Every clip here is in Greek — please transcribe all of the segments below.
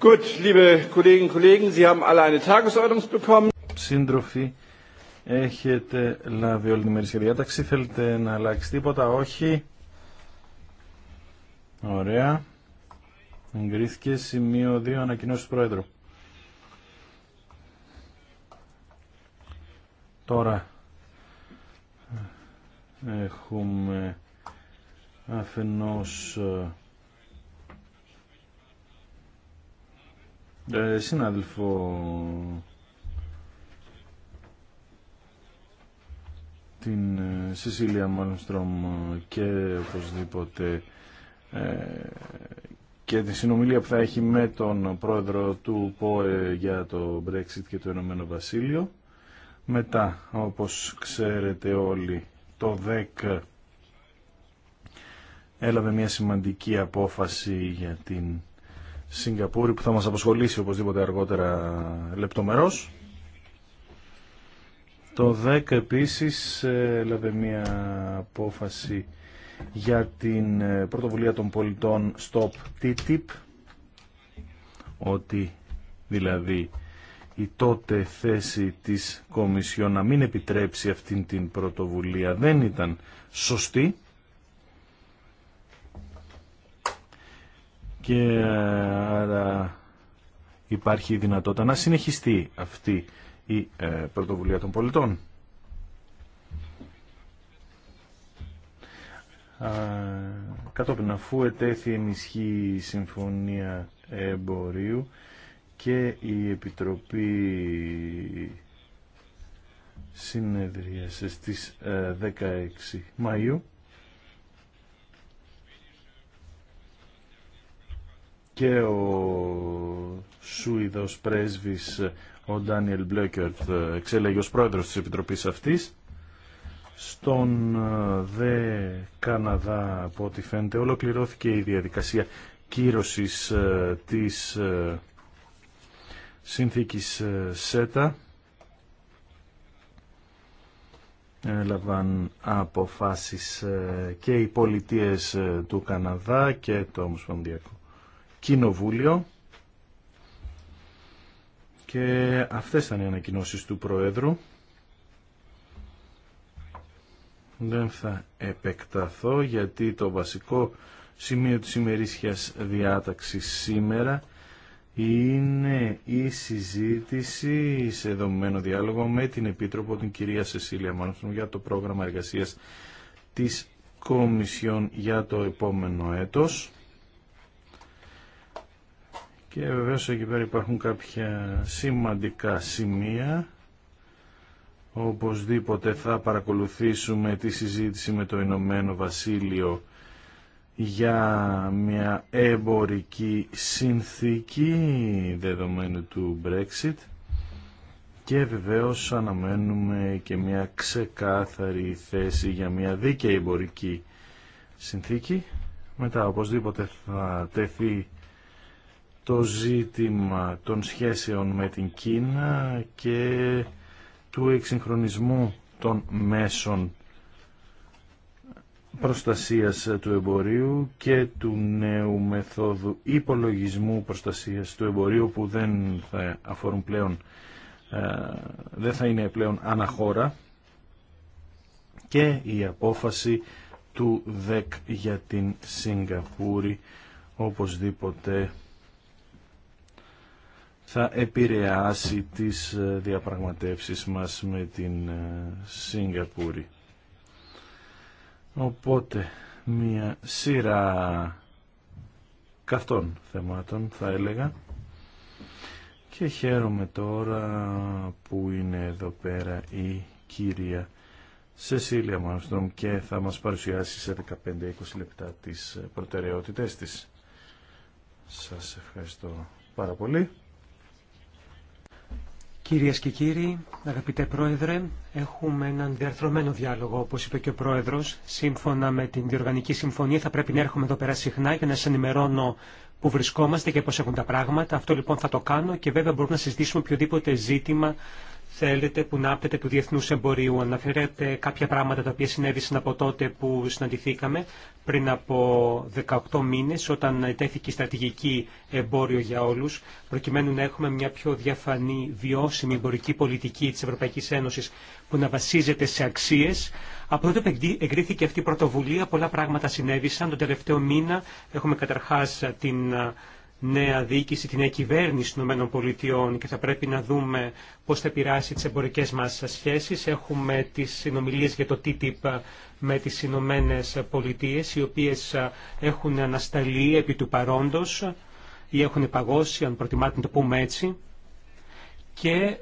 Gut, liebe Kolleginnen und Kollegen, Sie haben alle eine Tagesordnung bekommen. Σύντροφοι, έχετε λάβει όλη τη μέρη διάταξη. Θέλετε να αλλάξει τίποτα, όχι. Ωραία. Εγκρίθηκε σημείο 2 ανακοινώσει του Πρόεδρου. Τώρα ε, έχουμε αφενός ε, ε, συνάδελφο την ε, Σεσίλια Μόλνστρομ και οπωσδήποτε ε, και τη συνομιλία που θα έχει με τον πρόεδρο του ΠΟΕ για το Brexit και το Ηνωμένο Βασίλειο. Μετά, όπως ξέρετε όλοι, το ΔΕΚ έλαβε μια σημαντική απόφαση για την Σιγκαπούρη που θα μας αποσχολήσει οπωσδήποτε αργότερα λεπτομερώς. Το 10 επίσης ε, έλαβε μια απόφαση για την ε, πρωτοβουλία των πολιτών Stop TTIP ότι δηλαδή η τότε θέση της Κομισιόν να μην επιτρέψει αυτήν την πρωτοβουλία δεν ήταν σωστή και ε, άρα υπάρχει η δυνατότητα να συνεχιστεί αυτή η ε, πρωτοβουλία των πολιτών. Κατόπιν αφού ετέθη ενισχύ η Συμφωνία Εμπορίου και η Επιτροπή συνεδρίασε στις 16 ε, Μαΐου και ο Σουηδός πρέσβης ο Ντάνιελ Μπλέκερτ εξέλεγε ως πρόεδρος της Επιτροπής αυτής. Στον ε, δε Καναδά, από ό,τι φαίνεται, ολοκληρώθηκε η διαδικασία κύρωσης ε, της ε, συνθήκης ΣΕΤΑ. Έλαβαν αποφάσεις και οι πολιτείες του Καναδά και το Ομοσπονδιακό Κοινοβούλιο και αυτές ήταν οι ανακοινώσεις του Προέδρου. Δεν θα επεκταθώ γιατί το βασικό σημείο της ημερήσιας διάταξης σήμερα είναι η συζήτηση σε δομημένο διάλογο με την Επίτροπο την κυρία Σεσίλια Μάνστον για το πρόγραμμα εργασίας της Κομισιόν για το επόμενο έτος. Και βεβαίως εκεί πέρα υπάρχουν κάποια σημαντικά σημεία. Οπωσδήποτε θα παρακολουθήσουμε τη συζήτηση με το Ηνωμένο Βασίλειο για μια εμπορική συνθήκη δεδομένου του Brexit και βεβαίως αναμένουμε και μια ξεκάθαρη θέση για μια δίκαιη εμπορική συνθήκη. Μετά οπωσδήποτε θα τεθεί το ζήτημα των σχέσεων με την Κίνα και του εξυγχρονισμού των μέσων προστασίας του εμπορίου και του νέου μεθόδου υπολογισμού προστασίας του εμπορίου που δεν θα αφορούν πλέον ε, δεν θα είναι πλέον αναχώρα και η απόφαση του ΔΕΚ για την Σιγκαπούρη οπωσδήποτε θα επηρεάσει τις ε, διαπραγματεύσεις μας με την ε, Σιγκαπούρη. Οπότε, μια σειρά καυτών θεμάτων θα έλεγα και χαίρομαι τώρα που είναι εδώ πέρα η κυρία Σεσίλια Μάνστρομ και θα μας παρουσιάσει σε 15-20 λεπτά τις προτεραιότητές της. Σας ευχαριστώ πάρα πολύ. Κυρίες και κύριοι, αγαπητέ Πρόεδρε, έχουμε έναν διαρθρωμένο διάλογο, όπως είπε και ο Πρόεδρος. Σύμφωνα με την Διοργανική Συμφωνία θα πρέπει να έρχομαι εδώ πέρα συχνά για να σας ενημερώνω που βρισκόμαστε και πώς έχουν τα πράγματα. Αυτό λοιπόν θα το κάνω και βέβαια μπορούμε να συζητήσουμε οποιοδήποτε ζήτημα θέλετε που να άπτεται του διεθνούς εμπορίου. Αναφέρετε κάποια πράγματα τα οποία συνέβησαν από τότε που συναντηθήκαμε πριν από 18 μήνες όταν τέθηκε η στρατηγική εμπόριο για όλους προκειμένου να έχουμε μια πιο διαφανή βιώσιμη εμπορική πολιτική της Ευρωπαϊκής Ένωσης που να βασίζεται σε αξίες. Από τότε εγκρίθηκε αυτή η πρωτοβουλία πολλά πράγματα συνέβησαν. Τον τελευταίο μήνα έχουμε καταρχάς την νέα διοίκηση, τη νέα κυβέρνηση των ΗΠΑ και θα πρέπει να δούμε πώς θα επηράσει τις εμπορικές μας σχέσεις. Έχουμε τις συνομιλίες για το TTIP με τις Ηνωμένε Πολιτείε, οι οποίες έχουν ανασταλεί επί του παρόντος ή έχουν παγώσει, αν προτιμάτε να το πούμε έτσι. Και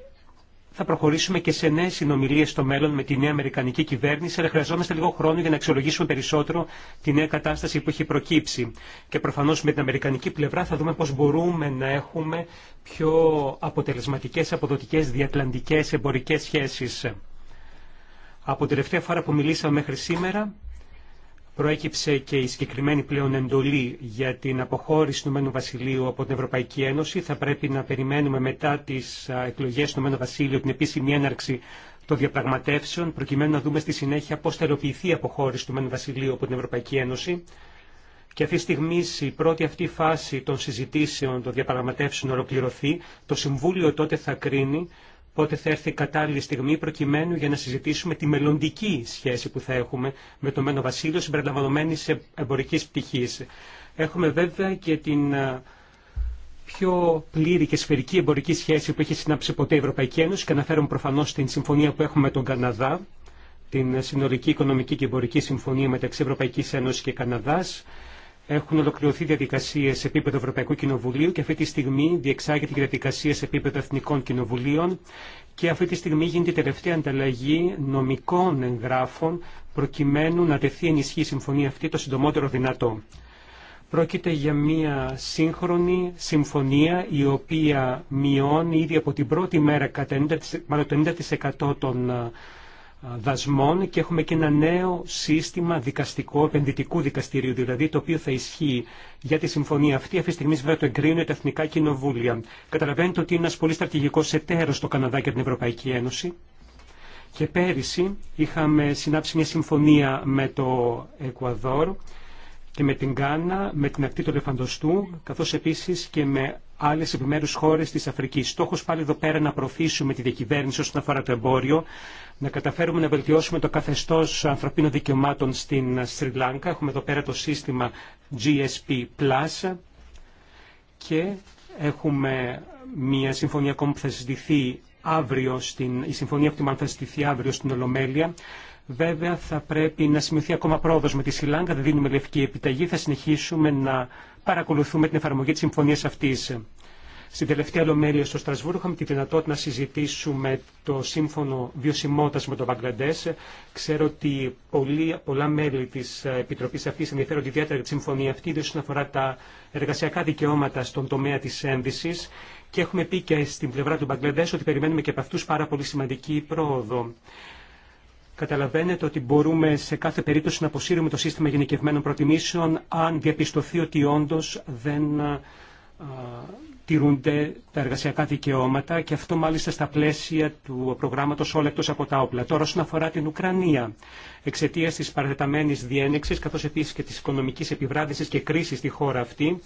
θα προχωρήσουμε και σε νέε συνομιλίε στο μέλλον με τη νέα Αμερικανική κυβέρνηση, αλλά χρειαζόμαστε λίγο χρόνο για να αξιολογήσουμε περισσότερο τη νέα κατάσταση που έχει προκύψει. Και προφανώ με την Αμερικανική πλευρά θα δούμε πώ μπορούμε να έχουμε πιο αποτελεσματικέ, αποδοτικέ, διατλαντικέ εμπορικέ σχέσει. Από τελευταία φορά που μιλήσαμε μέχρι σήμερα, Προέκυψε και η συγκεκριμένη πλέον εντολή για την αποχώρηση του Μένου Βασιλείου από την Ευρωπαϊκή Ένωση. Θα πρέπει να περιμένουμε μετά τι εκλογέ του Μένου Βασιλείου την επίσημη έναρξη των διαπραγματεύσεων, προκειμένου να δούμε στη συνέχεια πώ θα ελοποιηθεί η αποχώρηση του Μένου Βασιλείου από την Ευρωπαϊκή Ένωση. Και αυτή τη στιγμή η πρώτη αυτή φάση των συζητήσεων των διαπραγματεύσεων ολοκληρωθεί. Το Συμβούλιο τότε θα κρίνει πότε θα έρθει η κατάλληλη στιγμή προκειμένου για να συζητήσουμε τη μελλοντική σχέση που θα έχουμε με το Μένο Βασίλειο συμπεριλαμβανομένη εμπορική πτυχή. Έχουμε βέβαια και την ε, πιο πλήρη και σφαιρική εμπορική σχέση που έχει συνάψει ποτέ η Ευρωπαϊκή Ένωση και αναφέρομαι προφανώ στην συμφωνία που έχουμε με τον Καναδά, την Συνολική Οικονομική και Εμπορική Συμφωνία μεταξύ Ευρωπαϊκή Ένωση και Καναδά. Έχουν ολοκληρωθεί διαδικασίε σε επίπεδο Ευρωπαϊκού Κοινοβουλίου και αυτή τη στιγμή διεξάγεται η διαδικασία σε επίπεδο Εθνικών Κοινοβουλίων και αυτή τη στιγμή γίνεται η τελευταία ανταλλαγή νομικών εγγράφων προκειμένου να τεθεί ενισχύ η συμφωνία αυτή το συντομότερο δυνατό. Πρόκειται για μια σύγχρονη συμφωνία η οποία μειώνει ήδη από την πρώτη μέρα κατά 90%, το 90% των δασμών και έχουμε και ένα νέο σύστημα δικαστικό, επενδυτικού δικαστηρίου, δηλαδή το οποίο θα ισχύει για τη συμφωνία αυτή. Αυτή τη στιγμή βέβαια το εγκρίνουν τα εθνικά κοινοβούλια. Καταλαβαίνετε ότι είναι ένα πολύ στρατηγικό εταίρο στο Καναδά και την Ευρωπαϊκή Ένωση. Και πέρυσι είχαμε συνάψει μια συμφωνία με το Εκουαδόρ και με την Γκάνα, με την ακτή του Λεφαντοστού, καθώς επίσης και με άλλε επιμέρου χώρε τη Αφρική. Στόχο πάλι εδώ πέρα να προωθήσουμε τη διακυβέρνηση όσον αφορά το εμπόριο, να καταφέρουμε να βελτιώσουμε το καθεστώ ανθρωπίνων δικαιωμάτων στην Σρι Λάνκα. Έχουμε εδώ πέρα το σύστημα GSP Plus και έχουμε μια συμφωνία ακόμα που θα συζητηθεί αύριο στην, η συμφωνία που θα συζητηθεί αύριο στην Ολομέλεια. Βέβαια θα πρέπει να σημειωθεί ακόμα πρόοδος με τη Σιλάνκα, δεν δίνουμε λευκή επιταγή, θα συνεχίσουμε να παρακολουθούμε την εφαρμογή της συμφωνίας αυτής. Στην τελευταία ολομέλεια στο Στρασβούργο είχαμε τη δυνατότητα να συζητήσουμε το σύμφωνο βιωσιμότητας με το Μπαγκλαντές. Ξέρω ότι πολλοί, πολλά μέλη της Επιτροπής αυτής ενδιαφέρονται ιδιαίτερα για τη συμφωνία αυτή, ιδίως όσον αφορά τα εργασιακά δικαιώματα στον τομέα της ένδυσης. Και έχουμε πει και στην πλευρά του Μπαγκλαντές ότι περιμένουμε και από αυτού πάρα πολύ σημαντική πρόοδο. Καταλαβαίνετε ότι μπορούμε σε κάθε περίπτωση να αποσύρουμε το σύστημα γενικευμένων προτιμήσεων αν διαπιστωθεί ότι όντως δεν α, τηρούνται τα εργασιακά δικαιώματα και αυτό μάλιστα στα πλαίσια του προγράμματος όλα εκτό από τα όπλα. Τώρα, όσον αφορά την Ουκρανία, εξαιτίας της παρατεταμένης διένεξης καθώ επίσης και τη οικονομική επιβράδυσης και κρίση στη χώρα αυτή,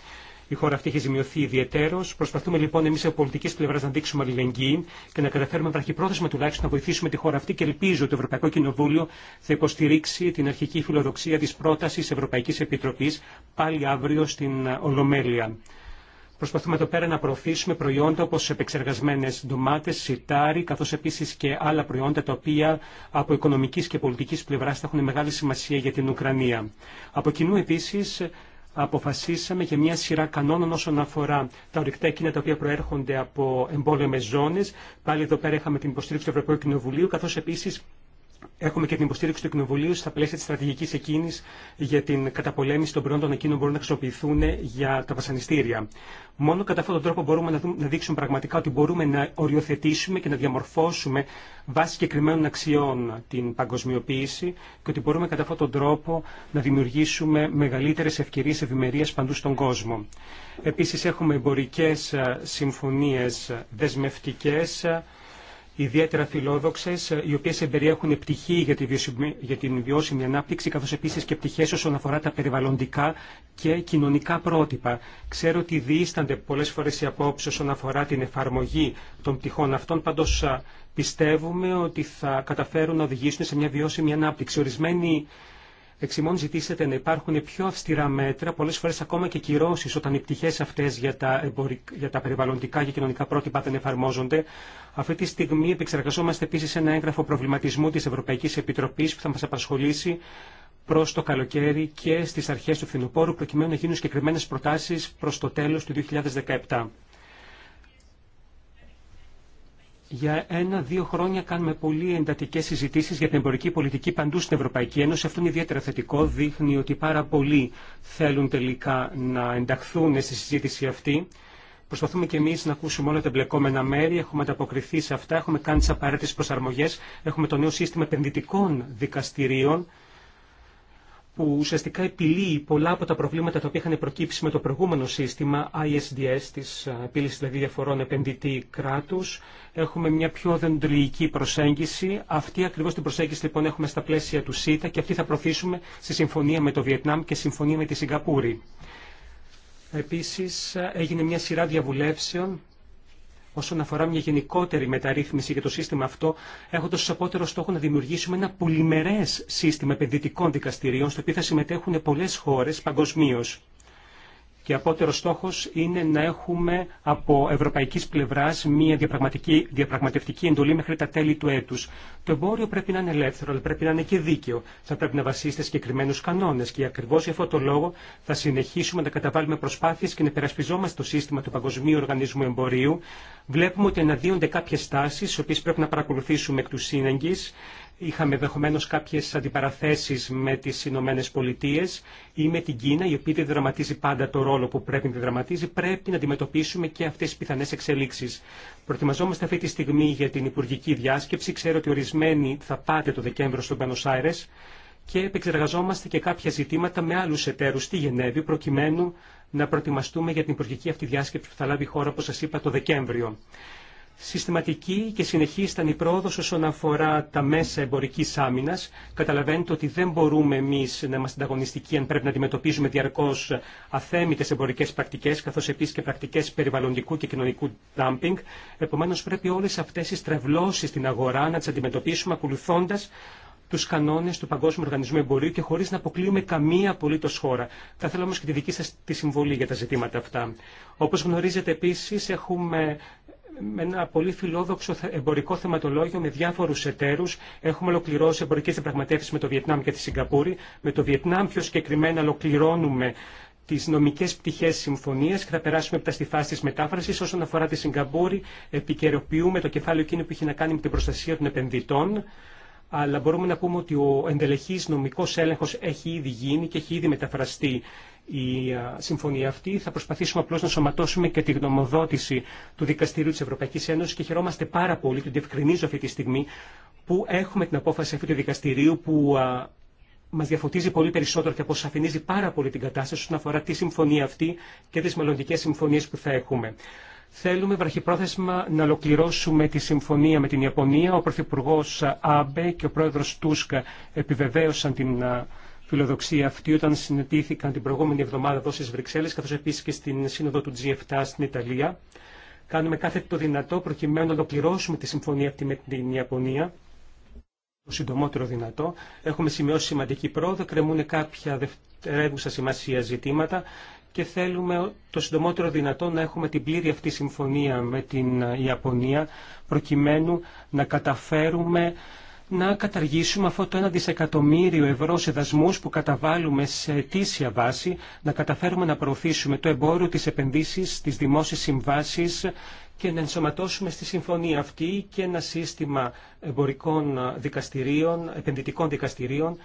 η χώρα αυτή έχει ζημιωθεί ιδιαίτερω. Προσπαθούμε λοιπόν εμεί από πολιτική πλευρά να δείξουμε αλληλεγγύη και να καταφέρουμε βραχυπρόθεσμα τουλάχιστον να βοηθήσουμε τη χώρα αυτή και ελπίζω ότι το Ευρωπαϊκό Κοινοβούλιο θα υποστηρίξει την αρχική φιλοδοξία τη πρόταση Ευρωπαϊκή Επιτροπή πάλι αύριο στην Ολομέλεια. Προσπαθούμε εδώ πέρα να προωθήσουμε προϊόντα όπως επεξεργασμένες ντομάτες, σιτάρι, καθώς επίσης και άλλα προϊόντα τα οποία από οικονομικής και πολιτικής πλευράς θα έχουν μεγάλη σημασία για την Ουκρανία. Από κοινού επίσης αποφασίσαμε για μια σειρά κανόνων όσον αφορά τα ορυκτά εκείνα τα οποία προέρχονται από εμπόλεμε ζώνε. Πάλι εδώ πέρα είχαμε την υποστήριξη του Ευρωπαϊκού Κοινοβουλίου, καθώ επίση Έχουμε και την υποστήριξη του Κοινοβουλίου στα πλαίσια τη στρατηγική εκείνη για την καταπολέμηση των προϊόντων εκείνων που μπορούν να χρησιμοποιηθούν για τα βασανιστήρια. Μόνο κατά αυτόν τον τρόπο μπορούμε να δείξουμε πραγματικά ότι μπορούμε να οριοθετήσουμε και να διαμορφώσουμε βάσει συγκεκριμένων αξιών την παγκοσμιοποίηση και ότι μπορούμε κατά αυτόν τον τρόπο να δημιουργήσουμε μεγαλύτερε ευκαιρίε ευημερία παντού στον κόσμο. Επίση, έχουμε εμπορικέ ε, συμφωνίε δεσμευτικέ ε, ιδιαίτερα φιλόδοξε, ε, οι οποίες εμπεριέχουν πτυχή για την βιώσιμη ανάπτυξη, καθώς επίσης και πτυχέ όσον αφορά τα περιβαλλοντικά και κοινωνικά πρότυπα. Ξέρω ότι διήστανται πολλές φορές οι απόψει όσον αφορά την εφαρμογή των πτυχών αυτών, πάντω πιστεύουμε ότι θα καταφέρουν να οδηγήσουν σε μια βιώσιμη ανάπτυξη. Ορισμένοι ημών ζητήσετε να υπάρχουν πιο αυστηρά μέτρα, πολλές φορές ακόμα και κυρώσεις όταν οι πτυχές αυτές για τα, εμπορικ... για τα περιβαλλοντικά και κοινωνικά πρότυπα δεν εφαρμόζονται. Αυτή τη στιγμή επεξεργαζόμαστε επίσης ένα έγγραφο προβληματισμού της Ευρωπαϊκής Επιτροπής που θα μας απασχολήσει προς το καλοκαίρι και στις αρχές του φθινοπόρου προκειμένου να γίνουν συγκεκριμένε προτάσεις προς το τέλος του 2017. Για ένα-δύο χρόνια κάνουμε πολύ εντατικέ συζητήσει για την εμπορική πολιτική παντού στην Ευρωπαϊκή Ένωση. Αυτό είναι ιδιαίτερα θετικό. Δείχνει ότι πάρα πολλοί θέλουν τελικά να ενταχθούν στη συζήτηση αυτή. Προσπαθούμε και εμεί να ακούσουμε όλα τα εμπλεκόμενα μέρη. Έχουμε ανταποκριθεί σε αυτά. Έχουμε κάνει τι απαραίτητε προσαρμογέ. Έχουμε το νέο σύστημα επενδυτικών δικαστηρίων που ουσιαστικά επιλύει πολλά από τα προβλήματα τα οποία είχαν προκύψει με το προηγούμενο σύστημα ISDS της ε, επίλυσης δηλαδή διαφορών επενδυτή κράτους. Έχουμε μια πιο δεντρική προσέγγιση. Αυτή ακριβώς την προσέγγιση λοιπόν έχουμε στα πλαίσια του ΣΥΤΑ και αυτή θα προθίσουμε στη συμφωνία με το Βιετνάμ και συμφωνία με τη Σιγκαπούρη. Επίσης ε, έγινε μια σειρά διαβουλεύσεων όσον αφορά μια γενικότερη μεταρρύθμιση για το σύστημα αυτό, έχοντα ω απότερο στόχο να δημιουργήσουμε ένα πολυμερέ σύστημα επενδυτικών δικαστηρίων, στο οποίο θα συμμετέχουν πολλέ χώρε παγκοσμίω και απότερο στόχος είναι να έχουμε από ευρωπαϊκής πλευράς μια διαπραγματευτική εντολή μέχρι τα τέλη του έτους. Το εμπόριο πρέπει να είναι ελεύθερο, αλλά πρέπει να είναι και δίκαιο. Θα πρέπει να βασίζεται συγκεκριμένου κανόνες και ακριβώς γι' αυτό το λόγο θα συνεχίσουμε να καταβάλουμε προσπάθειες και να περασπιζόμαστε το σύστημα του Παγκοσμίου Οργανισμού Εμπορίου. Βλέπουμε ότι αναδύονται κάποιες τάσεις, τις οποίες πρέπει να παρακολουθήσουμε εκ του σύναγγης Είχαμε ενδεχομένω κάποιε αντιπαραθέσει με τι Ηνωμένε Πολιτείε ή με την Κίνα, η οποία δεν δραματίζει πάντα το ρόλο που πρέπει να δραματίζει. Πρέπει να αντιμετωπίσουμε και αυτέ τι πιθανέ εξελίξει. Προετοιμαζόμαστε αυτή τη στιγμή για την υπουργική διάσκεψη. Ξέρω ότι ορισμένοι θα πάτε το Δεκέμβριο στον Πένο και επεξεργαζόμαστε και κάποια ζητήματα με άλλου εταίρου στη Γενέβη, προκειμένου να προετοιμαστούμε για την υπουργική αυτή διάσκεψη που θα λάβει η χώρα, όπω σα είπα, το Δεκέμβριο. Συστηματική και συνεχή ήταν η πρόοδο όσον αφορά τα μέσα εμπορική άμυνα. Καταλαβαίνετε ότι δεν μπορούμε εμεί να είμαστε ανταγωνιστικοί αν πρέπει να αντιμετωπίζουμε διαρκώ αθέμητε εμπορικέ πρακτικέ, καθώ επίση και πρακτικέ περιβαλλοντικού και κοινωνικού dumping. Επομένω, πρέπει όλε αυτέ οι στρεβλώσει στην αγορά να τι αντιμετωπίσουμε ακολουθώντα του κανόνε του Παγκόσμιου Οργανισμού Εμπορίου και χωρί να αποκλείουμε καμία απολύτω χώρα. Θα θέλω όμω και τη δική σα τη συμβολή για τα ζητήματα αυτά. Όπω γνωρίζετε επίση, έχουμε με ένα πολύ φιλόδοξο εμπορικό θεματολόγιο με διάφορου εταίρου. Έχουμε ολοκληρώσει εμπορικέ διαπραγματεύσει με το Βιετνάμ και τη Σιγκαπούρη. Με το Βιετνάμ πιο συγκεκριμένα ολοκληρώνουμε τι νομικέ πτυχέ συμφωνία και θα περάσουμε από τα στη φάση τη μετάφραση. Όσον αφορά τη Σιγκαπούρη, επικαιροποιούμε το κεφάλαιο εκείνο που έχει να κάνει με την προστασία των επενδυτών. Αλλά μπορούμε να πούμε ότι ο εντελεχή νομικό έλεγχο έχει ήδη γίνει και έχει ήδη μεταφραστεί η συμφωνία αυτή. Θα προσπαθήσουμε απλώ να σωματώσουμε και τη γνωμοδότηση του Δικαστηρίου τη Ευρωπαϊκή Ένωση και χαιρόμαστε πάρα πολύ, την διευκρινίζω αυτή τη στιγμή, που έχουμε την απόφαση αυτού του δικαστηρίου που μα διαφωτίζει πολύ περισσότερο και αποσαφηνίζει πάρα πολύ την κατάσταση όσον αφορά τη συμφωνία αυτή και τι μελλοντικέ συμφωνίε που θα έχουμε. Θέλουμε βραχυπρόθεσμα να ολοκληρώσουμε τη συμφωνία με την Ιαπωνία. Ο Πρωθυπουργό Άμπε και ο Πρόεδρο Τούσκα επιβεβαίωσαν την φιλοδοξία αυτή όταν συναντήθηκαν την προηγούμενη εβδομάδα εδώ στι Βρυξέλλες, καθώ επίση και στην σύνοδο του G7 στην Ιταλία. Κάνουμε κάθε το δυνατό προκειμένου να ολοκληρώσουμε τη συμφωνία αυτή με την Ιαπωνία το συντομότερο δυνατό. Έχουμε σημειώσει σημαντική πρόοδο, κρεμούν κάποια δευτερεύουσα σημασία ζητήματα και θέλουμε το συντομότερο δυνατό να έχουμε την πλήρη αυτή συμφωνία με την Ιαπωνία προκειμένου να καταφέρουμε να καταργήσουμε αυτό το 1 δισεκατομμύριο ευρώ σε δασμούς που καταβάλουμε σε αιτήσια βάση, να καταφέρουμε να προωθήσουμε το εμπόριο, τις επενδύσεις, τις δημόσιες συμβάσεις και να ενσωματώσουμε στη συμφωνία αυτή και ένα σύστημα εμπορικών δικαστηρίων, επενδυτικών δικαστηρίων,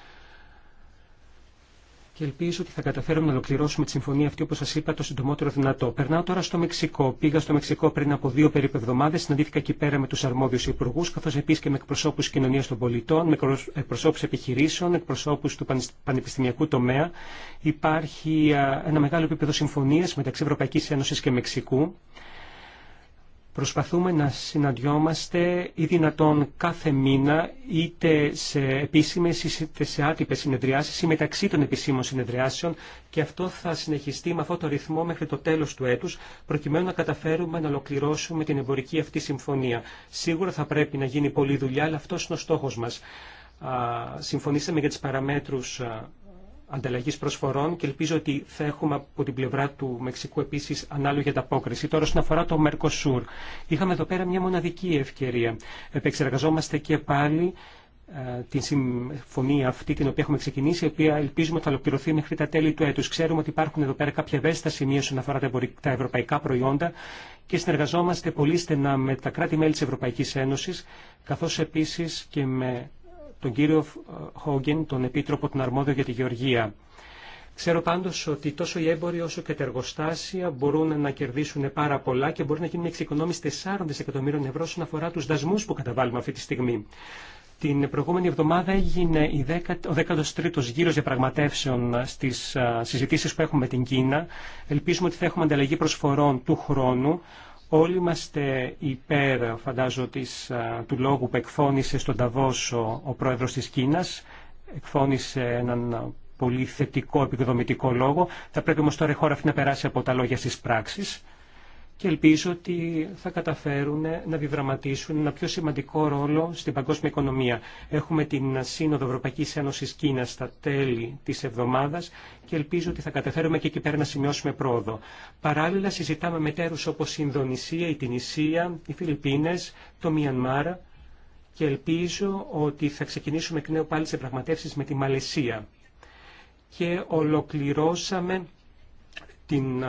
και ελπίζω ότι θα καταφέρουμε να ολοκληρώσουμε τη συμφωνία αυτή, όπω σα είπα, το συντομότερο δυνατό. Περνάω τώρα στο Μεξικό. Πήγα στο Μεξικό πριν από δύο περίπου εβδομάδε. Συναντήθηκα εκεί πέρα με του αρμόδιου υπουργού, καθώ επίση και με εκπροσώπου κοινωνία των πολιτών, με εκπροσώπου επιχειρήσεων, εκπροσώπου του πανεπιστημιακού τομέα. Υπάρχει ένα μεγάλο επίπεδο συμφωνία μεταξύ Ευρωπαϊκή Ένωση και Μεξικού. Προσπαθούμε να συναντιόμαστε ή δυνατόν κάθε μήνα είτε σε επίσημες είτε σε άτυπες συνεδριάσεις ή μεταξύ των επισήμων συνεδριάσεων και αυτό θα συνεχιστεί με αυτό το ρυθμό μέχρι το τέλος του έτους προκειμένου να καταφέρουμε να ολοκληρώσουμε την εμπορική αυτή συμφωνία. Σίγουρα θα πρέπει να γίνει πολλή δουλειά αλλά αυτός είναι ο στόχος μας. Συμφωνήσαμε για τις παραμέτρους ανταλλαγή προσφορών και ελπίζω ότι θα έχουμε από την πλευρά του Μεξικού επίσης ανάλογη ανταπόκριση. Τώρα όσον αφορά το Mercosur. είχαμε εδώ πέρα μια μοναδική ευκαιρία. Επεξεργαζόμαστε και πάλι ε, την συμφωνία αυτή την οποία έχουμε ξεκινήσει, η οποία ελπίζουμε θα ολοκληρωθεί μέχρι τα τέλη του έτους. Ξέρουμε ότι υπάρχουν εδώ πέρα κάποια ευαίσθητα σημεία όσον αφορά τα ευρωπαϊκά προϊόντα και συνεργαζόμαστε πολύ στενά με τα κράτη-μέλη της Ευρωπαϊκής Ένωσης, καθώς επίσης και με τον κύριο Χόγκεν, τον Επίτροπο τον Αρμόδιο για τη Γεωργία. Ξέρω πάντως ότι τόσο οι έμποροι όσο και τα εργοστάσια μπορούν να κερδίσουν πάρα πολλά και μπορεί να γίνει μια εξοικονόμηση 4 δισεκατομμύρων ευρώ όσον αφορά τους δασμούς που καταβάλουμε αυτή τη στιγμή. Την προηγούμενη εβδομάδα έγινε ο 13ος γύρος διαπραγματεύσεων στις συζητήσεις που έχουμε με την Κίνα. Ελπίζουμε ότι θα έχουμε ανταλλαγή προσφορών του χρόνου Όλοι είμαστε υπέρ, φαντάζω, του λόγου που εκφώνησε στον Ταβόσο ο πρόεδρος της Κίνας. Εκφώνησε έναν πολύ θετικό επικοδομητικό λόγο. Θα πρέπει όμως τώρα η χώρα αυτή να περάσει από τα λόγια στις πράξεις και ελπίζω ότι θα καταφέρουν να διδραματίσουν ένα πιο σημαντικό ρόλο στην παγκόσμια οικονομία. Έχουμε την Σύνοδο Ευρωπαϊκή Ένωση Κίνα στα τέλη τη εβδομάδα και ελπίζω ότι θα καταφέρουμε και εκεί πέρα να σημειώσουμε πρόοδο. Παράλληλα, συζητάμε με τέρου όπω η Ινδονησία, η Τινησία, οι Φιλιππίνε, το Μιανμάρα και ελπίζω ότι θα ξεκινήσουμε εκ νέου πάλι σε πραγματεύσεις με τη Μαλαισία. Και ολοκληρώσαμε την,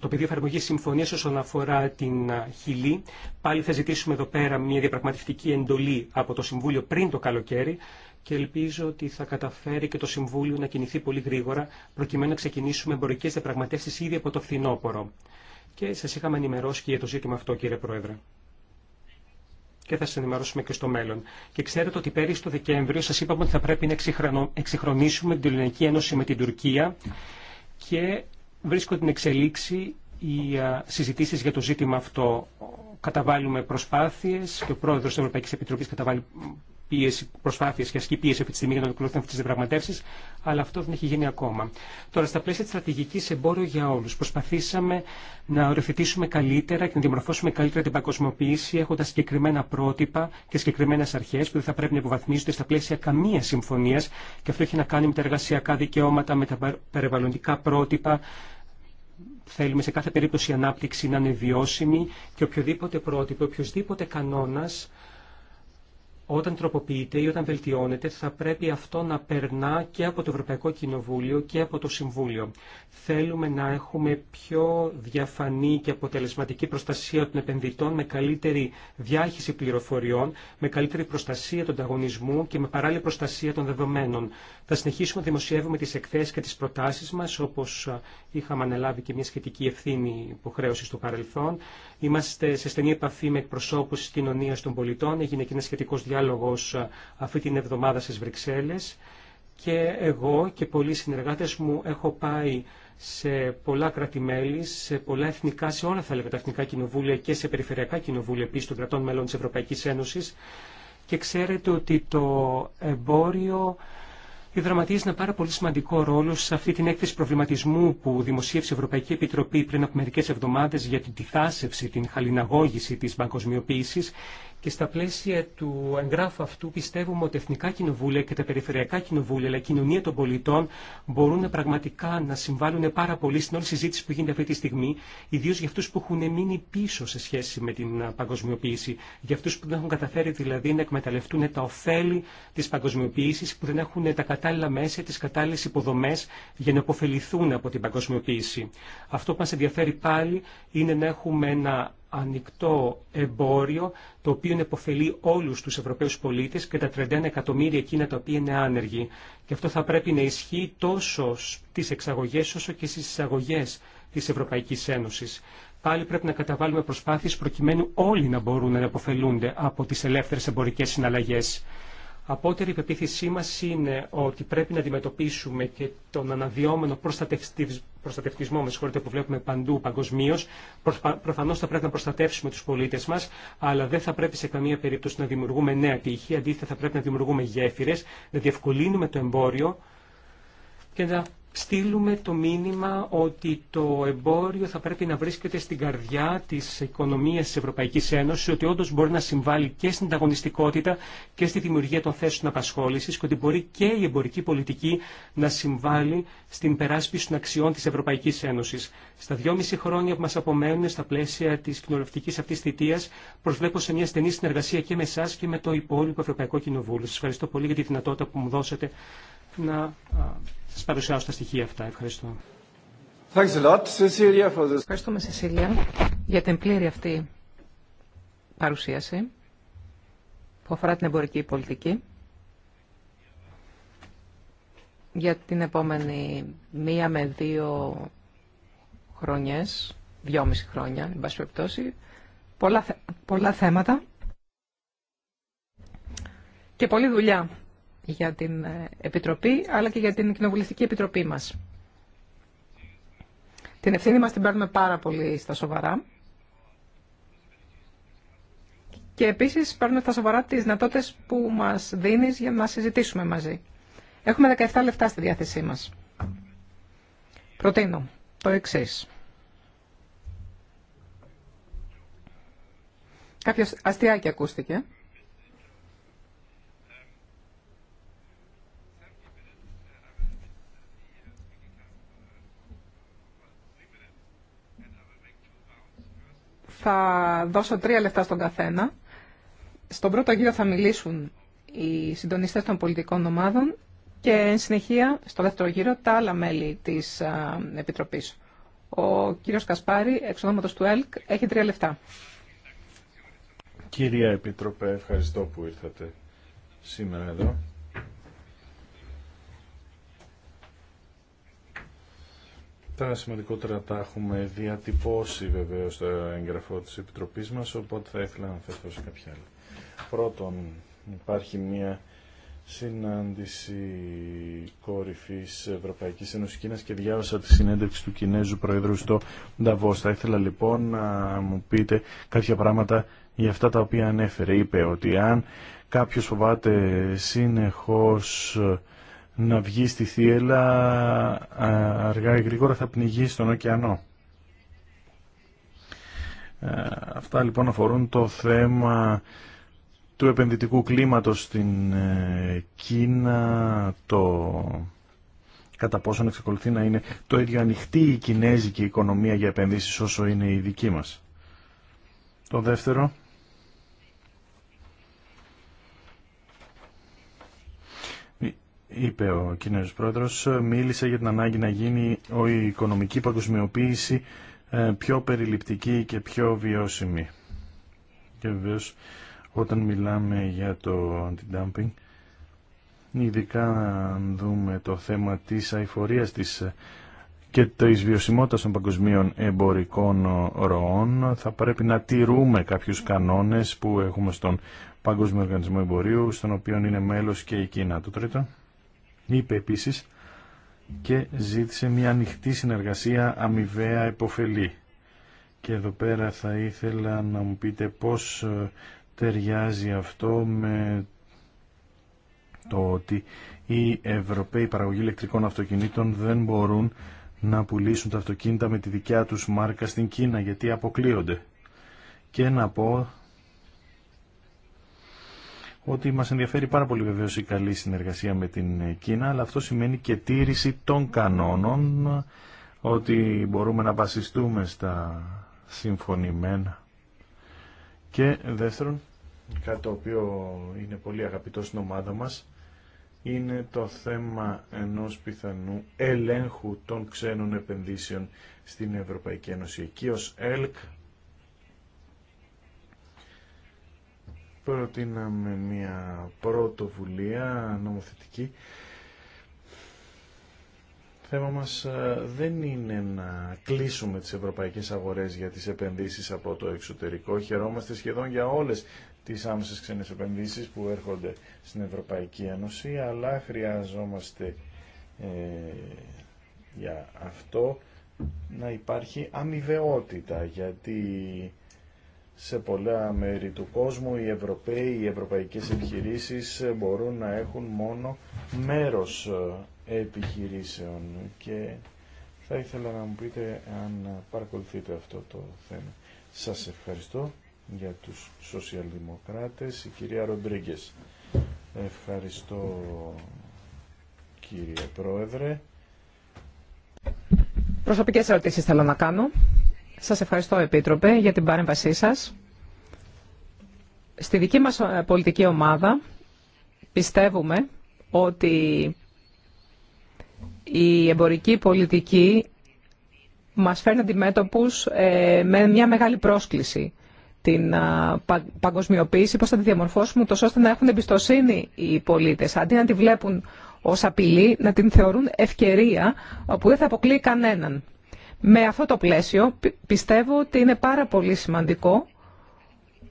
το πεδίο εφαρμογή συμφωνία όσον αφορά την Χιλή. Πάλι θα ζητήσουμε εδώ πέρα μια διαπραγματευτική εντολή από το Συμβούλιο πριν το καλοκαίρι και ελπίζω ότι θα καταφέρει και το Συμβούλιο να κινηθεί πολύ γρήγορα προκειμένου να ξεκινήσουμε εμπορικέ διαπραγματεύσει ήδη από το φθινόπωρο. Και σα είχαμε ενημερώσει και για το ζήτημα αυτό, κύριε Πρόεδρε. Και θα σα ενημερώσουμε και στο μέλλον. Και ξέρετε ότι πέρυσι το Δεκέμβριο σα είπαμε ότι θα πρέπει να εξυγχρονίσουμε την Ελληνική Ένωση με την Τουρκία και βρίσκονται την εξελίξη οι συζητήσεις για το ζήτημα αυτό. Καταβάλουμε προσπάθειες και ο πρόεδρος της Ευρωπαϊκής Επιτροπής καταβάλει πίεση, προσπάθειες και ασκεί πίεση αυτή τη στιγμή για να ολοκληρωθούν αυτές τις διαπραγματεύσεις, αλλά αυτό δεν έχει γίνει ακόμα. Τώρα, στα πλαίσια της στρατηγικής εμπόριο για όλους, προσπαθήσαμε να οριοθετήσουμε καλύτερα και να διαμορφώσουμε καλύτερα την παγκοσμιοποίηση, έχοντας συγκεκριμένα πρότυπα και συγκεκριμένες αρχές που δεν θα πρέπει να υποβαθμίζονται στα πλαίσια καμία συμφωνίας και αυτό έχει να κάνει με τα εργασιακά δικαιώματα, με τα περιβαλλοντικά πρότυπα, Θέλουμε σε κάθε περίπτωση η ανάπτυξη να είναι βιώσιμη και οποιοδήποτε πρότυπο, οποιοδήποτε κανόνας όταν τροποποιείται ή όταν βελτιώνεται θα πρέπει αυτό να περνά και από το Ευρωπαϊκό Κοινοβούλιο και από το Συμβούλιο. Θέλουμε να έχουμε πιο διαφανή και αποτελεσματική προστασία των επενδυτών με καλύτερη διάχυση πληροφοριών, με καλύτερη προστασία των ανταγωνισμού και με παράλληλη προστασία των δεδομένων. Θα συνεχίσουμε να δημοσιεύουμε τι εκθέσει και τι προτάσει μα όπω είχαμε αναλάβει και μια σχετική ευθύνη υποχρέωση στο παρελθόν. Είμαστε σε στενή επαφή με εκπροσώπου τη κοινωνία των πολιτών. Έγινε και ένα σχετικό διάστημα διάλογος ε, αυτή την εβδομάδα στις Βρυξέλλες και εγώ και πολλοί συνεργάτες μου έχω πάει σε πολλά κράτη-μέλη, σε πολλά εθνικά, σε όλα θα λέγαμε τα εθνικά κοινοβούλια και σε περιφερειακά κοινοβούλια επίση των κρατών μελών της Ευρωπαϊκής Ένωσης και ξέρετε ότι το εμπόριο διδραματίζει ένα πάρα πολύ σημαντικό ρόλο σε αυτή την έκθεση προβληματισμού που δημοσίευσε η Ευρωπαϊκή Επιτροπή πριν από μερικέ εβδομάδε για την τυθάσευση, την χαλιναγώγηση τη παγκοσμιοποίηση και στα πλαίσια του εγγράφου αυτού πιστεύουμε ότι εθνικά κοινοβούλια και τα περιφερειακά κοινοβούλια, αλλά η κοινωνία των πολιτών μπορούν πραγματικά να συμβάλλουν πάρα πολύ στην όλη συζήτηση που γίνεται αυτή τη στιγμή, ιδίω για αυτού που έχουν μείνει πίσω σε σχέση με την παγκοσμιοποίηση. Για αυτού που δεν έχουν καταφέρει δηλαδή να εκμεταλλευτούν τα ωφέλη τη παγκοσμιοποίηση, που δεν έχουν τα κατάλληλα μέσα, τι κατάλληλε υποδομέ για να υποφεληθούν από την παγκοσμιοποίηση. Αυτό που μα ενδιαφέρει πάλι είναι να έχουμε ένα ανοιχτό εμπόριο το οποίο επωφελεί όλους τους Ευρωπαίους πολίτες και τα 31 εκατομμύρια εκείνα τα οποία είναι άνεργοι. Και αυτό θα πρέπει να ισχύει τόσο στις εξαγωγές όσο και στις εισαγωγές της Ευρωπαϊκής Ένωσης. Πάλι πρέπει να καταβάλουμε προσπάθειες προκειμένου όλοι να μπορούν να επωφελούνται από τις ελεύθερες εμπορικές συναλλαγές. Απότερη πεποίθησή μα είναι ότι πρέπει να αντιμετωπίσουμε και τον αναδυόμενο προστατευτισμό με συγχωρείτε που βλέπουμε παντού παγκοσμίω. Προφανώ θα πρέπει να προστατεύσουμε του πολίτε μα, αλλά δεν θα πρέπει σε καμία περίπτωση να δημιουργούμε νέα τύχη. Αντίθετα, θα πρέπει να δημιουργούμε γέφυρε, να διευκολύνουμε το εμπόριο και να στείλουμε το μήνυμα ότι το εμπόριο θα πρέπει να βρίσκεται στην καρδιά της οικονομίας της Ευρωπαϊκής Ένωσης, ότι όντως μπορεί να συμβάλλει και στην ανταγωνιστικότητα και στη δημιουργία των θέσεων απασχόλησης και ότι μπορεί και η εμπορική πολιτική να συμβάλλει στην περάσπιση των αξιών της Ευρωπαϊκής Ένωσης. Στα δυόμιση χρόνια που μας απομένουν στα πλαίσια της κοινοβουλευτικής αυτής θητείας προσβλέπω σε μια στενή συνεργασία και με εσά και με το υπόλοιπο Ευρωπαϊκό Κοινοβούλιο. Σας ευχαριστώ πολύ για τη δυνατότητα που μου δώσετε να σας παρουσιάσω τα στοιχεία αυτά. Ευχαριστώ. Ευχαριστούμε, Σεσίλια, για την πλήρη αυτή παρουσίαση που αφορά την εμπορική πολιτική. Για την επόμενη μία με δύο χρονιές, δυόμιση χρόνια, εν πάση περιπτώσει, πολλά, πολλά θέματα και πολλή δουλειά για την ε, Επιτροπή, αλλά και για την Κοινοβουλευτική Επιτροπή μας. Την ευθύνη μας την παίρνουμε πάρα πολύ στα σοβαρά. Και επίσης παίρνουμε στα σοβαρά τις δυνατότητε που μας δίνεις για να συζητήσουμε μαζί. Έχουμε 17 λεπτά στη διάθεσή μας. Προτείνω το εξή. Κάποιο αστειάκι ακούστηκε. θα δώσω τρία λεφτά στον καθένα. Στον πρώτο γύρο θα μιλήσουν οι συντονιστές των πολιτικών ομάδων και εν συνεχεία στο δεύτερο γύρο τα άλλα μέλη της Επιτροπής. Ο κύριος Κασπάρη, εξ του ΕΛΚ, έχει τρία λεφτά. Κυρία Επιτροπέ, ευχαριστώ που ήρθατε σήμερα εδώ. Τα σημαντικότερα τα έχουμε διατυπώσει βεβαίως στο εγγραφό της Επιτροπής μας, οπότε θα ήθελα να θέσω σε κάποια άλλη. Πρώτον, υπάρχει μια συνάντηση κορυφής Ευρωπαϊκής Ένωσης Κίνας και διάβασα τη συνέντευξη του Κινέζου Προέδρου στο Νταβός. Θα ήθελα λοιπόν να μου πείτε κάποια πράγματα για αυτά τα οποία ανέφερε. Είπε ότι αν κάποιος φοβάται συνεχώς να βγει στη θύελα αργά ή γρήγορα θα πνιγεί στον ωκεανό. Ε, αυτά λοιπόν αφορούν το θέμα του επενδυτικού κλίματος στην ε, Κίνα, το κατά πόσον εξακολουθεί να είναι το ίδιο ανοιχτή η κινέζικη οικονομία για επενδύσεις κατα να εξακολουθει να είναι η δική μας. Το δεύτερο είπε ο κ. Πρόεδρος, μίλησε για την ανάγκη να γίνει η οικονομική παγκοσμιοποίηση ε, πιο περιληπτική και πιο βιώσιμη. Και βεβαίως όταν μιλάμε για το αντι-dumping, ειδικά αν δούμε το θέμα της αηφορίας της ε, και της βιωσιμότητας των παγκοσμίων εμπορικών ροών, θα πρέπει να τηρούμε κάποιους κανόνες που έχουμε στον Παγκόσμιο Οργανισμό Εμπορίου, στον οποίο είναι μέλος και η Κίνα. Το τρίτο είπε επίση και ζήτησε μια ανοιχτή συνεργασία αμοιβαία αμοιβαία-εποφελή. Και εδώ πέρα θα ήθελα να μου πείτε πώς ε, ταιριάζει αυτό με το ότι οι Ευρωπαίοι παραγωγοί ηλεκτρικών αυτοκινήτων δεν μπορούν να πουλήσουν τα αυτοκίνητα με τη δικιά τους μάρκα στην Κίνα γιατί αποκλείονται. Και να πω ότι μας ενδιαφέρει πάρα πολύ βεβαίως η καλή συνεργασία με την Κίνα, αλλά αυτό σημαίνει και τήρηση των κανόνων, ότι μπορούμε να βασιστούμε στα συμφωνημένα. Και δεύτερον, κάτι το οποίο είναι πολύ αγαπητό στην ομάδα μας, είναι το θέμα ενός πιθανού ελέγχου των ξένων επενδύσεων στην Ευρωπαϊκή Ένωση. Εκεί ως ΕΛΚ προτείναμε μια πρωτοβουλία νομοθετική. Θέμα μας ε, δεν είναι να κλείσουμε τις ευρωπαϊκές αγορές για τις επενδύσεις από το εξωτερικό. Χαιρόμαστε σχεδόν για όλες τις άμεσες ξένες επενδύσεις που έρχονται στην Ευρωπαϊκή Ένωση, αλλά χρειαζόμαστε ε, για αυτό να υπάρχει αμοιβαιότητα, γιατί σε πολλά μέρη του κόσμου οι Ευρωπαίοι, οι ευρωπαϊκές επιχειρήσεις μπορούν να έχουν μόνο μέρος ε, επιχειρήσεων και θα ήθελα να μου πείτε αν παρακολουθείτε αυτό το θέμα. Σας ευχαριστώ για τους σοσιαλδημοκράτες, η κυρία Ροντρίγκε. Ευχαριστώ κύριε Πρόεδρε. Προσωπικές ερωτήσεις θέλω να κάνω. Σας ευχαριστώ, Επίτροπε, για την παρέμβασή σας. Στη δική μας ε, πολιτική ομάδα πιστεύουμε ότι η εμπορική πολιτική μας φέρνει αντιμέτωπους ε, με μια μεγάλη πρόσκληση την ε, παγκοσμιοποίηση, πώς θα τη διαμορφώσουμε, τόσο ώστε να έχουν εμπιστοσύνη οι πολίτες, αντί να τη βλέπουν ως απειλή, να την θεωρούν ευκαιρία που δεν θα αποκλείει κανέναν. Με αυτό το πλαίσιο πιστεύω ότι είναι πάρα πολύ σημαντικό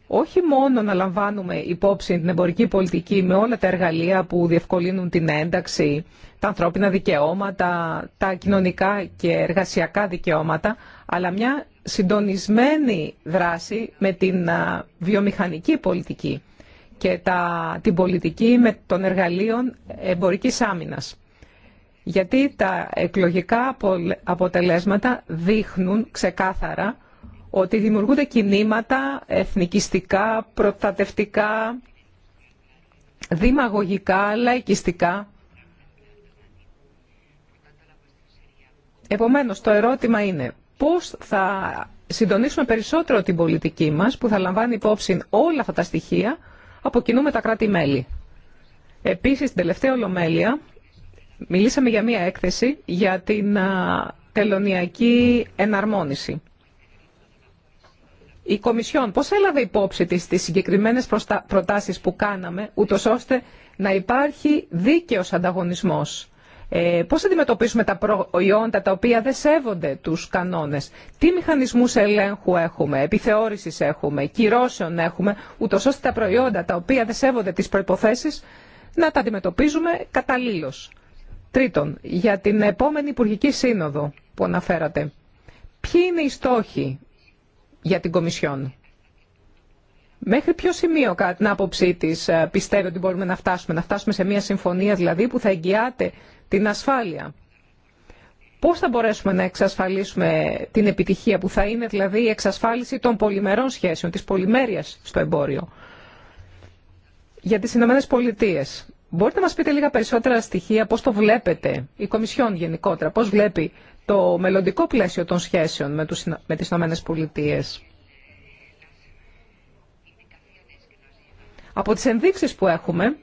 όχι μόνο να λαμβάνουμε υπόψη την εμπορική πολιτική με όλα τα εργαλεία που διευκολύνουν την ένταξη, τα ανθρώπινα δικαιώματα, τα κοινωνικά και εργασιακά δικαιώματα, αλλά μια συντονισμένη δράση με την βιομηχανική πολιτική και τα, την πολιτική με των εργαλείων εμπορικής άμυνας γιατί τα εκλογικά αποτελέσματα δείχνουν ξεκάθαρα ότι δημιουργούνται κινήματα εθνικιστικά, προτατευτικά, δημαγωγικά, λαϊκιστικά. Επομένως, το ερώτημα είναι πώς θα συντονίσουμε περισσότερο την πολιτική μας που θα λαμβάνει υπόψη όλα αυτά τα στοιχεία από κοινού με τα κράτη-μέλη. Επίσης, την τελευταία ολομέλεια Μιλήσαμε για μία έκθεση για την τελωνιακή εναρμόνιση. Η Κομισιόν πώς έλαβε υπόψη της τις συγκεκριμένες προτάσεις που κάναμε, ούτως ώστε να υπάρχει δίκαιος ανταγωνισμός. Ε, πώς αντιμετωπίσουμε τα προϊόντα τα οποία δεν σέβονται τους κανόνες. Τι μηχανισμούς ελέγχου έχουμε, επιθεώρησης έχουμε, κυρώσεων έχουμε, ούτως ώστε τα προϊόντα τα οποία δεν σέβονται τις προϋποθέσεις να τα αντιμετωπίζουμε καταλήλως. Τρίτον, για την επόμενη Υπουργική Σύνοδο που αναφέρατε, ποιοι είναι οι στόχοι για την Κομισιόν. Μέχρι ποιο σημείο, κατά την άποψή τη, ε, πιστεύει ότι μπορούμε να φτάσουμε, να φτάσουμε σε μια συμφωνία δηλαδή που θα εγγυάται την ασφάλεια. Πώ θα μπορέσουμε να εξασφαλίσουμε την επιτυχία που θα είναι δηλαδή η εξασφάλιση των πολυμερών σχέσεων, τη πολυμέρεια στο εμπόριο. Για τι Ηνωμένε Πολιτείε. Μπορείτε να μας πείτε λίγα περισσότερα στοιχεία, πώς το βλέπετε, η Κομισιόν γενικότερα, πώς βλέπει το μελλοντικό πλαίσιο των σχέσεων με, τους, με τις Ηνωμένες Πολιτείες. Από τις ενδείξεις που έχουμε,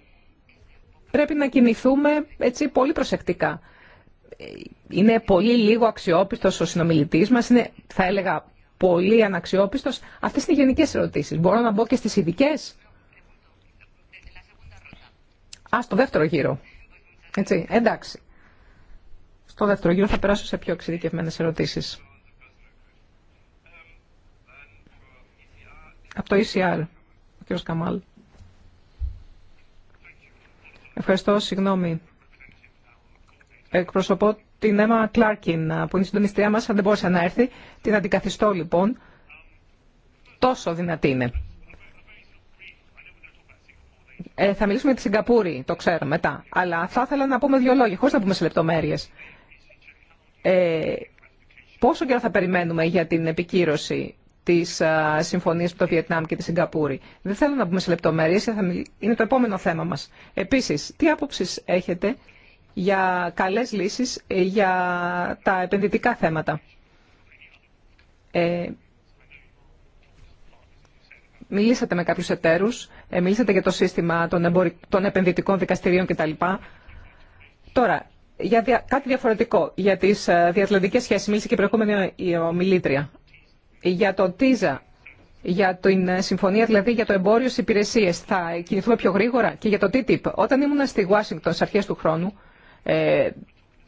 πρέπει να κινηθούμε έτσι πολύ προσεκτικά. Είναι πολύ λίγο αξιόπιστος ο συνομιλητής μας, είναι, θα έλεγα, πολύ αναξιόπιστος. Αυτές είναι οι γενικές ερωτήσεις. Μπορώ να μπω και στις ειδικές Α, στο δεύτερο γύρο. Έτσι, εντάξει. Στο δεύτερο γύρο θα περάσω σε πιο εξειδικευμένε ερωτήσει. Από το ECR, ο κ. Καμάλ. Ευχαριστώ, συγγνώμη. Εκπροσωπώ την Έμα Κλάρκιν, που είναι η συντονιστριά μας, αν δεν μπορούσε να έρθει. Την αντικαθιστώ, λοιπόν. Τόσο δυνατή είναι. Ε, θα μιλήσουμε για τη Σιγκαπούρη, το ξέρω μετά. Αλλά θα ήθελα να πούμε δύο λόγια, χωρίς να πούμε σε λεπτομέρειες. Ε, πόσο καιρό θα περιμένουμε για την επικύρωση τη συμφωνίας με το Βιετνάμ και τη Σιγκαπούρη. Δεν θέλω να πούμε σε λεπτομέρειε, είναι το επόμενο θέμα μα. Επίση, τι απόψεις έχετε για καλέ λύσει ε, για τα επενδυτικά θέματα. Ε, μιλήσατε με κάποιους εταίρους ε, μιλήσατε για το σύστημα των επενδυτικών δικαστηρίων κτλ. Τώρα, για κάτι διαφορετικό, για τις ε, διατλαντικέ σχέσει μίλησε και η προηγούμενη ομιλήτρια. Για το ΤΙΖΑ, για την ε, συμφωνία δηλαδή για το εμπόριο στι. υπηρεσίε, θα κινηθούμε πιο γρήγορα και για το TTIP. Όταν ήμουν στη Ουάσιγκτον στι αρχέ του χρόνου, ε,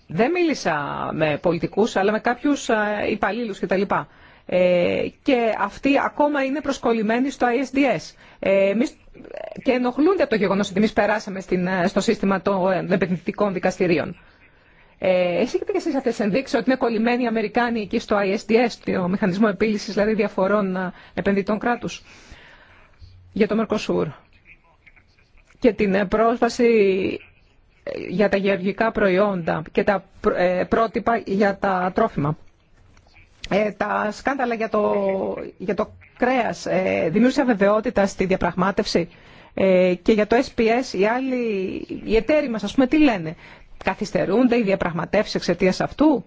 δεν μίλησα με πολιτικού, αλλά με κάποιου υπαλλήλου κτλ. Ε, και αυτοί ακόμα είναι προσκολλημένοι στο ISDS. Ε, εμείς και ενοχλούνται από το γεγονός ότι εμεί περάσαμε στην, ε, στο σύστημα ε, των επενδυτικών δικαστηρίων. Ε, εσύ έχετε και εσείς αυτέ τι ενδείξεις ότι είναι κολλημένοι οι Αμερικάνοι εκεί στο ISDS, το Μηχανισμό επίλυση δηλαδή Διαφορών ε, Επενδυτών κράτου για το Μερκοσούρ και την πρόσβαση για τα γεωργικά προϊόντα και τα πρότυπα για τα τρόφιμα. Ε, τα σκάνδαλα για το, για το κρέας ε, δημιούργησε αβεβαιότητα στη διαπραγμάτευση ε, και για το SPS οι άλλοι, οι εταίροι μας ας πούμε τι λένε. Καθυστερούνται οι διαπραγματεύσεις εξαιτία αυτού.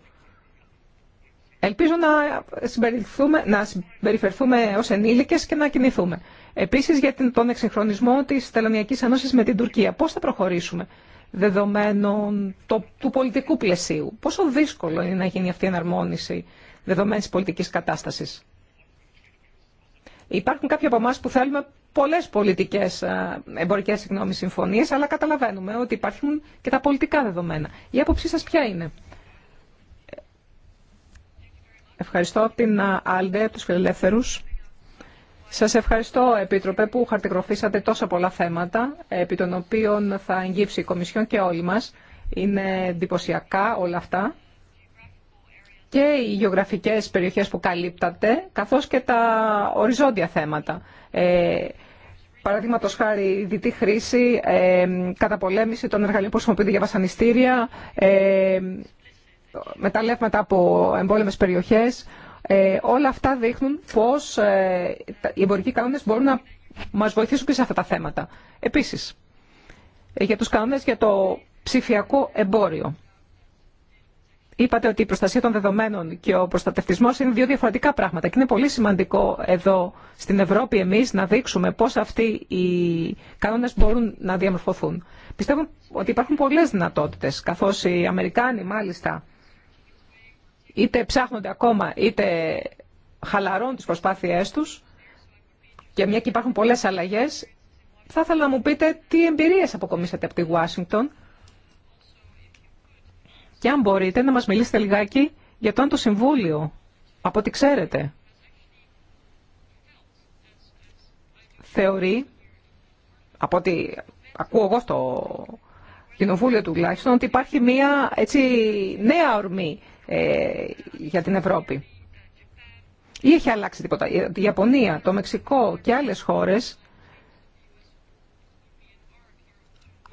Ελπίζω να, συμπεριφερθούμε, να συμπεριφερθούμε ως ενήλικες και να κινηθούμε. Επίσης για τον εξυγχρονισμό της Τελωνιακής Ένωση με την Τουρκία. Πώς θα προχωρήσουμε δεδομένων το, του πολιτικού πλαισίου. Πόσο δύσκολο είναι να γίνει αυτή η εναρμόνιση δεδομένη πολιτικής κατάστασης. Υπάρχουν κάποιοι από εμά που θέλουμε πολλές πολιτικές, ε, εμπορικές συγγνώμη, συμφωνίες, αλλά καταλαβαίνουμε ότι υπάρχουν και τα πολιτικά δεδομένα. Η άποψή σας ποια είναι. Ευχαριστώ από την ε, Άλντε, του τους Σα Σας ευχαριστώ, Επίτροπε, που χαρτιγραφήσατε τόσα πολλά θέματα, επί των οποίων θα εγγύψει η Κομισιόν και όλοι μα. Είναι εντυπωσιακά όλα αυτά και οι γεωγραφικές περιοχές που καλύπτατε, καθώς και τα οριζόντια θέματα. Ε, Παραδείγματο χάρη δυτή χρήση, ε, καταπολέμηση των εργαλείων που χρησιμοποιείται για βασανιστήρια, ε, μεταλλεύματα από εμπόλεμες περιοχές. Ε, όλα αυτά δείχνουν πώς ε, οι εμπορικοί κανόνες μπορούν να μας βοηθήσουν και σε αυτά τα θέματα. Επίσης, για τους κανόνες για το ψηφιακό εμπόριο είπατε ότι η προστασία των δεδομένων και ο προστατευτισμός είναι δύο διαφορετικά πράγματα και είναι πολύ σημαντικό εδώ στην Ευρώπη εμείς να δείξουμε πώς αυτοί οι κανόνες μπορούν να διαμορφωθούν. Πιστεύω ότι υπάρχουν πολλές δυνατότητες, καθώς οι Αμερικάνοι μάλιστα είτε ψάχνονται ακόμα είτε χαλαρώνουν τις προσπάθειές τους και μια και υπάρχουν πολλές αλλαγές, θα ήθελα να μου πείτε τι εμπειρίες αποκομίσατε από τη Ουάσιγκτον και αν μπορείτε να μας μιλήσετε λιγάκι για το αν το Συμβούλιο, από ό,τι ξέρετε, θεωρεί, από ό,τι ακούω εγώ στο Κοινοβούλιο τουλάχιστον, ότι υπάρχει μια έτσι, νέα ορμή ε, για την Ευρώπη. Ή έχει αλλάξει τίποτα. Η Ιαπωνία, το Μεξικό και άλλες χώρες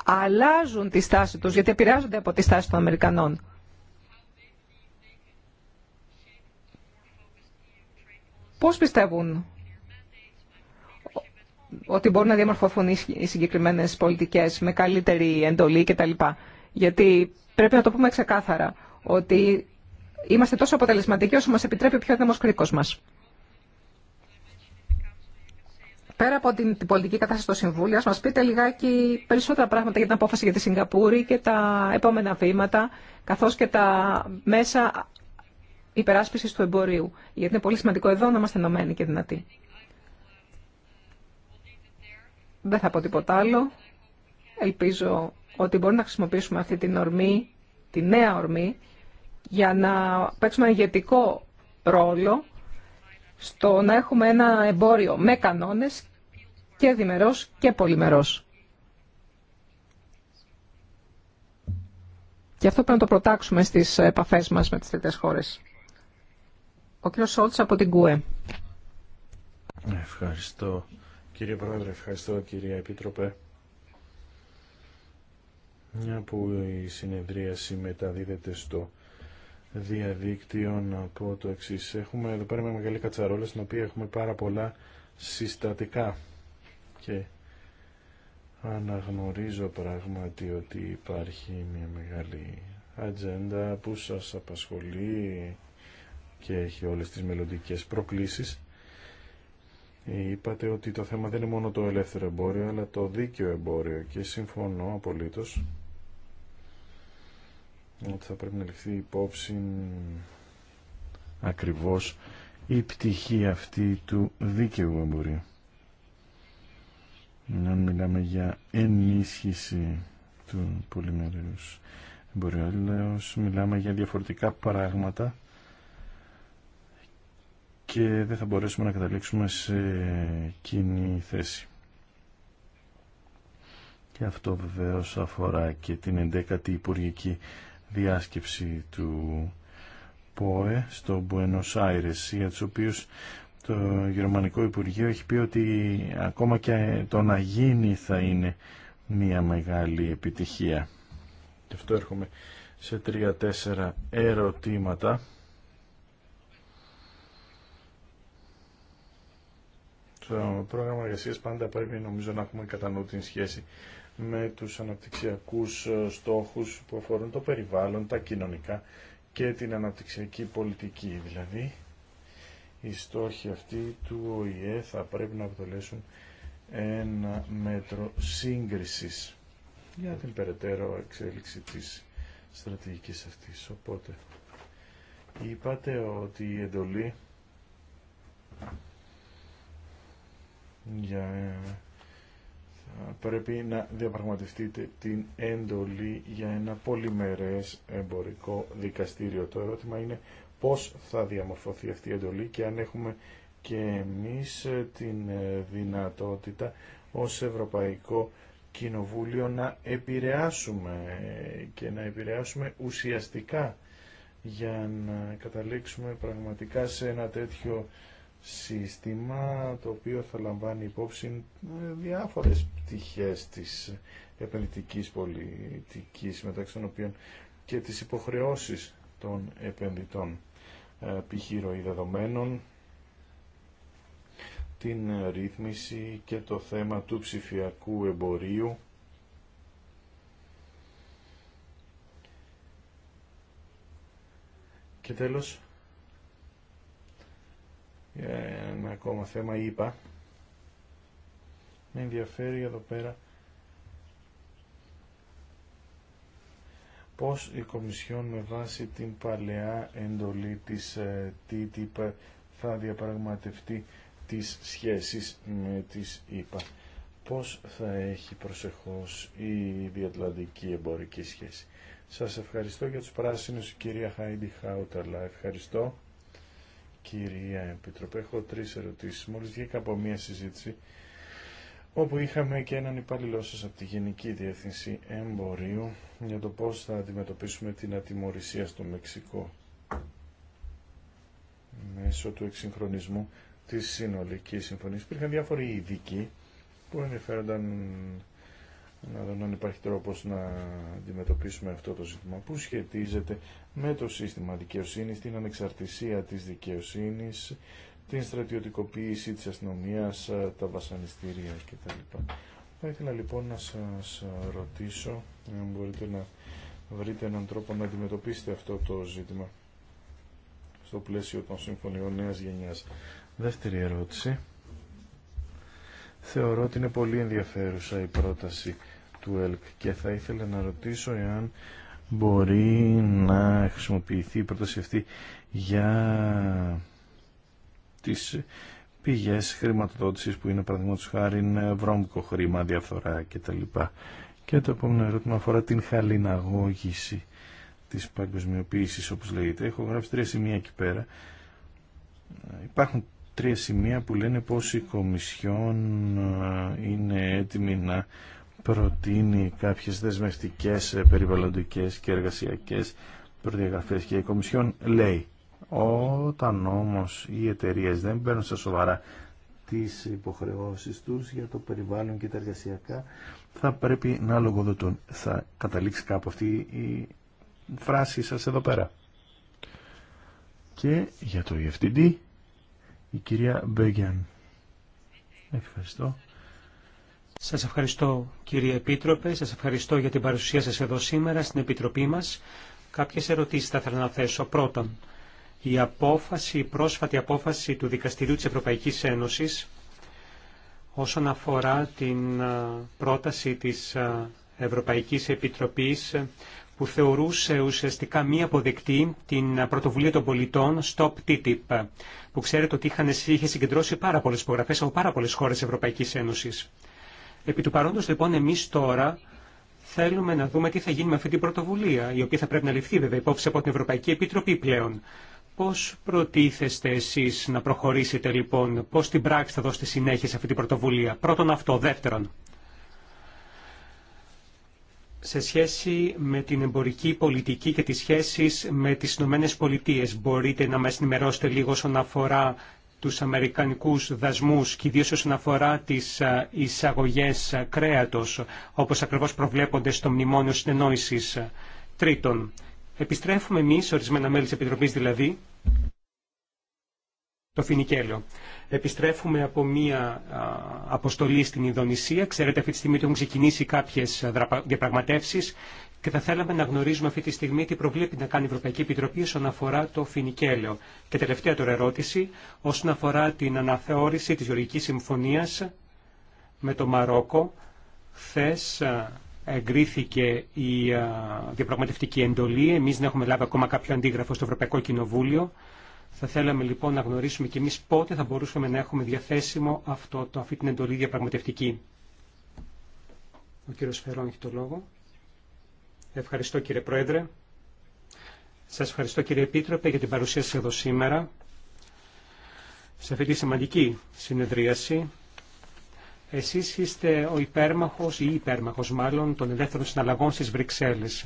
αλλάζουν τη στάση τους, γιατί επηρεάζονται από τη στάση των Αμερικανών. Πώς πιστεύουν ότι μπορούν να διαμορφωθούν οι συγκεκριμένες πολιτικές με καλύτερη εντολή κτλ. Γιατί πρέπει να το πούμε ξεκάθαρα ότι είμαστε τόσο αποτελεσματικοί όσο μας επιτρέπει ο πιο δημοσκρίκος μας πέρα από την, πολιτική κατάσταση στο Συμβούλιο, μα μας πείτε λιγάκι περισσότερα πράγματα για την απόφαση για τη Σιγκαπούρη και τα επόμενα βήματα, καθώς και τα μέσα υπεράσπισης του εμπορίου. Γιατί είναι πολύ σημαντικό εδώ να είμαστε ενωμένοι και δυνατοί. Δεν θα πω τίποτα άλλο. Ελπίζω ότι μπορούμε να χρησιμοποιήσουμε αυτή την ορμή, τη νέα ορμή, για να παίξουμε ηγετικό ρόλο στο να έχουμε ένα εμπόριο με κανόνες και διμερός και πολυμερός. Και αυτό πρέπει να το προτάξουμε στις επαφές μας με τις τρίτες χώρες. Ο κύριος Σόλτς από την ΚΟΕ. Ευχαριστώ κύριε Πρόεδρε, ευχαριστώ κύριε Επίτροπε. Μια που η συνεδρίαση μεταδίδεται στο διαδίκτυο να πω το εξή. Έχουμε εδώ πέρα μια μεγάλη κατσαρόλα στην οποία έχουμε πάρα πολλά συστατικά και αναγνωρίζω πράγματι ότι υπάρχει μια μεγάλη ατζέντα που σας απασχολεί και έχει όλες τις μελλοντικές προκλήσεις. Είπατε ότι το θέμα δεν είναι μόνο το ελεύθερο εμπόριο αλλά το δίκαιο εμπόριο και συμφωνώ απολύτως ότι θα πρέπει να ληφθεί υπόψη ακριβώς η πτυχή αυτή του δίκαιου εμπορίου. Αν μιλάμε για ενίσχυση του πολυμεριούς εμπορίου, μιλάμε για διαφορετικά πράγματα και δεν θα μπορέσουμε να καταλήξουμε σε κοινή θέση. Και αυτό βεβαίως αφορά και την 11η Υπουργική διάσκεψη του ΠΟΕ στο Μπουένος Άιρες για τους οποίους το Γερμανικό Υπουργείο έχει πει ότι ακόμα και το να γίνει θα είναι μια μεγάλη επιτυχία. Και αυτό έρχομαι σε τρία-τέσσερα ερωτήματα. Το πρόγραμμα εργασία πάντα πρέπει νομίζω να έχουμε κατά νου την σχέση με τους αναπτυξιακούς ε, στόχους που αφορούν το περιβάλλον, τα κοινωνικά και την αναπτυξιακή πολιτική. Δηλαδή, οι στόχοι αυτοί του ΟΗΕ θα πρέπει να αποτελέσουν ένα μέτρο σύγκρισης για την περαιτέρω εξέλιξη της στρατηγικής αυτής. Οπότε, είπατε ότι η εντολή για πρέπει να διαπραγματευτείτε την έντολη για ένα πολυμερές εμπορικό δικαστήριο. Το ερώτημα είναι πώς θα διαμορφωθεί αυτή η εντολή και αν έχουμε και εμείς την δυνατότητα ως Ευρωπαϊκό Κοινοβούλιο να επηρεάσουμε και να επηρεάσουμε ουσιαστικά για να καταλήξουμε πραγματικά σε ένα τέτοιο σύστημα το οποίο θα λαμβάνει υπόψη ε, διάφορες πτυχές της επενδυτικής πολιτικής μεταξύ των οποίων και τις υποχρεώσεις των επενδυτών ε, π.χ. δεδομένων, την ρύθμιση και το θέμα του ψηφιακού εμπορίου και τέλος για ένα ακόμα θέμα, είπα. Με ενδιαφέρει εδώ πέρα πώς η Κομισιόν με βάση την παλαιά εντολή της ε, TTIP θα διαπραγματευτεί τις σχέσεις με τις ΗΠΑ. Πώς θα έχει προσεχώς η διατλαντική εμπορική σχέση. Σας ευχαριστώ για τους πράσινους, κυρία Χάιντι Χάουταλα. Ευχαριστώ κυρία Επιτροπέ. Έχω τρεις ερωτήσεις. Μόλις βγήκα από μία συζήτηση όπου είχαμε και έναν υπάλληλό σας από τη Γενική Διεύθυνση Εμπορίου για το πώς θα αντιμετωπίσουμε την ατιμορρησία στο Μεξικό μέσω του εξυγχρονισμού της συνολικής συμφωνίας. Υπήρχαν διάφοροι ειδικοί που ενδιαφέρονταν να δω αν υπάρχει τρόπος να αντιμετωπίσουμε αυτό το ζήτημα που σχετίζεται με το σύστημα δικαιοσύνης, την ανεξαρτησία της δικαιοσύνης, την στρατιωτικοποίηση της αστυνομίας, τα βασανιστήρια κτλ. Θα ήθελα λοιπόν να σας ρωτήσω αν μπορείτε να βρείτε έναν τρόπο να αντιμετωπίσετε αυτό το ζήτημα στο πλαίσιο των συμφωνιών νέας γενιάς. Δεύτερη ερώτηση. Θεωρώ ότι είναι πολύ ενδιαφέρουσα η πρόταση του ΕΛΚ και θα ήθελα να ρωτήσω εάν μπορεί να χρησιμοποιηθεί η πρόταση αυτή για τις πηγές χρηματοδότησης που είναι παραδείγματο χάρη βρώμικο χρήμα, διαφθορά κτλ. Και το επόμενο ερώτημα αφορά την χαλιναγώγηση της παγκοσμιοποίησης όπως λέγεται. Έχω γράψει τρία σημεία εκεί πέρα. Υπάρχουν τρία σημεία που λένε πως η Κομισιόν ε, είναι έτοιμη να προτείνει κάποιες δεσμευτικές ε, περιβαλλοντικές και εργασιακές προδιαγραφές και η Κομισιόν λέει όταν όμως οι εταιρείε δεν παίρνουν στα σοβαρά τις υποχρεώσεις τους για το περιβάλλον και τα εργασιακά θα πρέπει να λογοδοτούν. Θα καταλήξει κάπου αυτή η φράση σας εδώ πέρα. Και για το EFTD η κυρία Μπέγγιαν. Ευχαριστώ. Σας ευχαριστώ κύριε Επίτροπε, σας ευχαριστώ για την παρουσία σας εδώ σήμερα στην Επιτροπή μας. Κάποιες ερωτήσεις θα ήθελα να θέσω. Πρώτον, η απόφαση, η πρόσφατη απόφαση του Δικαστηρίου της Ευρωπαϊκής Ένωσης όσον αφορά την πρόταση της Ευρωπαϊκής Επιτροπής ε, που θεωρούσε ουσιαστικά μη αποδεκτή την πρωτοβουλία των πολιτών Stop TTIP, ε, που ξέρετε ότι είχε συγκεντρώσει πάρα πολλές υπογραφές από πάρα πολλές χώρες Ευρωπαϊκής Ένωσης. Επί του παρόντος λοιπόν εμείς τώρα θέλουμε να δούμε τι θα γίνει με αυτή την πρωτοβουλία, η οποία θα πρέπει να ληφθεί βέβαια υπόψη από την Ευρωπαϊκή Επιτροπή πλέον. Πώς προτίθεστε εσείς να προχωρήσετε λοιπόν, πώς την πράξη θα δώσετε συνέχεια σε αυτή την πρωτοβουλία. Πρώτον αυτό, δεύτερον. Σε σχέση με την εμπορική πολιτική και τις σχέσεις με τις Ηνωμένες Πολιτείες, μπορείτε να μας ενημερώσετε λίγο όσον αφορά τους αμερικανικούς δασμούς και ιδίως όσον αφορά τις ε, εισαγωγές ε, κρέατος, όπως ακριβώς προβλέπονται στο Μνημόνιο Συνεννόησης. Τρίτον, επιστρέφουμε εμείς, ορισμένα μέλη της Επιτροπής δηλαδή, το Φινικέλιο. Επιστρέφουμε από μία αποστολή στην Ινδονησία. Ξέρετε, αυτή τη στιγμή έχουν ξεκινήσει κάποιες ε, διαπραγματεύσεις και θα θέλαμε να γνωρίζουμε αυτή τη στιγμή τι προβλέπει να κάνει η Ευρωπαϊκή Επιτροπή όσον αφορά το φινικέλαιο. Και τελευταία τώρα ερώτηση όσον αφορά την αναθεώρηση της Γεωργικής Συμφωνίας με το Μαρόκο. Χθε εγκρίθηκε η διαπραγματευτική εντολή. Εμείς δεν έχουμε λάβει ακόμα κάποιο αντίγραφο στο Ευρωπαϊκό Κοινοβούλιο. Θα θέλαμε λοιπόν να γνωρίσουμε και εμείς πότε θα μπορούσαμε να έχουμε διαθέσιμο αυτό, το, αυτή την εντολή διαπραγματευτική. Ο κύριος Φερόν έχει το λόγο. Ευχαριστώ κύριε Πρόεδρε. Σας ευχαριστώ κύριε Επίτροπε για την παρουσία σας εδώ σήμερα σε αυτή τη σημαντική συνεδρίαση. Εσείς είστε ο υπέρμαχος ή υπέρμαχος μάλλον των ελεύθερων συναλλαγών στις Βρυξέλλες.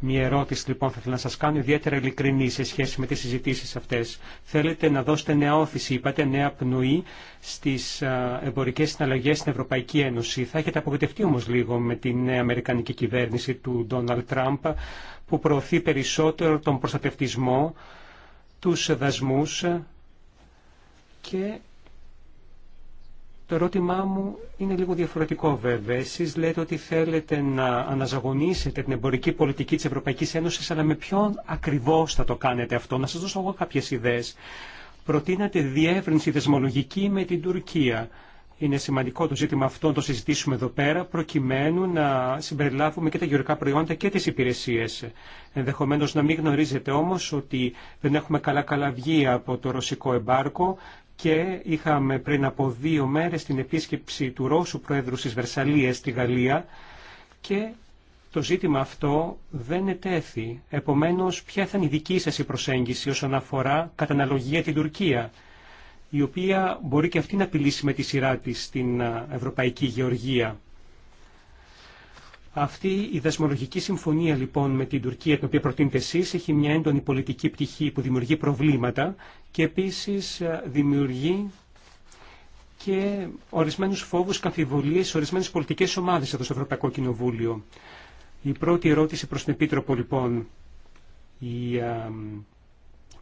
Μια ερώτηση λοιπόν θα ήθελα να σας κάνω ιδιαίτερα ειλικρινή σε σχέση με τις συζητήσεις αυτές. Θέλετε να δώσετε νέα όθηση, είπατε νέα πνοή στις εμπορικές συναλλαγές στην Ευρωπαϊκή Ένωση. Θα έχετε απογοητευτεί όμως λίγο με την νέα Αμερικανική κυβέρνηση του Ντόναλτ Τραμπ που προωθεί περισσότερο τον προστατευτισμό, τους δασμούς και το ερώτημά μου είναι λίγο διαφορετικό βέβαια. Εσείς λέτε ότι θέλετε να αναζαγωνίσετε την εμπορική πολιτική της Ευρωπαϊκής Ένωσης, αλλά με ποιον ακριβώς θα το κάνετε αυτό. Να σας δώσω εγώ κάποιες ιδέες. Προτείνατε διεύρυνση δεσμολογική με την Τουρκία. Είναι σημαντικό το ζήτημα αυτό να το συζητήσουμε εδώ πέρα, προκειμένου να συμπεριλάβουμε και τα γεωργικά προϊόντα και τι υπηρεσίε. Ενδεχομένω να μην γνωρίζετε όμω ότι δεν έχουμε καλά καλάβγια από το ρωσικό εμπάρκο και είχαμε πριν από δύο μέρες την επίσκεψη του Ρώσου Προέδρου στις Βερσαλίες στη Γαλλία και το ζήτημα αυτό δεν ετέθη. Επομένως, ποια θα είναι η δική σας η προσέγγιση όσον αφορά κατά αναλογία την Τουρκία, η οποία μπορεί και αυτή να απειλήσει με τη σειρά της στην Ευρωπαϊκή Γεωργία. Αυτή η δασμολογική συμφωνία λοιπόν με την Τουρκία, την οποία προτείνετε εσεί, έχει μια έντονη πολιτική πτυχή που δημιουργεί προβλήματα και επίσης ε, δημιουργεί και ορισμένου φόβους και αμφιβολίε σε ορισμένε πολιτικές ομάδες εδώ στο Ευρωπαϊκό Κοινοβούλιο. Η πρώτη ερώτηση προς την Επίτροπο λοιπόν, η ε,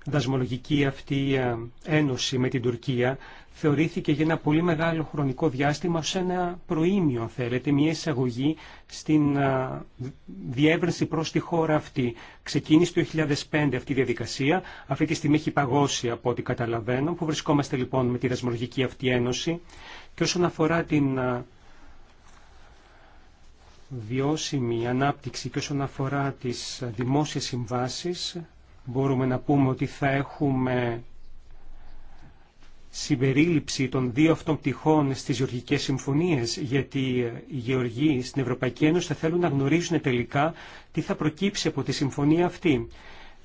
δασμολογική αυτή ε, ένωση με την Τουρκία θεωρήθηκε για ένα πολύ μεγάλο χρονικό διάστημα ως ένα προήμιο, αν θέλετε, μια εισαγωγή στην ε, διεύρυνση προς τη χώρα αυτή. Ξεκίνησε το 2005 αυτή η διαδικασία, αυτή τη στιγμή έχει παγώσει από ό,τι καταλαβαίνω, που βρισκόμαστε λοιπόν με τη δασμολογική αυτή ένωση και όσον αφορά την ε, βιώσιμη ανάπτυξη και όσον αφορά τις δημόσιες συμβάσεις, μπορούμε να πούμε ότι θα έχουμε συμπερίληψη των δύο αυτών πτυχών στις γεωργικές συμφωνίες, γιατί ε, οι γεωργοί στην Ευρωπαϊκή Ένωση θα θέλουν να γνωρίζουν τελικά τι θα προκύψει από τη συμφωνία αυτή.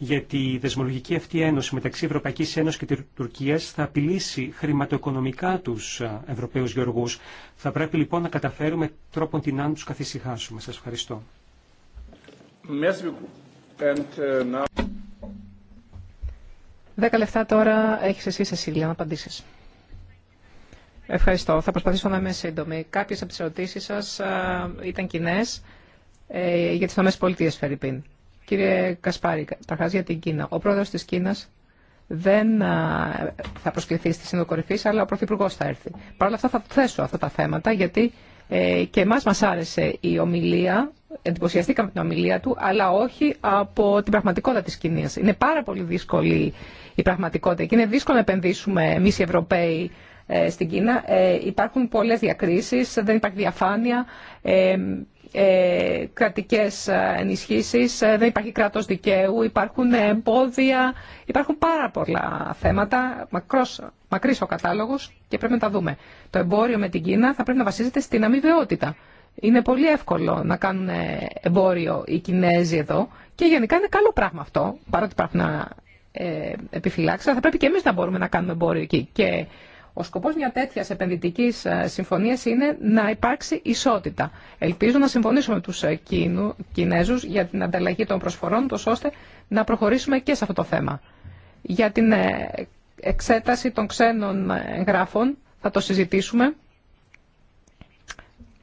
Γιατί η δεσμολογική αυτή ένωση μεταξύ Ευρωπαϊκής Ένωσης και Τουρκίας θα απειλήσει χρηματοοικονομικά τους ε, Ευρωπαίους γεωργούς. Θα πρέπει λοιπόν να καταφέρουμε τρόπον την αν τους καθησυχάσουμε. Σας ευχαριστώ. Δέκα λεφτά τώρα έχεις εσύ, Σεσίλια, να απαντήσεις. Ευχαριστώ. Θα προσπαθήσω να είμαι σύντομη. Κάποιες από τις ερωτήσεις σας ήταν κοινέ ε, για τις πολιτείες, Φερρυπίν. Κύριε Κασπάρη, χάζει για την Κίνα. Ο πρόεδρος της Κίνας δεν θα προσκληθεί στη Σύνοδο αλλά ο Πρωθυπουργό θα έρθει. Παρ' όλα αυτά θα θέσω αυτά τα θέματα, γιατί ε, και εμάς μας άρεσε η ομιλία εντυπωσιαστήκαμε από την ομιλία του, αλλά όχι από την πραγματικότητα της Κινίας. Είναι πάρα πολύ δύσκολη η πραγματικότητα και είναι δύσκολο να επενδύσουμε εμείς οι Ευρωπαίοι ε, στην Κίνα. Ε, υπάρχουν πολλές διακρίσεις, δεν υπάρχει διαφάνεια, ε, ε, κρατικές ενισχύσεις, ε, δεν υπάρχει κράτος δικαίου, υπάρχουν εμπόδια, υπάρχουν πάρα πολλά θέματα, μακρός, μακρύς ο κατάλογος και πρέπει να τα δούμε. Το εμπόριο με την Κίνα θα πρέπει να βασίζεται στην αμοιβαιότητα. Είναι πολύ εύκολο να κάνουν εμπόριο οι Κινέζοι εδώ και γενικά είναι καλό πράγμα αυτό, παρότι υπάρχουν ε, επιφυλάξει, θα πρέπει και εμείς να μπορούμε να κάνουμε εμπόριο εκεί. Και ο σκοπός μια τέτοια επενδυτική ε, συμφωνία είναι να υπάρξει ισότητα. Ελπίζω να συμφωνήσουμε με τους ε, Κίνου, Κινέζους για την ανταλλαγή των προσφορών, ώστε να προχωρήσουμε και σε αυτό το θέμα. Για την ε, εξέταση των ξένων γράφων θα το συζητήσουμε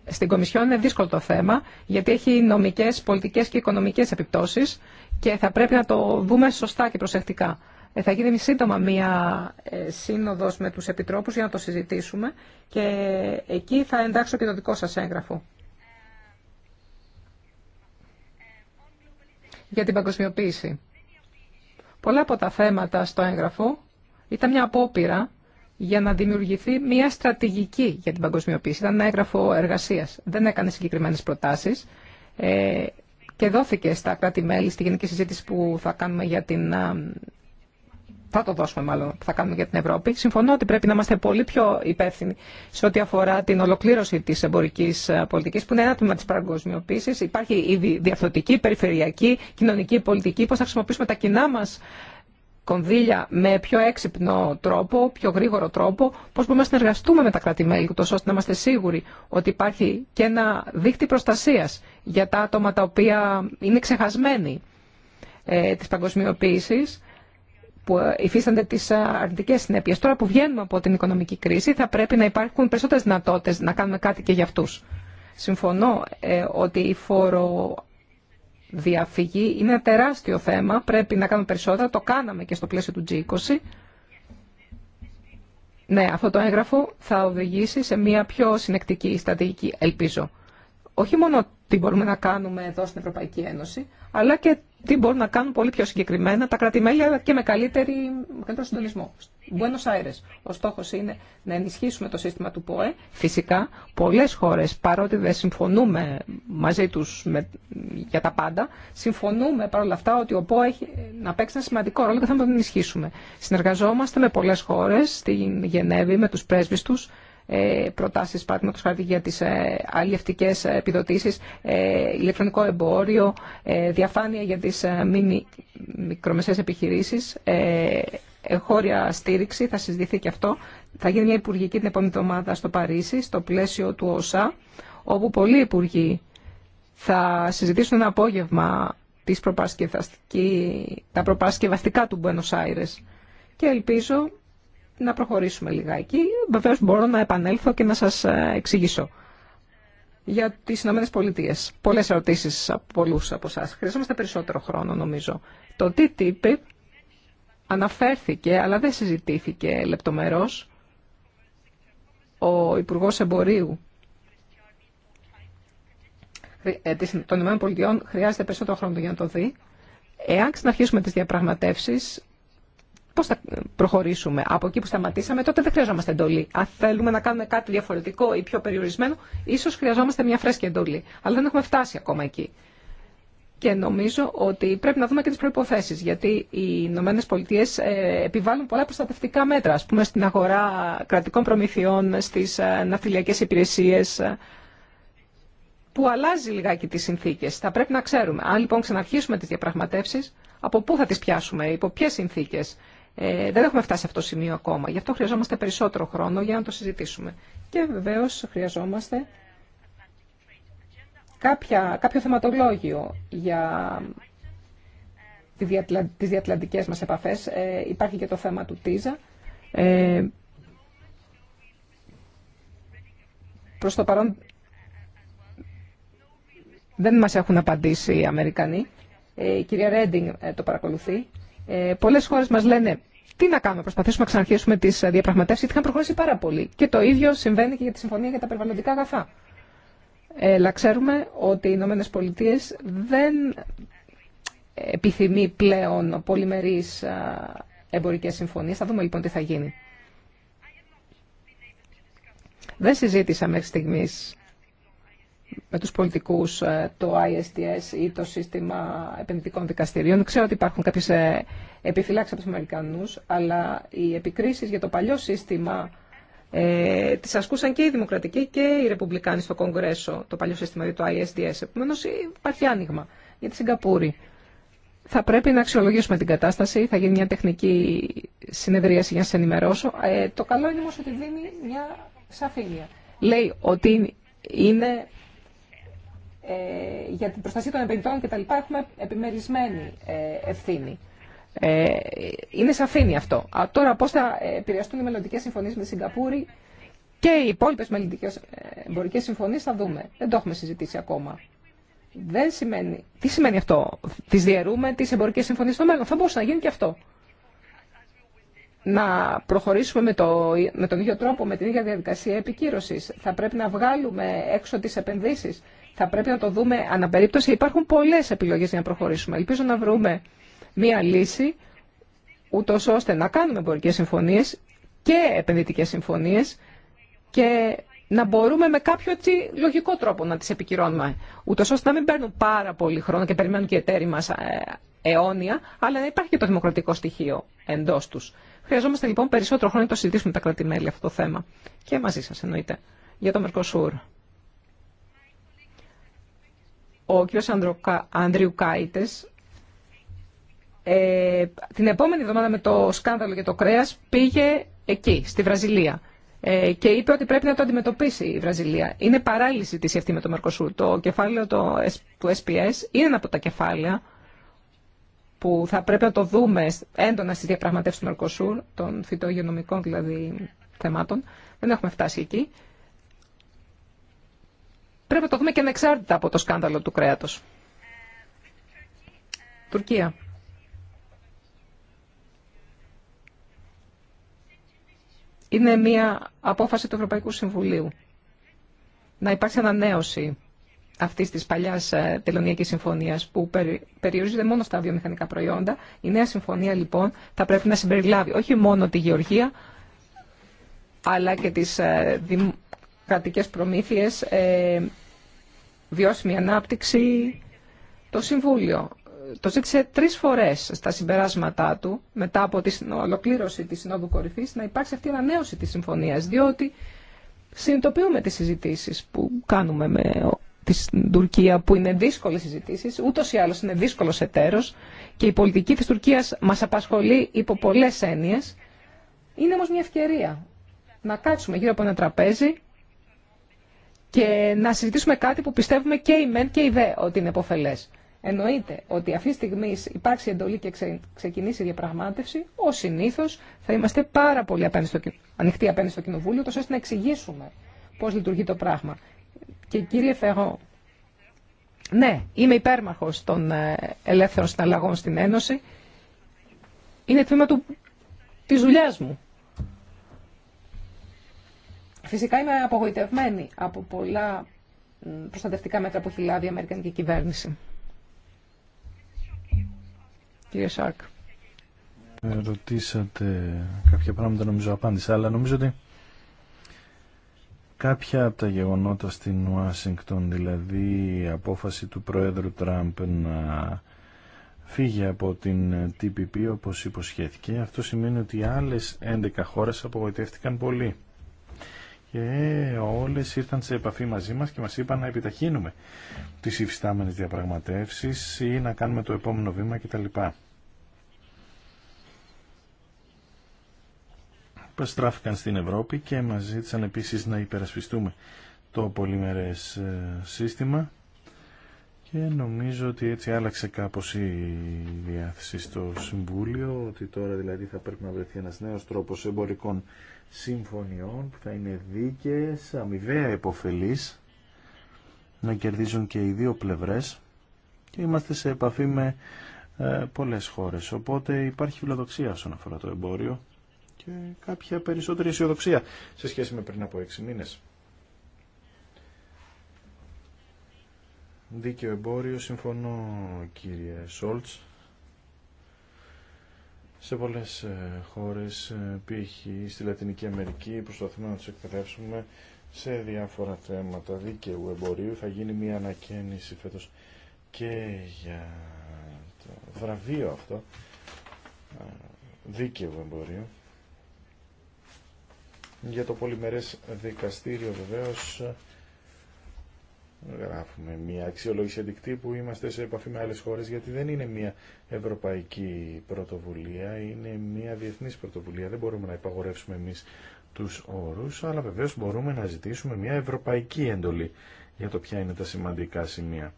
στην Κομισιόν είναι δύσκολο το θέμα, γιατί έχει νομικές, πολιτικές και οικονομικές επιπτώσει και θα πρέπει να το δούμε σωστά και προσεκτικά. Ε, θα γίνει σύντομα μία ε, σύνοδος με τους επιτρόπους για να το συζητήσουμε και εκεί θα εντάξω και το δικό σας έγγραφο. Για την παγκοσμιοποίηση. Πολλά από τα θέματα στο έγγραφο ήταν μια απόπειρα για να δημιουργηθεί μια στρατηγική για την παγκοσμιοποίηση. Ήταν ένα έγγραφο εργασία. Δεν έκανε συγκεκριμένε προτάσει ε, και δόθηκε στα κράτη-μέλη στη γενική συζήτηση που θα κάνουμε για την. Θα το δώσουμε μάλλον, θα κάνουμε για την Ευρώπη. Συμφωνώ ότι πρέπει να είμαστε πολύ πιο υπεύθυνοι σε ό,τι αφορά την ολοκλήρωση τη εμπορική πολιτική, που είναι ένα τμήμα τη παγκοσμιοποίηση. Υπάρχει η διαφθορτική, περιφερειακή, κοινωνική πολιτική, πώ θα χρησιμοποιήσουμε τα κοινά μα κονδύλια με πιο έξυπνο τρόπο, πιο γρήγορο τρόπο, πώ μπορούμε να συνεργαστούμε με τα κράτη-μέλη, ώστε να είμαστε σίγουροι ότι υπάρχει και ένα δίκτυο προστασία για τα άτομα τα οποία είναι ξεχασμένοι ε, τη παγκοσμιοποίηση, που ε, υφίστανται τι ε, αρνητικέ συνέπειε. Τώρα που βγαίνουμε από την οικονομική κρίση, θα πρέπει να υπάρχουν περισσότερε δυνατότητε να κάνουμε κάτι και για αυτού. Συμφωνώ ε, ότι η φόρο διαφυγή είναι τεράστιο θέμα, πρέπει να κάνουμε περισσότερα, το κάναμε και στο πλαίσιο του G20. Ναι, αυτό το έγγραφο θα οδηγήσει σε μια πιο συνεκτική στρατηγική, ελπίζω όχι μόνο τι μπορούμε να κάνουμε εδώ στην Ευρωπαϊκή Ένωση, αλλά και τι μπορούν να κάνουν πολύ πιο συγκεκριμένα τα κρατημέλια αλλά και με καλύτερη, καλύτερο συντονισμό. Buenos Aires. Ο στόχο είναι να ενισχύσουμε το σύστημα του ΠΟΕ. Φυσικά, πολλέ χώρε, παρότι δεν συμφωνούμε μαζί του για τα πάντα, συμφωνούμε παρόλα αυτά ότι ο ΠΟΕ έχει να παίξει ένα σημαντικό ρόλο και θα τον ενισχύσουμε. Συνεργαζόμαστε με πολλέ χώρε, στην Γενέβη, με του πρέσβει του, ε, προτάσεις παραδείγματος χάρη για τις ε, αλληλευτικές επιδοτήσεις, ε, ηλεκτρονικό εμπόριο, διαφάνεια για τις μη μικρομεσαίες επιχειρήσεις, χώρια στήριξη, θα συζητηθεί και αυτό. Θα γίνει μια υπουργική την επόμενη εβδομάδα στο Παρίσι, στο πλαίσιο του ΟΣΑ, όπου πολλοί υπουργοί θα συζητήσουν ένα απόγευμα τις τα προπαρασκευαστικά του Μπένος Άιρες Και ελπίζω να προχωρήσουμε λιγάκι. Βεβαίω μπορώ να επανέλθω και να σας ε, εξηγήσω. Για τις Ηνωμένες Πολιτείες. Πολλές ερωτήσεις από πολλούς από εσά. Χρειαζόμαστε περισσότερο χρόνο νομίζω. Το TTIP αναφέρθηκε αλλά δεν συζητήθηκε λεπτομερώς. Ο υπουργό Εμπορίου ε, των ΗΠΑ χρειάζεται περισσότερο χρόνο για να το δει. Εάν ξαναρχίσουμε τις διαπραγματεύσεις, Πώ θα προχωρήσουμε από εκεί που σταματήσαμε, τότε δεν χρειαζόμαστε εντολή. Αν θέλουμε να κάνουμε κάτι διαφορετικό ή πιο περιορισμένο, ίσω χρειαζόμαστε μια φρέσκη εντολή. Αλλά δεν έχουμε φτάσει ακόμα εκεί. Και νομίζω ότι πρέπει να δούμε και τι προποθέσει. Γιατί οι Ηνωμένε Πολιτείε ε, επιβάλλουν πολλά προστατευτικά μέτρα, α πούμε, στην αγορά κρατικών προμηθειών, στι ε, ναυτιλιακέ υπηρεσίε, ε, που αλλάζει λιγάκι τι συνθήκε. Θα πρέπει να ξέρουμε. Αν λοιπόν ξαναρχίσουμε τι διαπραγματεύσει, από πού θα τι πιάσουμε, υπό ποιε συνθήκε. Ε, δεν έχουμε φτάσει σε αυτό το σημείο ακόμα. Γι' αυτό χρειαζόμαστε περισσότερο χρόνο για να το συζητήσουμε. Και βεβαίω χρειαζόμαστε κάποιο θεματολόγιο για τις διατλαντικές μας επαφές. Ε, υπάρχει και το θέμα του ΤΙΖΑ. Ε, προς το παρόν δεν μας έχουν απαντήσει οι Αμερικανοί. Ε, η κυρία Ρέντινγκ ε, το παρακολουθεί. Ε, Πολλέ χώρε μα λένε τι να κάνουμε, προσπαθήσουμε να ξαναρχίσουμε τι ε, διαπραγματεύσει, γιατί είχαν προχωρήσει πάρα πολύ. Και το ίδιο συμβαίνει και για τη συμφωνία για τα περιβαλλοντικά αγαθά. Ε, αλλά ξέρουμε ότι οι Ηνωμένε Πολιτείε δεν επιθυμεί πλέον πολυμερεί ε, εμπορικέ συμφωνίε. Θα δούμε λοιπόν τι θα γίνει. Δεν συζήτησα μέχρι στιγμής με τους πολιτικούς ε, το ISDS ή το σύστημα επενδυτικών δικαστηρίων. Ξέρω ότι υπάρχουν κάποιες ε, επιφυλάξεις από τους Αμερικανούς, αλλά οι επικρίσεις για το παλιό σύστημα ε, τις ασκούσαν και οι Δημοκρατικοί και οι Ρεπουμπλικάνοι στο Κογκρέσο, το παλιό σύστημα για δηλαδή το ISDS. Επομένω υπάρχει άνοιγμα για τη Σιγκαπούρη. Θα πρέπει να αξιολογήσουμε την κατάσταση, θα γίνει μια τεχνική συνεδρίαση για να σα ενημερώσω. Ε, το καλό είναι όμω ότι δίνει μια σαφήνεια. Λέει ότι είναι ε, για την προστασία των επενδυτών λοιπά έχουμε επιμερισμένη ε, ευθύνη. Ε, είναι σαφήνει αυτό. τώρα πώς θα επηρεαστούν οι μελλοντικέ συμφωνίε με τη Σιγκαπούρη και οι υπόλοιπε μελλοντικέ εμπορικέ συμφωνίε θα δούμε. Δεν το έχουμε συζητήσει ακόμα. Δεν σημαίνει... Τι σημαίνει αυτό, τι διαιρούμε, τι εμπορικέ συμφωνίε στο μέλλον. Θα μπορούσε να γίνει και αυτό. Να προχωρήσουμε με, το, με τον ίδιο τρόπο, με την ίδια διαδικασία επικύρωση. Θα πρέπει να βγάλουμε έξω τι επενδύσει θα πρέπει να το δούμε αναπερίπτωση. Υπάρχουν πολλές επιλογές για να προχωρήσουμε. Ελπίζω να βρούμε μία λύση, ούτω ώστε να κάνουμε εμπορικέ συμφωνίες και επενδυτικές συμφωνίες και να μπορούμε με κάποιο έτσι, λογικό τρόπο να τις επικυρώνουμε. Ούτω ώστε να μην παίρνουν πάρα πολύ χρόνο και περιμένουν και οι εταίροι μας ε, αιώνια, αλλά να υπάρχει και το δημοκρατικό στοιχείο εντός τους. Χρειαζόμαστε λοιπόν περισσότερο χρόνο να το συζητήσουμε τα κρατημέλη αυτό το θέμα. Και μαζί σας εννοείται. Για το Μερκοσούρ ο κ. Ανδριου ε, την επόμενη εβδομάδα με το σκάνδαλο για το κρέας πήγε εκεί, στη Βραζιλία. Ε, και είπε ότι πρέπει να το αντιμετωπίσει η Βραζιλία. Είναι παράλυση τη αυτή με το Μερκοσούρ. Το κεφάλαιο του SPS είναι ένα από τα κεφάλαια που θα πρέπει να το δούμε έντονα στις διαπραγματεύσεις του Μερκοσούρ, των φυτογενομικών δηλαδή θεμάτων. Δεν έχουμε φτάσει εκεί. Πρέπει να το δούμε και ανεξάρτητα από το σκάνδαλο του κρέατος. Τουρκία. Είναι μια απόφαση του Ευρωπαϊκού Συμβουλίου να υπάρξει ανανέωση αυτή τη παλιά ε, τελωνιακή συμφωνία που περιορίζεται μόνο στα βιομηχανικά προϊόντα. Η νέα συμφωνία λοιπόν θα πρέπει να συμπεριλάβει όχι μόνο τη γεωργία αλλά και τις ε, κρατικές προμήθειες, ε, βιώσιμη ανάπτυξη. Το Συμβούλιο το ζήτησε τρεις φορές στα συμπεράσματά του, μετά από την ολοκλήρωση της Συνόδου Κορυφής, να υπάρξει αυτή η ανανέωση της συμφωνίας, διότι συνειδητοποιούμε τις συζητήσεις που κάνουμε με την Τουρκία, που είναι δύσκολες συζητήσεις, ούτως ή άλλως είναι δύσκολος εταίρος και η πολιτική της Τουρκίας μας απασχολεί υπό πολλές έννοιες. Είναι όμως μια ευκαιρία να κάτσουμε γύρω από ένα τραπέζι και να συζητήσουμε κάτι που πιστεύουμε και η ΜΕΝ και η ΔΕ ότι είναι υποφελέ. Εννοείται ότι αυτή τη στιγμή υπάρξει εντολή και ξεκινήσει η διαπραγμάτευση, ω συνήθω θα είμαστε πάρα πολύ απέναντι στο, ανοιχτοί απέναντι στο Κοινοβούλιο, τόσο ώστε να εξηγήσουμε πώ λειτουργεί το πράγμα. Και κύριε Φεγό, ναι, είμαι υπέρμαχο των ε, ελεύθερων συναλλαγών στην Ένωση. Είναι τμήμα του, της δουλειά μου. Φυσικά είμαι απογοητευμένη από πολλά προστατευτικά μέτρα που έχει λάβει η Αμερικανική κυβέρνηση. Κύριε Σάρκ. Ρωτήσατε κάποια πράγματα, νομίζω απάντησα, αλλά νομίζω ότι κάποια από τα γεγονότα στην Ουάσιγκτον, δηλαδή η απόφαση του Πρόεδρου Τραμπ να φύγει από την TPP όπως υποσχέθηκε, αυτό σημαίνει ότι οι άλλες 11 χώρες απογοητεύτηκαν πολύ και όλες ήρθαν σε επαφή μαζί μας και μας είπαν να επιταχύνουμε τις υφιστάμενες διαπραγματεύσεις ή να κάνουμε το επόμενο βήμα κτλ. Παστράφηκαν στην Ευρώπη και μας ζήτησαν επίσης να υπερασπιστούμε το πολυμερές ε, σύστημα και νομίζω ότι έτσι άλλαξε κάπως η διάθεση στο Συμβούλιο, ότι τώρα δηλαδή θα πρέπει να βρεθεί ένας νέος τρόπος εμπορικών συμφωνιών που θα είναι δίκαιες, αμοιβαία υποφελής, να κερδίζουν και οι δύο πλευρές και είμαστε σε επαφή με ε, πολλές χώρες. Οπότε υπάρχει φιλοδοξία όσον αφορά το εμπόριο και κάποια περισσότερη αισιοδοξία σε σχέση με πριν από έξι μήνες. Δίκαιο εμπόριο, συμφωνώ κύριε Σόλτς σε πολλές ε, χώρες, ε, π.χ. στη Λατινική Αμερική, προσπαθούμε να τους εκπαιδεύσουμε σε διάφορα θέματα δίκαιου εμπορίου. Θα γίνει μια ανακαίνιση φέτος και για το βραβείο αυτό, ε, δίκαιου εμπορίου. Για το πολυμερές δικαστήριο βεβαίως γράφουμε μια αξιολόγηση αντικτή που είμαστε σε επαφή με άλλες χώρες, γιατί δεν είναι μια ευρωπαϊκή πρωτοβουλία, είναι μια διεθνής πρωτοβουλία. Δεν μπορούμε να υπαγορεύσουμε εμείς τους όρους, αλλά βεβαίως μπορούμε να ζητήσουμε μια ευρωπαϊκή εντολή για το ποια είναι τα σημαντικά σημεία.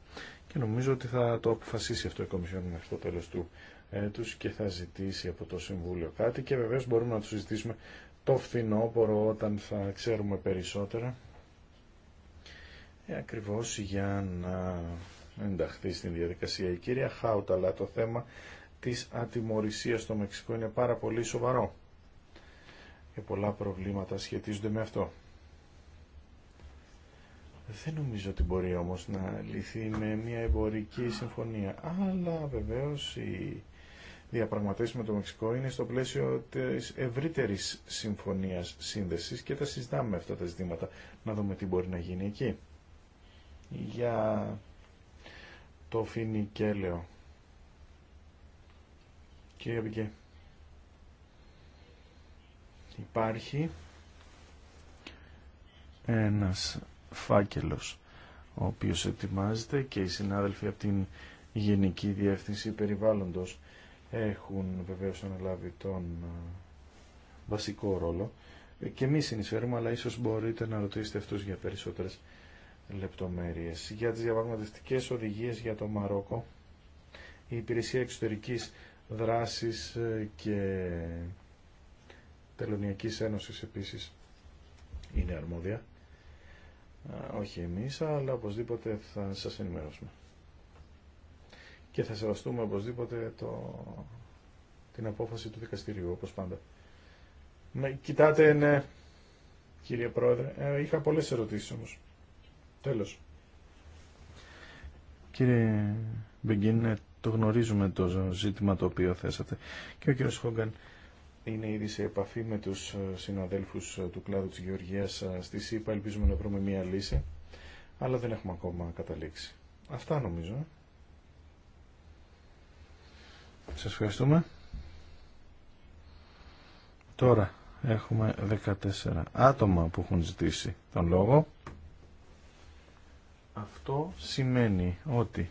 Και νομίζω ότι θα το αποφασίσει αυτό η Κομισιόν αυτό το τέλος του έτους και θα ζητήσει από το Συμβούλιο κάτι και βεβαίως μπορούμε να το συζητήσουμε το φθινόπωρο όταν θα ξέρουμε περισσότερα ε, ακριβώς για να ενταχθεί στην διαδικασία. Η κυρία Χάουτα, αλλά το θέμα της ατιμορρησίας στο Μεξικό είναι πάρα πολύ σοβαρό και πολλά προβλήματα σχετίζονται με αυτό. Δεν νομίζω ότι μπορεί όμως να λυθεί με μια εμπορική συμφωνία, αλλά βεβαίως η διαπραγματεύσει με το Μεξικό είναι στο πλαίσιο της ευρύτερης συμφωνίας σύνδεσης και τα συζητάμε αυτά τα ζητήματα, να δούμε τι μπορεί να γίνει εκεί για το φινικέλαιο. Κύριε Πικέ, υπάρχει ένας φάκελος ο οποίος ετοιμάζεται και οι συνάδελφοι από την Γενική Διεύθυνση Περιβάλλοντος έχουν βεβαίως αναλάβει τον ε, βασικό ρόλο ε, και εμείς συνεισφέρουμε αλλά ίσως μπορείτε να ρωτήσετε αυτούς για περισσότερες λεπτομέρειες. Για τις διαπραγματευτικές οδηγίες για το Μαρόκο, η Υπηρεσία Εξωτερικής Δράσης ε, και Τελωνιακής Ένωσης επίσης είναι αρμόδια. Όχι εμείς, αλλά οπωσδήποτε θα σας ενημερώσουμε. Και θα σεβαστούμε οπωσδήποτε το... την απόφαση του δικαστηρίου, όπως πάντα. Με, κοιτάτε, ναι, κύριε Πρόεδρε, ε, είχα πολλές ερωτήσεις όμως. Τέλος. Κύριε Μπεγκίν, ε, το γνωρίζουμε το ζήτημα το οποίο θέσατε. Και ο κύριος Χόγκαν είναι ήδη σε επαφή με τους ε, συναδέλφους ε, του κλάδου της Γεωργίας στη ΣΥΠΑ. Ελπίζουμε να βρούμε μία λύση, αλλά δεν έχουμε ακόμα καταλήξει. Αυτά νομίζω. Σας ευχαριστούμε. Τώρα έχουμε 14 άτομα που έχουν ζητήσει τον λόγο. Αυτό σημαίνει ότι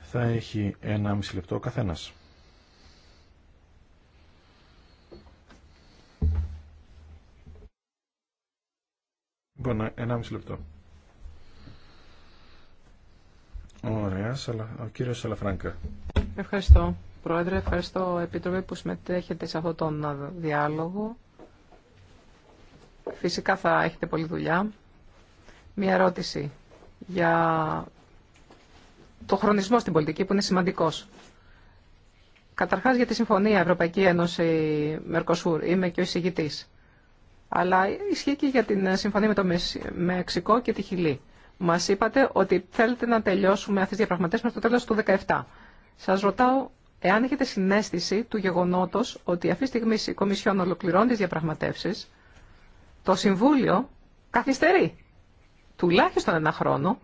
θα έχει μισή λεπτό ο καθένας. Λοιπόν, 1,5 λεπτό. Ωραία, ο κύριος Σαλαφράγκα. Ευχαριστώ, Πρόεδρε. Ευχαριστώ, Επίτροπε, που συμμετέχετε σε αυτόν τον διάλογο. Φυσικά θα έχετε πολλή δουλειά. Μία ερώτηση για το χρονισμό στην πολιτική που είναι σημαντικός. Καταρχάς για τη Συμφωνία Ευρωπαϊκή Ένωση Μερκοσούρ. Είμαι και ο εισηγητής. Αλλά ισχύει και για την Συμφωνία με το Μεξικό και τη Χιλή. Μας είπατε ότι θέλετε να τελειώσουμε αυτές τις διαπραγματεύσεις μέχρι το τέλος του 2017. Σας ρωτάω εάν έχετε συνέστηση του γεγονότος ότι αυτή τη στιγμή η Κομισιόν ολοκληρώνει τις διαπραγματεύσεις, το Συμβούλιο καθυστερεί τουλάχιστον ένα χρόνο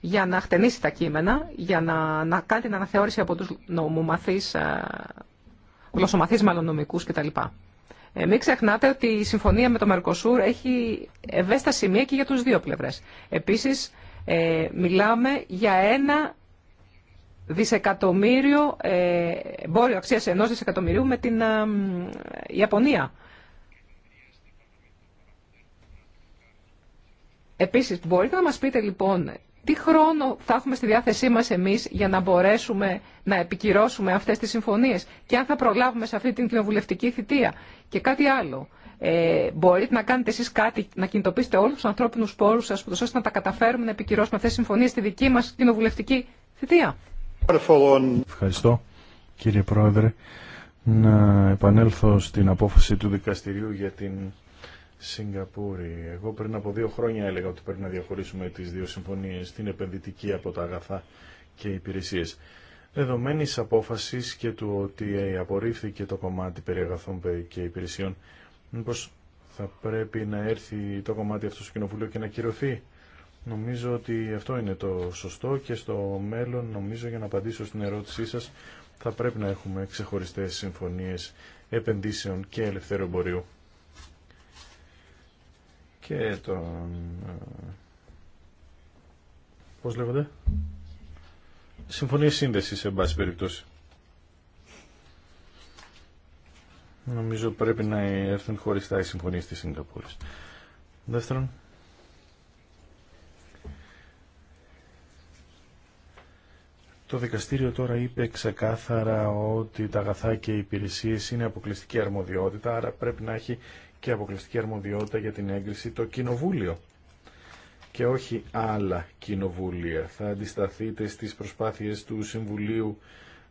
για να χτενίσει τα κείμενα, για να, να κάνει την αναθεώρηση από τους νομομαθείς, ε, γλωσσομαθείς μάλλον κτλ. Ε, μην ξεχνάτε ότι η συμφωνία με το Μερκοσούρ έχει ευαίσθητα σημεία και για τους δύο πλευρές. Επίσης, ε, μιλάμε για ένα δισεκατομμύριο, ε, εμπόριο αξίας ενός δισεκατομμυρίου με την ε, Ιαπωνία. Επίσης, μπορείτε να μας πείτε λοιπόν τι χρόνο θα έχουμε στη διάθεσή μας εμείς για να μπορέσουμε να επικυρώσουμε αυτές τις συμφωνίες και αν θα προλάβουμε σε αυτή την κοινοβουλευτική θητεία και κάτι άλλο. Ε, μπορείτε να κάνετε εσείς κάτι, να κινητοποιήσετε όλους τους ανθρώπινους πόρους σας, ώστε να τα καταφέρουμε να επικυρώσουμε αυτές τις συμφωνίες στη δική μας κοινοβουλευτική θητεία. Ευχαριστώ κύριε Πρόεδρε. Να επανέλθω στην απόφαση του δικαστηρίου για την Σιγκαπούρη. Εγώ πριν από δύο χρόνια έλεγα ότι πρέπει να διαχωρίσουμε τι δύο συμφωνίε την επενδυτική από τα αγαθά και υπηρεσίε. Δεδομένη απόφαση και του ότι απορρίφθηκε το κομμάτι περί αγαθών και υπηρεσιών, μήπω θα πρέπει να έρθει το κομμάτι αυτό στο Κοινοβούλιο και να κυρωθεί. Νομίζω ότι αυτό είναι το σωστό και στο μέλλον, νομίζω για να απαντήσω στην ερώτησή σα θα πρέπει να έχουμε ξεχωριστέ συμφωνίε επενδύσεων και ελευθέρου εμπορίου και τον... Ε, πώς λέγονται? συμφωνίε σύνδεσης, σε μπάση περιπτώσει. Νομίζω πρέπει να έρθουν χωριστά οι συμφωνίες της Σιγκαπούρης. Δεύτερον, Το δικαστήριο τώρα είπε ξεκάθαρα ότι τα αγαθά και οι υπηρεσίες είναι αποκλειστική αρμοδιότητα, άρα πρέπει να έχει και αποκλειστική αρμοδιότητα για την έγκριση το Κοινοβούλιο και όχι άλλα κοινοβούλια. Θα αντισταθείτε στις προσπάθειες του Συμβουλίου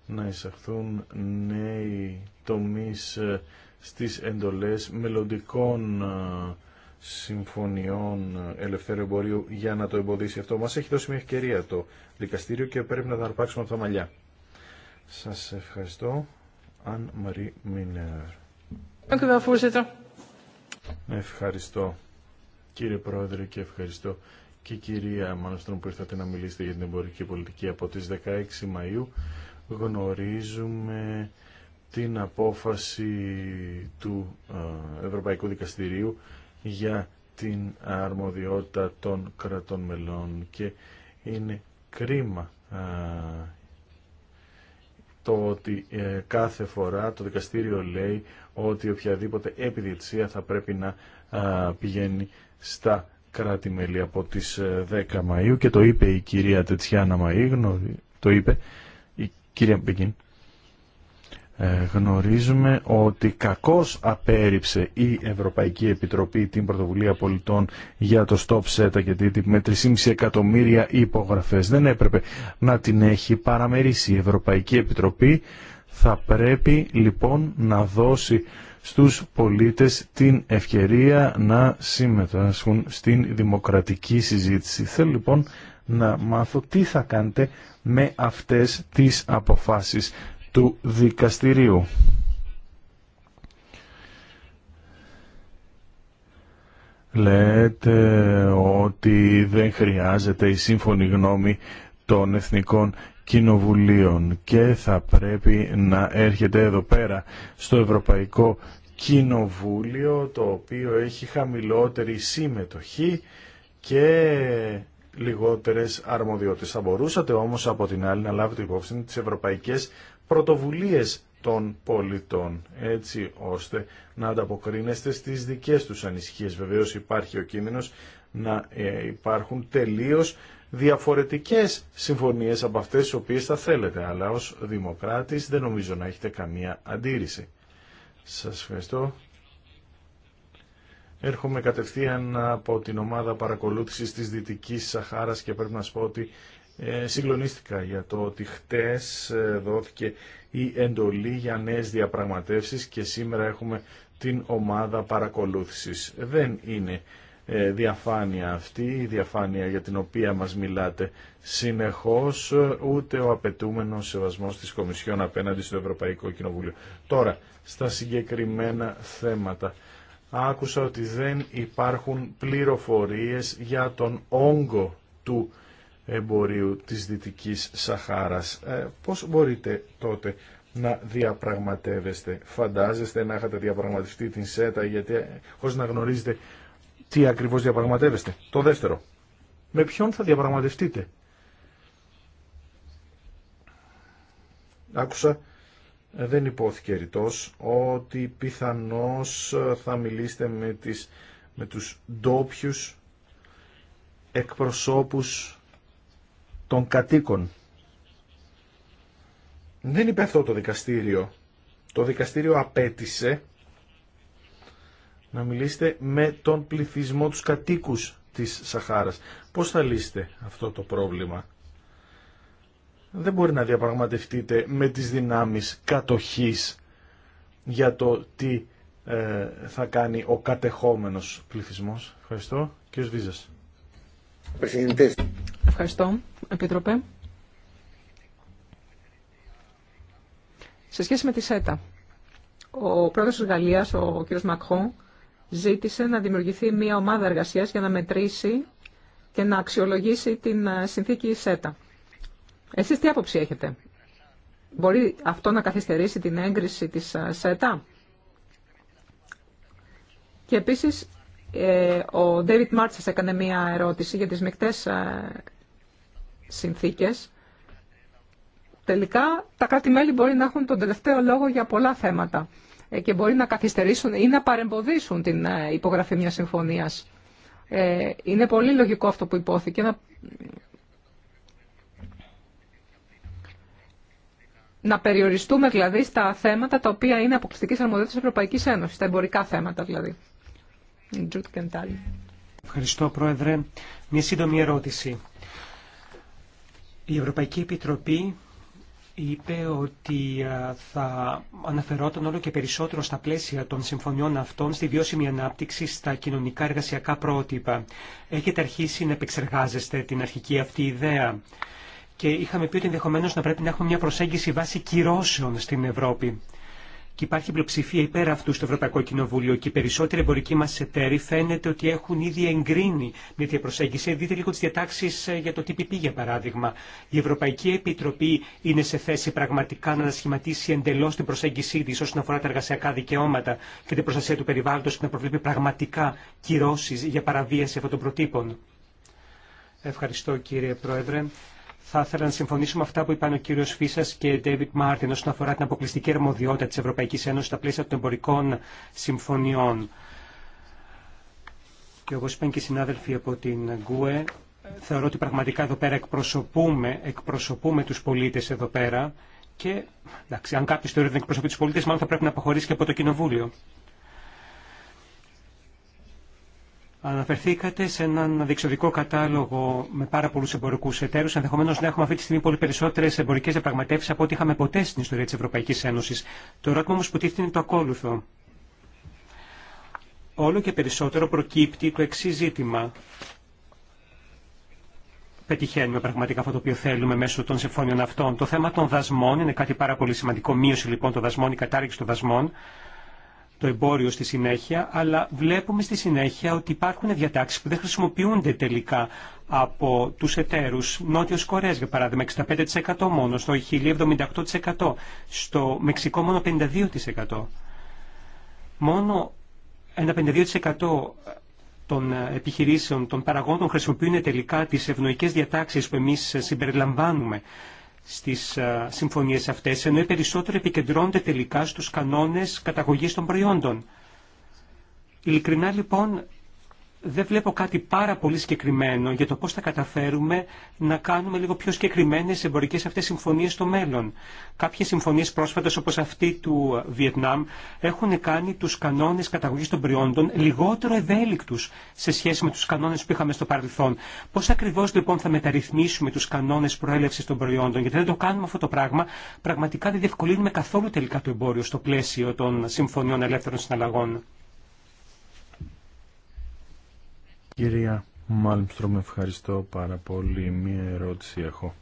να εισαχθούν νέοι τομείς ε, στις εντολές μελλοντικών ε, συμφωνιών ε, ελευθέρου εμπορίου για να το εμποδίσει αυτό. Μας έχει δώσει μια ευκαιρία το δικαστήριο και πρέπει να τα αρπάξουμε από τα μαλλιά. Σας ευχαριστώ. Αν Μαρή Μινέρ. Ευχαριστώ κύριε Πρόεδρε και ευχαριστώ και κυρία Μανωστρών που ήρθατε να μιλήσετε για την εμπορική πολιτική από τις 16 Μαΐου γνωρίζουμε την απόφαση του ε, Ευρωπαϊκού Δικαστηρίου για την αρμοδιότητα των κρατών μελών και είναι κρίμα ε, το ότι ε, κάθε φορά το δικαστήριο λέει ότι οποιαδήποτε επιδιαιτησία θα πρέπει να πηγαίνει στα κράτη-μέλη από τις 10 ε, Μαΐου και το είπε η κυρία Τετσιάνα Μαΐ, το είπε η κυρία ε, γνωρίζουμε ότι κακώς απέρριψε η Ευρωπαϊκή Επιτροπή την πρωτοβουλία πολιτών για το Stop Σέτα και τη με 3,5 εκατομμύρια υπογραφές. Δεν έπρεπε να την έχει παραμερίσει η Ευρωπαϊκή Επιτροπή θα πρέπει λοιπόν να δώσει στους πολίτες την ευκαιρία να συμμετάσχουν στην δημοκρατική συζήτηση. Θέλω λοιπόν να μάθω τι θα κάνετε με αυτές τις αποφάσεις του δικαστηρίου. Λέτε ότι δεν χρειάζεται η σύμφωνη γνώμη των εθνικών κοινοβουλίων και θα πρέπει να έρχεται εδώ πέρα στο Ευρωπαϊκό Κοινοβούλιο το οποίο έχει χαμηλότερη συμμετοχή και λιγότερες αρμοδιότητες. Θα μπορούσατε όμως από την άλλη να λάβετε υπόψη τις ευρωπαϊκές πρωτοβουλίες των πολιτών, έτσι ώστε να ανταποκρίνεστε στις δικές τους ανησυχίες. Βεβαίως υπάρχει ο κίνδυνος να ε, υπάρχουν τελείως διαφορετικές συμφωνίες από αυτές τις οποίες θα θέλετε, αλλά ως δημοκράτης δεν νομίζω να έχετε καμία αντίρρηση. Σας ευχαριστώ. Έρχομαι κατευθείαν από την ομάδα παρακολούθησης της Δυτικής Σαχάρας και πρέπει να σας πω ότι ε, συγκλονίστηκα για το ότι χτες ε, δόθηκε η εντολή για νέες διαπραγματεύσεις και σήμερα έχουμε την ομάδα παρακολούθησης. Δεν είναι ε, διαφάνεια αυτή, η διαφάνεια για την οποία μας μιλάτε συνεχώς, ούτε ο απαιτούμενος σεβασμός της Κομισιόν απέναντι στο Ευρωπαϊκό Κοινοβούλιο. Τώρα, στα συγκεκριμένα θέματα. Άκουσα ότι δεν υπάρχουν πληροφορίες για τον όγκο του εμπορίου της Δυτικής Σαχάρας. Ε, πώς μπορείτε τότε να διαπραγματεύεστε. Φαντάζεστε να είχατε διαπραγματευτεί την ΣΕΤΑ γιατί ε, χωρίς να γνωρίζετε τι ακριβώς διαπραγματεύεστε. Το δεύτερο. Με ποιον θα διαπραγματευτείτε. Άκουσα, ε, δεν υπόθηκε ρητός, ότι πιθανώς ε, θα μιλήσετε με, τις, με τους ντόπιου εκπροσώπους των κατοίκων. Δεν είπε το δικαστήριο. Το δικαστήριο απέτησε να μιλήσετε με τον πληθυσμό, τους κατοίκους της Σαχάρας. Πώς θα λύσετε αυτό το πρόβλημα. Δεν μπορεί να διαπραγματευτείτε με τις δυνάμεις κατοχής για το τι ε, θα κάνει ο κατεχόμενος πληθυσμός. Ευχαριστώ. Κύριος Βίζας. Ευχαριστώ. Επίτροπε. Σε σχέση με τη ΣΕΤΑ, ο πρόεδρος της Γαλλίας, ο κύριος Μακχόν, ζήτησε να δημιουργηθεί μια ομάδα εργασίας για να μετρήσει και να αξιολογήσει την ε, συνθήκη ΣΕΤΑ. Εσείς τι άποψη έχετε. Μπορεί αυτό να καθυστερήσει την έγκριση της ε, ΣΕΤΑ. Και επίσης ε, ο David Μάρτσας έκανε μία ερώτηση για τις μεικτές συνθήκες. Τελικά τα κράτη-μέλη μπορεί να έχουν τον τελευταίο λόγο για πολλά θέματα. Ε, και μπορεί να καθυστερήσουν ή να παρεμποδίσουν την ε, υπογραφή μιας συμφωνίας. Ε, είναι πολύ λογικό αυτό που υπόθηκε. Να, να περιοριστούμε δηλαδή στα θέματα τα οποία είναι αποκλειστικής της Ευρωπαϊκής Ένωσης, τα εμπορικά θέματα δηλαδή. Ευχαριστώ Πρόεδρε. Μια σύντομη ερώτηση. Η Ευρωπαϊκή Επιτροπή είπε ότι ε, θα αναφερόταν όλο και περισσότερο στα πλαίσια των συμφωνιών αυτών στη βιώσιμη ανάπτυξη στα κοινωνικά εργασιακά πρότυπα. Έχετε αρχίσει να επεξεργάζεστε την αρχική αυτή ιδέα και είχαμε πει ότι ενδεχομένω να πρέπει να έχουμε μια προσέγγιση βάσει κυρώσεων στην Ευρώπη και υπάρχει πλειοψηφία υπέρ αυτού στο Ευρωπαϊκό Κοινοβούλιο και οι περισσότεροι εμπορικοί μα εταίροι φαίνεται ότι έχουν ήδη εγκρίνει μια τέτοια προσέγγιση. Δείτε λίγο τι διατάξει ε, για το TPP, για παράδειγμα. Η Ευρωπαϊκή Επιτροπή είναι σε θέση πραγματικά να ανασχηματίσει εντελώ την προσέγγιση τη όσον αφορά τα εργασιακά δικαιώματα και την προστασία του περιβάλλοντο και να προβλέπει πραγματικά κυρώσει για παραβίαση αυτών των προτύπων. Ευχαριστώ κύριε Πρόεδρε. Θα ήθελα να συμφωνήσω με αυτά που είπαν ο κύριο Φίσα και ο David Μάρτιν όσον αφορά την αποκλειστική αρμοδιότητα τη Ευρωπαϊκή Ένωση στα πλαίσια των εμπορικών συμφωνιών. Και όπω είπαν και οι συνάδελφοι από την ΓΚΟΕ, θεωρώ ότι πραγματικά εδώ πέρα εκπροσωπούμε, εκπροσωπούμε του πολίτε εδώ πέρα. Και εντάξει, αν κάποιο θεωρεί ότι δεν εκπροσωπεί του πολίτε, μάλλον θα πρέπει να αποχωρήσει και από το Κοινοβούλιο. Αναφερθήκατε σε έναν διεξοδικό κατάλογο με πάρα πολλού εμπορικού εταίρου. Ενδεχομένω να έχουμε αυτή τη στιγμή πολύ περισσότερε εμπορικέ διαπραγματεύσει από ό,τι είχαμε ποτέ στην ιστορία τη Ευρωπαϊκή Ένωση. Το ερώτημα όμω που τίθεται είναι το ακόλουθο. Όλο και περισσότερο προκύπτει το εξή ζήτημα. Πετυχαίνουμε πραγματικά αυτό το οποίο θέλουμε μέσω των συμφώνιων αυτών. Το θέμα των δασμών είναι κάτι πάρα πολύ σημαντικό. Μείωση λοιπόν των δασμών, η κατάργηση των δασμών το εμπόριο στη συνέχεια, αλλά βλέπουμε στη συνέχεια ότι υπάρχουν διατάξεις που δεν χρησιμοποιούνται τελικά από τους εταίρους. Νότιος Κορέας, για παράδειγμα, 65% μόνο, στο 1078% στο Μεξικό μόνο 52%. Μόνο ένα 52% των επιχειρήσεων, των παραγόντων χρησιμοποιούν τελικά τις ευνοϊκές διατάξεις που εμείς συμπεριλαμβάνουμε στις συμφωνίες αυτές, ενώ οι περισσότεροι επικεντρώνονται τελικά στους κανόνες καταγωγής των προϊόντων. Ειλικρινά λοιπόν δεν βλέπω κάτι πάρα πολύ συγκεκριμένο για το πώς θα καταφέρουμε να κάνουμε λίγο πιο συγκεκριμένες εμπορικές αυτές συμφωνίες στο μέλλον. Κάποιες συμφωνίες πρόσφατες όπως αυτή του Βιετνάμ έχουν κάνει τους κανόνες καταγωγής των προϊόντων λιγότερο ευέλικτους σε σχέση με τους κανόνες που είχαμε στο παρελθόν. Πώς ακριβώς λοιπόν θα μεταρρυθμίσουμε τους κανόνες προέλευσης των προϊόντων γιατί δεν το κάνουμε αυτό το πράγμα. Πραγματικά δεν διευκολύνουμε καθόλου τελικά το εμπόριο στο πλαίσιο των συμφωνιών ελεύθερων συναλλαγών. Κυρία Μάλμστρομ, ευχαριστώ πάρα πολύ. Μία ερώτηση έχω.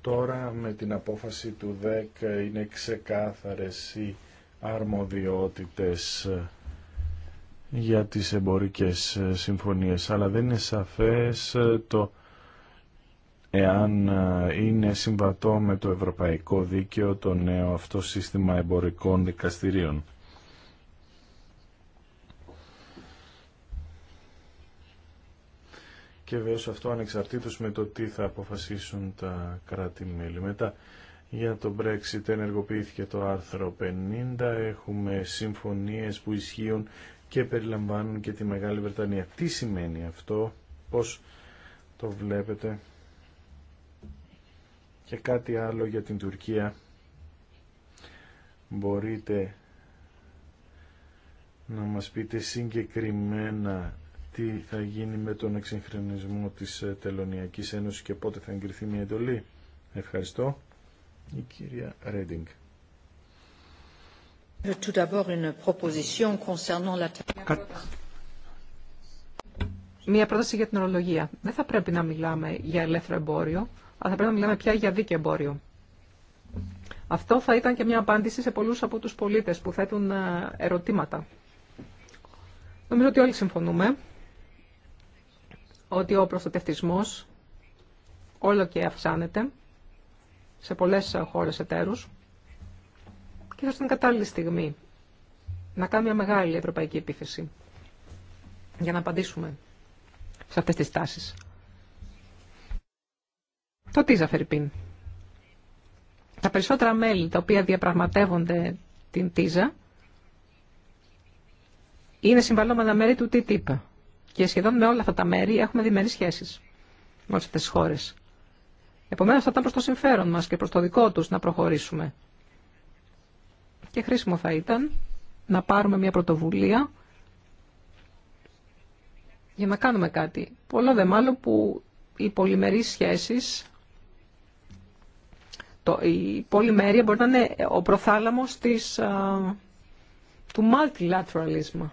Τώρα με την απόφαση του ΔΕΚ είναι ξεκάθαρες οι αρμοδιότητες για τις εμπορικές συμφωνίες, αλλά δεν είναι σαφές το εάν είναι συμβατό με το ευρωπαϊκό δίκαιο το νέο αυτό σύστημα εμπορικών δικαστηρίων. και βέβαια αυτό ανεξαρτήτως με το τι θα αποφασίσουν τα κράτη-μέλη. Μετά για το Brexit ενεργοποιήθηκε το άρθρο 50, έχουμε συμφωνίες που ισχύουν και περιλαμβάνουν και τη Μεγάλη Βρετανία. Τι σημαίνει αυτό, πώς το βλέπετε και κάτι άλλο για την Τουρκία. Μπορείτε να μας πείτε συγκεκριμένα τι θα γίνει με τον εξυγχρονισμό της ε, Τελωνιακής Ένωσης και πότε θα εγκριθεί μια εντολή. Ευχαριστώ. Η κυρία Ρέντινγκ. Μία ε, πρόταση για την ορολογία. Δεν θα πρέπει να μιλάμε για ελεύθερο εμπόριο, αλλά θα πρέπει να μιλάμε πια για δίκαιο εμπόριο. Αυτό θα ήταν και μια απάντηση σε πολλούς από τους πολίτες που θέτουν ε, ερωτήματα. Νομίζω ότι όλοι συμφωνούμε ότι ο προστατευτισμός όλο και αυξάνεται σε πολλές χώρες εταίρους και θα στην κατάλληλη στιγμή να κάνει μια μεγάλη ευρωπαϊκή επίθεση για να απαντήσουμε σε αυτές τις τάσεις. Το τι Φερρυπίν. Τα περισσότερα μέλη τα οποία διαπραγματεύονται την ΤΙΖΑ είναι συμβαλόμενα μέρη του TTIP. Και σχεδόν με όλα αυτά τα μέρη έχουμε διμερεί σχέσει με όλε αυτέ τις χώρες. Επομένως θα ήταν προς το συμφέρον μας και προς το δικό τους να προχωρήσουμε. Και χρήσιμο θα ήταν να πάρουμε μια πρωτοβουλία για να κάνουμε κάτι. Πολλά δε μάλλον που οι πολυμερείς σχέσεις, η πολυμέρεια μπορεί να είναι ο προθάλαμος της, του multilateralism.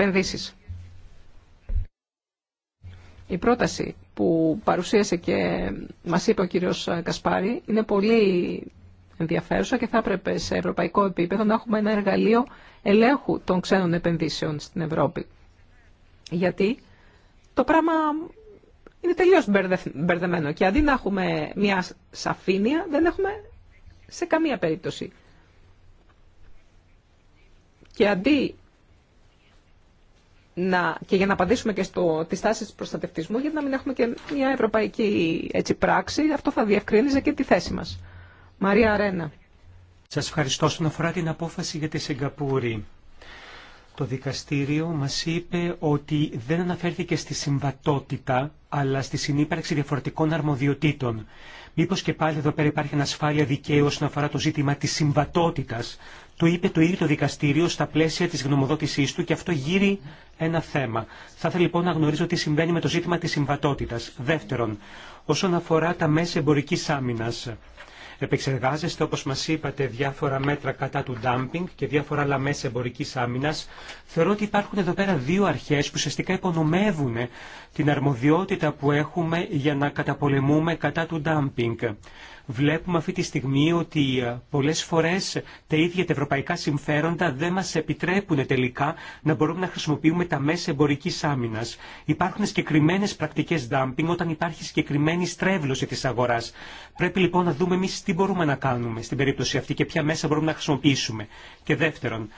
επενδύσεις. Η πρόταση που παρουσίασε και μας είπε ο κύριος Κασπάρη είναι πολύ ενδιαφέρουσα και θα έπρεπε σε ευρωπαϊκό επίπεδο να έχουμε ένα εργαλείο ελέγχου των ξένων επενδύσεων στην Ευρώπη. Γιατί το πράγμα είναι τελείως μπερδεμένο και αντί να έχουμε μια σαφήνεια δεν έχουμε σε καμία περίπτωση. Και αντί να, και για να απαντήσουμε και στο, τις τάσεις του προστατευτισμού, γιατί να μην έχουμε και μια ευρωπαϊκή έτσι, πράξη, αυτό θα διευκρίνιζε και τη θέση μα. Μαρία Αρένα. Σα ευχαριστώ. Στον αφορά την απόφαση για τη Σιγκαπούρη, το δικαστήριο μας είπε ότι δεν αναφέρθηκε στη συμβατότητα, αλλά στη συνύπαρξη διαφορετικών αρμοδιοτήτων. Μήπως και πάλι εδώ πέρα υπάρχει ανασφάλεια δικαίου όσον αφορά το ζήτημα της συμβατότητας το είπε το ίδιο το δικαστήριο στα πλαίσια της γνωμοδότησής του και αυτό γύρει ένα θέμα. Θα ήθελα λοιπόν να γνωρίζω τι συμβαίνει με το ζήτημα της συμβατότητας. Δεύτερον, όσον αφορά τα μέσα εμπορική άμυνας, επεξεργάζεστε όπως μας είπατε διάφορα μέτρα κατά του ντάμπινγκ και διάφορα άλλα μέσα εμπορική άμυνας, θεωρώ ότι υπάρχουν εδώ πέρα δύο αρχές που ουσιαστικά υπονομεύουν την αρμοδιότητα που έχουμε για να καταπολεμούμε κατά του ντάμπινγκ. Βλέπουμε αυτή τη στιγμή ότι ε, πολλές φορές τα ίδια τα ευρωπαϊκά συμφέροντα δεν μας επιτρέπουν τελικά να μπορούμε να χρησιμοποιούμε τα μέσα εμπορικής άμυνας. Υπάρχουν συγκεκριμένε πρακτικές dumping όταν υπάρχει συγκεκριμένη στρέβλωση τη αγορά. Πρέπει λοιπόν να δούμε εμεί τι μπορούμε να κάνουμε στην περίπτωση αυτή και ποια μέσα μπορούμε να χρησιμοποιήσουμε. Και δεύτερον,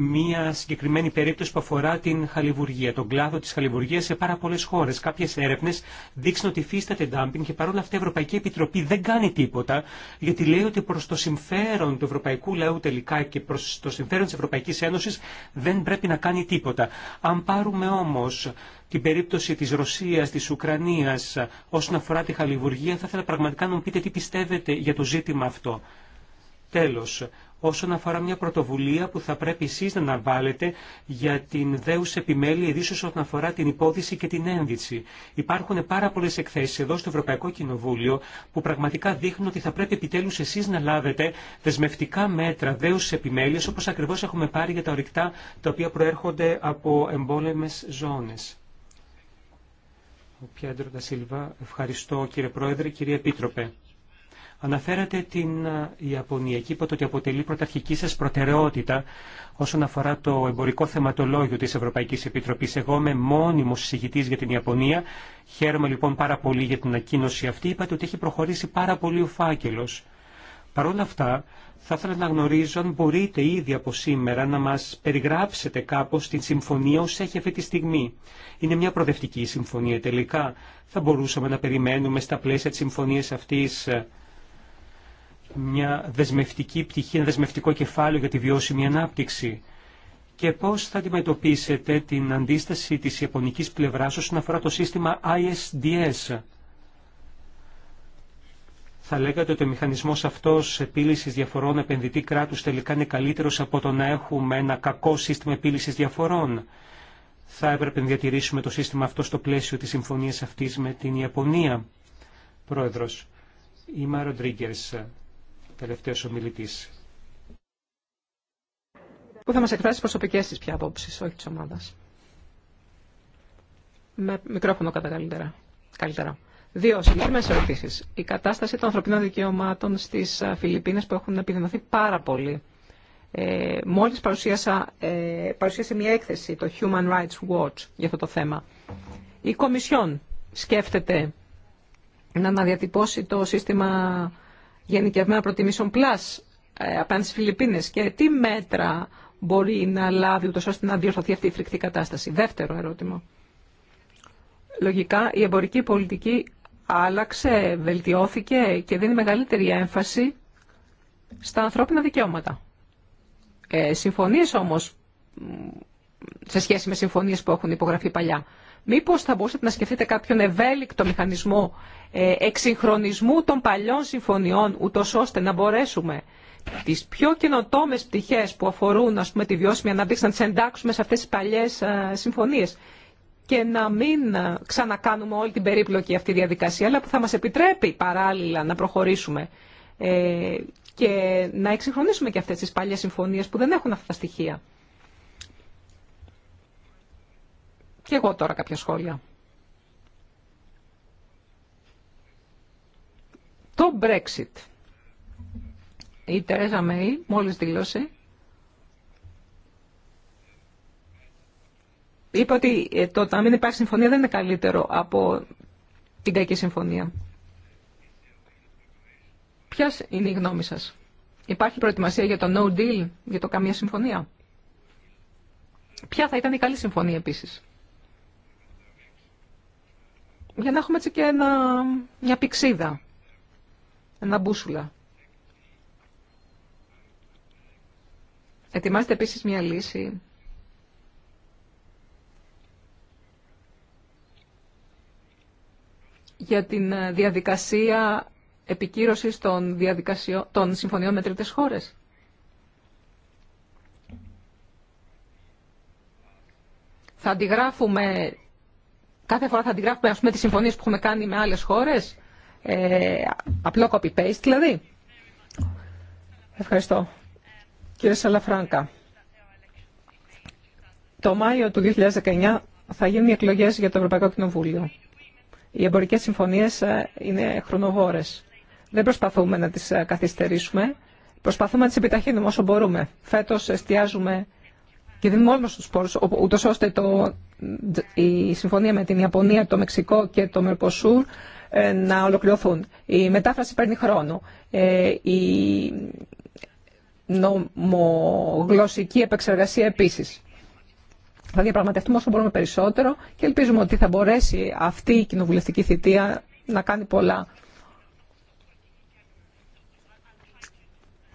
μία συγκεκριμένη περίπτωση που αφορά την χαλιβουργία, τον κλάδο της χαλιβουργίας σε πάρα πολλές χώρες. Κάποιες έρευνες δείξουν ότι υφίσταται ντάμπινγκ και παρόλα αυτά η Ευρωπαϊκή Επιτροπή δεν κάνει τίποτα γιατί λέει ότι προς το συμφέρον του ευρωπαϊκού λαού τελικά και προς το συμφέρον της Ευρωπαϊκής Ένωσης δεν πρέπει να κάνει τίποτα. Αν πάρουμε όμως την περίπτωση της Ρωσίας, της Ουκρανίας όσον αφορά τη χαλιβουργία θα ήθελα πραγματικά να μου πείτε τι πιστεύετε για το ζήτημα αυτό. Τέλος, όσον αφορά μια πρωτοβουλία που θα πρέπει εσείς να αναβάλλετε για την δέους επιμέλεια, ειδήσω όσον αφορά την υπόθεση και την ένδυση. Υπάρχουν πάρα πολλές εκθέσεις εδώ στο Ευρωπαϊκό Κοινοβούλιο που πραγματικά δείχνουν ότι θα πρέπει επιτέλους εσείς να λάβετε δεσμευτικά μέτρα δέους επιμέλειας όπως ακριβώς έχουμε πάρει για τα ορυκτά τα οποία προέρχονται από εμπόλεμες ζώνες. Ο Πιάντρο Τασίλβα, ευχαριστώ κύριε Πρόεδρε, κύριε Επίτροπε. Αναφέρατε την ε, Ιαπωνία και είπατε ότι αποτελεί πρωταρχική σας προτεραιότητα όσον αφορά το εμπορικό θεματολόγιο της Ευρωπαϊκής Επιτροπής. Εγώ είμαι μόνιμος συζητητής για την Ιαπωνία. Χαίρομαι λοιπόν πάρα πολύ για την ανακοίνωση αυτή. Είπατε ότι έχει προχωρήσει πάρα πολύ ο φάκελος. Παρ' όλα αυτά, θα ήθελα να γνωρίζω αν μπορείτε ήδη από σήμερα να μας περιγράψετε κάπως την συμφωνία όσο έχει αυτή τη στιγμή. Είναι μια προοδευτική συμφωνία τελικά. Θα μπορούσαμε να περιμένουμε στα πλαίσια τη συμφωνία αυτή. Ε, μια δεσμευτική πτυχή, ένα δεσμευτικό κεφάλαιο για τη βιώσιμη ανάπτυξη. Και πώς θα αντιμετωπίσετε την αντίσταση της ιαπωνικής πλευράς όσον αφορά το σύστημα ISDS. Θα λέγατε ότι ο μηχανισμός αυτός επίλυσης διαφορών επενδυτή κράτους τελικά είναι καλύτερος από το να έχουμε ένα κακό σύστημα επίλυσης διαφορών. Θα έπρεπε να διατηρήσουμε το σύστημα αυτό στο πλαίσιο της συμφωνίας αυτής με την Ιαπωνία. Πρόεδρος, είμαι Ροντρίγκερς, Τελευταίο ομιλητή. Που θα μα εκφράσει προσωπικέ τη πια απόψει όχι τη ομάδα. Με μικρόφωνο κατά καλύτερα. καλύτερα. Δύο συγκεκριμένε ερωτήσει. Η κατάσταση των ανθρωπίνων δικαιωμάτων στι ε, Φιλιππίνες που έχουν επιδεινωθεί πάρα πολύ. Ε, Μόλι ε, παρουσίασε μια έκθεση το Human Rights Watch για αυτό το θέμα. Η Κομισιόν σκέφτεται να αναδιατυπώσει το σύστημα γενικευμένα προτιμήσεων πλάς ε, απέναντι στις Φιλιππίνες και τι μέτρα μπορεί να λάβει ούτως ώστε να διορθωθεί αυτή η φρικτή κατάσταση. Δεύτερο ερώτημα. Λογικά η εμπορική πολιτική άλλαξε, βελτιώθηκε και δίνει μεγαλύτερη έμφαση στα ανθρώπινα δικαιώματα. Ε, συμφωνίες όμως, σε σχέση με συμφωνίες που έχουν υπογραφεί παλιά, μήπως θα μπορούσατε να σκεφτείτε κάποιον ευέλικτο μηχανισμό ε, εξυγχρονισμού των παλιών συμφωνιών, ούτω ώστε να μπορέσουμε τις πιο καινοτόμε πτυχές που αφορούν ας πούμε, τη βιώσιμη ανάπτυξη να τις εντάξουμε σε αυτές τις παλιές ε, συμφωνίες και να μην ε, ξανακάνουμε όλη την περίπλοκη αυτή διαδικασία, αλλά που θα μας επιτρέπει παράλληλα να προχωρήσουμε και να εξυγχρονίσουμε και αυτές τις παλιές συμφωνίες που δεν έχουν αυτά τα στοιχεία. Και εγώ τώρα κάποια σχόλια. Το Brexit. Η Τερέζα Μέη μόλις δήλωσε είπε ότι ε, το να μην υπάρχει συμφωνία δεν είναι καλύτερο από την κακή συμφωνία. Ποια είναι η γνώμη σας. Υπάρχει προετοιμασία για το no deal, για το καμία συμφωνία. Ποια θα ήταν η καλή συμφωνία επίσης. Για να έχουμε έτσι και ένα, μια πηξίδα ένα μπούσουλα. Ετοιμάζεται επίσης μια λύση για την ε, διαδικασία επικύρωσης των, διαδικασιών, των συμφωνιών με τρίτες χώρες. Θα αντιγράφουμε, κάθε φορά θα αντιγράφουμε ας πούμε, τις συμφωνίες που έχουμε κάνει με άλλες χώρες ε, απλό copy-paste δηλαδή. Ευχαριστώ. Κύριε Σαλαφράνκα, το Μάιο του 2019 θα γίνουν οι εκλογές για το Ευρωπαϊκό Κοινοβούλιο. Οι εμπορικές συμφωνίες ε, είναι χρονοβόρες. Δεν προσπαθούμε να τις ε, καθυστερήσουμε. Προσπαθούμε να τις επιταχύνουμε όσο μπορούμε. Φέτος εστιάζουμε και δίνουμε όλους τους πόρους, ούτως ώστε το, η συμφωνία με την Ιαπωνία, το Μεξικό και το Μερκοσούρ ε, να ολοκληρωθούν. Η μετάφραση παίρνει χρόνο. Ε, η νομογλωσσική επεξεργασία επίσης. Θα διαπραγματευτούμε όσο μπορούμε περισσότερο και ελπίζουμε ότι θα μπορέσει αυτή η κοινοβουλευτική θητεία να κάνει πολλά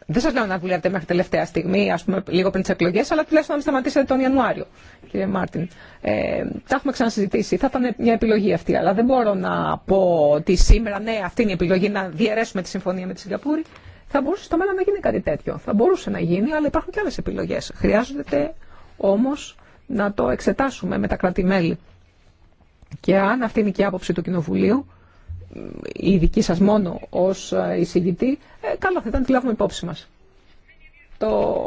Δεν σα λέω να δουλεύετε μέχρι τελευταία στιγμή, α πούμε λίγο πριν τι εκλογέ, αλλά τουλάχιστον να μην σταματήσετε τον Ιανουάριο, κύριε Μάρτιν. Ε, τα έχουμε ξανασυζητήσει. Θα ήταν μια επιλογή αυτή, αλλά δεν μπορώ να πω ότι σήμερα, ναι, αυτή είναι η επιλογή να διαιρέσουμε τη συμφωνία με τη Σιγκαπούρη. Θα μπορούσε στο μέλλον να γίνει κάτι τέτοιο. Θα μπορούσε να γίνει, αλλά υπάρχουν και άλλε επιλογέ. Χρειάζεται όμω να το εξετάσουμε με τα κρατη Και αν αυτή είναι και η άποψη του Κοινοβουλίου, η δική σας μόνο ως ε, εισηγητή, ε, καλό θα ήταν να τη λάβουμε υπόψη μας. Το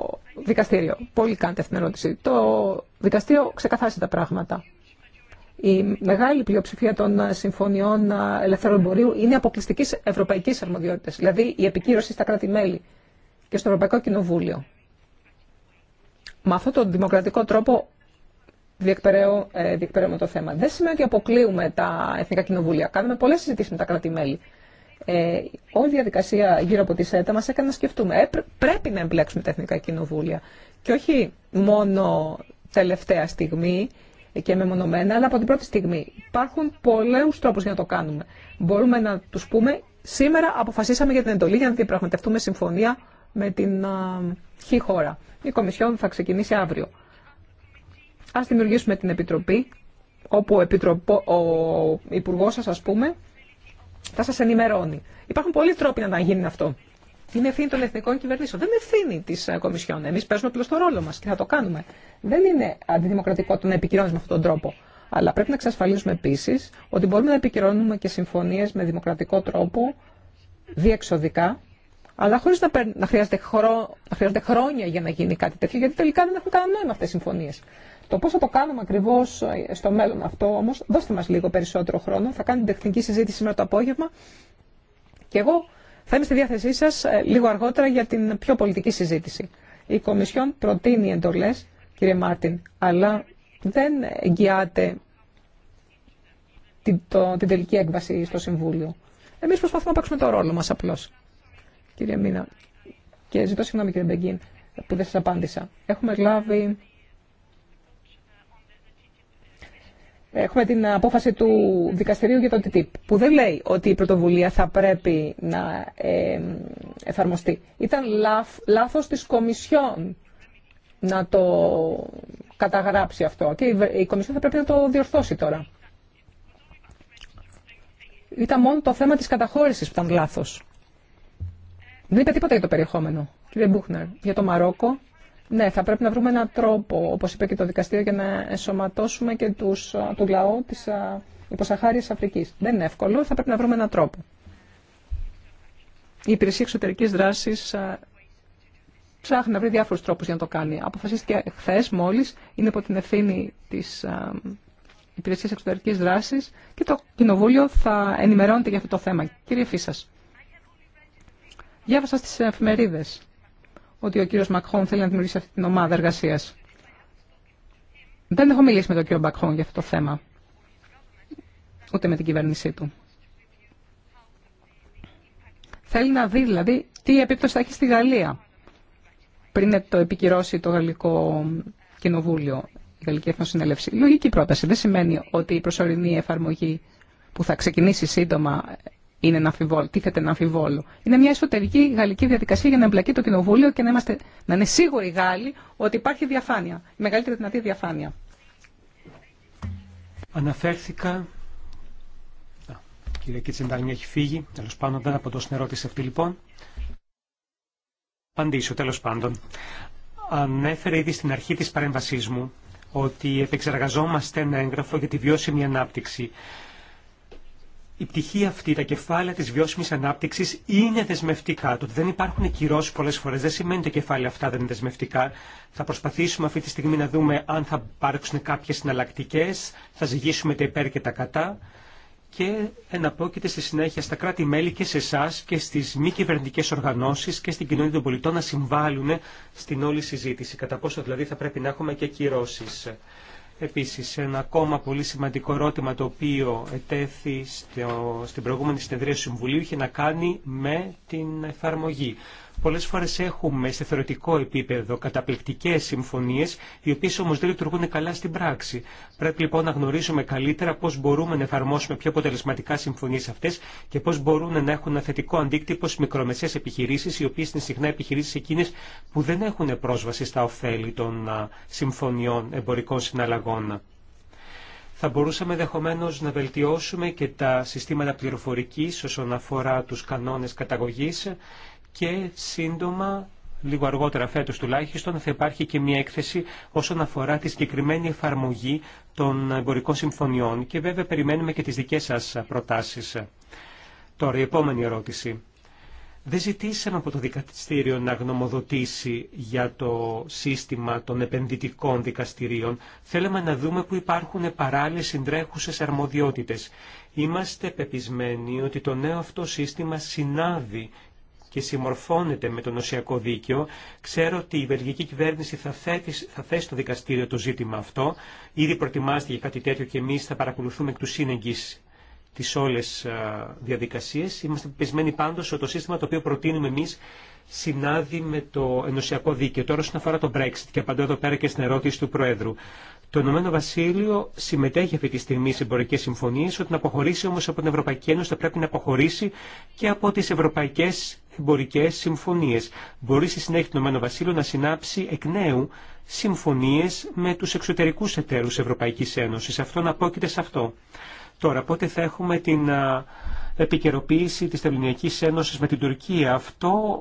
δικαστήριο. Πολύ κάνετε αυτήν την ερώτηση. Το δικαστήριο ξεκαθάρισε τα πράγματα. Η μεγάλη πλειοψηφία των ε, συμφωνιών ελευθερών εμπορίου είναι αποκλειστική ευρωπαϊκή αρμοδιότητα. Δηλαδή η επικύρωση στα κράτη-μέλη και στο Ευρωπαϊκό Κοινοβούλιο. Με αυτόν τον δημοκρατικό τρόπο ε, με το θέμα. Δεν σημαίνει ότι αποκλείουμε τα εθνικά κοινοβούλια. Κάνουμε πολλέ συζητήσει με τα κράτη-μέλη. Ε, όλη η διαδικασία γύρω από τη ΣΕΤΑ μα έκανε να σκεφτούμε. Ε, πρέπει να εμπλέξουμε τα εθνικά κοινοβούλια. Και όχι μόνο τελευταία στιγμή και μεμονωμένα, αλλά από την πρώτη στιγμή. Υπάρχουν πολλού τρόπου για να το κάνουμε. Μπορούμε να του πούμε σήμερα αποφασίσαμε για την εντολή για να διαπραγματευτούμε συμφωνία με την χή χώρα. Η Κομισιόν θα ξεκινήσει αύριο. Ας δημιουργήσουμε την Επιτροπή, όπου ο, Επιτροπο, ο Υπουργός σας, ας πούμε, θα σας ενημερώνει. Υπάρχουν πολλοί τρόποι να γίνει αυτό. Είναι ευθύνη των εθνικών κυβερνήσεων. Δεν είναι ευθύνη τη ε, Κομισιόν. Εμεί παίζουμε απλώ το ρόλο μα και θα το κάνουμε. Δεν είναι αντιδημοκρατικό το να επικυρώνει με αυτόν τον τρόπο. Αλλά πρέπει να εξασφαλίσουμε επίση ότι μπορούμε να επικυρώνουμε και συμφωνίε με δημοκρατικό τρόπο, διεξοδικά, αλλά χωρί να, να, χρειάζεται χρειάζεται χρόνια για να γίνει κάτι τέτοιο, γιατί τελικά δεν έχουν κανένα νόημα αυτέ οι συμφωνίε. Το πώς θα το κάνουμε ακριβώ ε, στο μέλλον αυτό όμω, δώστε μα λίγο περισσότερο χρόνο. Θα την τεχνική συζήτηση σήμερα το απόγευμα και εγώ θα είμαι στη διάθεσή σα ε, λίγο αργότερα για την πιο πολιτική συζήτηση. Η Κομισιόν προτείνει εντολέ, κύριε Μάρτιν, αλλά δεν εγγυάται την, τελική έκβαση στο Συμβούλιο. Εμεί προσπαθούμε να παίξουμε το ρόλο μα απλώ. Κύριε Μίνα, και ζητώ συγγνώμη κύριε Μπεγκίν που δεν σα απάντησα. Έχουμε λάβει Έχουμε την απόφαση του δικαστηρίου για το TTIP, που δεν λέει ότι η πρωτοβουλία θα πρέπει να ε, εφαρμοστεί. Ήταν λάθος της Κομισιόν να το καταγράψει αυτό και η Κομισιόν θα πρέπει να το διορθώσει τώρα. Ήταν μόνο το θέμα της καταχώρησης που ήταν λάθος. Δεν είπε τίποτα για το περιεχόμενο. Κύριε Μπούχνερ, για το Μαρόκο ναι, θα πρέπει να βρούμε έναν τρόπο, όπως είπε και το δικαστήριο, για να ενσωματώσουμε και τους, τον λαό τη υποσαχάριας Αφρικής. Δεν είναι εύκολο, θα πρέπει να βρούμε έναν τρόπο. Η υπηρεσία εξωτερική δράση ψάχνει να βρει διάφορου τρόπου για να το κάνει. Αποφασίστηκε χθε μόλι, είναι υπό την ευθύνη τη υπηρεσία εξωτερική δράση και το Κοινοβούλιο θα ενημερώνεται για αυτό το θέμα. Κύριε Φίσα, διάβασα στι εφημερίδε ότι ο κύριος Μακχόν θέλει να δημιουργήσει αυτή την ομάδα εργασίας. Δεν έχω μιλήσει με τον κύριο Μακχόν για αυτό το θέμα, ούτε με την κυβέρνησή του. Θέλει να δει δηλαδή τι επίπτωση θα έχει στη Γαλλία πριν το επικυρώσει το Γαλλικό Κοινοβούλιο, η Γαλλική Εθνοσυνέλευση. Λογική πρόταση. Δεν σημαίνει ότι η προσωρινή εφαρμογή που θα ξεκινήσει σύντομα είναι να αμφιβόλο, τίθεται να Είναι μια εσωτερική γαλλική διαδικασία για να εμπλακεί το κοινοβούλιο και να, να είναι σίγουροι οι Γάλλοι ότι υπάρχει διαφάνεια, η μεγαλύτερη δυνατή διαφάνεια. Αναφέρθηκα. Α, κυρία έχει φύγει. Τέλο πάντων, δεν απαντώ ερώτηση αυτή, λοιπόν. Απαντήσω, τέλο πάντων. Ανέφερε ήδη στην αρχή τη παρέμβασή μου ότι επεξεργαζόμαστε ένα έγγραφο για τη βιώσιμη ανάπτυξη η πτυχή αυτή, τα κεφάλαια τη βιώσιμη ανάπτυξη είναι δεσμευτικά. Το ότι δεν υπάρχουν κυρώσει πολλέ φορέ δεν σημαίνει ότι τα κεφάλαια αυτά δεν είναι δεσμευτικά. Θα προσπαθήσουμε αυτή τη στιγμή να δούμε αν θα υπάρξουν κάποιε συναλλακτικέ, θα ζυγίσουμε τα υπέρ και τα κατά και εναπόκειται στη συνέχεια στα κράτη-μέλη και σε εσά και στι μη κυβερνητικέ οργανώσει και στην κοινωνία των πολιτών να συμβάλλουν στην όλη συζήτηση. Κατά πόσο δηλαδή θα πρέπει να έχουμε και κυρώσει. Επίσης, ένα ακόμα πολύ σημαντικό ερώτημα το οποίο ετέθη στο, στην προηγούμενη συνεδρία του Συμβουλίου είχε να κάνει με την εφαρμογή. Πολλές φορές έχουμε σε θεωρητικό επίπεδο καταπληκτικές συμφωνίες, οι οποίες όμως δεν λειτουργούν καλά στην πράξη. Πρέπει λοιπόν να γνωρίζουμε καλύτερα πώς μπορούμε να εφαρμόσουμε πιο αποτελεσματικά συμφωνίες αυτές και πώς μπορούν να έχουν ένα θετικό αντίκτυπο στις μικρομεσαίες επιχειρήσεις, οι οποίες είναι συχνά επιχειρήσεις εκείνες που δεν έχουν πρόσβαση στα ωφέλη των συμφωνιών εμπορικών συναλλαγών. Θα μπορούσαμε ενδεχομένω να βελτιώσουμε και τα συστήματα πληροφορικής όσον αφορά τους κανόνες καταγωγής και σύντομα, λίγο αργότερα φέτος τουλάχιστον, θα υπάρχει και μια έκθεση όσον αφορά τη συγκεκριμένη εφαρμογή των εμπορικών συμφωνιών και βέβαια περιμένουμε και τις δικέ σας προτάσεις. Τώρα η επόμενη ερώτηση. Δεν ζητήσαμε από το δικαστήριο να γνωμοδοτήσει για το σύστημα των επενδυτικών δικαστηρίων. Θέλαμε να δούμε που υπάρχουν παράλληλες συντρέχουσες αρμοδιότητες. Είμαστε πεπισμένοι ότι το νέο αυτό σύστημα συνάδει και συμμορφώνεται με το νοσιακό δίκαιο. Ξέρω ότι η βελγική κυβέρνηση θα, θα θέσει στο δικαστήριο το ζήτημα αυτό. Ήδη για κάτι τέτοιο και εμείς θα παρακολουθούμε εκ του σύνεγγυς τις όλες διαδικασίες. Είμαστε πεπισμένοι πάντως ότι το σύστημα το οποίο προτείνουμε εμείς συνάδει με το ενωσιακό δίκαιο. Τώρα, όσον αφορά το Brexit, και απαντώ εδώ πέρα και στην ερώτηση του Προέδρου. Το Ηνωμένο Βασίλειο συμμετέχει αυτή τη στιγμή σε εμπορικέ συμφωνίε, όταν αποχωρήσει όμω από την Ευρωπαϊκή Ένωση θα πρέπει να αποχωρήσει και από τι ευρωπαϊκέ εμπορικέ συμφωνίε. Μπορεί στη συνέχεια το Ηνωμένο Βασίλειο να συνάψει εκ νέου συμφωνίε με του εξωτερικού εταίρου Ευρωπαϊκή Ένωση. Αυτό να απόκειται σε αυτό. Τώρα, πότε θα έχουμε την επικαιροποίηση της Ελληνική Ένωσης με την Τουρκία. Αυτό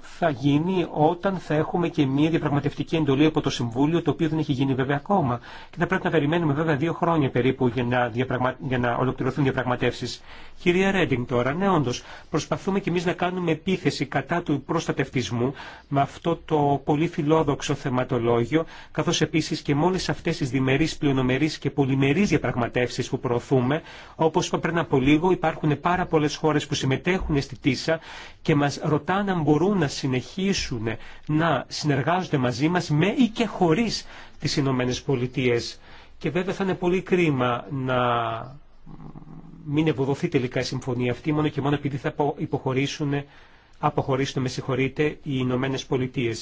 θα γίνει όταν θα έχουμε και μια διαπραγματευτική εντολή από το Συμβούλιο, το οποίο δεν έχει γίνει βέβαια ακόμα. Και θα πρέπει να περιμένουμε βέβαια δύο χρόνια περίπου για να, διαπραγμα... για να ολοκληρωθούν διαπραγματεύσεις. Κυρία Ρέντινγκ τώρα, ναι όντως, προσπαθούμε και εμείς να κάνουμε επίθεση κατά του προστατευτισμού με αυτό το πολύ φιλόδοξο θεματολόγιο, καθώς επίσης και με όλες αυτές τις διμερείς, πλειονομερείς και πολυμερείς διαπραγματεύσεις που προωθούμε, όπως είπα πριν από λίγο υπάρχουν πάρα πολλέ χώρες που συμμετέχουν στη ΤΙΣΑ και μας ρωτάνε αν μπορούν να συνεχίσουν να συνεργάζονται μαζί μας με ή και χωρί τις Ηνωμένε Πολιτείε. Και βέβαια θα είναι πολύ κρίμα να μην ευοδοθεί τελικά η συμφωνία αυτή μόνο και μόνο επειδή θα υποχωρήσουν αποχωρήσουν, με συγχωρείτε, οι Ηνωμένε Πολιτείε.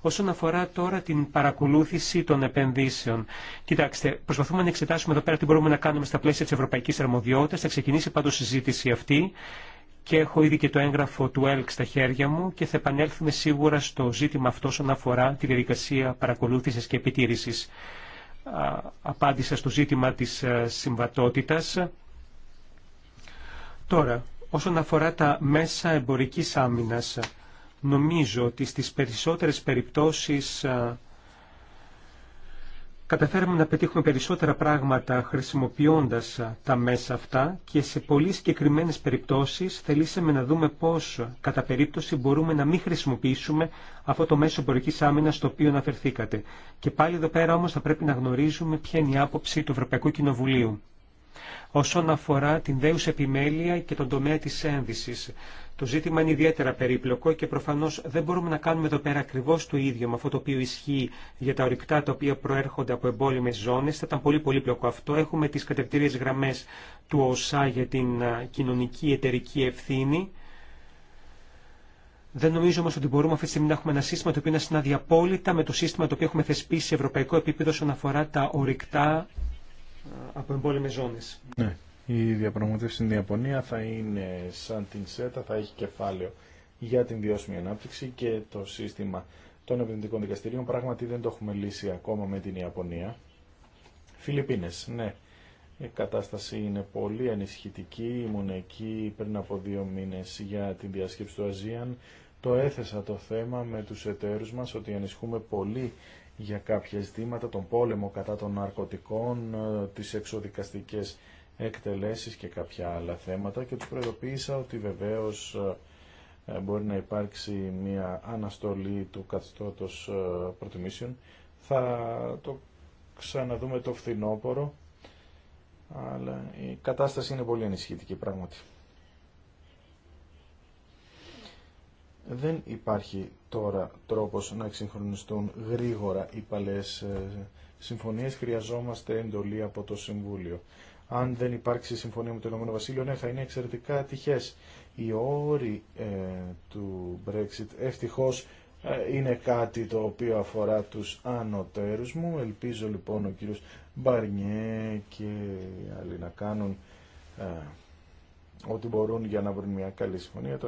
Όσον αφορά τώρα την παρακολούθηση των επενδύσεων. Κοιτάξτε, προσπαθούμε να εξετάσουμε εδώ πέρα τι μπορούμε να κάνουμε στα πλαίσια τη ευρωπαϊκή αρμοδιότητα. Θα ξεκινήσει πάντω η συζήτηση αυτή και έχω ήδη και το έγγραφο του ΕΛΚ στα χέρια μου και θα επανέλθουμε σίγουρα στο ζήτημα αυτό όσον αφορά τη διαδικασία παρακολούθηση και επιτήρηση Απάντησα στο ζήτημα τη ε, συμβατότητα. Τώρα, Όσον αφορά τα μέσα εμπορικής άμυνας, νομίζω ότι στις περισσότερες περιπτώσεις καταφέρουμε να πετύχουμε περισσότερα πράγματα χρησιμοποιώντας τα μέσα αυτά και σε πολύ συγκεκριμένε περιπτώσεις θελήσαμε να δούμε πώς κατά περίπτωση μπορούμε να μην χρησιμοποιήσουμε αυτό το μέσο εμπορικής άμυνας στο οποίο αναφερθήκατε. Και πάλι εδώ πέρα όμως θα πρέπει να γνωρίζουμε ποια είναι η άποψη του Ευρωπαϊκού Κοινοβουλίου όσον αφορά την δέους επιμέλεια και τον τομέα της ένδυσης. Το ζήτημα είναι ιδιαίτερα περίπλοκο και προφανώς δεν μπορούμε να κάνουμε εδώ πέρα ακριβώς το ίδιο με αυτό το οποίο ισχύει για τα ορυκτά τα οποία προέρχονται από εμπόλεμες ζώνες. Θα ήταν πολύ πολύπλοκο αυτό. Έχουμε τις κατευθύνες γραμμές του ΟΣΑ για την κοινωνική εταιρική ευθύνη. Δεν νομίζω όμω ότι μπορούμε αυτή τη στιγμή να έχουμε ένα σύστημα το οποίο να συνάδει απόλυτα με το σύστημα το οποίο έχουμε θεσπίσει σε ευρωπαϊκό επίπεδο όσον αφορά τα ορυκτά από εμπόλεμε ζώνες. Ναι. Η διαπραγματεύση στην Ιαπωνία θα είναι σαν την ΣΕΤΑ, θα έχει κεφάλαιο για την βιώσιμη ανάπτυξη και το σύστημα των επενδυτικών δικαστηρίων. Πράγματι δεν το έχουμε λύσει ακόμα με την Ιαπωνία. Φιλιππίνες, ναι. Η κατάσταση είναι πολύ ανησυχητική. Ήμουν εκεί πριν από δύο μήνες για την διασκέψη του Αζίαν. Το έθεσα το θέμα με τους εταίρους μας ότι ανισχούμε πολύ για κάποια ζητήματα, τον πόλεμο κατά των ναρκωτικών, ε, τις εξοδικαστικές εκτελέσεις και κάποια άλλα θέματα και τους προειδοποίησα ότι βεβαίως ε, ε, μπορεί να υπάρξει μια αναστολή του καθιστώτος προτιμήσεων. Θα το ξαναδούμε το φθινόπωρο, αλλά η κατάσταση είναι πολύ ενισχυτική πράγματι. δεν υπάρχει τώρα τρόπος να εξυγχρονιστούν γρήγορα οι παλές ε, συμφωνίες. Χρειαζόμαστε εντολή από το Συμβούλιο. Αν δεν υπάρξει συμφωνία με το Ηνωμένο Βασίλειο, ναι, θα είναι εξαιρετικά τυχές. Οι όροι ε, του Brexit ευτυχώς ε, είναι κάτι το οποίο αφορά τους ανωτέρους μου. Ελπίζω λοιπόν ο κύριος Μπαρνιέ και άλλοι να κάνουν ό,τι μπορούν για να βρουν μια καλή συμφωνία.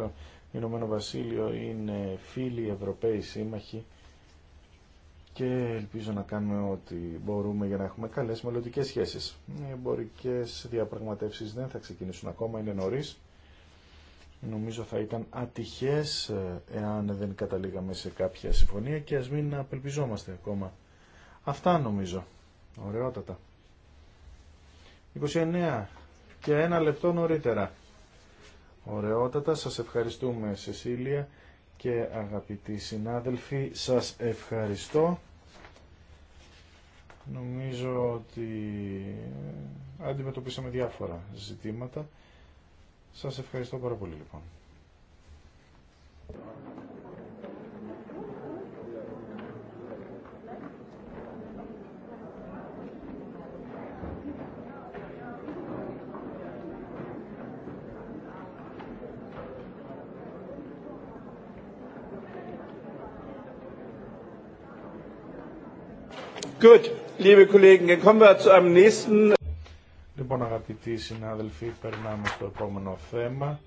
Ηνωμένο Βασίλειο είναι φίλοι Ευρωπαίοι σύμμαχοι και ελπίζω να κάνουμε ό,τι μπορούμε για να έχουμε καλές μελλοντικέ σχέσεις. Οι εμπορικέ διαπραγματεύσεις δεν θα ξεκινήσουν ακόμα, είναι νωρί Νομίζω θα ήταν ατυχές ε, εάν δεν καταλήγαμε σε κάποια συμφωνία και ας μην απελπιζόμαστε ακόμα. Αυτά νομίζω. Ωραιότατα. 29 και ένα λεπτό νωρίτερα. Ωραιότατα, σας ευχαριστούμε Σεσίλια και αγαπητοί συνάδελφοι, σας ευχαριστώ. Νομίζω ότι αντιμετωπίσαμε διάφορα ζητήματα. Σας ευχαριστώ πάρα πολύ λοιπόν. Λοιπόν, αγαπητοί συνάδελφοι, περνάμε στο επόμενο θέμα.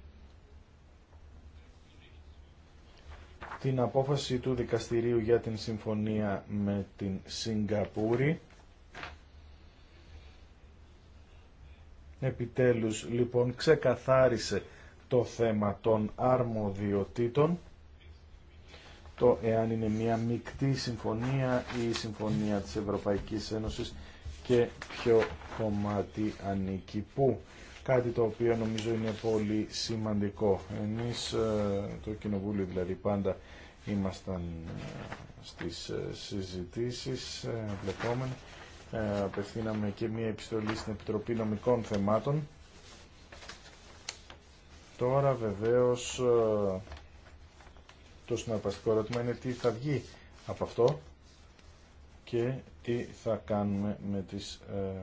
Την απόφαση του Δικαστηρίου για την Συμφωνία με την Σιγκαπούρη. Επιτέλους, λοιπόν, ξεκαθάρισε το θέμα των αρμοδιοτήτων το εάν είναι μια μεικτή συμφωνία ή συμφωνία της Ευρωπαϊκής Ένωσης και ποιο κομμάτι ανήκει πού. Κάτι το οποίο νομίζω είναι πολύ σημαντικό. Εμείς, ε, το Κοινοβούλιο δηλαδή πάντα, ήμασταν ε, στις ε, συζητήσεις βλεπόμενοι. Απευθύναμε και μια επιστολή στην Επιτροπή Νομικών Θεμάτων. Τώρα βεβαίως το συναρπαστικό ερώτημα είναι τι θα βγει από αυτό και τι θα κάνουμε με τις ε,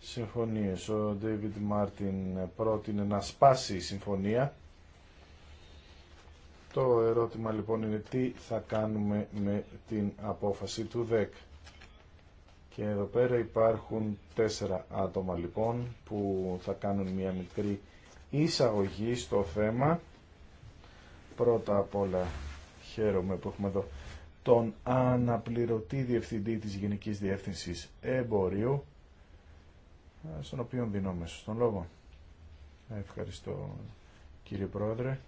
συμφωνίες. Ο David Μάρτιν πρότεινε να σπάσει η συμφωνία. Το ερώτημα λοιπόν είναι τι θα κάνουμε με την απόφαση του ΔΕΚ. Και εδώ πέρα υπάρχουν τέσσερα άτομα λοιπόν που θα κάνουν μια μικρή εισαγωγή στο θέμα Πρώτα απ' όλα χαίρομαι που έχουμε εδώ τον αναπληρωτή διευθυντή της Γενικής Διεύθυνσης Εμπορίου, στον οποίο δίνω μέσα στον λόγο. Ευχαριστώ κύριε Πρόεδρε.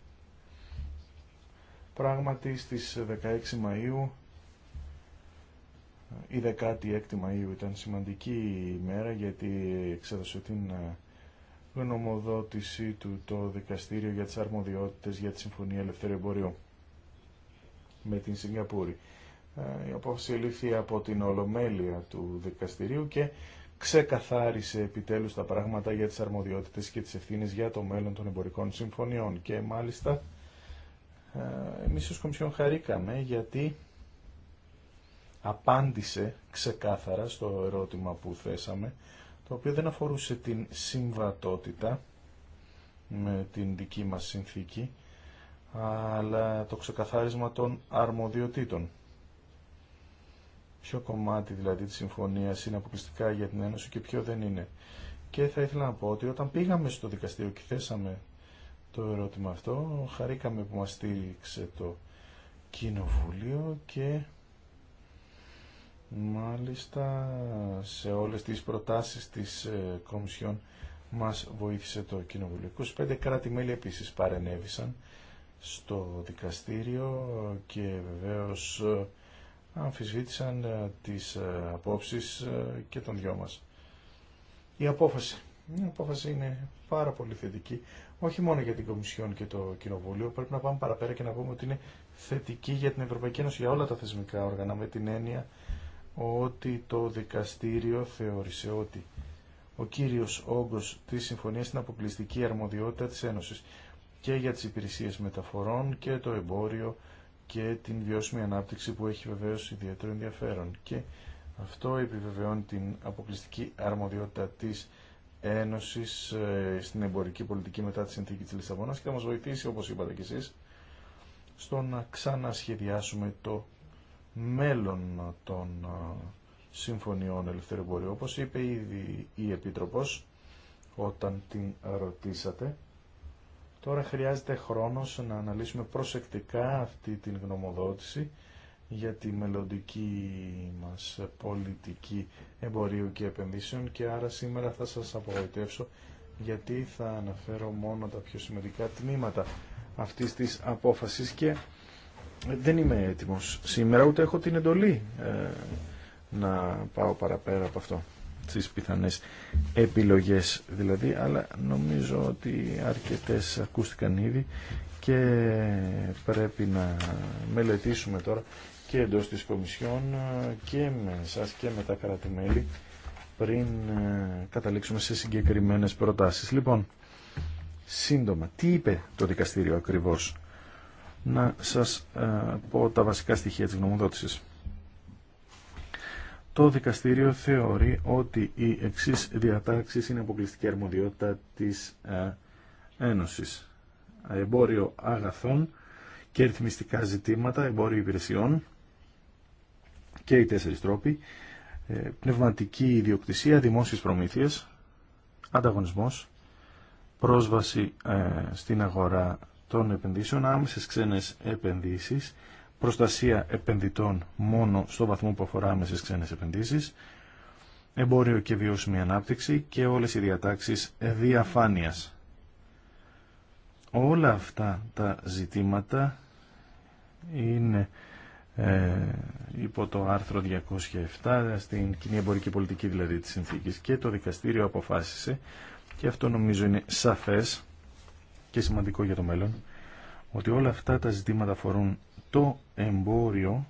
Πράγματι στις 16 Μαΐου, η 16η Μαΐου ήταν σημαντική ημέρα γιατί εξέδωσε την ε, γνωμοδότησή του το Δικαστήριο για τις Αρμοδιότητες για τη Συμφωνία Ελευθερίου με την Σιγκαπούρη. Ε, η απόφαση λήφθη από την Ολομέλεια του Δικαστηρίου και ξεκαθάρισε επιτέλους τα πράγματα για τις αρμοδιότητες και τις ευθύνες για το μέλλον των εμπορικών συμφωνιών. Και μάλιστα ε, εμείς ως Κομισιόν χαρήκαμε γιατί απάντησε ξεκάθαρα στο ερώτημα που θέσαμε το οποίο δεν αφορούσε την συμβατότητα με την δική μας συνθήκη, αλλά το ξεκαθάρισμα των αρμοδιοτήτων. Ποιο κομμάτι δηλαδή της συμφωνίας είναι αποκλειστικά για την Ένωση και ποιο δεν είναι. Και θα ήθελα να πω ότι όταν πήγαμε στο δικαστήριο και θέσαμε το ερώτημα αυτό, χαρήκαμε που μας στήριξε το Κοινοβούλιο και Μάλιστα, σε όλες τις προτάσεις της ε, Κομισιόν μας βοήθησε το Κοινοβουλίο. 25 κράτη-μέλη επίσης παρενέβησαν στο δικαστήριο και βεβαίως ε, αμφισβήτησαν ε, τις απόψεις και των δυο μας. Η απόφαση. Η απόφαση είναι πάρα πολύ θετική, όχι μόνο για την Κομισιόν και το Κοινοβούλιο, πρέπει να πάμε παραπέρα και να πούμε ότι είναι θετική για την Ευρωπαϊκή Ένωση, για όλα τα θεσμικά όργανα, με την έννοια ότι το δικαστήριο θεώρησε ότι ο κύριος όγκος της συμφωνίας στην αποκλειστική αρμοδιότητα της Ένωσης και για τις υπηρεσίες μεταφορών και το εμπόριο και την βιώσιμη ανάπτυξη που έχει βεβαίως ιδιαίτερο ενδιαφέρον. Και αυτό επιβεβαιώνει την αποκλειστική αρμοδιότητα της Ένωσης ε, στην εμπορική πολιτική μετά τη συνθήκη της Λισαβόνας και θα μας βοηθήσει, όπως είπατε κι εσείς, στο να ξανασχεδιάσουμε το μέλλον των ε, συμφωνιών ελευθερίου Όπως είπε ήδη η Επίτροπος όταν την ρωτήσατε, τώρα χρειάζεται χρόνος να αναλύσουμε προσεκτικά αυτή την γνωμοδότηση για τη μελλοντική μας πολιτική εμπορίου και επενδύσεων και άρα σήμερα θα σας απογοητεύσω γιατί θα αναφέρω μόνο τα πιο σημαντικά τμήματα αυτής της απόφασης και δεν είμαι έτοιμος σήμερα, ούτε έχω την εντολή ε, να πάω παραπέρα από αυτό τις πιθανές επιλογές δηλαδή, αλλά νομίζω ότι αρκετές ακούστηκαν ήδη και πρέπει να μελετήσουμε τώρα και εντός της Κομισιόν ε, και με εσάς και με τα κράτη-μέλη πριν ε, καταλήξουμε σε συγκεκριμένες προτάσεις. Λοιπόν, σύντομα, τι είπε το δικαστήριο ακριβώς να σας ε, πω τα βασικά στοιχεία της γνωμοδότησης. Το δικαστήριο θεωρεί ότι οι εξής διατάξεις είναι αποκλειστική αρμοδιότητα της ε, Ένωσης. Εμπόριο αγαθών και ρυθμιστικά ζητήματα, εμπόριο υπηρεσιών και οι τέσσερις τρόποι, ε, πνευματική ιδιοκτησία, δημόσιες προμήθειες, ανταγωνισμός, πρόσβαση στην αγορά των επενδύσεων, άμεσες ξένες επενδύσεις, προστασία επενδυτών μόνο στο βαθμό που αφορά άμεσες ξένες επενδύσεις, εμπόριο και βιώσιμη ανάπτυξη και όλες οι διατάξεις διαφάνειας. Όλα αυτά τα ζητήματα είναι ε, υπό το άρθρο 207 στην κοινή εμπορική πολιτική δηλαδή της συνθήκης και το δικαστήριο αποφάσισε και αυτό νομίζω είναι σαφές και σημαντικό για το μέλλον ότι όλα αυτά τα ζητήματα αφορούν το εμπόριο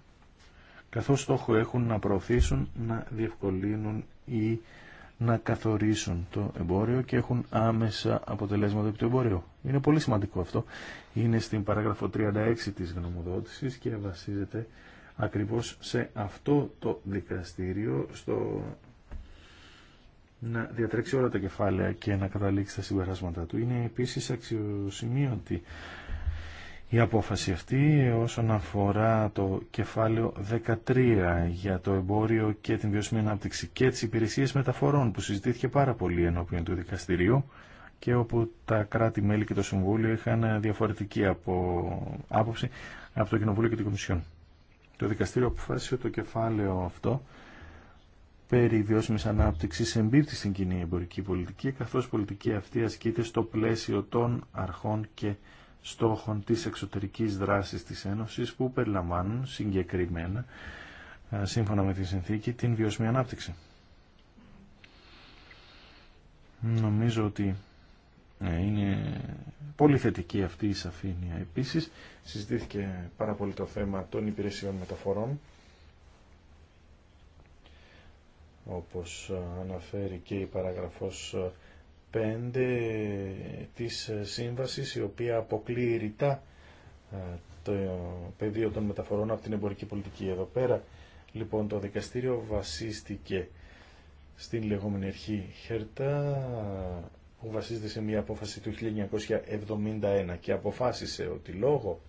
καθώς στόχο έχουν να προωθήσουν, να διευκολύνουν ή να καθορίσουν το εμπόριο και έχουν άμεσα αποτελέσματα από το εμπόριο. Είναι πολύ σημαντικό αυτό. Είναι στην παράγραφο 36 της γνωμοδότησης και βασίζεται ακριβώς σε αυτό το δικαστήριο στο να διατρέξει όλα τα κεφάλαια και να καταλήξει τα συμπεράσματα του. Είναι επίσης αξιοσημείωτη η απόφαση αυτή όσον αφορά το κεφάλαιο 13 για το εμπόριο και την βιώσιμη ανάπτυξη και τις υπηρεσίες μεταφορών που συζητήθηκε πάρα πολύ ενώπιον του δικαστηρίου και όπου τα κράτη-μέλη και το Συμβούλιο είχαν διαφορετική από... άποψη από το Κοινοβούλιο και την Κομισιόν. Το δικαστήριο αποφάσισε το κεφάλαιο αυτό περί βιώσιμης ανάπτυξης εμπίπτει στην κοινή εμπορική πολιτική, καθώς η πολιτική αυτή ασκείται στο πλαίσιο των αρχών και στόχων της εξωτερικής δράσης της Ένωσης που περιλαμβάνουν συγκεκριμένα, σύμφωνα με τη συνθήκη, την βιώσιμη ανάπτυξη. Νομίζω ότι ε, είναι πολύ θετική αυτή η σαφήνεια. Επίσης, συζητήθηκε πάρα πολύ το θέμα των υπηρεσιών μεταφορών όπως αναφέρει και η παραγραφός 5 ε, της ε, σύμβασης η οποία αποκλείει ρητά ε, το πεδίο των μεταφορών από την εμπορική πολιτική. Εδώ πέρα λοιπόν το δικαστήριο βασίστηκε στην λεγόμενη αρχή Χερτά που βασίζεται σε μια απόφαση του 1971 και αποφάσισε ότι λόγω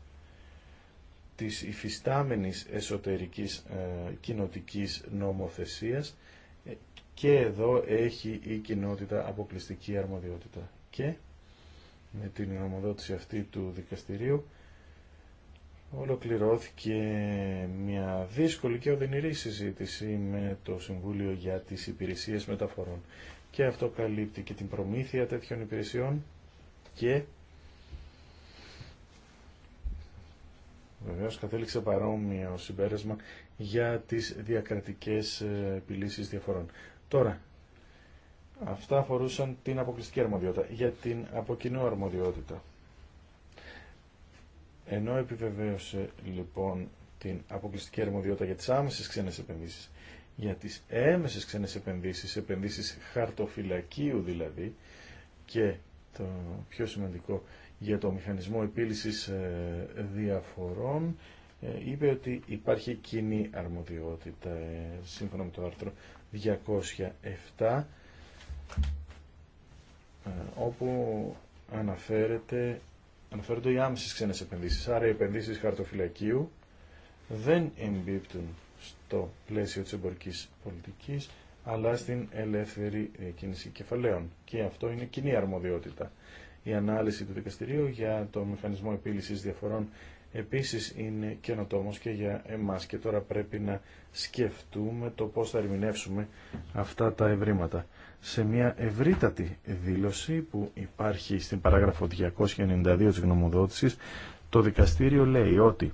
της υφιστάμενης εσωτερικής ε, κοινοτικής νομοθεσίας και εδώ έχει η κοινότητα αποκλειστική αρμοδιότητα. Και με την ομοδότηση αυτή του δικαστηρίου ολοκληρώθηκε μια δύσκολη και οδυνηρή συζήτηση με το Συμβούλιο για τις Υπηρεσίες Μεταφορών. Και αυτό καλύπτει και την προμήθεια τέτοιων υπηρεσιών και βεβαίως κατέληξε παρόμοιο συμπέρασμα για τις διακρατικές ε, επιλύσεις διαφορών. Τώρα, αυτά αφορούσαν την αποκλειστική αρμοδιότητα. Για την αποκοινού αρμοδιότητα. Ενώ επιβεβαίωσε λοιπόν την αποκλειστική αρμοδιότητα για τις άμεσες ξένες επενδύσεις, για τις έμεσες ξένες επενδύσεις, επενδύσεις χαρτοφυλακίου δηλαδή, και το πιο σημαντικό για το μηχανισμό επίλυσης ε, διαφορών, ε, είπε ότι υπάρχει κοινή αρμοδιότητα ε, σύμφωνα με το άρθρο 207 ε, όπου αναφέρεται, αναφέρονται οι άμεσες ξένες επενδύσεις. Άρα οι επενδύσεις χαρτοφυλακίου δεν εμπίπτουν στο πλαίσιο της εμπορικής πολιτικής αλλά στην ελεύθερη ε, κίνηση κεφαλαίων. Και αυτό είναι κοινή αρμοδιότητα. Η ανάλυση του δικαστηρίου για το μηχανισμό επίλυσης διαφορών επίσης είναι καινοτόμος και για εμάς και τώρα πρέπει να σκεφτούμε το πώς θα ερμηνεύσουμε αυτά τα ευρήματα. Σε μια ευρύτατη δήλωση που υπάρχει στην παράγραφο 292 της γνωμοδότησης, το δικαστήριο λέει ότι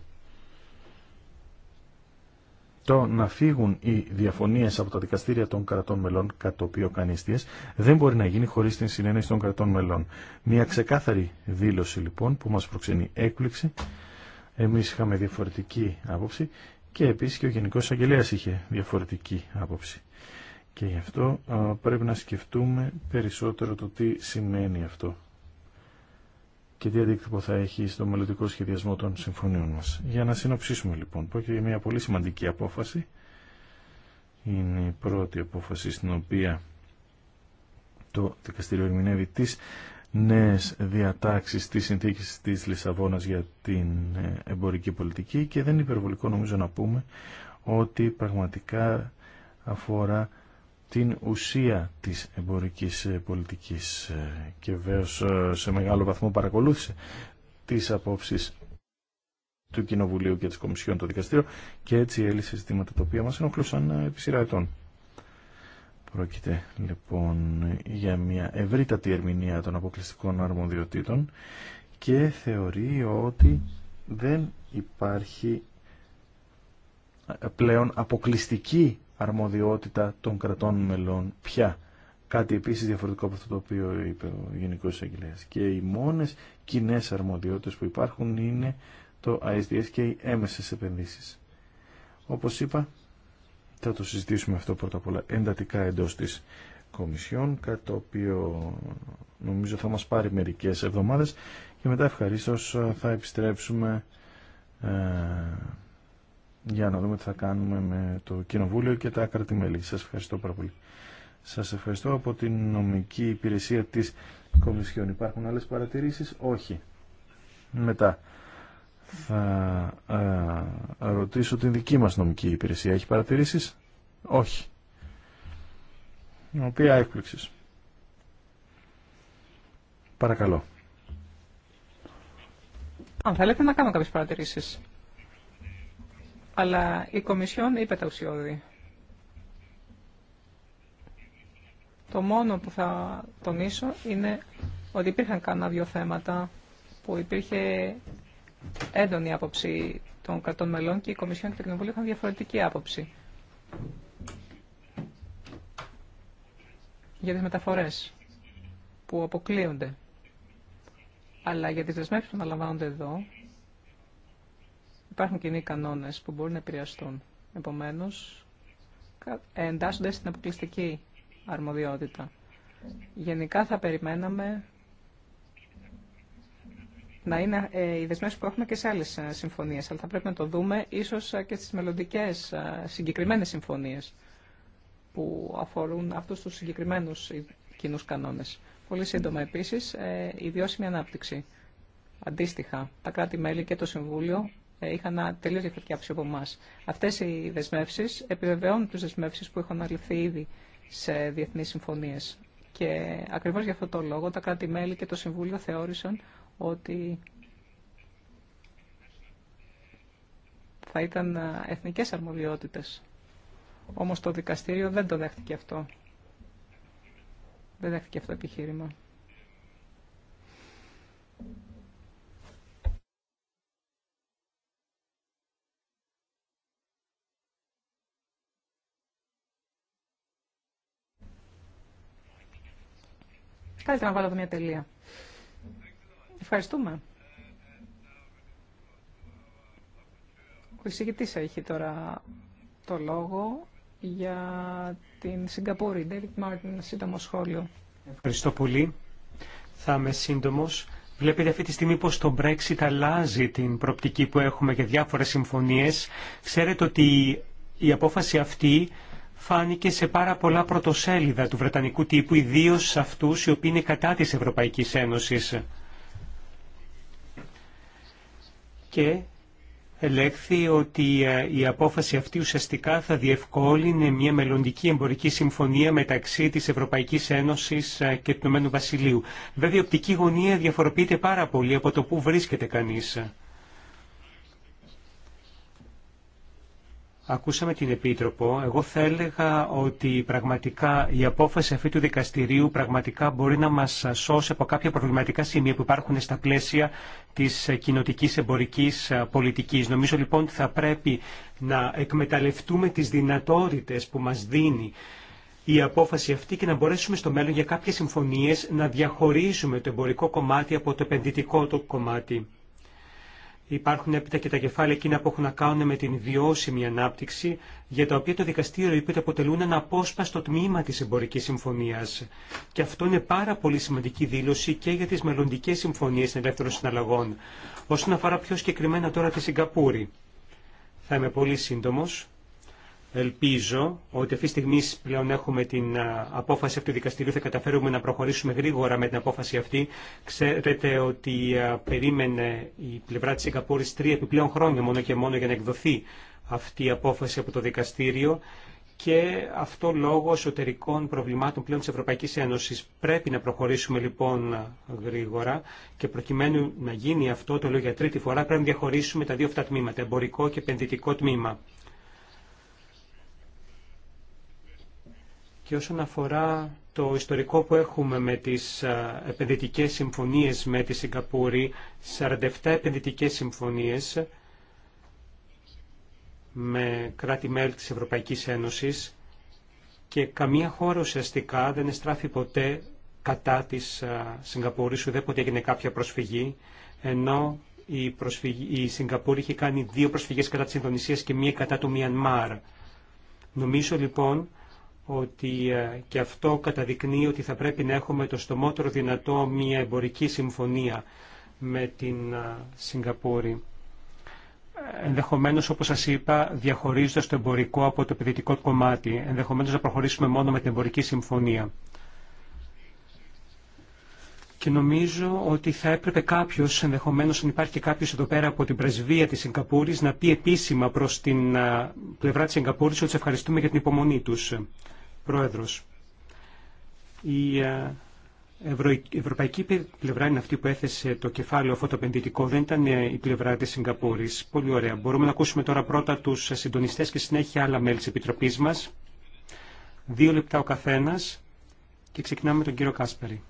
το να φύγουν οι διαφωνίες από τα δικαστήρια των κρατών μελών, κατ' οποίο οποίο κανίστιες, δεν μπορεί να γίνει χωρίς την συνένεση των κρατών μελών. Μια ξεκάθαρη δήλωση λοιπόν που μας προξενεί έκπληξη εμείς είχαμε διαφορετική άποψη και επίσης και ο Γενικός Αγγελέας είχε διαφορετική άποψη. Και γι' αυτό πρέπει να σκεφτούμε περισσότερο το τι σημαίνει αυτό και τι αντίκτυπο θα έχει στο μελλοντικό σχεδιασμό των συμφωνίων μας. Για να συνοψίσουμε λοιπόν, πρόκειται για μια πολύ σημαντική απόφαση. Είναι η πρώτη απόφαση στην οποία το Δικαστήριο ερμηνεύει τις νέες διατάξεις της συνθήκης της Λισαβόνας για την ε, εμπορική πολιτική και δεν είναι υπερβολικό νομίζω να πούμε ότι πραγματικά αφορά την ουσία της εμπορικής ε, πολιτικής ε, και βέβαια σε μεγάλο βαθμό παρακολούθησε τις απόψεις του Κοινοβουλίου και της Κομισιόν το Δικαστήριο και έτσι έλυσε ζητήματα τα οποία μας ενοχλούσαν επί σειρά ετών. Πρόκειται λοιπόν για μια ευρύτατη ερμηνεία των αποκλειστικών αρμοδιοτήτων και θεωρεί ότι δεν υπάρχει ε, πλέον αποκλειστική αρμοδιότητα των κρατών μελών πια. Κάτι επίσης διαφορετικό από αυτό το οποίο είπε ο Γενικός Εισαγγελέας. Και οι μόνες κοινέ αρμοδιότητες που υπάρχουν είναι το ISDS και οι έμεσες επενδύσεις. Όπως είπα, θα το συζητήσουμε αυτό πρώτα απ' όλα εντατικά εντός της Κομισιόν, κάτι το οποίο νομίζω θα μας πάρει μερικές εβδομάδες και μετά ευχαριστώ, θα επιστρέψουμε ε, για να δούμε τι θα κάνουμε με το Κοινοβούλιο και τα κρατημέλη. Σας ευχαριστώ πάρα πολύ. Σας ευχαριστώ από την νομική υπηρεσία της Κομισιόν. Υπάρχουν άλλες παρατηρήσεις? Όχι. Μετά θα α, ε, ρωτήσω την δική μας νομική υπηρεσία. Έχει παρατηρήσεις? Όχι. Η οποία έκπληξη. Παρακαλώ. Αν θέλετε να κάνω κάποιες παρατηρήσεις. Αλλά η Κομισιόν είπε τα ουσιώδη. Το μόνο που θα τονίσω είναι ότι υπήρχαν κάνα δύο θέματα που υπήρχε έντονη άποψη των κρατών μελών και η Κομισιόν και το Κοινοβούλιο είχαν διαφορετική άποψη για τις μεταφορές που αποκλείονται. Αλλά για τις δεσμεύσεις που αναλαμβάνονται εδώ υπάρχουν κοινοί κανόνες που μπορούν να επηρεαστούν. Επομένως, εντάσσονται στην αποκλειστική αρμοδιότητα. Γενικά θα περιμέναμε να είναι ε, οι δεσμεύσει που έχουμε και σε άλλε συμφωνίε. Αλλά θα πρέπει να το δούμε ίσω ε, και στι μελλοντικέ ε, συγκεκριμένε συμφωνίε που αφορούν αυτού του συγκεκριμένου κοινού κανόνε. Πολύ σύντομα επίση, η βιώσιμη ανάπτυξη. Αντίστοιχα, τα κράτη-μέλη και το Συμβούλιο είχαν τελείω διαφορετική άποψη από εμά. Αυτέ οι δεσμεύσει επιβεβαιώνουν τι δεσμεύσει που έχουν αναλυθεί ήδη σε διεθνεί συμφωνίε. Και ακριβώ για αυτό το λόγο τα κράτη-μέλη και το Συμβούλιο θεώρησαν ότι θα ήταν εθνικές αρμοδιότητες. Όμως το δικαστήριο δεν το δέχτηκε αυτό. Δεν δέχτηκε αυτό το επιχείρημα. Καλύτερα να βάλω εδώ μια τελεία. Ευχαριστούμε. Ο εισηγητής έχει τώρα το λόγο για την Σιγκαπούρη. David Martin, σύντομο σχόλιο. Ευχαριστώ πολύ. Θα είμαι σύντομος. Βλέπετε αυτή τη στιγμή πως το Brexit αλλάζει την προπτική που έχουμε για διάφορες συμφωνίες. Ξέρετε ότι η απόφαση αυτή φάνηκε σε πάρα πολλά πρωτοσέλιδα του Βρετανικού τύπου, ιδίως σε αυτούς οι οποίοι είναι κατά της Ευρωπαϊκής Ένωσης. και ελέγχθη ότι ε, η απόφαση αυτή ουσιαστικά θα διευκόλυνε μια μελλοντική εμπορική συμφωνία μεταξύ της Ευρωπαϊκής Ένωσης ε, και του Ηνωμένου Βασιλείου. Βέβαια η οπτική γωνία διαφοροποιείται πάρα πολύ από το που βρίσκεται κανείς. Ακούσαμε την Επίτροπο. Εγώ θα έλεγα ότι πραγματικά η απόφαση αυτή του δικαστηρίου πραγματικά μπορεί να μας σώσει από κάποια προβληματικά σημεία που υπάρχουν στα πλαίσια της κοινοτικής εμπορικής πολιτικής. Νομίζω λοιπόν ότι θα πρέπει να εκμεταλλευτούμε τις δυνατότητες που μας δίνει η απόφαση αυτή και να μπορέσουμε στο μέλλον για κάποιες συμφωνίες να διαχωρίζουμε το εμπορικό κομμάτι από το επενδυτικό το κομμάτι. Υπάρχουν έπειτα και τα κεφάλαια εκείνα που έχουν να κάνουν με την βιώσιμη ανάπτυξη, για τα οποία το δικαστήριο είπε ότι αποτελούν ένα απόσπαστο τμήμα τη εμπορική συμφωνία. Και αυτό είναι πάρα πολύ σημαντική δήλωση και για τι μελλοντικέ συμφωνίε ελεύθερων συναλλαγών. Όσον αφορά πιο συγκεκριμένα τώρα τη Σιγκαπούρη. Θα είμαι πολύ σύντομο. Ελπίζω ότι αυτή τη στιγμή πλέον έχουμε την απόφαση αυτού του δικαστηρίου, θα καταφέρουμε να προχωρήσουμε γρήγορα με την απόφαση αυτή. Ξέρετε ότι περίμενε η πλευρά της Σιγκαπούρης τρία επιπλέον χρόνια μόνο και μόνο για να εκδοθεί αυτή η απόφαση από το δικαστήριο και αυτό λόγω εσωτερικών προβλημάτων πλέον της Ευρωπαϊκής Ένωσης. Πρέπει να προχωρήσουμε λοιπόν γρήγορα και προκειμένου να γίνει αυτό, το λέω για τρίτη φορά, πρέπει να διαχωρίσουμε τα δύο αυτά τμήματα, εμπορικό και επενδυτικό τμήμα. Και όσον αφορά το ιστορικό που έχουμε με τις επενδυτικές συμφωνίες με τη Σιγκαπούρη, 47 επενδυτικές συμφωνίες με κράτη-μέλη της Ευρωπαϊκής Ένωσης και καμία χώρα ουσιαστικά δεν εστράφει ποτέ κατά της Σιγκαπούρης, ουδέποτε έγινε κάποια προσφυγή, ενώ η, προσφυγή, η είχε κάνει δύο προσφυγές κατά της Ινδονησίας και μία κατά του Μιανμάρ. Νομίζω λοιπόν ότι ε, και αυτό καταδεικνύει ότι θα πρέπει να έχουμε το στομότερο δυνατό μια εμπορική συμφωνία με την ε, Σιγκαπούρη. Ενδεχομένω, όπω σα είπα, διαχωρίζοντα το εμπορικό από το παιδιτικό κομμάτι. Ενδεχομένω να προχωρήσουμε μόνο με την εμπορική συμφωνία. Και νομίζω ότι θα έπρεπε κάποιο, ενδεχομένω αν υπάρχει και κάποιο εδώ πέρα από την πρεσβεία τη Σιγκαπούρη, να πει επίσημα προ την ε, πλευρά τη Σιγκαπούρη ότι σε ευχαριστούμε για την υπομονή του. Πρόεδρος, η ε, ευρωπαϊκή πλευρά είναι αυτή που έθεσε το κεφάλαιο αυτό το επενδυτικό, δεν ήταν ε, η πλευρά της Σιγκαπούρης. Πολύ ωραία. Μπορούμε να ακούσουμε τώρα πρώτα τους συντονιστές και συνέχεια άλλα μέλη της Επιτροπής μας. Δύο λεπτά ο καθένας και ξεκινάμε με τον κύριο Κάσπερη.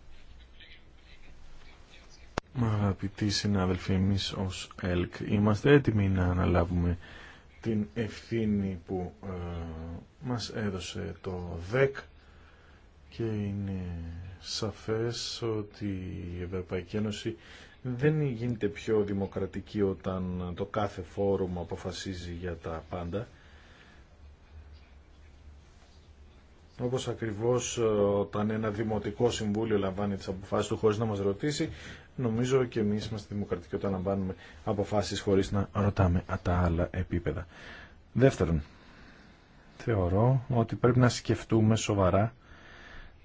Αγαπητοί συνάδελφοι, εμείς ως ΕΛΚ είμαστε έτοιμοι να αναλάβουμε την ευθύνη που ε, μας έδωσε το ΔΕΚ και είναι σαφές ότι η Ευρωπαϊκή Ένωση δεν γίνεται πιο δημοκρατική όταν το κάθε φόρουμ αποφασίζει για τα πάντα. Όπως ακριβώς ε, όταν ένα δημοτικό συμβούλιο λαμβάνει τις αποφάσεις του χωρίς να μας ρωτήσει, νομίζω και εμείς είμαστε δημοκρατικοί όταν λαμβάνουμε αποφάσεις χωρίς να ρωτάμε τα άλλα επίπεδα. Δεύτερον, θεωρώ ότι πρέπει να σκεφτούμε σοβαρά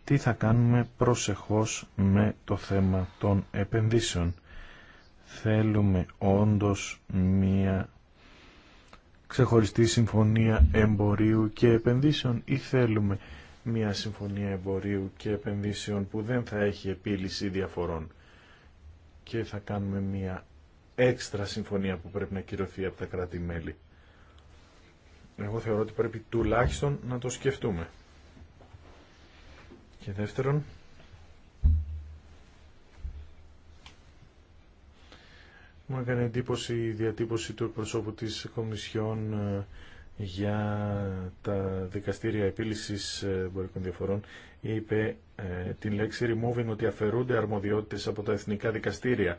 τι θα κάνουμε προσεχώς με το θέμα των επενδύσεων. Θέλουμε όντως μία ξεχωριστή συμφωνία εμπορίου και επενδύσεων ή θέλουμε μία συμφωνία εμπορίου και επενδύσεων που δεν θα έχει επίλυση διαφορών και θα κάνουμε μια έξτρα συμφωνία που πρέπει να κυρωθεί από τα κράτη-μέλη. Εγώ θεωρώ ότι πρέπει τουλάχιστον να το σκεφτούμε. Και δεύτερον, μου έκανε εντύπωση η διατύπωση του προσώπου της Κομισιόν ε, για τα δικαστήρια επίλυσης ε, εμπορικών διαφορών είπε ε, την λέξη removing ότι αφαιρούνται αρμοδιότητες από τα εθνικά δικαστήρια.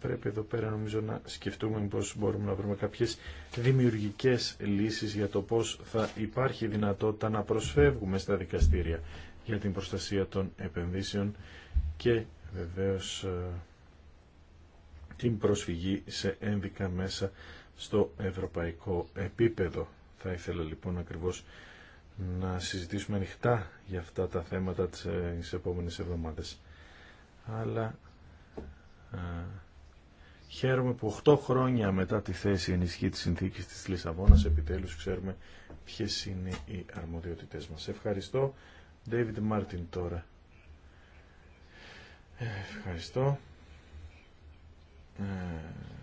Πρέπει εδώ πέρα νομίζω να σκεφτούμε πώς μπορούμε να βρούμε κάποιες δημιουργικές λύσεις για το πώς θα υπάρχει δυνατότητα να προσφεύγουμε στα δικαστήρια για την προστασία των επενδύσεων και βεβαίως ε, την προσφυγή σε ένδικα μέσα στο ευρωπαϊκό επίπεδο. Θα ήθελα λοιπόν ακριβώς να συζητήσουμε ανοιχτά για αυτά τα θέματα τις ε, επόμενες εβδομάδες. Αλλά α, ε, χαίρομαι που 8 χρόνια μετά τη θέση ενισχύει τη συνθήκη της Λισαβόνας επιτέλους ξέρουμε ποιες είναι οι αρμοδιότητές μας. Ευχαριστώ. David Martin τώρα. Ε, ευχαριστώ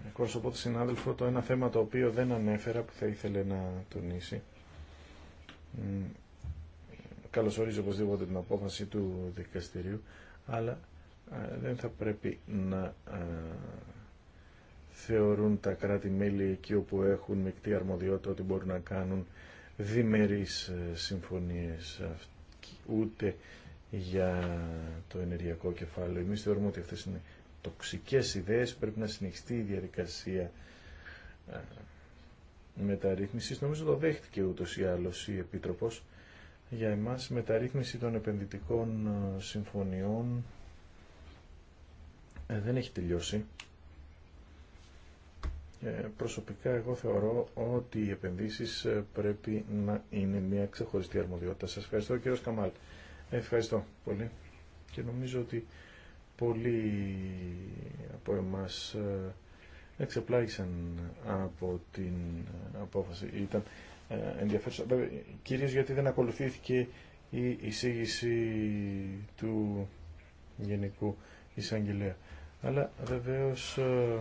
εκπρόσωπο του συνάδελφο το ένα θέμα το οποίο δεν ανέφερα που θα ήθελε να τονίσει. Καλωσορίζω οπωσδήποτε την απόφαση του δικαστηρίου, αλλά ε, δεν θα πρέπει να ε, θεωρούν τα κράτη-μέλη εκεί όπου έχουν μεικτή αρμοδιότητα ότι μπορούν να κάνουν διμερείς ε, συμφωνίες ούτε για το ενεργειακό κεφάλαιο. Εμείς θεωρούμε ότι αυτές είναι τοξικές ιδέες, πρέπει να συνεχιστεί η διαδικασία ε, μεταρρύθμισης. Νομίζω το δέχτηκε ούτως ή άλλως η Επίτροπος. Για εμάς η επιτροπος για εμας μεταρρυθμιση των επενδυτικών ε, συμφωνιών ε, δεν έχει τελειώσει. Προσωπικά εγώ θεωρώ ότι οι επενδύσεις πρέπει να είναι μια ξεχωριστή αρμοδιότητα. Σας ευχαριστώ κύριο Καμάλ. Ευχαριστώ πολύ και νομίζω ότι πολλοί από εμάς ε, εξεπλάγησαν από την απόφαση. Ήταν ε, ενδιαφέρουσα, βέβαια, κυρίως γιατί δεν ακολουθήθηκε η εισήγηση του Γενικού Εισαγγελέα. Αλλά βεβαίως ε,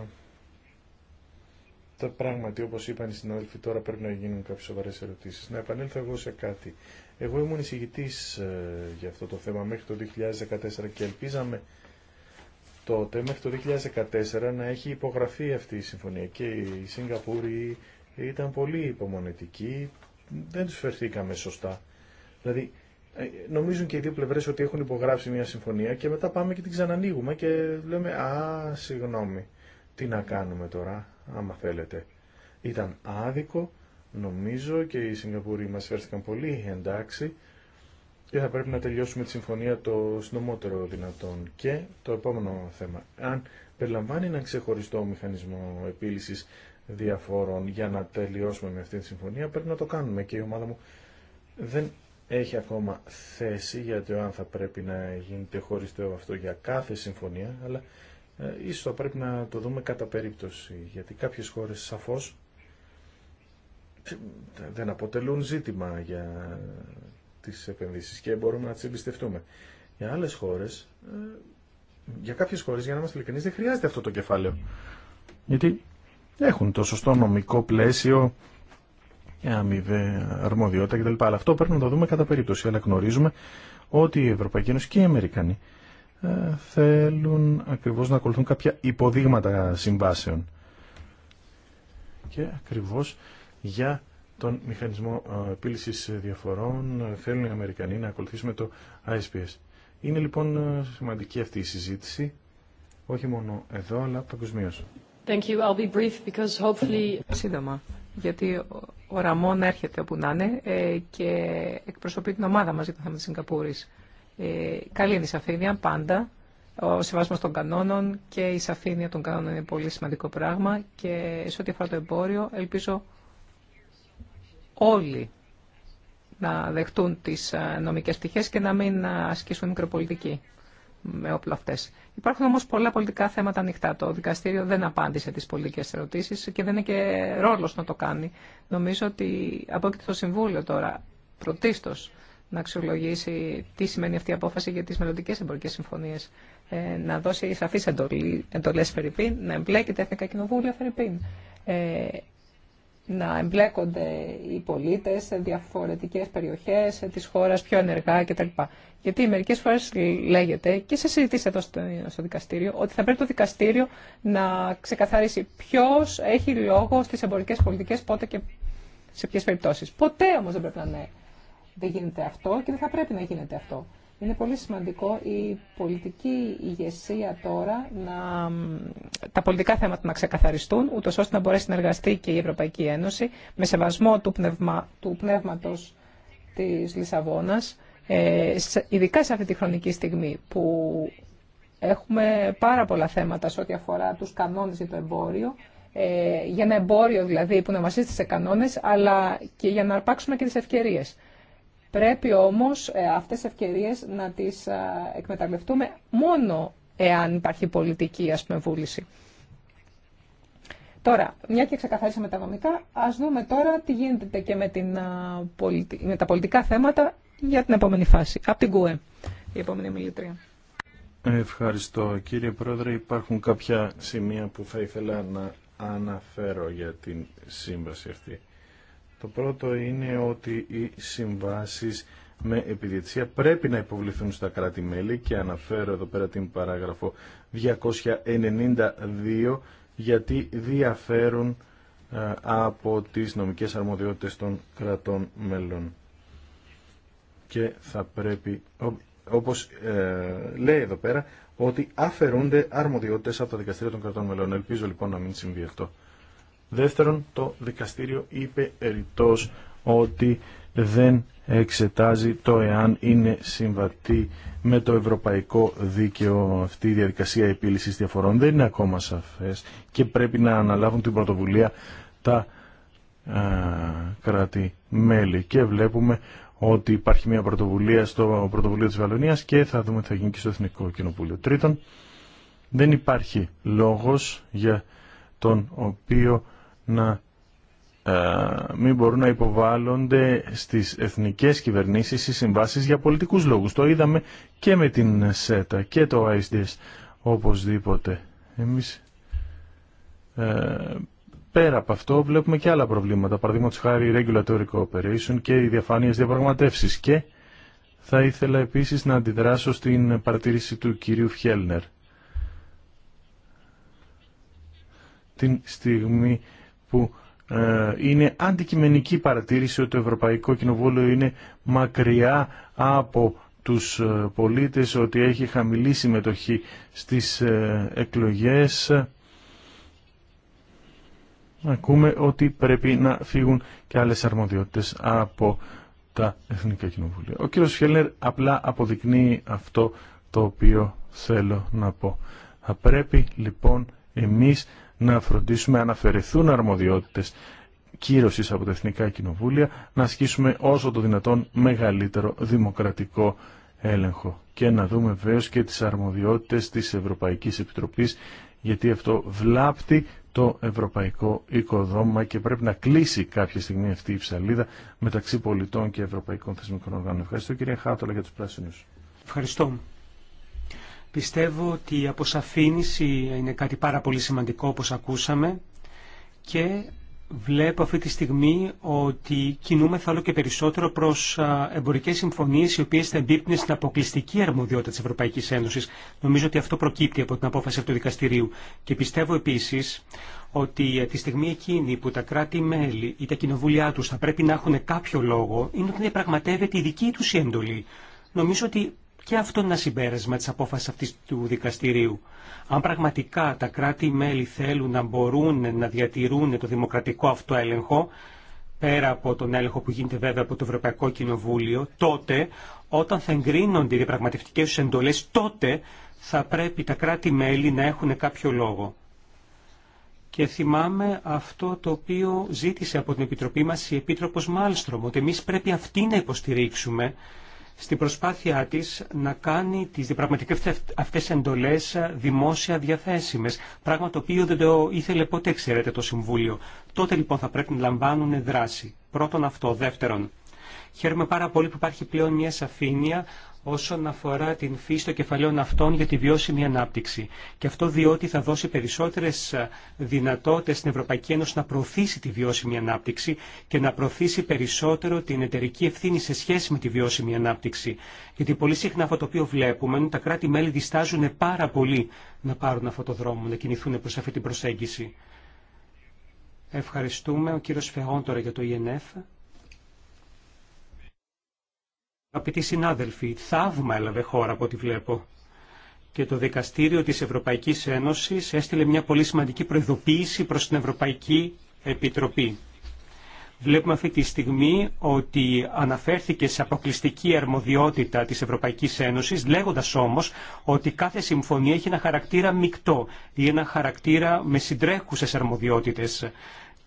τα πράγματι, όπως είπαν οι συνάδελφοι, τώρα πρέπει να γίνουν κάποιες σοβαρές ερωτήσεις. Να επανέλθω εγώ σε κάτι. Εγώ ήμουν εισηγητής για αυτό το θέμα μέχρι το 2014 και ελπίζαμε τότε μέχρι το 2014 να έχει υπογραφεί αυτή η συμφωνία και η Σιγκαπούρη ήταν πολύ υπομονετική, δεν τους φερθήκαμε σωστά. Δηλαδή ε, νομίζουν και οι δύο πλευρές ότι έχουν υπογράψει μια συμφωνία και μετά πάμε και την ξανανοίγουμε και λέμε «Α, συγγνώμη, τι να κάνουμε τώρα, άμα θέλετε». Ήταν άδικο, νομίζω και οι Σιγκαπούροι μας φέρθηκαν πολύ εντάξει και θα πρέπει να τελειώσουμε τη συμφωνία το συντομότερο δυνατόν. Και το επόμενο θέμα, αν περιλαμβάνει έναν ξεχωριστό μηχανισμό επίλυση διαφόρων για να τελειώσουμε με αυτή τη συμφωνία, πρέπει να το κάνουμε και η ομάδα μου δεν έχει ακόμα θέση για το αν θα πρέπει να γίνεται χωριστό αυτό για κάθε συμφωνία, αλλά ε, ίσως θα πρέπει να το δούμε κατά περίπτωση, γιατί κάποιες χώρες σαφώς ε, δεν αποτελούν ζήτημα για τις επενδύσει και μπορούμε να τι εμπιστευτούμε. Για άλλες χώρε. Ε, για κάποιες χώρες, για να είμαστε ειλικρινεί, δεν χρειάζεται αυτό το κεφάλαιο. Γιατί έχουν το σωστό νομικό πλαίσιο, αμοιβέ, αρμοδιότητα κτλ. Αλλά αυτό πρέπει να το δούμε κατά περίπτωση. Αλλά γνωρίζουμε ότι η Ευρωπαϊκή Ένωση και οι Αμερικανοί ε, θέλουν ακριβώς να ακολουθούν κάποια υποδείγματα συμβάσεων. Και ακριβώς για τον μηχανισμό ε, επίλυση διαφορών θέλουν οι Αμερικανοί να ακολουθήσουμε το ISPS. Είναι λοιπόν ε, σημαντική αυτή η συζήτηση, όχι μόνο εδώ, αλλά παγκοσμίω. Hopefully... Σύντομα, γιατί ο Ραμόν έρχεται όπου να είναι ε, και εκπροσωπεί την ομάδα μας για το θέμα τη Συγκαπούρη. Καλή είναι η σαφήνεια πάντα, ο σεβασμός των κανόνων και η σαφήνεια των κανόνων είναι πολύ σημαντικό πράγμα και σε ό,τι αφορά το εμπόριο ελπίζω όλοι να δεχτούν τις ε, νομικές πτυχές και να μην ε, ασκήσουν μικροπολιτική με όπλα αυτές. Υπάρχουν όμως πολλά πολιτικά θέματα ανοιχτά. Το δικαστήριο δεν απάντησε τις πολιτικές ερωτήσεις και δεν είναι και ρόλος να το κάνει. Νομίζω ότι απόκειται το Συμβούλιο τώρα πρωτίστως να αξιολογήσει τι σημαίνει αυτή η απόφαση για τις μελλοντικέ εμπορικές συμφωνίες. Ε, να δώσει σαφείς εντολές Φερρυπίν, να εμπλέκει τα Εθνικά Κοινοβούλια Φερρυπίν. Ε, να εμπλέκονται οι πολίτες σε διαφορετικές περιοχές της χώρας πιο ενεργά κτλ. Γιατί μερικές φορές λέγεται και σε συζητήσει εδώ στο δικαστήριο ότι θα πρέπει το δικαστήριο να ξεκαθαρίσει ποιος έχει λόγο στις εμπορικές πολιτικές πότε και σε ποιες περιπτώσεις. Ποτέ όμως δεν πρέπει να είναι. Δεν γίνεται αυτό και δεν θα πρέπει να γίνεται αυτό. Είναι πολύ σημαντικό η πολιτική ηγεσία τώρα, να, τα πολιτικά θέματα να ξεκαθαριστούν, ούτως ώστε να μπορέσει να εργαστεί και η Ευρωπαϊκή Ένωση με σεβασμό του, πνευμα, του πνεύματος της Λισαβόνας, ε, ειδικά σε αυτή τη χρονική στιγμή που έχουμε πάρα πολλά θέματα σε ό,τι αφορά τους κανόνες για το εμπόριο, ε, για ένα εμπόριο δηλαδή που να βασίζεται σε κανόνες, αλλά και για να αρπάξουμε και τις ευκαιρίες. Πρέπει όμως ε, αυτές τις ευκαιρίες να τις ε, εκμεταλλευτούμε μόνο εάν υπάρχει πολιτική ας πούμε, βούληση. Τώρα, μια και ξεκαθαρίσαμε τα νομικά, ας δούμε τώρα τι γίνεται και με, την, ε, με τα πολιτικά θέματα για την επόμενη φάση. Από την ΚΟΕ, η επόμενη μιλήτρια. Ευχαριστώ κύριε Πρόεδρε. Υπάρχουν κάποια σημεία που θα ήθελα να αναφέρω για την σύμβαση αυτή. Το πρώτο είναι ότι οι συμβάσεις με επιδιαιτησία πρέπει να υποβληθούν στα κράτη-μέλη και αναφέρω εδώ πέρα την παράγραφο 292 γιατί διαφέρουν ε, από τις νομικές αρμοδιότητες των κρατών μέλων. Και θα πρέπει, όπως ε, λέει εδώ πέρα, ότι αφαιρούνται αρμοδιότητες από τα δικαστήρια των κρατών μελών. Ελπίζω λοιπόν να μην συμβεί αυτό. Δεύτερον, το δικαστήριο είπε ερητός ότι δεν εξετάζει το εάν είναι συμβατή με το ευρωπαϊκό δίκαιο αυτή η διαδικασία επίλυσης διαφορών. Δεν είναι ακόμα σαφές και πρέπει να αναλάβουν την πρωτοβουλία τα κράτη-μέλη. Και βλέπουμε ότι υπάρχει μια πρωτοβουλία στο πρωτοβουλίο της Βαλωνίας και θα δούμε τι θα γίνει και στο Εθνικό Κοινοβούλιο. Τρίτον, δεν υπάρχει λόγος για τον οποίο να ε, μην μπορούν να υποβάλλονται στις εθνικές κυβερνήσεις οι συμβάσεις για πολιτικούς λόγους. Το είδαμε και με την ΣΕΤΑ και το ISDS οπωσδήποτε. Εμείς ε, πέρα από αυτό βλέπουμε και άλλα προβλήματα. Παραδείγματο χάρη η regulatory cooperation και οι διαφάνειες διαπραγματεύσεις. Και θα ήθελα επίσης να αντιδράσω στην παρατήρηση του κυρίου Φιέλνερ. Την στιγμή που ε, είναι αντικειμενική παρατήρηση ότι το Ευρωπαϊκό Κοινοβούλιο είναι μακριά από τους ε, πολίτες, ότι έχει χαμηλή συμμετοχή στις ε, εκλογές. Ακούμε ότι πρέπει να φύγουν και άλλες αρμοδιότητες από τα Εθνικά Κοινοβούλια. Ο κύριος Χέλνερ απλά αποδεικνύει αυτό το οποίο θέλω να πω. Θα πρέπει λοιπόν εμείς να φροντίσουμε αν αφαιρεθούν αρμοδιότητες κύρωσης από τα Εθνικά Κοινοβούλια να ασκήσουμε όσο το δυνατόν μεγαλύτερο δημοκρατικό έλεγχο και να δούμε βεβαίω και τις αρμοδιότητες της Ευρωπαϊκής Επιτροπής γιατί αυτό βλάπτει το ευρωπαϊκό οικοδόμημα και πρέπει να κλείσει κάποια στιγμή αυτή η ψαλίδα μεταξύ πολιτών και ευρωπαϊκών θεσμικών οργάνων. Ευχαριστώ κύριε Χάτολα για τους πράσινους. Ευχαριστώ. Πιστεύω ότι η αποσαφήνιση είναι κάτι πάρα πολύ σημαντικό όπως ακούσαμε και βλέπω αυτή τη στιγμή ότι κινούμεθα όλο και περισσότερο προς εμπορικές συμφωνίες οι οποίες θα εμπίπτουν στην αποκλειστική αρμοδιότητα της Ευρωπαϊκής Ένωσης. Νομίζω ότι αυτό προκύπτει από την απόφαση αυτού του δικαστηρίου. Και πιστεύω επίσης ότι ε, τη στιγμή εκείνη που τα κράτη-μέλη ή τα κοινοβούλια τους θα πρέπει να έχουν κάποιο λόγο είναι ότι διαπραγματεύεται η δική τους η έντολη. Νομίζω ότι και αυτό είναι ένα συμπέρασμα της απόφασης αυτής του δικαστηρίου. Αν πραγματικά τα κράτη-μέλη θέλουν να μπορούν να διατηρούν το δημοκρατικό αυτό έλεγχο, πέρα από τον έλεγχο που γίνεται βέβαια από το Ευρωπαϊκό Κοινοβούλιο, τότε όταν θα εγκρίνονται οι διαπραγματευτικές τους εντολές, τότε θα πρέπει τα κράτη-μέλη να έχουν κάποιο λόγο. Και θυμάμαι αυτό το οποίο ζήτησε από την Επιτροπή μας η Επίτροπος Μάλστρομ, ότι εμείς πρέπει αυτή να υποστηρίξουμε στην προσπάθειά της να κάνει τις διπραγματικές αυτές εντολές δημόσια διαθέσιμες, πράγμα το οποίο δεν το ήθελε ποτέ, ξέρετε, το Συμβούλιο. Τότε λοιπόν θα πρέπει να λαμβάνουν δράση. Πρώτον αυτό. Δεύτερον, Χαίρομαι πάρα πολύ που υπάρχει πλέον μια σαφήνεια όσον αφορά την φύση των κεφαλαίων αυτών για τη βιώσιμη ανάπτυξη. Και αυτό διότι θα δώσει περισσότερες ε, δυνατότητες στην Ευρωπαϊκή Ένωση να προωθήσει τη βιώσιμη ανάπτυξη και να προωθήσει περισσότερο την εταιρική ευθύνη σε σχέση με τη βιώσιμη ανάπτυξη. Γιατί πολύ συχνά αυτό το οποίο βλέπουμε είναι ότι τα κράτη-μέλη διστάζουν πάρα πολύ να πάρουν αυτό το δρόμο, να κινηθούν προς αυτή την προσέγγιση. Ευχαριστούμε. Ο κύριος Φεγόν τώρα για το INF. Αγαπητοί συνάδελφοι, θαύμα έλαβε χώρα από ό,τι βλέπω. Και το Δικαστήριο της Ευρωπαϊκής Ένωσης έστειλε μια πολύ σημαντική προειδοποίηση προς την Ευρωπαϊκή Επιτροπή. Βλέπουμε αυτή τη στιγμή ότι αναφέρθηκε σε αποκλειστική αρμοδιότητα της Ευρωπαϊκής Ένωσης, λέγοντας όμως ότι κάθε συμφωνία έχει ένα χαρακτήρα μεικτό ή ένα χαρακτήρα με συντρέχουσες αρμοδιότητες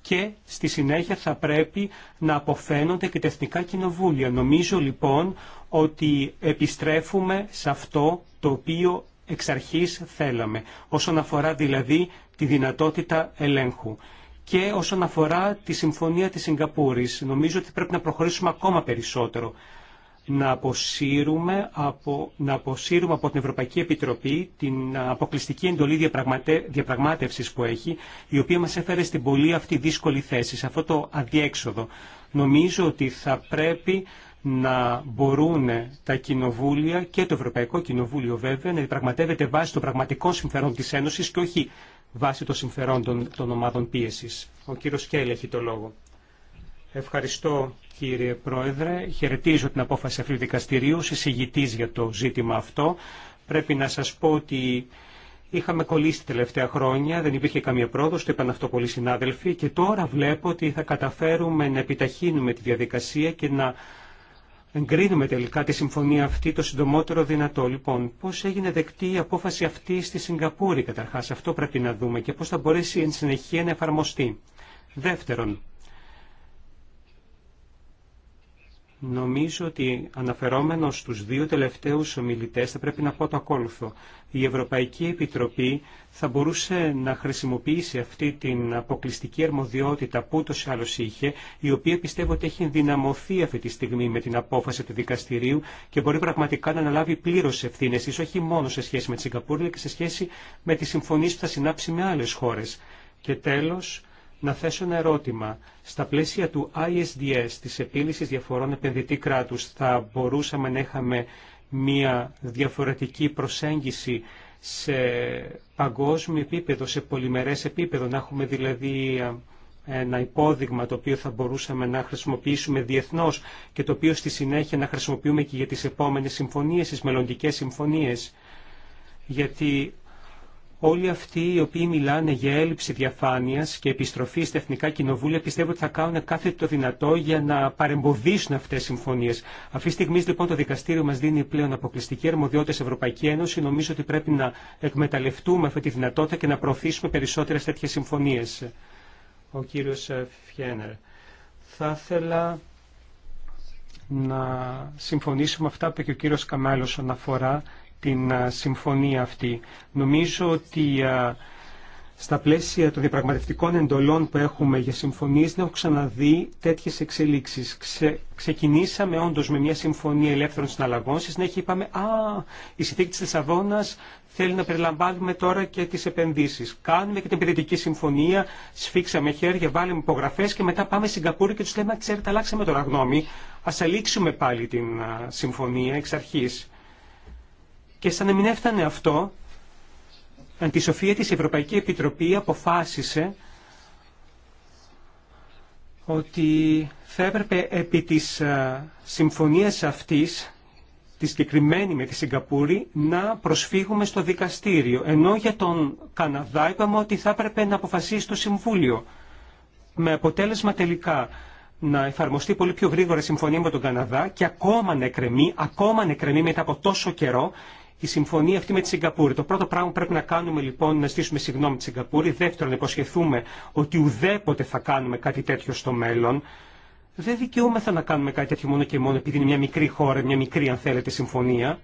και στη συνέχεια θα πρέπει να αποφαίνονται και τα εθνικά κοινοβούλια. Νομίζω λοιπόν ότι επιστρέφουμε σε αυτό το οποίο εξ αρχής θέλαμε, όσον αφορά δηλαδή τη δυνατότητα ελέγχου. Και όσον αφορά τη Συμφωνία της Σιγκαπούρης, νομίζω ότι πρέπει να προχωρήσουμε ακόμα περισσότερο να αποσύρουμε από, να αποσύρουμε από την Ευρωπαϊκή Επιτροπή την ε, αποκλειστική εντολή διαπραγματεύση διαπραγμάτευσης που έχει, η οποία μας έφερε στην πολύ αυτή δύσκολη θέση, σε αυτό το αδιέξοδο. Νομίζω ότι θα πρέπει να μπορούν τα κοινοβούλια και το Ευρωπαϊκό Κοινοβούλιο βέβαια να διαπραγματεύεται βάσει των πραγματικών συμφερών της Ένωσης και όχι βάσει των συμφερών των ομάδων πίεσης. Ο κύριος Κέλλη έχει το λόγο. Ευχαριστώ Κύριε Πρόεδρε, χαιρετίζω την απόφαση αυτού του δικαστηρίου, συζητητής για το ζήτημα αυτό. Πρέπει να σας πω ότι είχαμε κολλήσει τα τελευταία χρόνια, δεν υπήρχε καμία πρόοδος, το είπαν αυτό πολλοί συνάδελφοι και τώρα βλέπω ότι θα καταφέρουμε να επιταχύνουμε τη διαδικασία και να εγκρίνουμε τελικά τη συμφωνία αυτή το συντομότερο δυνατό. Λοιπόν, πώς έγινε δεκτή η απόφαση αυτή στη Σιγκαπούρη καταρχάς, αυτό πρέπει να δούμε και πώς θα μπορέσει εν συνεχεία να εφαρμοστεί. Δεύτερον, Νομίζω ότι αναφερόμενο στους δύο τελευταίους ομιλητές θα πρέπει να πω το ακόλουθο. Η Ευρωπαϊκή Επιτροπή θα μπορούσε να χρησιμοποιήσει αυτή την αποκλειστική αρμοδιότητα που ούτως ή άλλως είχε, η οποία πιστεύω ότι έχει ενδυναμωθεί αυτή τη στιγμή με την απόφαση του δικαστηρίου και μπορεί πραγματικά να αναλάβει πλήρως ευθύνες, ίσως όχι μόνο σε σχέση με τη Σιγκαπούρη, αλλά και σε σχέση με τη συμφωνία που θα συνάψει με άλλες χώρες. Και τέλος, να θέσω ένα ερώτημα. Στα πλαίσια του ISDS, της επίλυσης διαφορών επενδυτή κράτους, θα μπορούσαμε να είχαμε μια διαφορετική προσέγγιση σε παγκόσμιο επίπεδο, σε πολυμερές επίπεδο, να έχουμε δηλαδή ένα υπόδειγμα το οποίο θα μπορούσαμε να χρησιμοποιήσουμε διεθνώς και το οποίο στη συνέχεια να χρησιμοποιούμε και για τις επόμενες συμφωνίες, τις μελλοντικές συμφωνίες. Γιατί Όλοι αυτοί οι οποίοι μιλάνε για έλλειψη διαφάνεια και επιστροφή στα εθνικά κοινοβούλια πιστεύω ότι θα κάνουν κάθε το δυνατό για να παρεμποδίσουν αυτέ τι συμφωνίε. Αυτή τη στιγμή λοιπόν το δικαστήριο μα δίνει πλέον αποκλειστική αρμοδιότητα σε Ευρωπαϊκή Ένωση. Νομίζω ότι πρέπει να εκμεταλλευτούμε αυτή τη δυνατότητα και να προωθήσουμε περισσότερε τέτοιε συμφωνίε. Ο κύριο Φιένερ. Θα ήθελα να συμφωνήσω με αυτά που και ο κύριο Καμάλο αναφορά την συμφωνία αυτή. Νομίζω ότι στα πλαίσια των διαπραγματευτικών εντολών που έχουμε για συμφωνίες δεν έχω ξαναδεί τέτοιες εξελίξεις. ξεκινήσαμε όντως με μια συμφωνία ελεύθερων συναλλαγών, στη συνέχεια είπαμε «Α, η συνθήκη της Λισαβόνα θέλει να περιλαμβάνουμε τώρα και τις επενδύσεις». Κάνουμε και την επενδυτική συμφωνία, σφίξαμε χέρια, βάλουμε υπογραφές και μετά πάμε στην Καπούρη και τους λέμε «Ξέρετε, αλλάξαμε τώρα γνώμη, ας αλήξουμε πάλι την συμφωνία εξ αρχής». Και σαν να μην έφτανε αυτό, η σοφία της Ευρωπαϊκή Επιτροπή αποφάσισε ότι θα έπρεπε επί της ε, συμφωνίας αυτής, τη συγκεκριμένη με τη Σιγκαπούρη, να προσφύγουμε στο δικαστήριο. Ενώ για τον Καναδά είπαμε ότι θα έπρεπε να αποφασίσει το Συμβούλιο. Με αποτέλεσμα τελικά να εφαρμοστεί πολύ πιο γρήγορα συμφωνία με τον Καναδά και ακόμα νεκρεμεί, ακόμα νεκρεμεί μετά από τόσο καιρό η συμφωνία αυτή με τη Σιγκαπούρη. Το πρώτο πράγμα που πρέπει να κάνουμε λοιπόν να στήσουμε συγγνώμη τη Σιγκαπούρη. Δεύτερον, να υποσχεθούμε ότι ουδέποτε θα κάνουμε κάτι τέτοιο στο μέλλον. Δεν δικαιούμεθα να κάνουμε κάτι τέτοιο μόνο και μόνο επειδή είναι μια μικρή χώρα, μια μικρή αν θέλετε συμφωνία.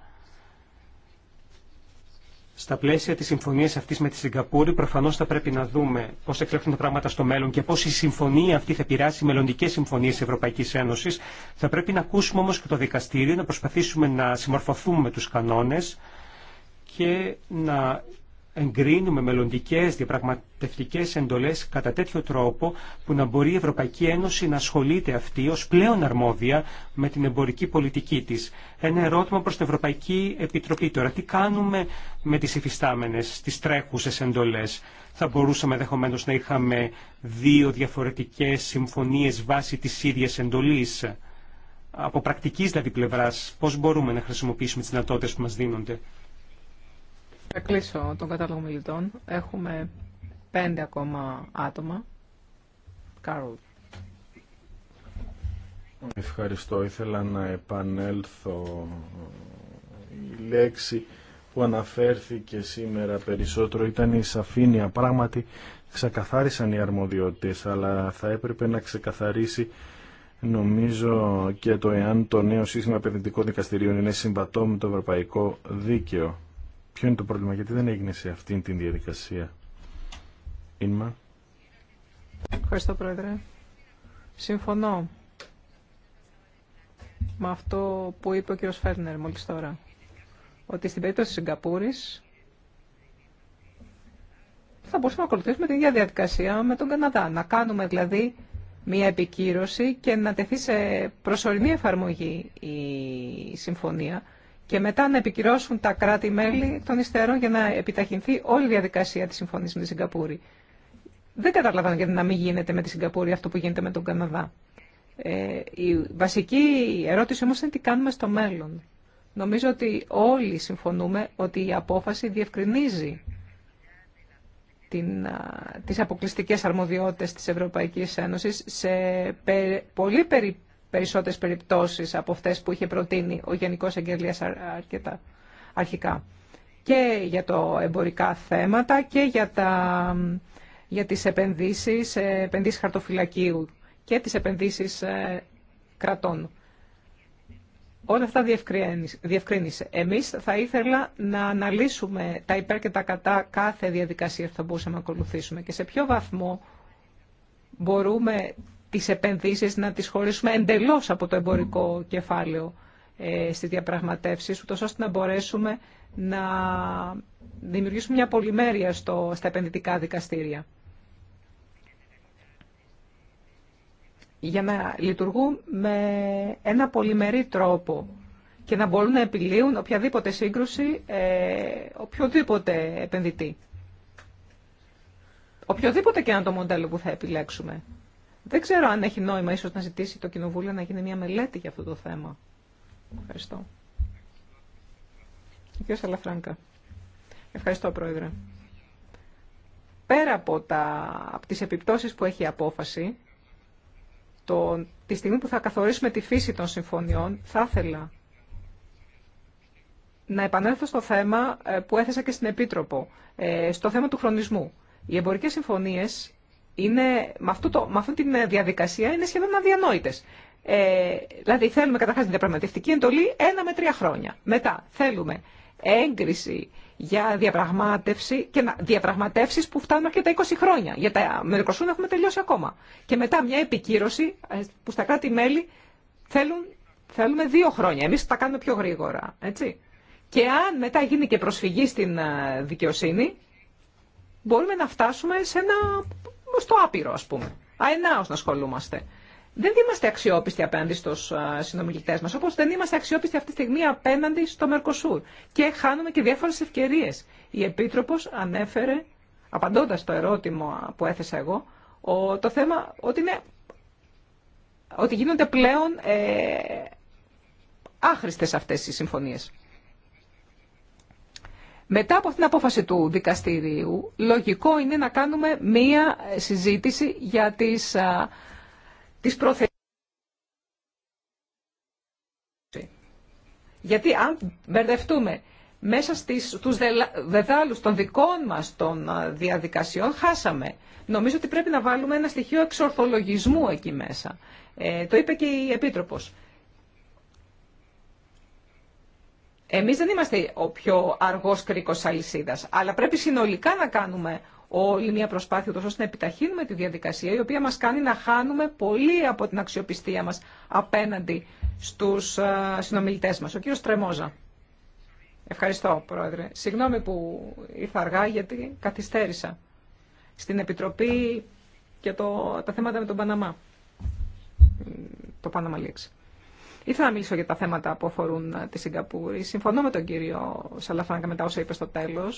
Στα πλαίσια τη συμφωνία αυτή με τη Σιγκαπούρη, προφανώ θα πρέπει να δούμε πώ εξελίχθουν τα πράγματα στο μέλλον και πώ η συμφωνία αυτή θα επηρεάσει μελλοντικέ συμφωνίε Ευρωπαϊκή Ένωση. Θα πρέπει να ακούσουμε όμω και το δικαστήριο, να προσπαθήσουμε να συμμορφωθούμε με του κανόνε και να εγκρίνουμε μελλοντικέ διαπραγματευτικέ εντολέ κατά τέτοιο τρόπο που να μπορεί η Ευρωπαϊκή Ένωση να ασχολείται αυτή ω πλέον αρμόδια με την εμπορική πολιτική τη. Ένα ερώτημα προ την Ευρωπαϊκή Επιτροπή τώρα. Τι κάνουμε με τι υφιστάμενε, τι τρέχουσε εντολέ. Θα μπορούσαμε ενδεχομένω να είχαμε δύο διαφορετικέ συμφωνίε βάσει τη ίδια εντολή. Από πρακτική δηλαδή πλευρά, πώ μπορούμε να χρησιμοποιήσουμε τι δυνατότητε που μα δίνονται. Θα κλείσω τον κατάλογο μιλητών. Έχουμε πέντε ακόμα άτομα. Κάρολ. Ευχαριστώ. Ήθελα να επανέλθω η λέξη που αναφέρθηκε σήμερα περισσότερο ήταν η σαφήνεια. Πράγματι ξεκαθάρισαν οι αρμοδιότητες, αλλά θα έπρεπε να ξεκαθαρίσει νομίζω και το εάν το νέο σύστημα επενδυτικών δικαστηρίων είναι συμβατό με το ευρωπαϊκό δίκαιο. Ποιο είναι το πρόβλημα, γιατί δεν έγινε σε αυτήν την διαδικασία. Ίνμα. Ευχαριστώ, Πρόεδρε. Συμφωνώ με αυτό που είπε ο κ. Φέρνερ μόλις τώρα. Ότι στην περίπτωση της Σιγκαπούρης θα μπορούσαμε να ακολουθήσουμε την ίδια διαδικασία με τον Καναδά. Να κάνουμε δηλαδή μία επικύρωση και να τεθεί σε προσωρινή εφαρμογή η συμφωνία και μετά να επικυρώσουν τα κράτη-μέλη των υστέρων για να επιταχυνθεί όλη η διαδικασία της συμφωνίας με τη Σιγκαπούρη. Δεν καταλαβαίνω γιατί να μην γίνεται με τη Σιγκαπούρη αυτό που γίνεται με τον Καναδά. Ε, η βασική ερώτηση όμως είναι τι κάνουμε στο μέλλον. Νομίζω ότι όλοι συμφωνούμε ότι η απόφαση διευκρινίζει την, τις αποκλειστικές αρμοδιότητες της Ευρωπαϊκής Ένωσης σε πολύ περι, περισσότερες περιπτώσεις από αυτές που είχε προτείνει ο Γενικός Εγγελίας αρκετά αρχικά. Και για το εμπορικά θέματα και για, τα, για τις επενδύσεις ε, χαρτοφυλακίου και τις επενδύσεις ε, κρατών. Όλα αυτά διευκρίνησε. Εμείς θα ήθελα να αναλύσουμε τα υπέρ και τα κατά κάθε διαδικασία που θα μπορούσαμε να ακολουθήσουμε και σε ποιο βαθμό μπορούμε τις επενδύσεις να τις χωρίσουμε εντελώς από το εμπορικό κεφάλαιο ε, στις διαπραγματεύσεις, ούτως ώστε να μπορέσουμε να δημιουργήσουμε μια πολυμέρεια στο, στα επενδυτικά δικαστήρια. Για να λειτουργούν με ένα πολυμερή τρόπο και να μπορούν να επιλύουν οποιαδήποτε σύγκρουση, ε, οποιοδήποτε επενδυτή. Οποιοδήποτε και αν το μοντέλο που θα επιλέξουμε. Δεν ξέρω αν έχει νόημα ίσως να ζητήσει το Κοινοβούλιο να γίνει μια μελέτη για αυτό το θέμα. Ευχαριστώ. Ο κ. Σαλαφράγκα. Ευχαριστώ, Πρόεδρε. Πέρα από, τα, από τις επιπτώσεις που έχει η απόφαση, το, τη στιγμή που θα καθορίσουμε τη φύση των συμφωνιών, θα ήθελα να επανέλθω στο θέμα ε, που έθεσα και στην Επίτροπο, ε, στο θέμα του χρονισμού. Οι εμπορικές συμφωνίες είναι, με, αυτό το, με αυτή τη διαδικασία είναι σχεδόν αδιανόητες. Ε, δηλαδή θέλουμε καταρχάς την διαπραγματευτική εντολή ένα με τρία χρόνια. Μετά θέλουμε έγκριση για διαπραγμάτευση και να, διαπραγματεύσεις που φτάνουν και τα 20 χρόνια. Για τα μερικοσούν έχουμε τελειώσει ακόμα. Και μετά μια επικύρωση ε, που στα κράτη-μέλη θέλουν, θέλουμε δύο χρόνια. Εμείς τα κάνουμε πιο γρήγορα. Έτσι. Και αν μετά γίνει και προσφυγή στην ε, δικαιοσύνη, μπορούμε να φτάσουμε σε ένα στο άπειρο, ας πούμε. Αενάω να ασχολούμαστε. Δεν είμαστε αξιόπιστοι απέναντι στου συνομιλητέ μα, όπω δεν είμαστε αξιόπιστοι αυτή τη στιγμή απέναντι στο Μερκοσούρ. Και χάνουμε και διάφορε ευκαιρίε. Η Επίτροπο ανέφερε, απαντώντα το ερώτημα που έθεσα εγώ, το θέμα ότι, είναι, ότι γίνονται πλέον ε, άχρηστες αυτές οι συμφωνίες. Μετά από την απόφαση του δικαστηρίου, λογικό είναι να κάνουμε μία συζήτηση για τις, α, τις προθεσίες. Γιατί αν μπερδευτούμε μέσα στις, στους δεδάλους των δικών μας των διαδικασιών, χάσαμε. Νομίζω ότι πρέπει να βάλουμε ένα στοιχείο εξορθολογισμού εκεί μέσα. Ε, το είπε και η Επίτροπος. Εμείς δεν είμαστε ο πιο αργός κρίκος αλυσίδας, αλλά πρέπει συνολικά να κάνουμε όλη μια προσπάθεια τόσο ώστε να επιταχύνουμε τη διαδικασία η οποία μας κάνει να χάνουμε πολύ από την αξιοπιστία μας απέναντι στους ε, συνομιλητές μας. Ο κύριος Τρεμόζα. Ευχαριστώ, Πρόεδρε. Συγγνώμη που ήρθα αργά γιατί καθυστέρησα στην Επιτροπή για το, τα θέματα με τον Παναμά. Το Παναμά Ήθελα να μιλήσω για τα θέματα που αφορούν ε, τη Σιγκαπούρη. Συμφωνώ με τον κύριο Σαλαφράγκα μετά όσα είπε στο τέλο.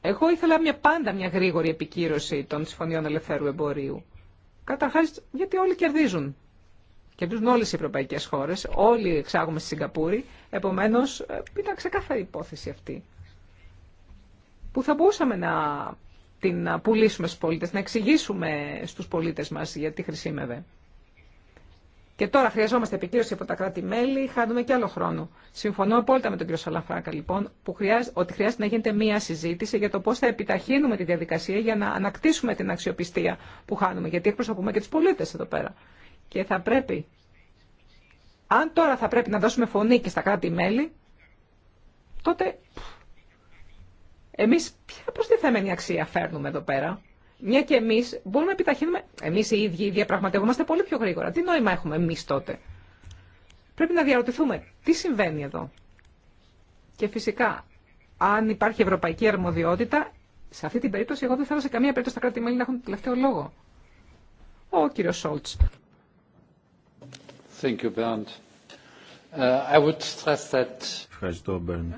Εγώ ήθελα μια, πάντα μια γρήγορη επικύρωση των συμφωνιών ελευθέρου εμπορίου. Καταρχά, γιατί όλοι κερδίζουν. Κερδίζουν όλε οι ευρωπαϊκέ χώρε, όλοι εξάγουμε στη Σιγκαπούρη. Επομένω, ε, ήταν ξεκάθαρη υπόθεση αυτή. Που θα μπορούσαμε να την πουλήσουμε στου πολίτε, να εξηγήσουμε στου πολίτε μα γιατί χρησιμεύε. Και τώρα χρειαζόμαστε επικύρωση από τα κράτη-μέλη, χάνουμε και άλλο χρόνο. Συμφωνώ απόλυτα με τον κύριο Σαλαφράκα, λοιπόν, που ότι χρειάζεται να γίνεται μία συζήτηση για το πώ θα επιταχύνουμε τη διαδικασία για να ανακτήσουμε την αξιοπιστία που χάνουμε. Γιατί εκπροσωπούμε και του πολίτε εδώ πέρα. Και θα πρέπει, αν τώρα θα πρέπει να δώσουμε φωνή και στα κράτη-μέλη, τότε εμεί ποια προστιθέμενη αξία φέρνουμε εδώ πέρα. Μια και εμεί μπορούμε να επιταχύνουμε. Εμεί οι ίδιοι διαπραγματευόμαστε πολύ πιο γρήγορα. Τι νόημα έχουμε εμεί τότε. Πρέπει να διαρωτηθούμε τι συμβαίνει εδώ. Και φυσικά, αν υπάρχει ευρωπαϊκή αρμοδιότητα, σε αυτή την περίπτωση εγώ δεν θέλω σε καμία περίπτωση τα κράτη-μέλη να έχουν το τελευταίο λόγο. Ο κύριο Σόλτ. Uh, Ευχαριστώ, Μπέρντ.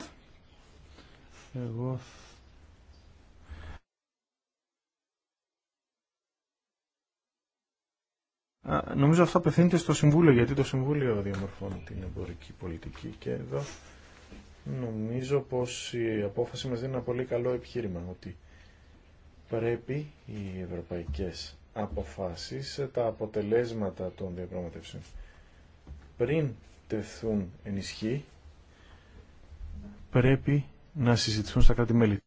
Νομίζω αυτό απευθύνεται στο Συμβούλιο, γιατί το Συμβούλιο διαμορφώνει την εμπορική πολιτική και εδώ νομίζω πως η απόφαση μας δίνει ένα πολύ καλό επιχείρημα, ότι πρέπει οι ευρωπαϊκές αποφάσεις, τα αποτελέσματα των διαπραγματεύσεων πριν τεθούν ενισχύ, πρέπει να συζητηθούν στα κράτη-μέλη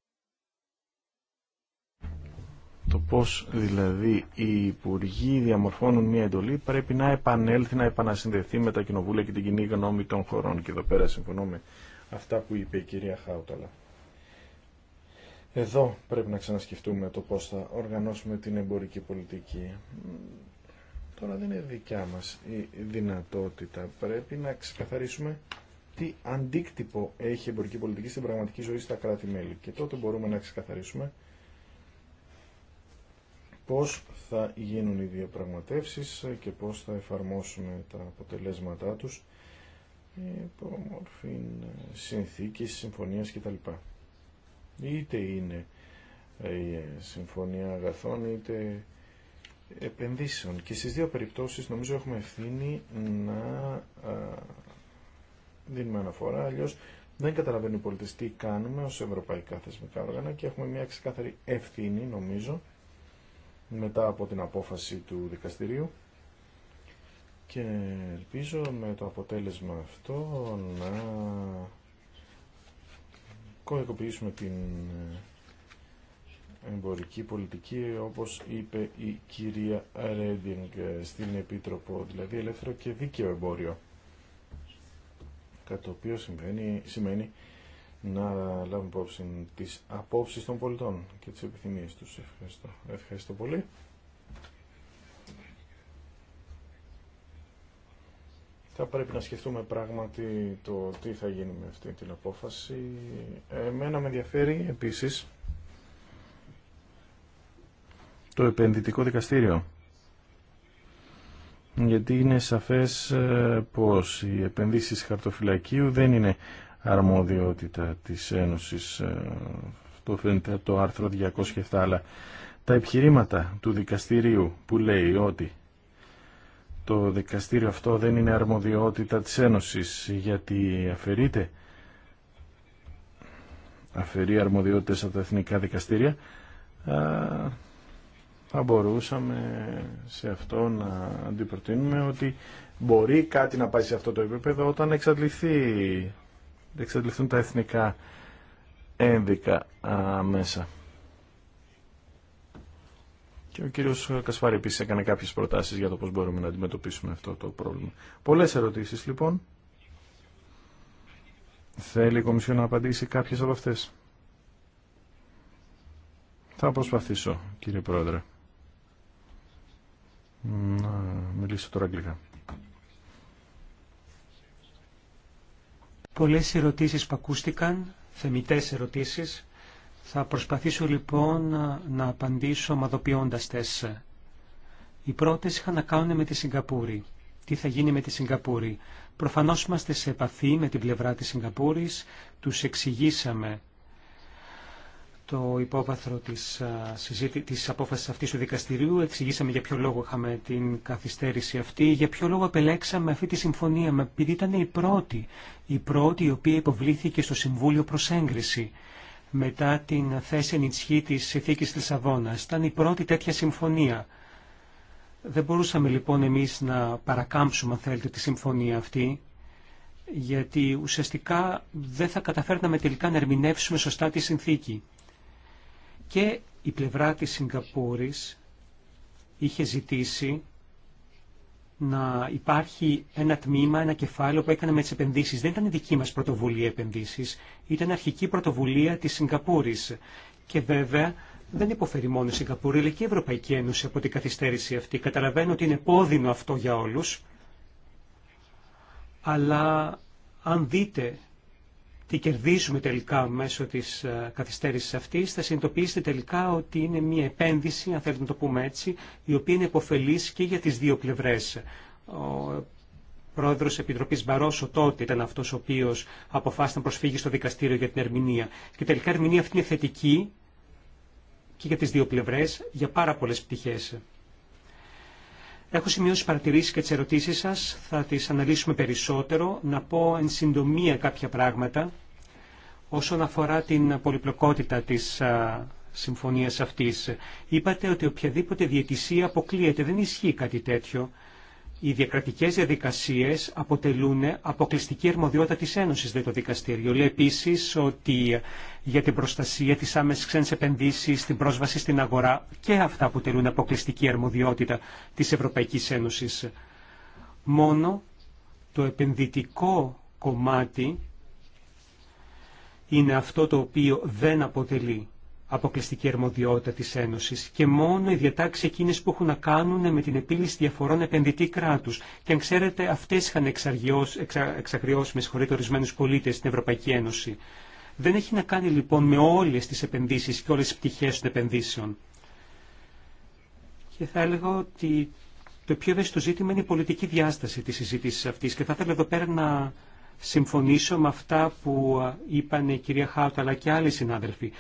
το πώς δηλαδή οι υπουργοί διαμορφώνουν μια εντολή πρέπει να επανέλθει, να επανασυνδεθεί με τα κοινοβούλια και την κοινή γνώμη των χωρών. Και εδώ πέρα συμφωνώ με αυτά που είπε η κυρία Χάουταλα. Εδώ πρέπει να ξανασκεφτούμε το πώς θα οργανώσουμε την εμπορική πολιτική. Τώρα δεν είναι δικιά μας η δυνατότητα. Πρέπει να ξεκαθαρίσουμε τι αντίκτυπο έχει η εμπορική πολιτική στην πραγματική ζωή στα κράτη-μέλη. Και τότε μπορούμε να ξεκαθαρίσουμε πώς θα γίνουν οι διαπραγματεύσεις και πώς θα εφαρμόσουμε τα αποτελέσματά τους υπό μορφή συνθήκης, συμφωνίας κτλ. Είτε είναι η συμφωνία αγαθών είτε επενδύσεων. Και στις δύο περιπτώσεις νομίζω έχουμε ευθύνη να δίνουμε αναφορά, αλλιώς δεν καταλαβαίνουν οι πολίτες τι κάνουμε ως ευρωπαϊκά θεσμικά όργανα και έχουμε μια ξεκάθαρη ευθύνη νομίζω μετά από την απόφαση του δικαστηρίου και ελπίζω με το αποτέλεσμα αυτό να κωδικοποιήσουμε την εμπορική πολιτική όπως είπε η κυρία Ρέντινγκ στην Επίτροπο, δηλαδή ελεύθερο και δίκαιο εμπόριο κατά το οποίο σημαίνει, σημαίνει να λάβουμε υπόψη τις απόψεις των πολιτών και τις επιθυμίες τους. Ευχαριστώ. Ευχαριστώ πολύ. Θα πρέπει να σκεφτούμε πράγματι το τι θα γίνει με αυτή την απόφαση. Εμένα με ενδιαφέρει επίσης το επενδυτικό δικαστήριο. Γιατί είναι σαφές ε, πως οι επενδύσεις χαρτοφυλακίου δεν είναι αρμοδιότητα της Ένωσης. Ε, αυτό φαίνεται από το άρθρο 207, αλλά τα επιχειρήματα του δικαστηρίου που λέει ότι το δικαστήριο αυτό δεν είναι αρμοδιότητα της Ένωσης γιατί αφαιρείται αφαιρεί αρμοδιότητες από τα εθνικά δικαστήρια ε, θα μπορούσαμε σε αυτό να αντιπροτείνουμε ότι μπορεί κάτι να πάει σε αυτό το επίπεδο όταν εξαντληθεί εξαντληθούν τα εθνικά ένδικα μέσα. Και ο κύριος Κασφάρη επίσης έκανε κάποιες προτάσεις για το πώς μπορούμε να αντιμετωπίσουμε αυτό το πρόβλημα. Πολλές ερωτήσεις λοιπόν. Θέλει η Κομισιό να απαντήσει κάποιες από αυτές. Θα προσπαθήσω κύριε Πρόεδρε. Να μιλήσω τώρα αγγλικά. Πολλές ερωτήσεις πακούστηκαν, ακούστηκαν, θεμητές ερωτήσεις. Θα προσπαθήσω λοιπόν να απαντήσω ομαδοποιώντας τες. Οι πρώτε είχαν να κάνουν με τη Σιγκαπούρη. Τι θα γίνει με τη Σιγκαπούρη. Προφανώς είμαστε σε επαφή με την πλευρά της Σιγκαπούρης. Τους εξηγήσαμε το υπόβαθρο της, συζήτη, της απόφασης αυτής του δικαστηρίου. Εξηγήσαμε για ποιο λόγο είχαμε την καθυστέρηση αυτή, για ποιο λόγο επελέξαμε αυτή τη συμφωνία, επειδή ήταν η πρώτη, η πρώτη η οποία υποβλήθηκε στο Συμβούλιο προς έγκριση μετά την θέση ενισχύ της της Αβώνας. Ήταν η πρώτη τέτοια συμφωνία. Δεν μπορούσαμε λοιπόν εμείς να παρακάμψουμε, αν θέλετε, τη συμφωνία αυτή, γιατί ουσιαστικά δεν θα καταφέρναμε τελικά να ερμηνεύσουμε σωστά τη συνθήκη. Και η πλευρά της Σιγκαπούρης είχε ζητήσει να υπάρχει ένα τμήμα, ένα κεφάλαιο που έκανε με τις επενδύσεις. Δεν ήταν δική μας πρωτοβουλία επενδύσεις, ήταν αρχική πρωτοβουλία της Σιγκαπούρης. Και βέβαια δεν υποφέρει μόνο η Σιγκαπούρη, αλλά και η Ευρωπαϊκή Ένωση από την καθυστέρηση αυτή. Καταλαβαίνω ότι είναι πόδινο αυτό για όλους, αλλά αν δείτε τι κερδίζουμε τελικά μέσω της ε, καθυστέρησης αυτής, θα συνειδητοποιήσετε τελικά ότι είναι μια επένδυση, αν θέλετε να το πούμε έτσι, η οποία είναι υποφελής και για τις δύο πλευρές. Ο πρόεδρο Επιτροπή Μπαρόσο τότε ήταν αυτό ο οποίο αποφάσισε να προσφύγει στο δικαστήριο για την ερμηνεία. Και τελικά η ερμηνεία αυτή είναι θετική και για τι δύο πλευρέ για πάρα πολλέ πτυχέ. Έχω σημειώσει παρατηρήσεις και τι ερωτήσει σας, θα τις αναλύσουμε περισσότερο. Να πω εν συντομία κάποια πράγματα όσον αφορά την πολυπλοκότητα της συμφωνίας αυτής. Είπατε ότι οποιαδήποτε διαιτησία αποκλείεται. Δεν ισχύει κάτι τέτοιο οι διακρατικές διαδικασίες αποτελούν αποκλειστική αρμοδιότητα της Ένωσης, δε το δικαστήριο. Λέει επίσης ότι για την προστασία της άμεσης ξένης επενδύσης, την πρόσβαση στην αγορά και αυτά αποτελούν αποκλειστική αρμοδιότητα της Ευρωπαϊκής Ένωσης. Μόνο το επενδυτικό κομμάτι είναι αυτό το οποίο δεν αποτελεί αποκλειστική αρμοδιότητα της Ένωσης και μόνο οι διατάξεις εκείνες που έχουν να κάνουν με την επίλυση διαφορών επενδυτή κράτους. Και αν ξέρετε, αυτές είχαν εξαγριώσει, με συγχωρείτε, ορισμένους πολίτες στην Ευρωπαϊκή Ένωση. Δεν έχει να κάνει λοιπόν με όλες τις επενδύσεις και όλες τις πτυχές των επενδύσεων. Και θα έλεγα ότι το πιο ευαίσθητο ζήτημα είναι η πολιτική διάσταση της συζήτησης αυτής και θα ήθελα εδώ πέρα να συμφωνήσω με αυτά που είπαν η κυρία Χάουτα αλλά και άλλοι συνάδελφοι.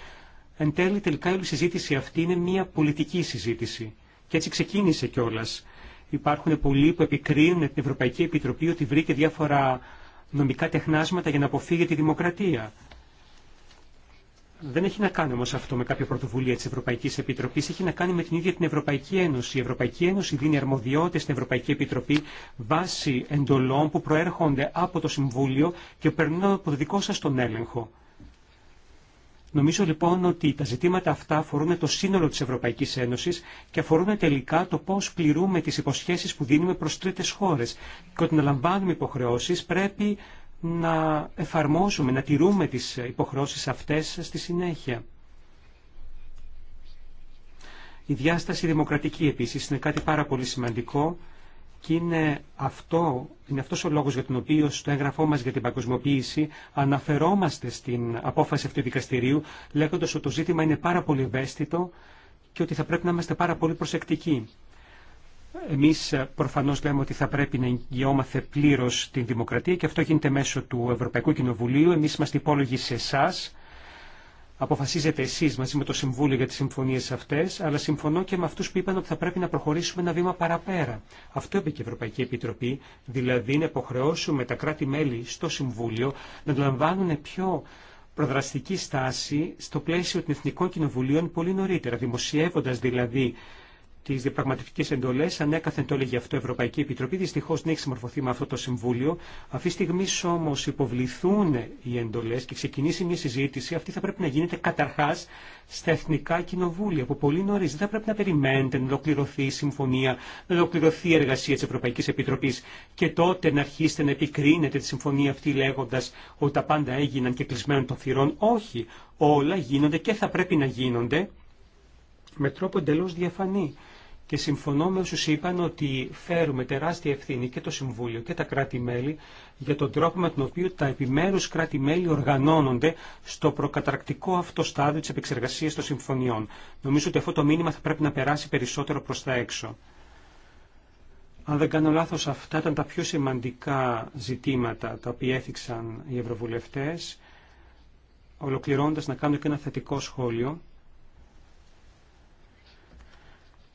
Εν τέλει, τελικά η συζήτηση αυτή είναι μια πολιτική συζήτηση. Και έτσι ξεκίνησε κιόλα. Υπάρχουν πολλοί που επικρίνουν την Ευρωπαϊκή Επιτροπή ότι βρήκε διάφορα νομικά τεχνάσματα για να αποφύγει τη δημοκρατία. Δεν έχει να κάνει όμω αυτό με κάποια πρωτοβουλία τη Ευρωπαϊκή Επιτροπή. Έχει να κάνει με την ίδια την Ευρωπαϊκή Ένωση. Η Ευρωπαϊκή Ένωση δίνει αρμοδιότητε στην Ευρωπαϊκή Επιτροπή βάσει εντολών που προέρχονται από το Συμβούλιο και περνούν από το δικό σα τον έλεγχο. Νομίζω λοιπόν ότι τα ζητήματα αυτά αφορούν το σύνολο της Ευρωπαϊκής Ένωσης και αφορούν τελικά το πώς πληρούμε τις υποσχέσεις που δίνουμε προς τρίτες χώρες. Και όταν λαμβάνουμε υποχρεώσεις πρέπει να εφαρμόσουμε, να τηρούμε τις υποχρεώσεις αυτές στη συνέχεια. Η διάσταση δημοκρατική επίσης είναι κάτι πάρα πολύ σημαντικό και είναι, αυτό, είναι αυτός ο λόγος για τον οποίο στο έγγραφό μας για την παγκοσμιοποίηση αναφερόμαστε στην απόφαση αυτού του δικαστηρίου λέγοντας ότι το ζήτημα είναι πάρα πολύ ευαίσθητο και ότι θα πρέπει να είμαστε πάρα πολύ προσεκτικοί. Εμείς ε, προφανώς λέμε ότι θα πρέπει να εγγυόμαστε πλήρως την δημοκρατία και αυτό γίνεται μέσω του Ευρωπαϊκού Κοινοβουλίου. Εμείς είμαστε υπόλογοι σε εσάς αποφασίζετε εσείς μαζί με το Συμβούλιο για τις συμφωνίες αυτές, αλλά συμφωνώ και με αυτού που είπαν ότι θα πρέπει να προχωρήσουμε ένα βήμα παραπέρα. Αυτό είπε και η Ευρωπαϊκή Επιτροπή, δηλαδή να υποχρεώσουμε τα κράτη-μέλη στο Συμβούλιο να λαμβάνουν πιο προδραστική στάση στο πλαίσιο των Εθνικών Κοινοβουλίων πολύ νωρίτερα, δημοσιεύοντα δηλαδή τι διαπραγματευτικέ εντολέ. Ανέκαθεν το έλεγε αυτό η Ευρωπαϊκή Επιτροπή. Δυστυχώ δεν έχει συμμορφωθεί με αυτό το Συμβούλιο. Αυτή τη στιγμή όμω υποβληθούν οι εντολέ και ξεκινήσει μια συζήτηση. Αυτή θα πρέπει να γίνεται καταρχά στα εθνικά κοινοβούλια από πολύ νωρί. Δεν θα πρέπει να περιμένετε να ολοκληρωθεί η συμφωνία, να ολοκληρωθεί η εργασία τη Ευρωπαϊκή Επιτροπή και τότε να αρχίσετε να επικρίνετε τη συμφωνία αυτή λέγοντα ότι τα πάντα έγιναν και κλεισμένων των θυρών. Όχι, όλα γίνονται και θα πρέπει να γίνονται με τρόπο εντελώ διαφανή και συμφωνώ με όσους είπαν ότι φέρουμε τεράστια ευθύνη και το Συμβούλιο και τα κράτη-μέλη για τον τρόπο με τον οποίο τα επιμέρους κράτη-μέλη οργανώνονται στο προκαταρκτικό αυτό στάδιο της επεξεργασίας των συμφωνιών. Νομίζω ότι αυτό το μήνυμα θα πρέπει να περάσει περισσότερο προς τα έξω. Αν δεν κάνω λάθος, αυτά ήταν τα πιο σημαντικά ζητήματα τα οποία έθιξαν οι ευρωβουλευτές. Ολοκληρώνοντας να κάνω και ένα θετικό σχόλιο,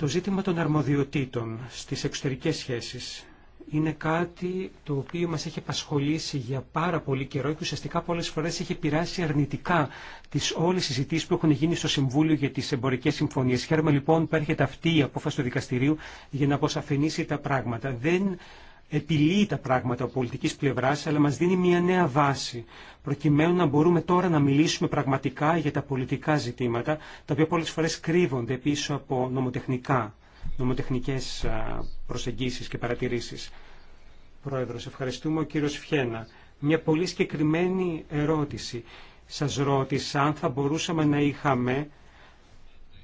το ζήτημα των αρμοδιοτήτων στις εξωτερικές σχέσεις είναι κάτι το οποίο μας έχει απασχολήσει για πάρα πολύ καιρό και ουσιαστικά πολλές φορές έχει πειράσει αρνητικά τις όλες τις συζητήσεις που έχουν γίνει στο Συμβούλιο για τις εμπορικές συμφωνίες. Χαίρομαι λοιπόν που έρχεται αυτή η απόφαση του δικαστηρίου για να αποσαφηνίσει τα πράγματα. Δεν επιλύει τα πράγματα από πολιτικής πλευράς, αλλά μας δίνει μια νέα βάση, προκειμένου να μπορούμε τώρα να μιλήσουμε πραγματικά για τα πολιτικά ζητήματα, τα οποία πολλές φορές κρύβονται πίσω από νομοτεχνικά, νομοτεχνικές προσεγγίσεις και παρατηρήσεις. Πρόεδρος, ευχαριστούμε ο κύριος Φιένα. Μια πολύ συγκεκριμένη ερώτηση. Σας ρώτησα αν θα μπορούσαμε να είχαμε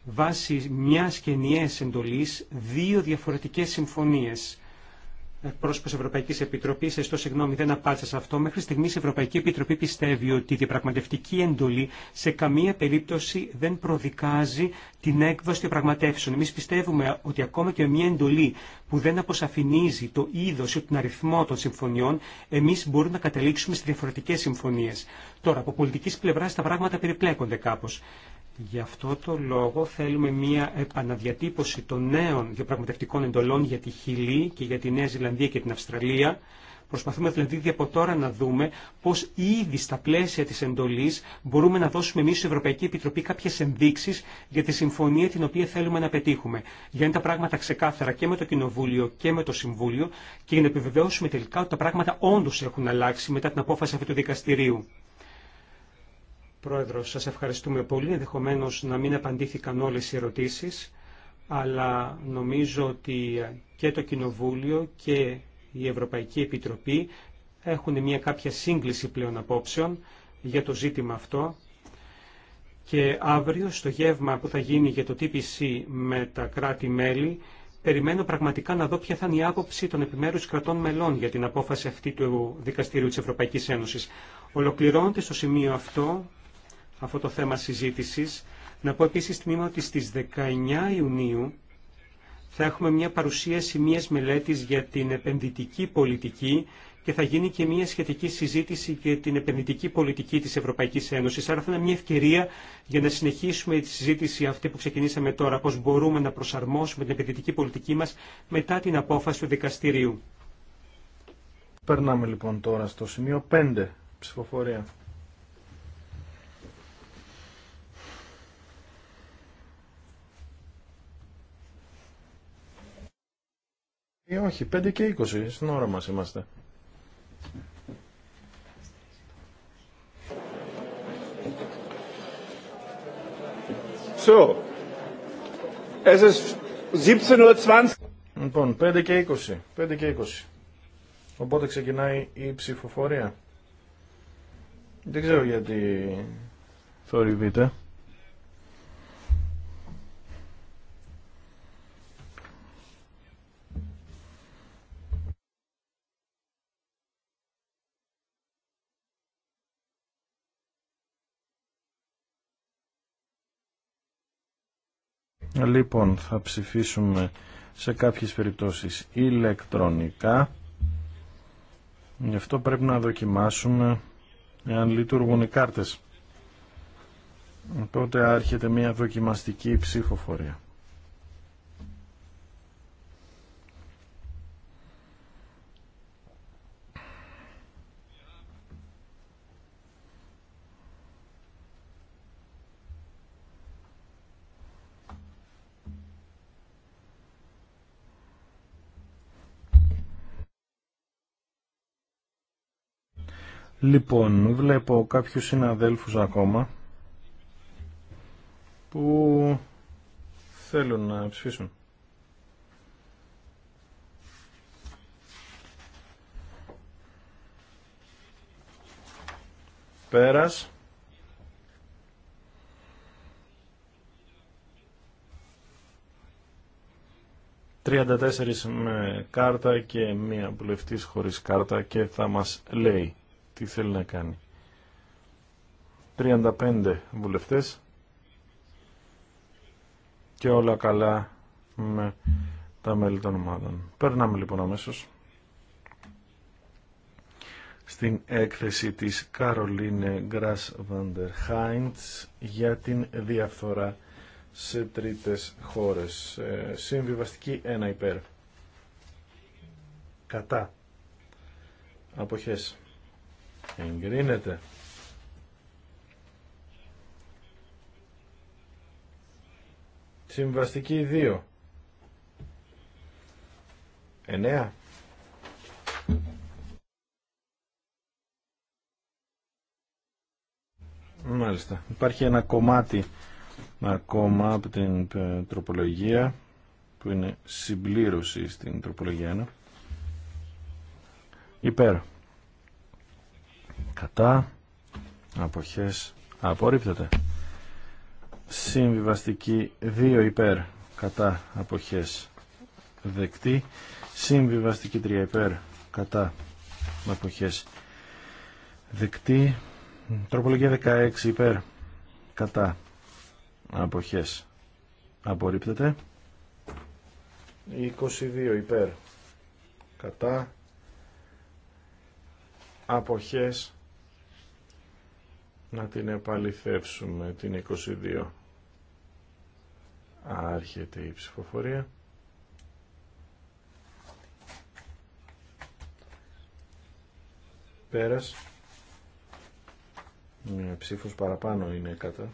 βάσει μιας και εντολής δύο διαφορετικές συμφωνίες πρόσωπο Ευρωπαϊκή Επιτροπή, εστώ συγγνώμη, δεν απάντησα σε αυτό. Μέχρι στιγμή η Ευρωπαϊκή Επιτροπή πιστεύει ότι η διαπραγματευτική εντολή σε καμία περίπτωση δεν προδικάζει την έκδοση διαπραγματεύσεων. Εμεί πιστεύουμε ότι ακόμα και μια εντολή που δεν αποσαφηνίζει το είδο, ή τον αριθμό των συμφωνιών, εμείς μπορούμε να καταλήξουμε σε διαφορετικές συμφωνίες. Τώρα, από πολιτική πλευράς τα πράγματα περιπλέκονται κάπω. Γι' αυτό το λόγο θέλουμε μία επαναδιατύπωση των νέων διαπραγματευτικών εντολών για τη Χιλή και για τη Νέα Ζηλανδία και την Αυστραλία, Προσπαθούμε δηλαδή από τώρα να δούμε πώ ήδη στα πλαίσια τη εντολή μπορούμε να δώσουμε εμεί στην Ευρωπαϊκή Επιτροπή κάποιε ενδείξει για τη συμφωνία την οποία θέλουμε να πετύχουμε. Για να είναι τα πράγματα ξεκάθαρα και με το Κοινοβούλιο και με το Συμβούλιο και για να επιβεβαιώσουμε τελικά ότι τα πράγματα όντω έχουν αλλάξει μετά την απόφαση αυτού του δικαστηρίου. Πρόεδρο, σα ευχαριστούμε πολύ. Ενδεχομένω να μην απαντήθηκαν όλε οι ερωτήσει αλλά νομίζω ότι και το Κοινοβούλιο και η Ευρωπαϊκή Επιτροπή έχουν μια κάποια σύγκληση πλέον απόψεων για το ζήτημα αυτό και αύριο στο γεύμα που θα γίνει για το TPC με τα κράτη-μέλη περιμένω πραγματικά να δω ποια θα είναι η άποψη των επιμέρους κρατών μελών για την απόφαση αυτή του Δικαστηρίου της Ευρωπαϊκής Ένωσης. Ολοκληρώνεται στο σημείο αυτό, αυτό το θέμα συζήτησης, να πω επίσης τμήμα ότι στις 19 Ιουνίου θα έχουμε μια παρουσίαση μια μελέτης για την επενδυτική πολιτική και θα γίνει και μια σχετική συζήτηση για την επενδυτική πολιτική της Ευρωπαϊκής Ένωσης. Άρα θα είναι μια ευκαιρία για να συνεχίσουμε τη συζήτηση αυτή που ξεκινήσαμε τώρα, πώς μπορούμε να προσαρμόσουμε την επενδυτική πολιτική μας μετά την απόφαση του δικαστηρίου. Περνάμε λοιπόν τώρα στο σημείο 5, ψηφοφορία. Ή ε, όχι, 5 και 20, στην ώρα μας είμαστε. 17.20 Λοιπόν, 5 και 20, 5 και 20. Οπότε ξεκινάει η ψηφοφορία. Δεν ξέρω γιατί θορυβείτε. Λοιπόν, θα ψηφίσουμε σε κάποιες περιπτώσεις ηλεκτρονικά. Γι' αυτό πρέπει να δοκιμάσουμε εάν λειτουργούν οι κάρτες. Τότε άρχεται μια δοκιμαστική ψηφοφορία. Λοιπόν, βλέπω κάποιους συναδέλφους ακόμα που θέλουν να ψηφίσουν. Πέρας. 34 με κάρτα και μία βουλευτής χωρίς κάρτα και θα μας λέει τι θέλει να κάνει. 35 βουλευτές και όλα καλά με τα μέλη των ομάδων. Περνάμε λοιπόν αμέσως στην έκθεση της Καρολίνε Γκρας Βαντερ Χάιντς για την διαφθορά σε τρίτες χώρες. Ε, συμβιβαστική 1 υπέρ. Κατά. Αποχές εγκρίνεται. Συμβαστική 2. 9. Μάλιστα. Υπάρχει ένα κομμάτι ακόμα από την ε, τροπολογία που είναι συμπλήρωση στην τροπολογία 1. Υπέρ κατά αποχές απορρίπτεται συμβιβαστική 2 υπέρ κατά αποχές δεκτή συμβιβαστική 3 υπέρ κατά αποχές δεκτή τροπολογία 16 υπέρ κατά αποχές απορρίπτεται 22 υπέρ κατά αποχές να την επαληθεύσουμε την 22 άρχεται η ψηφοφορία πέρας μια ψήφος παραπάνω είναι κατά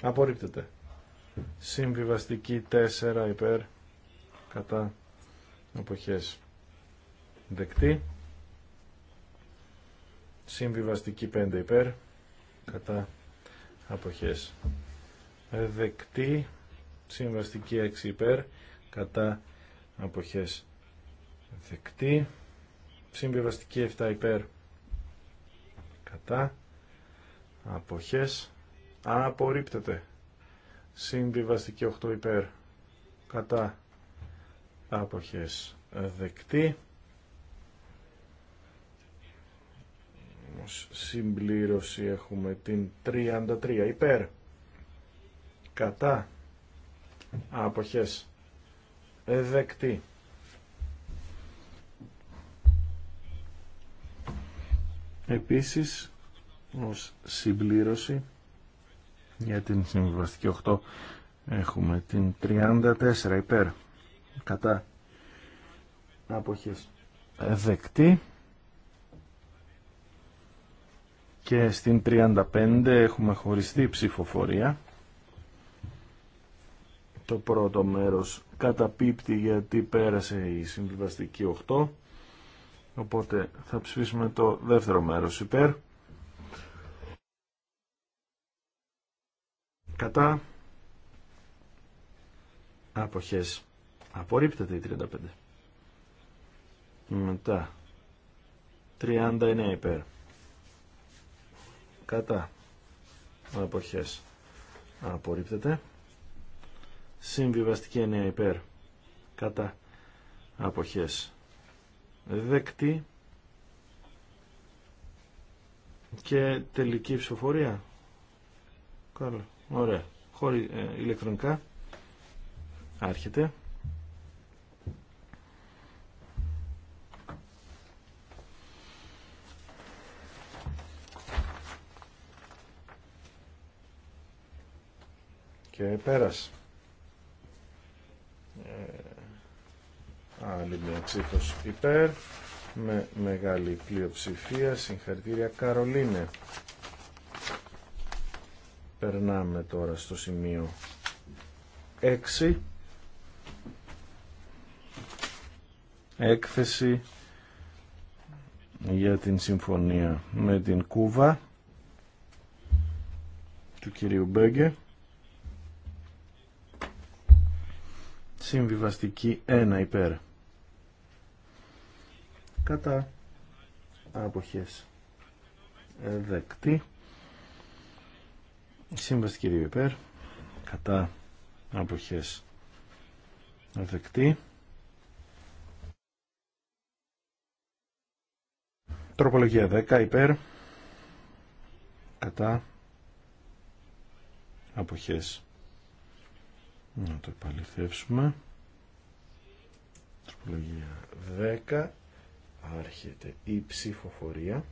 απορρίπτεται συμβιβαστική 4 υπέρ κατά αποχές δεκτή Συμβιβαστική 5 υπέρ. Κατά αποχές. Δεκτή. Συμβαστική 6 υπέρ. Κατά αποχές. Δεκτή. Συμβιβαστική 7 υπέρ. Κατά αποχές. Απορρίπτεται. Συμβιβαστική 8 υπέρ. Κατά αποχές. Δεκτή. ως συμπλήρωση έχουμε την 33 υπέρ κατά αποχές δεκτή επίσης ως συμπλήρωση για την συμβιβαστική 8 έχουμε την 34 υπέρ κατά αποχές δεκτή και στην 35 έχουμε χωριστή ψηφοφορία. Το πρώτο μέρος καταπίπτει γιατί πέρασε η συμβιβαστική 8. Οπότε θα ψηφίσουμε το δεύτερο μέρος υπέρ. Κατά αποχές. Απορρίπτεται η 35. Μετά 39 υπέρ κατά αποχές απορρίπτεται συμβιβαστική εννέα υπέρ κατά αποχές δεκτή και τελική ψηφοφορία καλό ωραία χωρί ε, ηλεκτρονικά άρχεται και πέρασε. Ε, άλλη μια ψήφος υπέρ με μεγάλη πλειοψηφία. Συγχαρητήρια Καρολίνε. Περνάμε τώρα στο σημείο 6. Έκθεση για την συμφωνία με την Κούβα του κυρίου Μπέγκε. Συμβιβαστική 1 υπέρ. Κατά αποχές ε, δεκτή. Συμβαστική 2 υπέρ. Κατά αποχές ε, δεκτή. Τροπολογία 10 υπέρ. Κατά αποχές να το επαληθεύσουμε. Τροπολογία 10. Άρχεται η ψηφοφορία.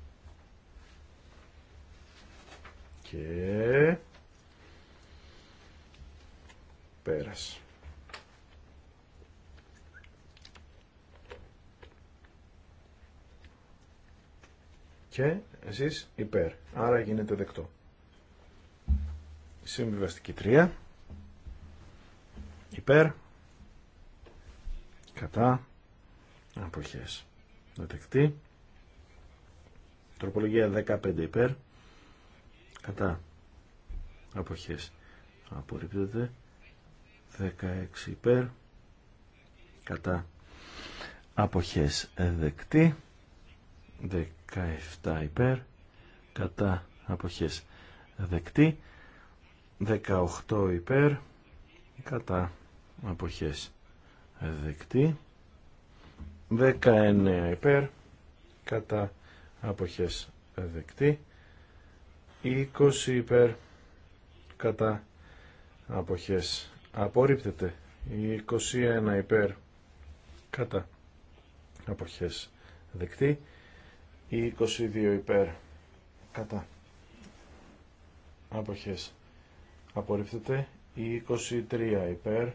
Και... Πέρασε. και εσείς υπέρ. Άρα γίνεται δεκτό. Συμβιβαστική 3 υπέρ κατά αποχές δεκτή τροπολογία 15 υπέρ κατά αποχές απορρίπτεται 16 υπέρ κατά αποχές δεκτή 17 υπέρ κατά αποχές δεκτή 18 υπέρ κατά αποχές δεκτή 19 υπέρ κατά αποχές δεκτή 20 υπέρ κατά αποχές απορρίπτεται 21 υπέρ κατά αποχές δεκτή 22 υπέρ κατά αποχές απορρίπτεται 23 υπέρ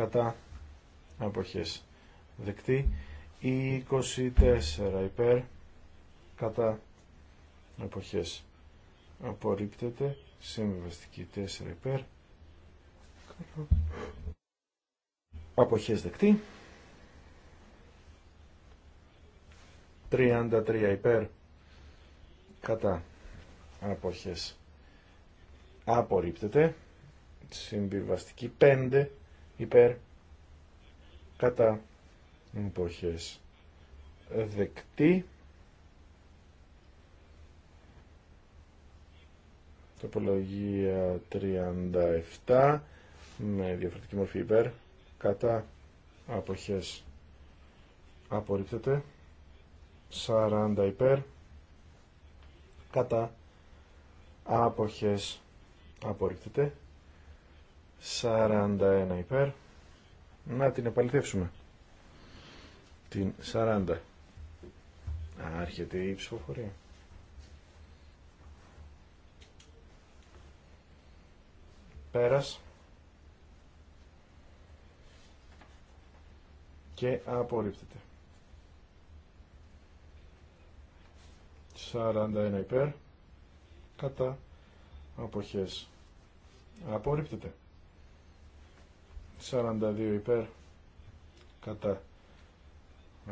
κατά αποχές δεκτή 24 υπέρ κατά αποχές απορρίπτεται συμβιβαστική 4 υπέρ αποχές δεκτή 33 υπέρ κατά αποχές απορρίπτεται συμβιβαστική 5 υπέρ κατά εποχές δεκτή τοπολογία 37 με διαφορετική μορφή υπέρ κατά αποχές απορρίπτεται 40 υπέρ κατά αποχές απορρίπτεται 41 υπέρ. Να την επαληθεύσουμε. Την 40. Άρχεται η ψηφοφορία. Πέρας. Και απορρίπτεται. 41 υπέρ. Κατά αποχές. Απορρίπτεται. 42 υπέρ κατά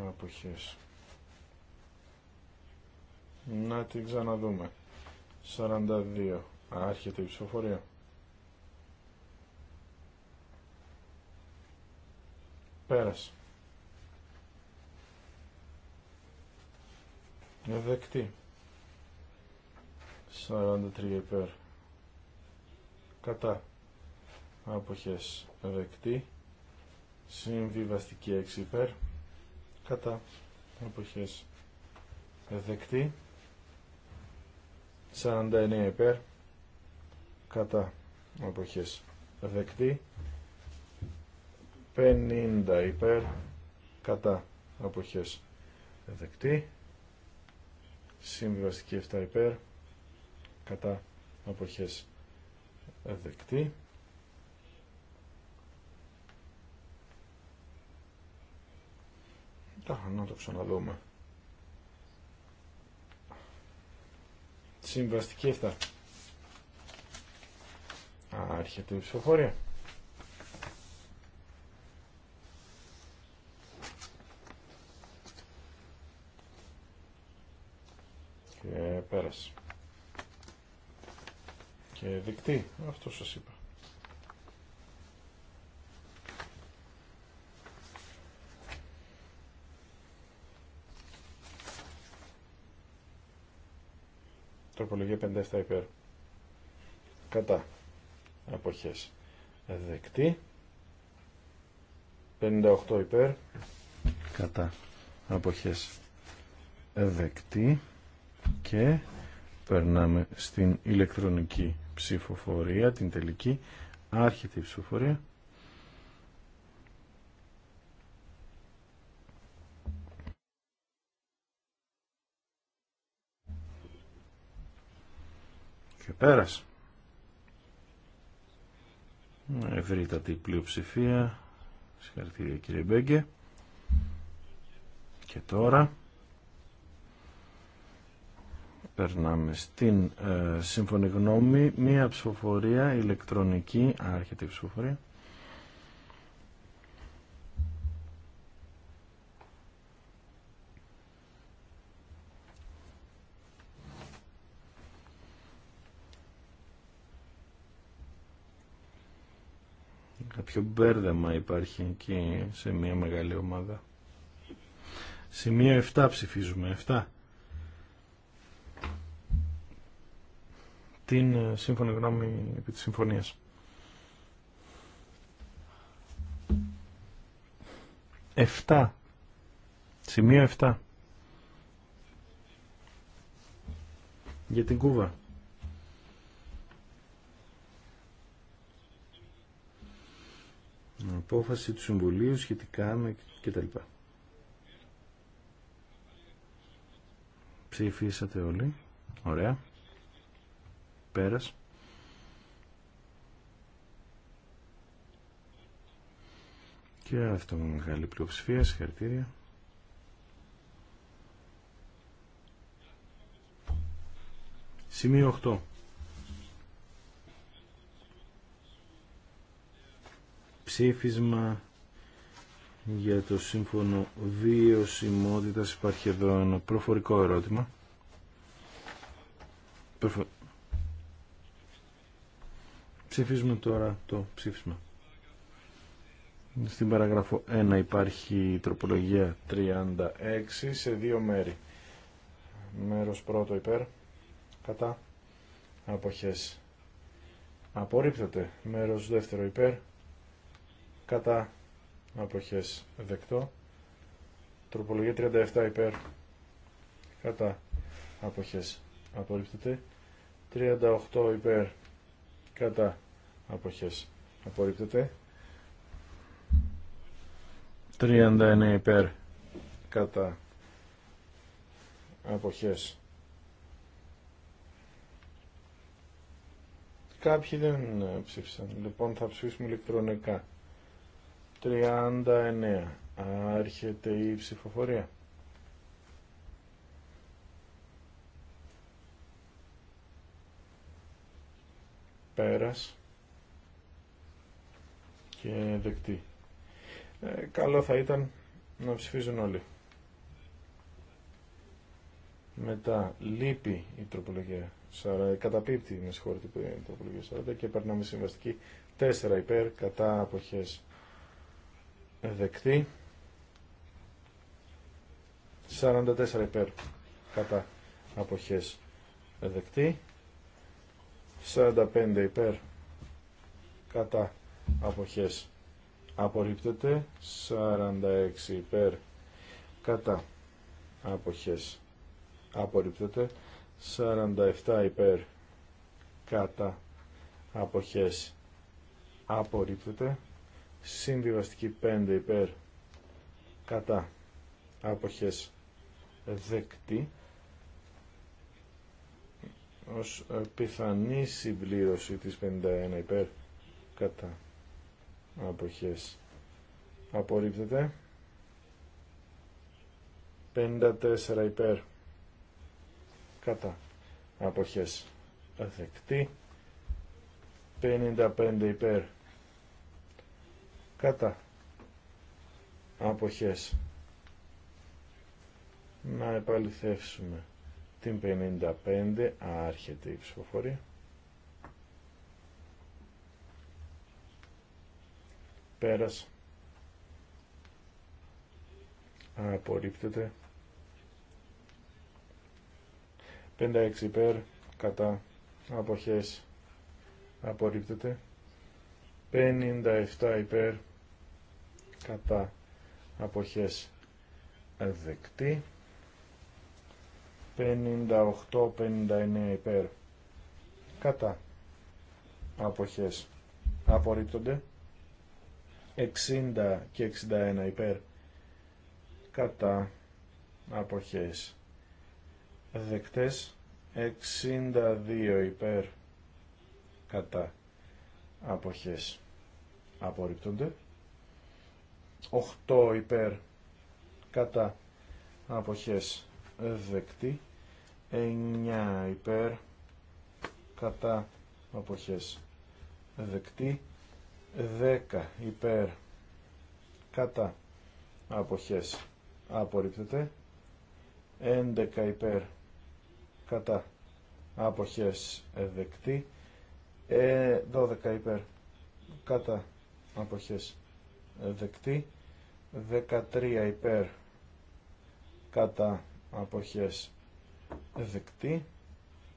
αποχές. Να την ξαναδούμε. 42. Άρχεται η ψηφοφορία. Πέρασε. Δεκτή. 43 υπέρ. Κατά. Αποχές δεκτή συμβιβαστική 6 υπέρ κατά εποχές δεκτή 49 υπέρ κατά εποχές δεκτή 50 υπέρ κατά εποχές δεκτή συμβιβαστική 7 υπέρ κατά εποχές δεκτή να το ξαναδούμε. Συμβαστική 7. Άρχεται η ψηφοφορία. Και πέρασε. Και δικτύει, Αυτό σας είπα. Τροπολογία 57 υπέρ. Κατά. Αποχές. Δεκτή. 58 υπέρ. Κατά. Αποχές. Δεκτή. Και περνάμε στην ηλεκτρονική ψηφοφορία, την τελική άρχιτη ψηφοφορία. πέρας. Ευρύτατη πλειοψηφία. Συγχαρητήρια κύριε Μπέγκε. Και τώρα περνάμε στην ε, σύμφωνη γνώμη μία ψηφοφορία ηλεκτρονική, άρχεται η ψηφοφορία. τέτοιο μπέρδεμα υπάρχει εκεί σε μια μεγάλη ομάδα. Σημείο 7 ψηφίζουμε. 7. Την ε, σύμφωνη γνώμη επί της συμφωνίας. Εφτά. Σημείο 7. Για την Κούβα. απόφαση του Συμβουλίου σχετικά με κτλ. Ψηφίσατε όλοι. Ωραία. Πέρας. Και αυτό με μεγάλη πλειοψηφία. Συγχαρητήρια. Σημείο 8. ψήφισμα για το σύμφωνο βιωσιμότητας υπάρχει εδώ ένα προφορικό ερώτημα. Ψηφίσμα τώρα το ψήφισμα. Στην παραγράφο 1 υπάρχει η τροπολογία 36 σε δύο μέρη. Μέρος πρώτο υπέρ, κατά, αποχές. Απορρίπτεται. Μέρος δεύτερο υπέρ, κατά αποχές δεκτό τροπολογία 37 υπέρ κατά αποχές απορρίπτεται 38 υπέρ κατά αποχές απορρίπτεται 39 υπέρ κατά αποχές κάποιοι δεν ψήφισαν λοιπόν θα ψηφίσουμε ηλεκτρονικά 39. Άρχεται η ψηφοφορία. Πέρας και δεκτή. Ε, καλό θα ήταν να ψηφίζουν όλοι. Μετά λείπει η τροπολογία 40, καταπίπτει με συγχωρείτε η τροπολογία 40 και περνάμε συμβαστική 4 υπέρ κατά αποχές δεκτή 44 υπέρ κατά αποχές εδεκτή, 45 υπέρ κατά αποχές απορρίπτεται 46 υπέρ κατά αποχές απορρίπτεται 47 υπέρ κατά αποχές απορρίπτεται Συμβιβαστική 5 υπέρ κατά άποχες δεκτή ως πιθανή συμπλήρωση της 51 υπέρ κατά αποχές απορρίπτεται 54 υπέρ κατά αποχές δεκτή 55 υπέρ κατά αποχές να επαληθεύσουμε την 55 άρχεται η ψηφοφορία πέρας απορρίπτεται 56 υπέρ κατά αποχές απορρίπτεται 57 υπέρ κατά αποχές δεκτή 58-59 υπέρ κατά αποχές απορρίπτονται 60 και 61 υπέρ κατά αποχές δεκτές 62 υπέρ κατά αποχές απορρίπτονται 8 υπέρ κατά αποχές δεκτή 9 υπέρ κατά αποχές δεκτή 10 υπέρ κατά αποχές απορρίπτεται 11 υπέρ κατά αποχές δεκτή 12 ε, υπέρ κατά αποχές δεκτή 13 υπέρ κατά αποχές δεκτή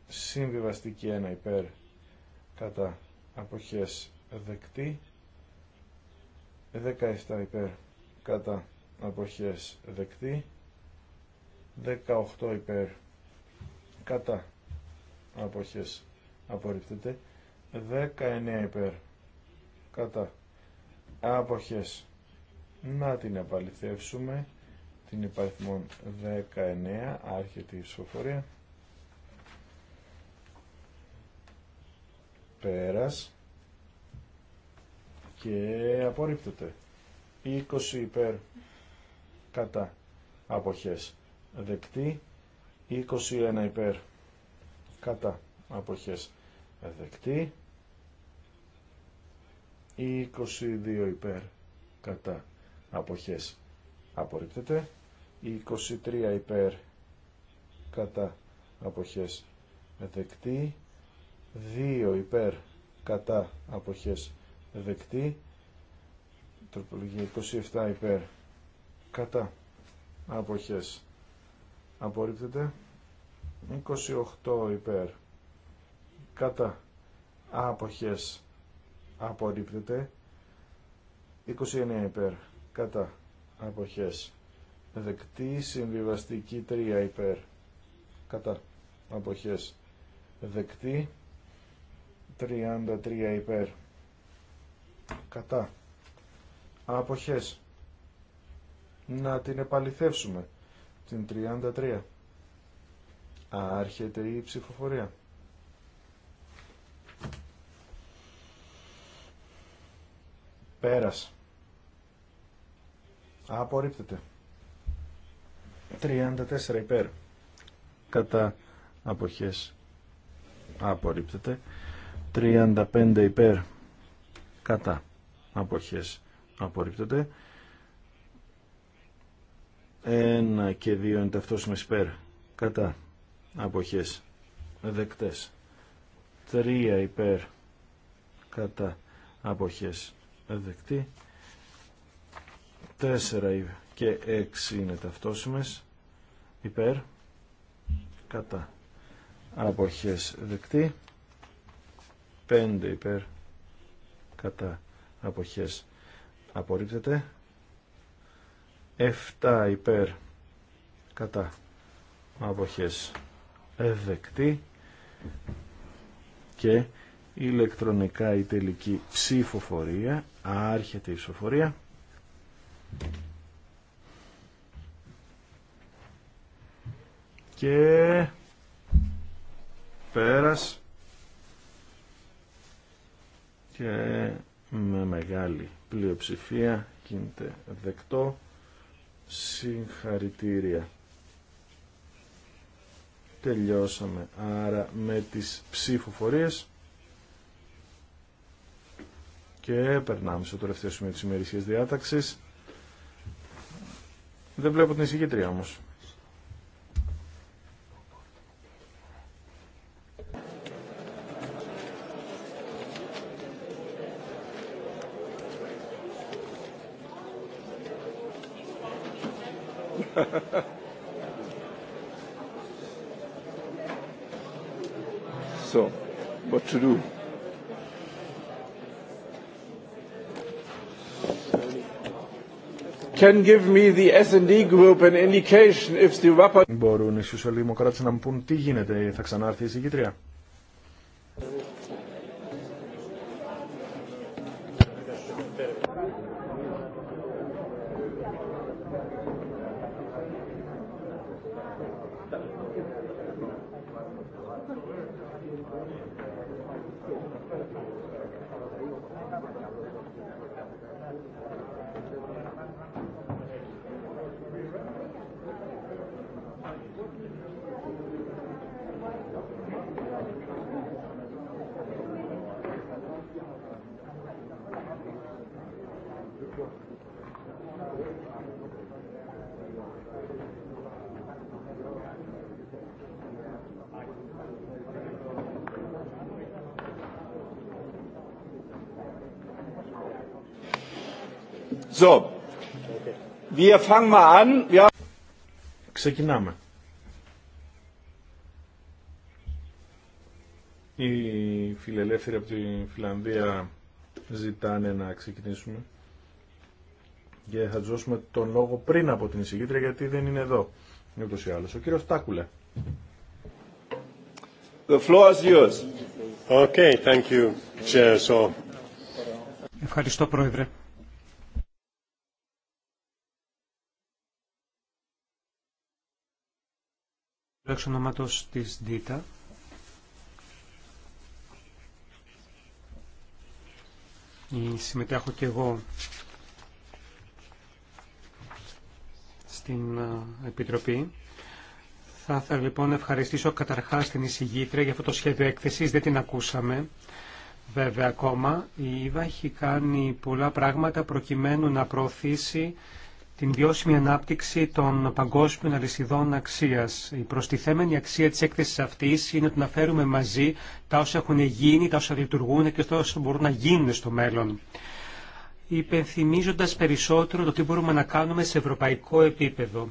συμβιβαστική 1 υπέρ κατά αποχές δεκτή 17 υπέρ κατά αποχές δεκτή 18 υπέρ κατά αποχές απορρίπτεται 19 υπέρ κατά αποχές. Να την επαληθεύσουμε την υπαριθμόν 19 άρχεται η ψηφοφορία πέρας και απορρίπτεται 20 υπέρ κατά αποχές δεκτή 21 υπέρ κατά αποχές δεκτή ή 22 υπέρ κατά αποχές απορρίπτεται ή 23 υπέρ κατά αποχές δεκτή 2 υπέρ κατά αποχές δεκτή τροπολογία 27 υπέρ κατά αποχές απορρίπτεται 28 υπέρ κατά αποχές απορρίπτεται 29 υπέρ κατά αποχές δεκτή συμβιβαστική 3 υπέρ κατά αποχές δεκτή 33 υπέρ κατά αποχές να την επαληθεύσουμε την 33 άρχεται η ψηφοφορία Πέρας. Απορρίπτεται. 34 υπέρ. Κατά αποχές. Απορρίπτεται. 35 υπέρ. Κατά αποχές. Απορρίπτεται. 1 και 2 είναι ταυτόσιμες υπέρ. Κατά αποχές. Δεκτές. 3 υπέρ. Κατά αποχές δεκτή 4 και 6 είναι ταυτόσιμες υπέρ κατά αποχές δεκτή 5 υπέρ κατά αποχές απορρίπτεται 7 υπέρ κατά αποχές δεκτή και ηλεκτρονικά η τελική ψηφοφορία. Άρχεται η ψηφοφορία. Και πέρας και με μεγάλη πλειοψηφία γίνεται δεκτό συγχαρητήρια τελειώσαμε άρα με τις ψηφοφορίες και περνάμε στο τελευταίο σημείο της ημερησίας διάταξης. Δεν βλέπω την εισηγήτρια όμως. so, what to do? can give me the S&D group an indication if the Μπορούν οι σοσιαλδημοκράτες να μου πούν τι γίνεται, θα ξανάρθει η συγκήτρια. So, wir fangen mal an. Wir... Ξεκινάμε. Οι φιλελεύθεροι από τη Φιλανδία ζητάνε να ξεκινήσουμε και θα του δώσουμε τον λόγο πριν από την εισηγήτρια γιατί δεν είναι εδώ. Είναι ούτως ή άλλως. Ο κύριος Τάκουλε. The floor is yours. Okay, thank you, Chair. So... Ευχαριστώ, Πρόεδρε. ονόματος της ΔΙΤΑ. Συμμετέχω και εγώ στην ε, Επιτροπή. Θα ήθελα λοιπόν να ευχαριστήσω καταρχάς την εισηγήτρια για αυτό το σχέδιο έκθεσης. Δεν την ακούσαμε. Βέβαια ακόμα η ΙΒΑ έχει κάνει πολλά πράγματα προκειμένου να προωθήσει την βιώσιμη ανάπτυξη των παγκόσμιων αλυσιδών αξία. Η προστιθέμενη αξία τη έκθεση αυτή είναι ότι να φέρουμε μαζί τα όσα έχουν γίνει, τα όσα λειτουργούν και τα όσα μπορούν να γίνουν στο μέλλον. Υπενθυμίζοντα περισσότερο το τι μπορούμε να κάνουμε σε ευρωπαϊκό επίπεδο.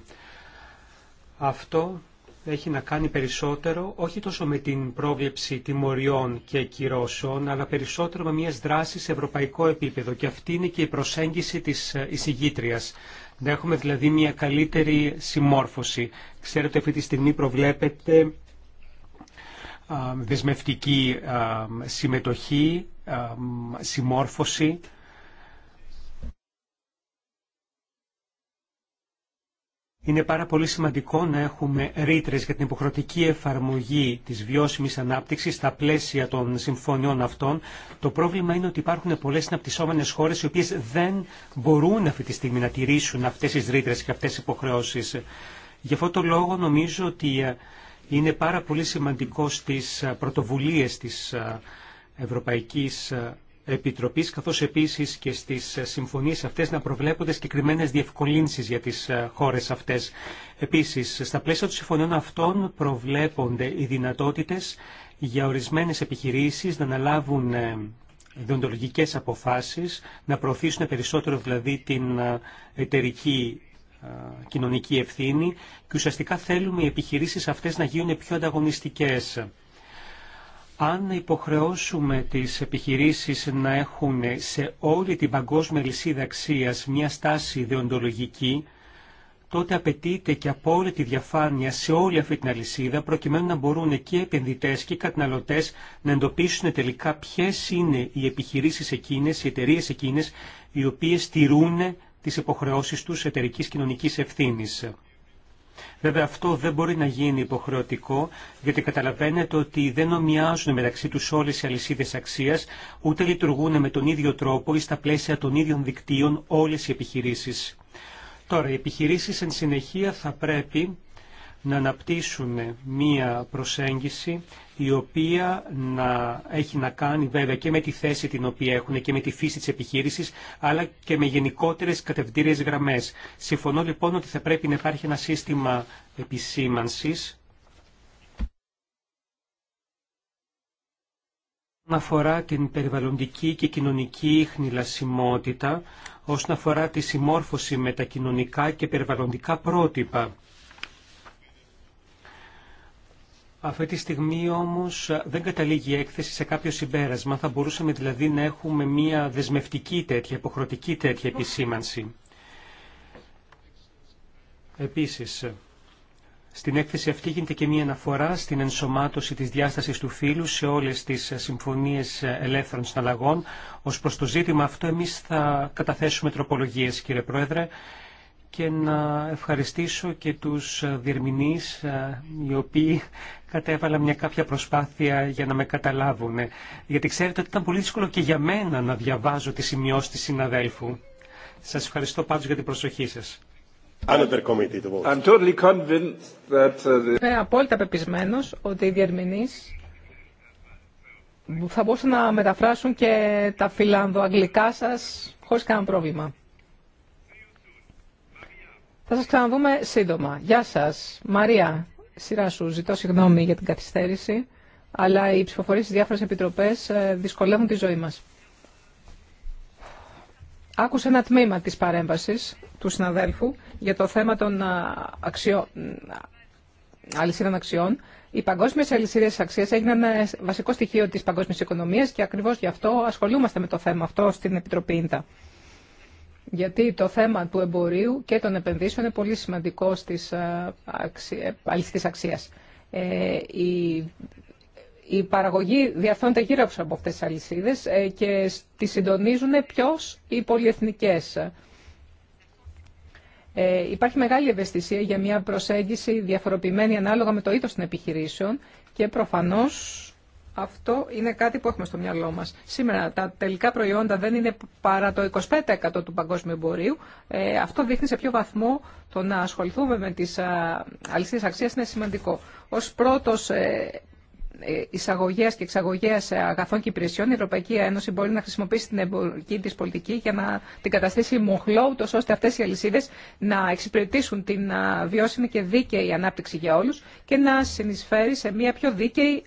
Αυτό έχει να κάνει περισσότερο όχι τόσο με την πρόβλεψη τιμωριών και κυρώσεων, αλλά περισσότερο με μια δράση σε ευρωπαϊκό επίπεδο. Και αυτή είναι και η προσέγγιση της εισηγήτριας. Να έχουμε δηλαδή μια καλύτερη συμμόρφωση. Ξέρετε αυτή τη στιγμή προβλέπεται δεσμευτική συμμετοχή, συμμόρφωση Είναι πάρα πολύ σημαντικό να έχουμε ρήτρε για την υποχρεωτική εφαρμογή τη βιώσιμη ανάπτυξη στα πλαίσια των συμφωνιών αυτών. Το πρόβλημα είναι ότι υπάρχουν πολλέ συναπτυσσόμενε χώρε οι οποίε δεν μπορούν αυτή τη στιγμή να τηρήσουν αυτέ τι ρήτρε και αυτέ τι υποχρεώσει. Γι' αυτό το λόγο νομίζω ότι ε, είναι πάρα πολύ σημαντικό στις ε, πρωτοβουλίες της ε, Ευρωπαϊκής Επιτροπής, καθώς επίσης και στις συμφωνίες αυτές να προβλέπονται συγκεκριμένε διευκολύνσεις για τις ε, χώρες αυτές. Επίσης, στα πλαίσια των συμφωνιών αυτών προβλέπονται οι δυνατότητες για ορισμένες επιχειρήσεις να αναλάβουν ε, δοντολογικές αποφάσεις, να προωθήσουν περισσότερο δηλαδή την ε, εταιρική κοινωνική ευθύνη και ουσιαστικά θέλουμε οι επιχειρήσεις αυτές να γίνουν πιο ανταγωνιστικές αν υποχρεώσουμε τις επιχειρήσεις να έχουν σε όλη την παγκόσμια λυσίδα αξία μια στάση ιδεοντολογική, τότε απαιτείται και απόλυτη διαφάνεια σε όλη αυτή την αλυσίδα, προκειμένου να μπορούν και οι επενδυτέ και οι να εντοπίσουν τελικά ποιες είναι οι επιχειρήσεις εκείνες, οι εταιρείες εκείνες οι οποίες τηρούν τις υποχρεώσει τους εταιρικής κοινωνικής ευθύνης. Βέβαια αυτό δεν μπορεί να γίνει υποχρεωτικό, γιατί καταλαβαίνετε ότι δεν ομοιάζουν μεταξύ τους όλες οι αλυσίδες αξίας, ούτε λειτουργούν με τον ίδιο τρόπο ή στα πλαίσια των ίδιων δικτύων όλες οι επιχειρήσεις. Τώρα, οι επιχειρήσεις εν συνεχεία θα πρέπει να αναπτύσσουμε μία προσέγγιση η οποία να έχει να κάνει βέβαια και με τη θέση την οποία έχουν και με τη φύση της επιχείρησης, αλλά και με γενικότερες κατευθύνσεις γραμμές. Συμφωνώ λοιπόν ότι θα πρέπει να υπάρχει ένα σύστημα επισήμανσης αφορά την περιβαλλοντική και κοινωνική χνηλασιμότητα, όσον αφορά τη συμμόρφωση με τα κοινωνικά και περιβαλλοντικά πρότυπα. Αυτή τη στιγμή όμως ε, δεν καταλήγει η έκθεση σε κάποιο συμπέρασμα. Θα μπορούσαμε δηλαδή να έχουμε μια δεσμευτική τέτοια, υποχρεωτική τέτοια επισήμανση. Επίσης, ε, στην έκθεση αυτή γίνεται και μία αναφορά στην ενσωμάτωση της διάστασης του φύλου σε όλες τις ε, συμφωνίες ελεύθερων συναλλαγών. Ως προς το ζήτημα αυτό εμείς θα καταθέσουμε τροπολογίες, κύριε Πρόεδρε και να ευχαριστήσω και τους διερμηνείς ε, οι οποίοι κατέβαλα μια κάποια προσπάθεια για να με καταλάβουν. Γιατί ξέρετε ότι ήταν πολύ δύσκολο και για μένα να διαβάζω τη σημειώσεις της συναδέλφου. Σας ευχαριστώ πάντως για την προσοχή σας. totally uh, Είμαι απόλυτα πεπισμένος ότι οι διερμηνείς θα μπορούσαν να μεταφράσουν και τα φιλανδοαγγλικά σας χωρίς κανένα πρόβλημα. Θα σας ξαναδούμε σύντομα. Γεια σας. Μαρία, σειρά σου. Ζητώ συγγνώμη για την καθυστέρηση, αλλά οι ψηφοφορίες στις διάφορες επιτροπές ε, δυσκολεύουν τη ζωή μας. Άκουσα ένα τμήμα της παρέμβασης του συναδέλφου για το θέμα των ε, ε, αλυσίδων αξιών. Οι παγκόσμιε αλυσίδε αξία έγιναν βασικό στοιχείο τη παγκόσμια οικονομία και ακριβώ γι' αυτό ασχολούμαστε με το θέμα αυτό στην Επιτροπή ΙΝΤΑ γιατί το θέμα του εμπορίου και των επενδύσεων είναι πολύ σημαντικό στις ε, αλυσίδες ε, αξίας. Ε, η, η παραγωγή διαθώνεται γύρω από αυτές τις αλυσίδες και τις συντονίζουν ποιος οι πολυεθνικές. Ε, υπάρχει μεγάλη ευαισθησία για μια προσέγγιση διαφοροποιημένη ανάλογα με το είδος των επιχειρήσεων και προφανώς αυτό είναι κάτι που έχουμε στο μυαλό μα. Σήμερα τα τελικά προϊόντα δεν είναι παρά το 25% του παγκόσμιου εμπορίου. Ε, αυτό δείχνει σε ποιο βαθμό το να ασχοληθούμε με τις αλυσίδε αξία είναι σημαντικό. Ως πρώτος ε, εισαγωγέας και εξαγωγέ αγαθών και υπηρεσιών, η Ευρωπαϊκή Ένωση μπορεί να χρησιμοποιήσει την εμπορική τη πολιτική για να την καταστήσει μοχλό, ούτω ώστε αυτέ οι αλυσίδε να εξυπηρετήσουν την βιώσιμη και δίκαιη ανάπτυξη για όλου και να συνεισφέρει σε μια πιο δίκαιη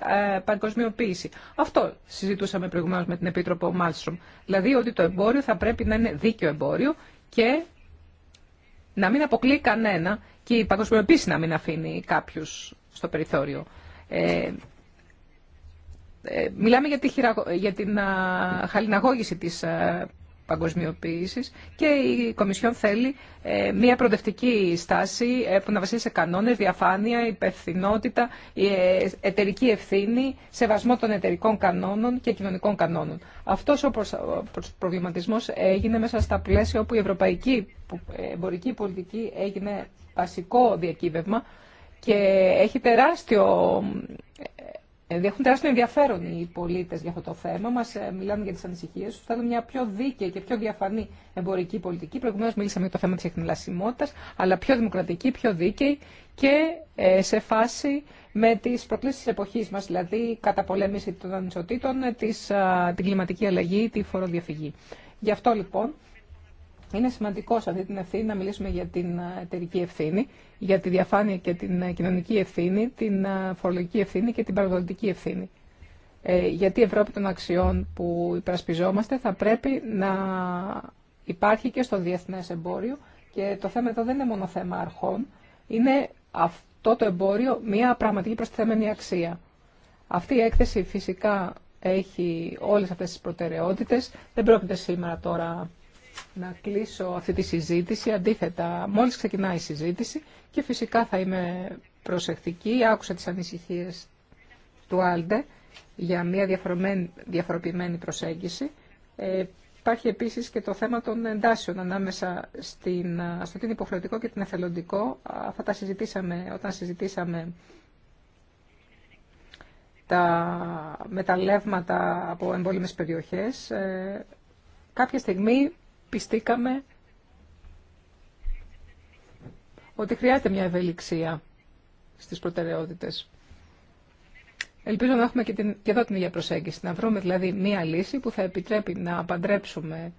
παγκοσμιοποίηση. Αυτό συζητούσαμε προηγουμένω με την Επίτροπο Μάλστρομ. Δηλαδή ότι το εμπόριο θα πρέπει να είναι δίκαιο εμπόριο και να μην αποκλεί κανένα και η παγκοσμιοποίηση να μην αφήνει κάποιου στο περιθώριο. Ε, ε, μιλάμε για, για την χαλιναγώγηση της παγκοσμιοποίησης και η Κομισιόν θέλει ε, μια προοδευτική στάση ε, που να βασίζεται σε κανόνες, διαφάνεια, υπευθυνότητα, εταιρική ευθύνη, σεβασμό των εταιρικών κανόνων και κοινωνικών κανόνων. Αυτός ο προβληματισμός έγινε μέσα στα πλαίσια όπου η ευρωπαϊκή εμπορική πολιτική έγινε βασικό διακύβευμα και έχει τεράστιο Δηλαδή, έχουν τεράστιο ενδιαφέρον οι πολίτε για αυτό το θέμα. Μας ε, μιλάνε για τις ανησυχίες του. Θέλουν μια πιο δίκαιη και πιο διαφανή εμπορική πολιτική. Προηγουμένω μίλησαμε για το θέμα της εκμελασιμότητας, αλλά πιο δημοκρατική, πιο δίκαιη και ε, σε φάση με τις προκλήσεις τη εποχής μας, δηλαδή πολέμηση των ανισοτήτων, ε, την κλιματική αλλαγή, τη φοροδιαφυγή. Γι' αυτό λοιπόν είναι σημαντικό σε αυτή την ευθύνη να μιλήσουμε για την ε, εταιρική ευθύνη, για τη διαφάνεια και την ε, κοινωνική ευθύνη, την ε, φορολογική ευθύνη και την παραγωγική ευθύνη. γιατί η Ευρώπη των αξιών που υπερασπιζόμαστε θα πρέπει να υπάρχει και στο διεθνές εμπόριο και το θέμα εδώ δεν είναι μόνο θέμα αρχών, είναι αυτό το εμπόριο μια πραγματική προστιθέμενη αξία. Αυτή η έκθεση φυσικά έχει όλες αυτές τις προτεραιότητες, δεν πρόκειται σήμερα τώρα να κλείσω αυτή τη συζήτηση. Αντίθετα, μόλις ξεκινάει η συζήτηση και φυσικά θα είμαι προσεκτική. Άκουσα τις ανησυχίες του Άλντε για μια διαφοροποιημένη προσέγγιση. Ε, υπάρχει επίσης και το θέμα των εντάσεων ανάμεσα στην, στο τι είναι υποχρεωτικό και την εθελοντικό. Αυτά τα συζητήσαμε όταν συζητήσαμε τα μεταλλεύματα από εμπόλεμες περιοχές. Ε, κάποια στιγμή πιστήκαμε ότι χρειάζεται μια ευελιξία στις προτεραιότητες. Ελπίζω να έχουμε και, την, εδώ την ίδια προσέγγιση, να βρούμε δηλαδή μία λύση που θα επιτρέπει να απαντρέψουμε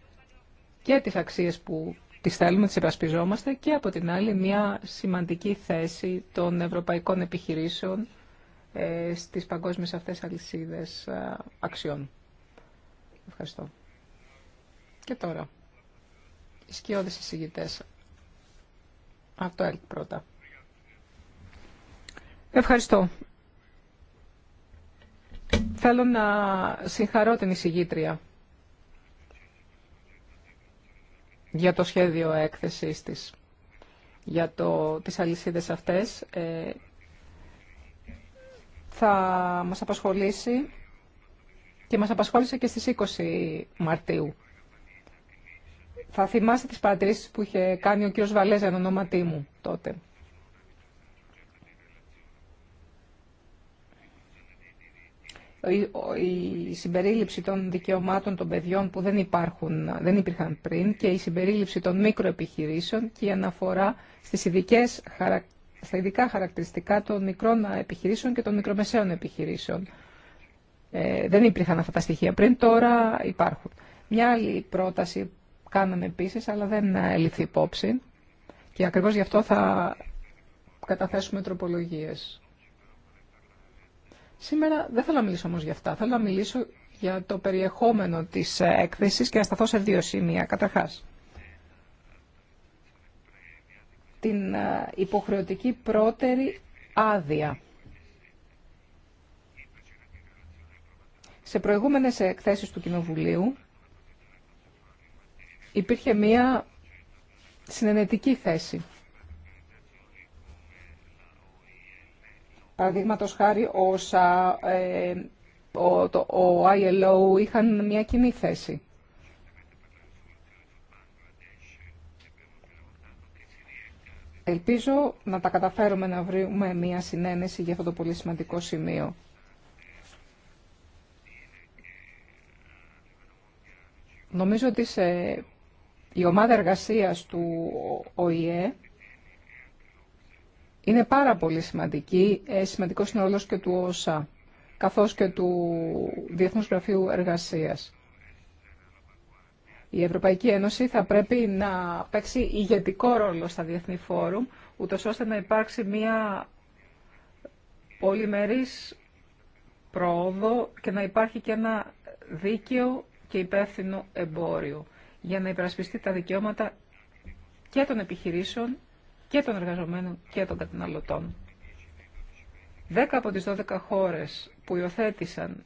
και τις αξίες που τις θέλουμε, τις επασπιζόμαστε και από την άλλη μία σημαντική θέση των ευρωπαϊκών επιχειρήσεων ε, στις παγκόσμιες αυτές αλυσίδες ε, αξιών. Ευχαριστώ. Και τώρα σκιώδεις εισηγητές. Αυτό το πρώτα. Ευχαριστώ. Θέλω να συγχαρώ την εισηγήτρια για το σχέδιο έκθεσης της, για το, τις αλυσίδες αυτές. Ε, θα μας απασχολήσει και μας απασχόλησε και στις 20 Μαρτίου. Θα θυμάστε τις παρατηρήσεις που είχε κάνει ο κύριος Βαλέζα εν ονόματί μου τότε. η συμπερίληψη των δικαιωμάτων των παιδιών που δεν, υπάρχουν, δεν υπήρχαν πριν και η συμπερίληψη των μικροεπιχειρήσεων και η αναφορά στις ειδικές, στα ειδικά χαρακτηριστικά των μικρών επιχειρήσεων και των μικρομεσαίων επιχειρήσεων. Ε, δεν υπήρχαν αυτά τα στοιχεία πριν, τώρα υπάρχουν. Μια άλλη πρόταση κάναμε επίση αλλά δεν ε, ληφθεί υπόψη. Και ακριβώ γι' αυτό θα καταθέσουμε τροπολογίε. Σήμερα δεν θέλω να μιλήσω όμω για αυτά. Θέλω να μιλήσω για το περιεχόμενο της ε, έκθεση και να σταθώ σε δύο σημεία. Καταρχά. την ε, υποχρεωτική πρώτερη άδεια. Σε προηγούμενες εκθέσεις του Κοινοβουλίου υπήρχε μία συνενετική θέση. Παραδείγματος χάρη όσα ε, ο, το, ο ILO είχαν μια κοινή θέση. Ελπίζω να τα καταφέρουμε να βρούμε μια συνένεση για αυτό το πολύ σημαντικό σημείο. Νομίζω ότι σε η ομάδα εργασίας του ΟΗΕ είναι πάρα πολύ σημαντική, ε, σημαντικός είναι όλος και του ΟΣΑ, καθώς και του Διεθνούς Γραφείου Εργασίας. Η Ευρωπαϊκή Ένωση θα πρέπει να παίξει ηγετικό ρόλο στα διεθνή φόρουμ, ούτως ώστε να υπάρξει μια πολυμερής πρόοδο και να υπάρχει και ένα δίκαιο και υπεύθυνο εμπόριο για να υπερασπιστεί τα δικαιώματα και των επιχειρήσεων και των εργαζομένων και των καταναλωτών. Δέκα από τις 12 χώρες που υιοθέτησαν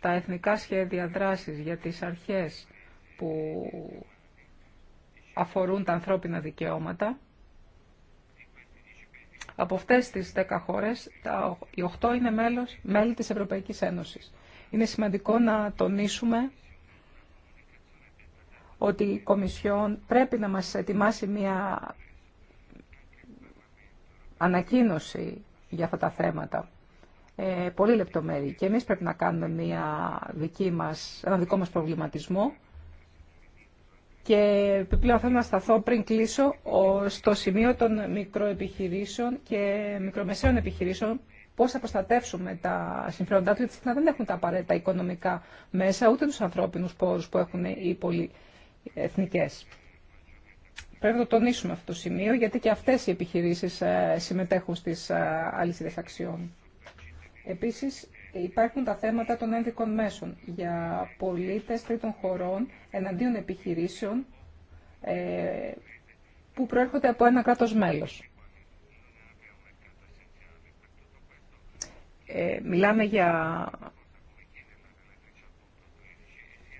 τα εθνικά σχέδια δράσης για τις αρχές που αφορούν τα ανθρώπινα δικαιώματα, από αυτές τις 10 χώρες, τα, οι 8 είναι μέλος, μέλη της Ευρωπαϊκής Ένωσης. Είναι σημαντικό να τονίσουμε ότι η Κομισιόν πρέπει να μας ετοιμάσει μια ανακοίνωση για αυτά τα θέματα. Ε, πολύ λεπτομέρη. Και εμείς πρέπει να κάνουμε μια δική μας, ένα δικό μας προβληματισμό. Και επιπλέον θέλω να σταθώ πριν κλείσω στο σημείο των μικροεπιχειρήσεων και μικρομεσαίων επιχειρήσεων πώς θα προστατεύσουμε τα συμφέροντά του, γιατί δεν έχουν τα απαραίτητα οικονομικά μέσα, ούτε τους ανθρώπινους πόρους που έχουν οι, πολλοί εθνικές. Πρέπει να το τονίσουμε αυτό το σημείο, γιατί και αυτές οι επιχειρήσεις ε, συμμετέχουν στις ε, αλυσίδες αξιών. Επίσης, υπάρχουν τα θέματα των ένδικων μέσων για πολίτες τρίτων χωρών εναντίον επιχειρήσεων ε, που προέρχονται από ένα κράτος μέλος. Ε, μιλάμε για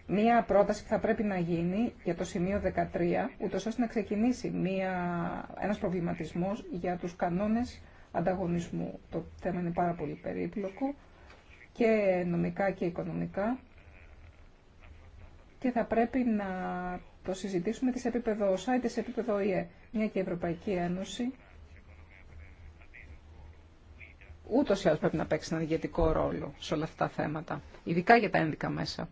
μία πρόταση που θα πρέπει να γίνει για το σημείο 13, ούτως ώστε να ξεκινήσει μία, ένας προβληματισμός για τους κανόνες ανταγωνισμού. Το θέμα είναι πάρα πολύ περίπλοκο και νομικά και οικονομικά και θα πρέπει να το συζητήσουμε και σε επίπεδο ΩΣΑ ή επίπεδο ΙΕ, μια και η Ευρωπαϊκή Ένωση ούτως ή άλλως πρέπει να παίξει έναν ηγετικό ρόλο σε όλα αυτά τα θέματα, ειδικά για τα ένδικα μέσα.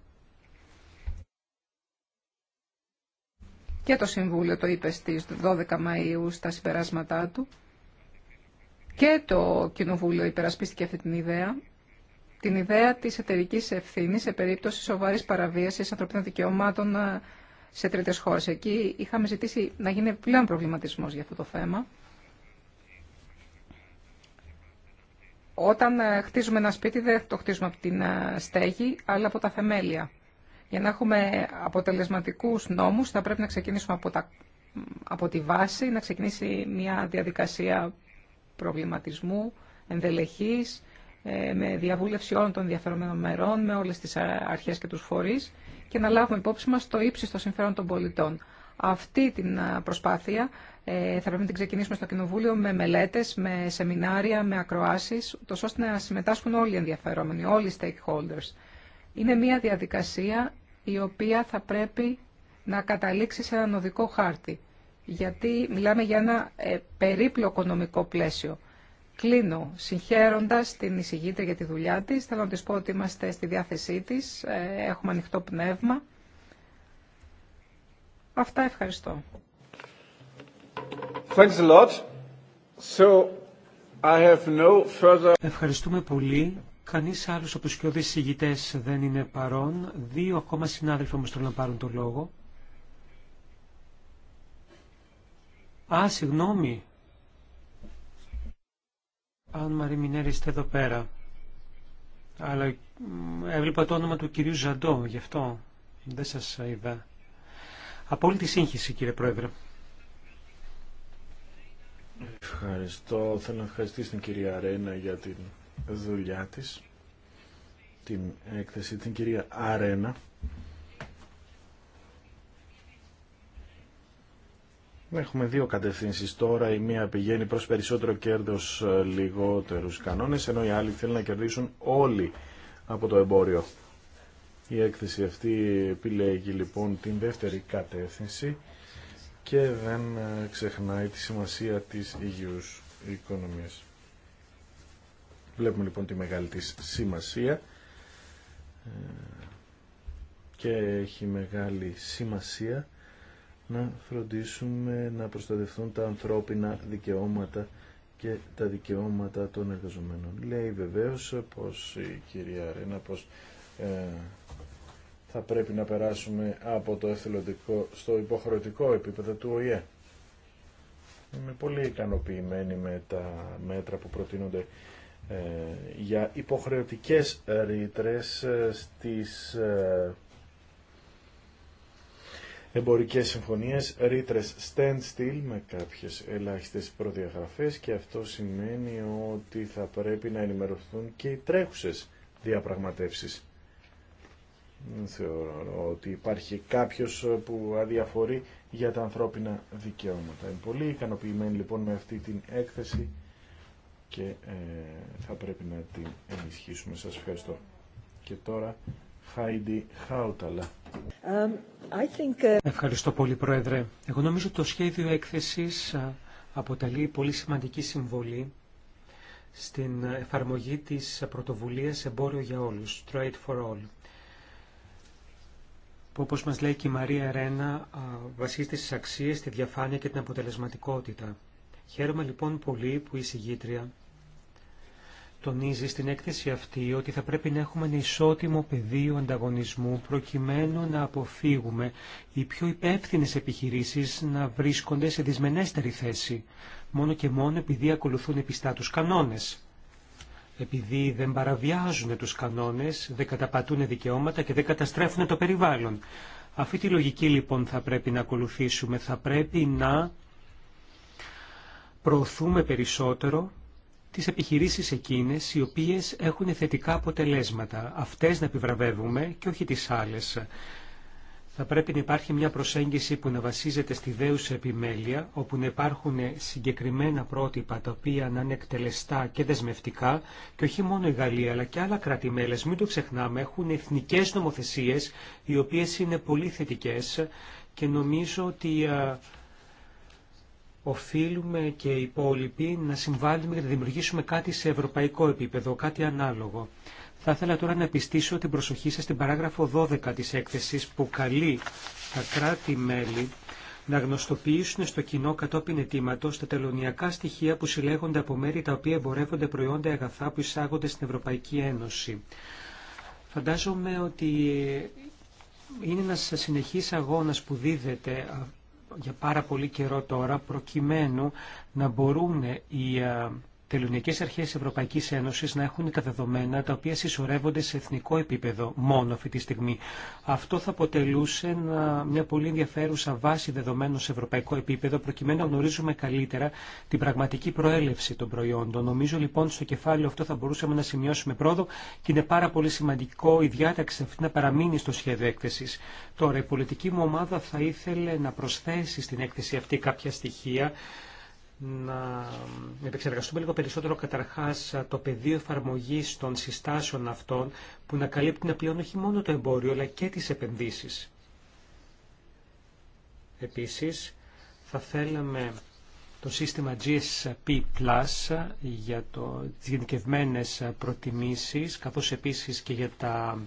και το Συμβούλιο το είπε στις 12 Μαΐου στα συμπεράσματά του και το Κοινοβούλιο υπερασπίστηκε αυτή την ιδέα, την ιδέα της εταιρική ευθύνη σε περίπτωση σοβαρής παραβίασης ανθρωπίνων δικαιωμάτων ε, σε τρίτες χώρες. Εκεί είχαμε ζητήσει να γίνει πλέον προβληματισμός για αυτό το θέμα. Όταν ε, χτίζουμε ένα σπίτι δεν το χτίζουμε από την ε, στέγη, αλλά από τα θεμέλια. Για να έχουμε αποτελεσματικούς νόμους θα πρέπει να ξεκινήσουμε από, τα, από τη βάση, να ξεκινήσει μια διαδικασία προβληματισμού, ενδελεχής, ε, με διαβούλευση όλων των ενδιαφερομένων μερών, με όλες τις αρχές και τους φορείς και να λάβουμε υπόψη μας το ύψιστο συμφέρον των πολιτών. Αυτή την προσπάθεια ε, θα πρέπει να την ξεκινήσουμε στο Κοινοβούλιο με μελέτες, με σεμινάρια, με ακροάσεις, ώστε να συμμετάσχουν όλοι οι ενδιαφερόμενοι, όλοι οι stakeholders. Είναι μια διαδικασία η οποία θα πρέπει να καταλήξει σε έναν οδικό χάρτη. Γιατί μιλάμε για ένα ε, περίπλοκο νομικό πλαίσιο. Κλείνω συγχαίροντα την εισηγήτρια για τη δουλειά τη. Θέλω να τη πω ότι είμαστε στη διάθεσή τη. Ε, έχουμε ανοιχτό πνεύμα. Αυτά ευχαριστώ. Ευχαριστούμε πολύ. Κανείς άλλος από τους πιο δυσηγητές δεν είναι παρόν. Δύο ακόμα συνάδελφοι όμως θέλουν να πάρουν το λόγο. Α, συγγνώμη. Αν Μαριμινέρη είστε εδώ πέρα. Αλλά έβλεπα το όνομα του κυρίου Ζαντό, γι' αυτό δεν σας είδα. Απόλυτη σύγχυση κύριε Πρόεδρε. Ευχαριστώ. Θέλω να ευχαριστήσω την κυρία Ρένα για την δουλειά της την έκθεση την κυρία Αρένα Έχουμε δύο κατευθύνσεις τώρα, η μία πηγαίνει προς περισσότερο κέρδος ε, λιγότερους κανόνες, ενώ οι άλλοι θέλουν να κερδίσουν όλοι από το εμπόριο. Η έκθεση αυτή επιλέγει λοιπόν την δεύτερη κατεύθυνση και δεν ε, ξεχνάει τη σημασία της υγιούς οικονομίας. Βλέπουμε λοιπόν τη μεγάλη της σημασία ε, και έχει μεγάλη σημασία να φροντίσουμε να προστατευτούν τα ανθρώπινα δικαιώματα και τα δικαιώματα των εργαζομένων. Λέει βεβαίως πως η κυρία Ρένα πως ε, θα πρέπει να περάσουμε από το εθελοντικό στο υποχρεωτικό επίπεδο του ΟΗΕ. Είμαι πολύ ικανοποιημένη με τα μέτρα που προτείνονται ε, για υποχρεωτικές ρήτρες ε, στις ε, εμπορικές συμφωνίες, ρήτρες standstill με κάποιες ελάχιστες προδιαγραφές και αυτό σημαίνει ότι θα πρέπει να ενημερωθούν και οι τρέχουσες διαπραγματεύσεις. Θεωρώ ότι υπάρχει κάποιος που αδιαφορεί για τα ανθρώπινα δικαιώματα. Είμαι πολύ ικανοποιημένη λοιπόν με αυτή την έκθεση και ε, θα πρέπει να την ενισχύσουμε. Σας ευχαριστώ. Και τώρα, Χάιντι Χάουταλα. Um, uh, ευχαριστώ πολύ, Πρόεδρε. Εγώ νομίζω το σχέδιο έκθεσης αποτελεί πολύ σημαντική συμβολή στην εφαρμογή της πρωτοβουλίας «Εμπόριο για όλους», «Trade for All» που όπως μας λέει και η Μαρία Ρένα βασίζεται στις αξίες, τη διαφάνεια και την αποτελεσματικότητα. Χαίρομαι λοιπόν πολύ που η συγγήτρια τονίζει στην έκθεση αυτή ότι θα πρέπει να έχουμε ένα ισότιμο πεδίο ανταγωνισμού προκειμένου να αποφύγουμε οι πιο υπεύθυνε επιχειρήσεις να βρίσκονται σε δυσμενέστερη θέση, μόνο και μόνο επειδή ακολουθούν επιστά τους κανόνες. Επειδή δεν παραβιάζουν τους κανόνες, δεν καταπατούν δικαιώματα και δεν καταστρέφουν το περιβάλλον. Αυτή τη λογική λοιπόν θα πρέπει να ακολουθήσουμε. Θα πρέπει να προωθούμε περισσότερο τις επιχειρήσεις εκείνες οι οποίες έχουν θετικά αποτελέσματα. Αυτές να επιβραβεύουμε και όχι τις άλλες. Θα πρέπει να υπάρχει μια προσέγγιση που να βασίζεται στη δέουσα επιμέλεια, όπου να υπάρχουν συγκεκριμένα πρότυπα τα οποία να είναι εκτελεστά και δεσμευτικά, και όχι μόνο η Γαλλία αλλά και άλλα κράτη-μέλη. Μην το ξεχνάμε, έχουν εθνικέ νομοθεσίες οι οποίες είναι πολύ θετικές και νομίζω ότι οφείλουμε και οι υπόλοιποι να συμβάλλουμε για να δημιουργήσουμε κάτι σε ευρωπαϊκό επίπεδο, κάτι ανάλογο. Θα ήθελα τώρα να επιστήσω την προσοχή σας στην παράγραφο 12 της έκθεσης που καλεί τα κράτη-μέλη να γνωστοποιήσουν στο κοινό κατόπιν αιτήματο τα τελωνιακά στοιχεία που συλλέγονται από μέρη τα οποία εμπορεύονται προϊόντα αγαθά που εισάγονται στην Ευρωπαϊκή Ένωση. Φαντάζομαι ότι είναι ένας συνεχής αγώνας που δίδεται για πάρα πολύ καιρό τώρα προκειμένου να μπορούν οι ε, τελωνιακές αρχές Ευρωπαϊκή Ένωση να έχουν τα δεδομένα τα οποία συσσωρεύονται σε εθνικό επίπεδο μόνο αυτή τη στιγμή. Αυτό θα αποτελούσε μια πολύ ενδιαφέρουσα βάση δεδομένων σε ευρωπαϊκό επίπεδο προκειμένου να γνωρίζουμε καλύτερα την πραγματική προέλευση των προϊόντων. Νομίζω λοιπόν στο κεφάλαιο αυτό θα μπορούσαμε να σημειώσουμε πρόοδο και είναι πάρα πολύ σημαντικό η διάταξη αυτή να παραμείνει στο σχέδιο έκθεση. Τώρα η πολιτική μου ομάδα θα ήθελε να προσθέσει στην έκθεση αυτή κάποια στοιχεία να επεξεργαστούμε λίγο περισσότερο καταρχάς το πεδίο εφαρμογής των συστάσεων αυτών που να καλύπτουν πλέον όχι μόνο το εμπόριο αλλά και τις επενδύσεις. Επίσης, θα θέλαμε το σύστημα GSP Plus για το, τις γενικευμένες προτιμήσεις, καθώς επίσης και για τα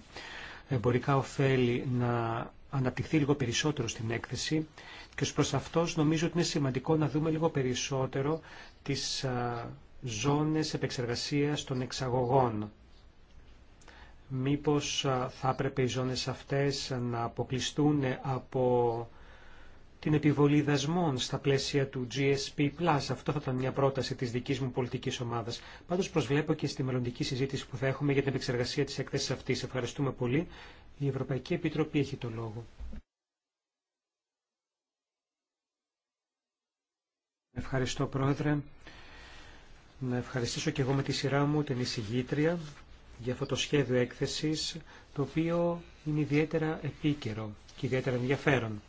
εμπορικά ωφέλη να αναπτυχθεί λίγο περισσότερο στην έκθεση και ως προς αυτός νομίζω ότι είναι σημαντικό να δούμε λίγο περισσότερο τις ζώνες επεξεργασίας των εξαγωγών. Μήπως θα έπρεπε οι ζώνες αυτές να αποκλειστούν από την επιβολή δασμών στα πλαίσια του GSP+. Αυτό θα ήταν μια πρόταση της δικής μου πολιτικής ομάδας. Πάντως προσβλέπω και στη μελλοντική συζήτηση που θα έχουμε για την επεξεργασία της έκθεσης αυτής. Ευχαριστούμε πολύ. Η Ευρωπαϊκή Επιτροπή έχει το λόγο. Ευχαριστώ Πρόεδρε. Να ευχαριστήσω και εγώ με τη σειρά μου την εισηγήτρια για αυτό το σχέδιο έκθεσης, το οποίο είναι ιδιαίτερα επίκαιρο και ιδιαίτερα ενδιαφέρον.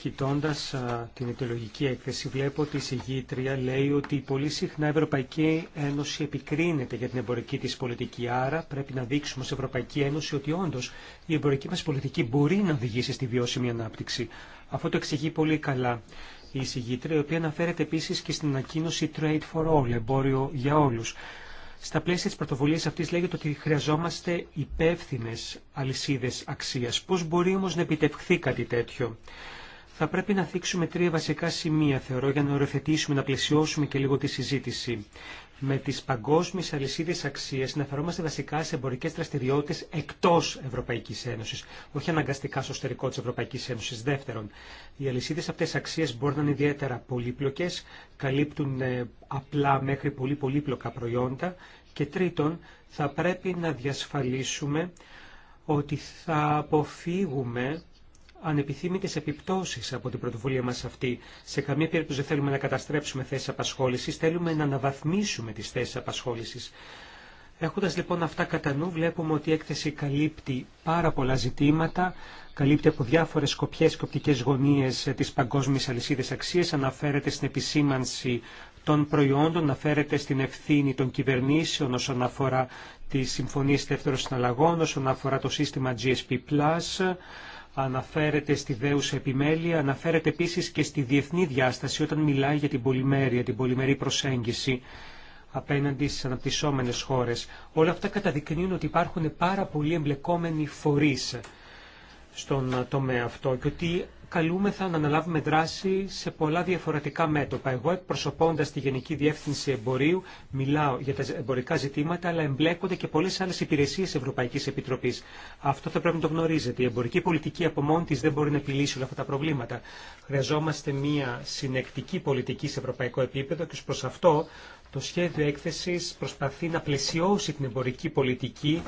Κοιτώντας την ιδεολογική έκθεση, βλέπω ότι η εισηγήτρια λέει ότι πολύ συχνά η Ευρωπαϊκή Ένωση επικρίνεται για την εμπορική της πολιτική. Άρα πρέπει να δείξουμε στην Ευρωπαϊκή Ένωση ότι όντως η εμπορική μας πολιτική μπορεί να οδηγήσει στη βιώσιμη ανάπτυξη. Αυτό το εξηγεί πολύ καλά η εισηγήτρια, η οποία αναφέρεται επίσης και στην ανακοίνωση Trade for All, εμπόριο για όλους. Στα πλαίσια τη πρωτοβουλίας αυτής λέγεται ότι χρειαζόμαστε υπεύθυνε αλυσίδες αξία. Πώς μπορεί όμω να επιτευχθεί κάτι τέτοιο. Θα πρέπει να θίξουμε τρία βασικά σημεία, θεωρώ, για να οριοθετήσουμε, να πλαισιώσουμε και λίγο τη συζήτηση με τις παγκόσμιες αλυσίδε αξίες να φερόμαστε βασικά σε εμπορικές δραστηριότητες εκτός Ευρωπαϊκής Ένωσης, όχι αναγκαστικά στο στερικό της Ευρωπαϊκής Ένωσης. Δεύτερον, οι αλυσίδες αυτές αξίες μπορεί να είναι ιδιαίτερα πολύπλοκες, καλύπτουν ε, απλά μέχρι πολύ πολύπλοκα προϊόντα και τρίτον, θα πρέπει να διασφαλίσουμε ότι θα αποφύγουμε ανεπιθύμητες επιπτώσεις από την πρωτοβουλία μας αυτή. Σε καμία περίπτωση δεν θέλουμε να καταστρέψουμε θέσεις απασχόλησης, θέλουμε να αναβαθμίσουμε τις θέσεις απασχόλησης. Έχοντας λοιπόν αυτά κατά νου, βλέπουμε ότι η έκθεση καλύπτει πάρα πολλά ζητήματα, καλύπτει από διάφορες σκοπιές και οπτικές γωνίες της παγκόσμιας αλυσίδας αξίες, αναφέρεται στην επισήμανση των προϊόντων, αναφέρεται στην ευθύνη των κυβερνήσεων όσον αφορά τι συμφωνίε δεύτερων συναλλαγών, όσον αφορά το σύστημα GSP+, αναφέρεται στη δέουσα επιμέλεια, αναφέρεται επίσης και στη διεθνή διάσταση όταν μιλάει για την πολυμέρεια, την πολυμερή προσέγγιση απέναντι στις αναπτυσσόμενες χώρες. Όλα αυτά καταδεικνύουν ότι υπάρχουν πάρα πολλοί εμπλεκόμενοι φορείς στον τομέα αυτό και ότι καλούμεθα να αναλάβουμε δράση σε πολλά διαφορετικά μέτωπα. Εγώ εκπροσωπώντας τη Γενική Διεύθυνση Εμπορίου μιλάω για τα εμπορικά ζητήματα, αλλά εμπλέκονται και πολλές άλλες υπηρεσίες Ευρωπαϊκής Επιτροπής. Αυτό θα πρέπει να το γνωρίζετε. Η εμπορική πολιτική από μόνη της δεν μπορεί να επιλύσει όλα αυτά τα προβλήματα. Χρειαζόμαστε μια συνεκτική πολιτική σε ευρωπαϊκό επίπεδο και προς αυτό το σχέδιο έκθεσης προσπαθεί να πλαισιώσει την εμπορική πολιτική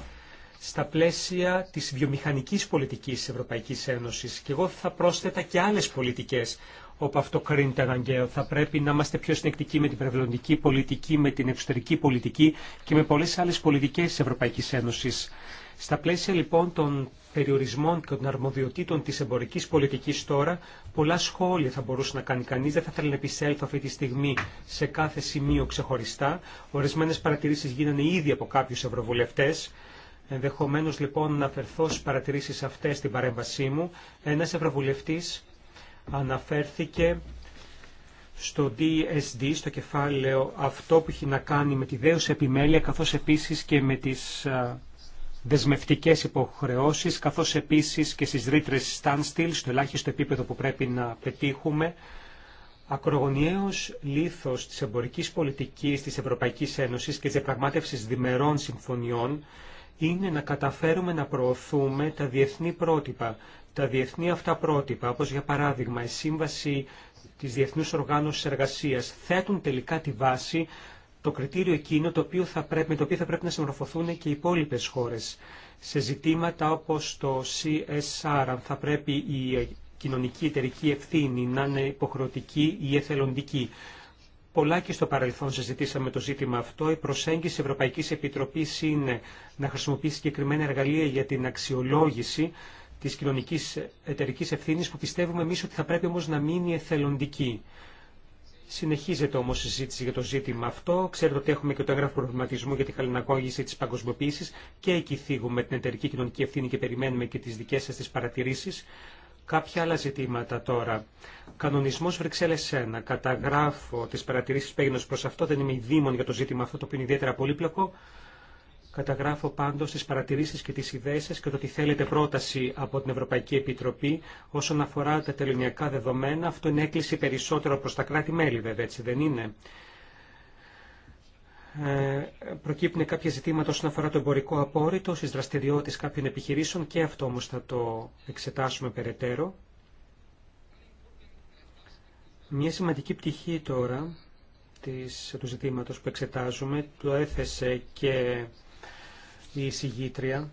στα πλαίσια της βιομηχανικής πολιτικής της Ευρωπαϊκής Ένωσης και εγώ θα πρόσθετα και άλλες πολιτικές όπου αυτό κρίνεται αναγκαίο. Θα πρέπει να είμαστε πιο συνεκτικοί με την περιβαλλοντική πολιτική, με την εξωτερική πολιτική και με πολλές άλλες πολιτικές της Ευρωπαϊκής Ένωσης. Στα πλαίσια λοιπόν των περιορισμών και των αρμοδιοτήτων της εμπορικής πολιτικής τώρα, πολλά σχόλια θα μπορούσε να κάνει κανείς. Δεν θα ήθελα να επισέλθω αυτή τη στιγμή σε κάθε σημείο ξεχωριστά. Ορισμένες παρατηρήσεις γίνανε ήδη από κάποιους ευρωβουλευτές. Ενδεχομένως λοιπόν να αφαιρθώ στι παρατηρήσεις αυτές στην παρέμβασή μου. ένα ευρωβουλευτή αναφέρθηκε στο DSD, στο κεφάλαιο αυτό που έχει να κάνει με τη δέουσα επιμέλεια, καθώς επίσης και με τις δεσμευτικές υποχρεώσεις, καθώς επίσης και στις ρήτρες standstill, στο ελάχιστο επίπεδο που πρέπει να πετύχουμε. Ακρογωνιαίος λήθος της εμπορικής πολιτικής της Ευρωπαϊκής Ένωσης και της διαπραγματεύση διμερών συμφωνιών είναι να καταφέρουμε να προωθούμε τα διεθνή πρότυπα, τα διεθνή αυτά πρότυπα, όπως για παράδειγμα η Σύμβαση της Διεθνούς Οργάνωσης Εργασίας, θέτουν τελικά τη βάση το κριτήριο εκείνο το οποίο θα πρέπει, με το οποίο θα πρέπει να συμμορφωθούν και οι υπόλοιπε χώρες. Σε ζητήματα όπως το CSR, αν θα πρέπει η κοινωνική εταιρική ευθύνη να είναι υποχρεωτική ή εθελοντική. Πολλά και στο παρελθόν συζητήσαμε το ζήτημα αυτό. Η προσέγγιση Ευρωπαϊκή Επιτροπή είναι να χρησιμοποιήσει συγκεκριμένα εργαλεία για την αξιολόγηση τη κοινωνική εταιρική ευθύνη, που πιστεύουμε εμεί ότι θα πρέπει όμω να μείνει εθελοντική. Συνεχίζεται όμω η συζήτηση για το ζήτημα αυτό. Ξέρετε ότι έχουμε και το έγγραφο προβληματισμού για τη χαλινακόγηση τη παγκοσμιοποίηση και εκεί θίγουμε την εταιρική κοινωνική ευθύνη και περιμένουμε και τι δικέ σα τι παρατηρήσει. Κάποια άλλα ζητήματα τώρα. Κανονισμό Βρυξέλλε 1. Καταγράφω τι παρατηρήσει που έγιναν προ αυτό. Δεν είμαι ειδήμων για το ζήτημα αυτό, το οποίο είναι ιδιαίτερα πολύπλοκο. Καταγράφω πάντω τι παρατηρήσει και τι ιδέε σα και το ότι θέλετε πρόταση από την Ευρωπαϊκή Επιτροπή όσον αφορά τα τελωνιακά δεδομένα. Αυτό είναι έκκληση περισσότερο προ τα κράτη-μέλη, βέβαια, έτσι δεν είναι. Ε, προκύπτουν κάποια ζητήματα όσον αφορά το εμπορικό απόρριτο, στι δραστηριότητε κάποιων επιχειρήσεων και αυτό όμω θα το εξετάσουμε περαιτέρω. Μια σημαντική πτυχή τώρα της, του ζητήματος που εξετάζουμε το έθεσε και η εισηγήτρια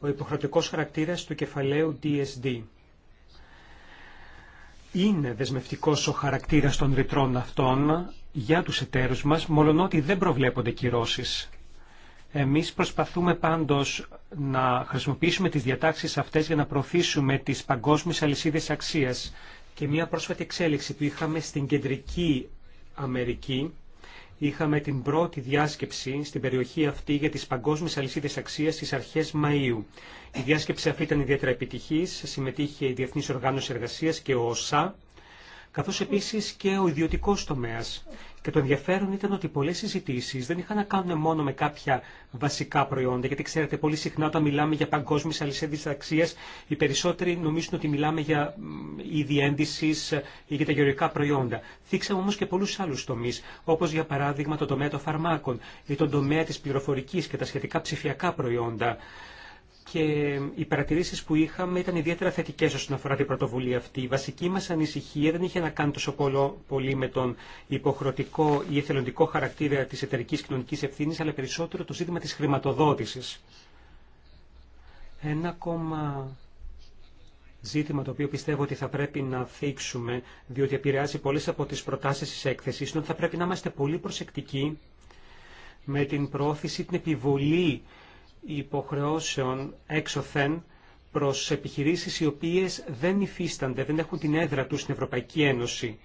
ο υποχρεωτικός χαρακτήρας του κεφαλαίου DSD. Είναι δεσμευτικός ο χαρακτήρας των ρητρών αυτών για τους εταίρους μας, ότι δεν προβλέπονται κυρώσεις. Εμείς προσπαθούμε πάντως να χρησιμοποιήσουμε τις διατάξεις αυτές για να προωθήσουμε τις παγκόσμιες αλυσίδες αξίας και μια πρόσφατη εξέλιξη που είχαμε στην Κεντρική Αμερική. Είχαμε την πρώτη διάσκεψη στην περιοχή αυτή για τις παγκόσμιες αλυσίδες αξίας στις αρχές Μαΐου. Η διάσκεψη αυτή ήταν ιδιαίτερα επιτυχής, συμμετείχε η Διεθνής Οργάνωση Εργασίας και ο ΩΣΑ, καθώς επίσης και ο ιδιωτικός τομέας. Και το ενδιαφέρον ήταν ότι πολλές συζητήσει δεν είχαν να κάνουν μόνο με κάποια βασικά προϊόντα, γιατί ξέρετε πολύ συχνά όταν μιλάμε για παγκόσμιες αλυσίδες αξία, οι περισσότεροι νομίζουν ότι μιλάμε για είδη ένδυσης ε, ή για τα γεωργικά προϊόντα. Θίξαμε όμως και πολλούς άλλους τομείς, όπως για παράδειγμα το τομέα των φαρμάκων ή τον τομέα της πληροφορικής και τα σχετικά ψηφιακά προϊόντα και οι παρατηρήσει που είχαμε ήταν ιδιαίτερα θετικέ όσον αφορά την πρωτοβουλία αυτή. Η βασική μα ανησυχία δεν είχε να κάνει τόσο πολύ με τον υποχρεωτικό ή εθελοντικό χαρακτήρα τη εταιρική κοινωνική ευθύνη, αλλά περισσότερο το ζήτημα τη χρηματοδότηση. Ένα ακόμα ζήτημα το οποίο πιστεύω ότι θα πρέπει να θίξουμε, διότι επηρεάζει πολλέ από τι προτάσει τη έκθεση, είναι ότι θα πρέπει να είμαστε πολύ προσεκτικοί με την προώθηση, την επιβολή υποχρεώσεων έξωθεν προς επιχειρήσεις οι οποίες δεν υφίστανται, δεν έχουν την έδρα τους στην Ευρωπαϊκή Ένωση.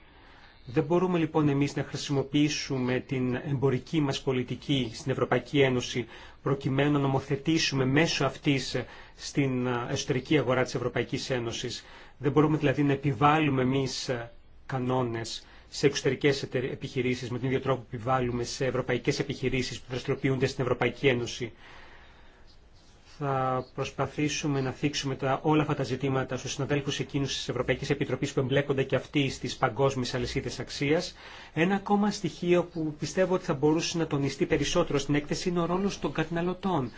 Δεν μπορούμε λοιπόν εμείς να χρησιμοποιήσουμε την εμπορική μας πολιτική στην Ευρωπαϊκή Ένωση προκειμένου να νομοθετήσουμε μέσω αυτής στην εσωτερική αγορά της Ευρωπαϊκής Ένωσης. Δεν μπορούμε δηλαδή να επιβάλλουμε εμείς κανόνες σε εξωτερικέ επιχειρήσει με τον ίδιο τρόπο που επιβάλλουμε σε ευρωπαϊκέ επιχειρήσει που δραστηριοποιούνται στην Ευρωπαϊκή Ένωση θα προσπαθήσουμε να θίξουμε τα, όλα αυτά τα ζητήματα στους συναδέλφους εκείνους της Ευρωπαϊκής Επιτροπής που εμπλέκονται και αυτοί στις παγκόσμιες αλυσίδες αξίας. Ένα ακόμα στοιχείο που πιστεύω ότι θα μπορούσε να τονιστεί περισσότερο στην έκθεση είναι ο ρόλος των καταναλωτών.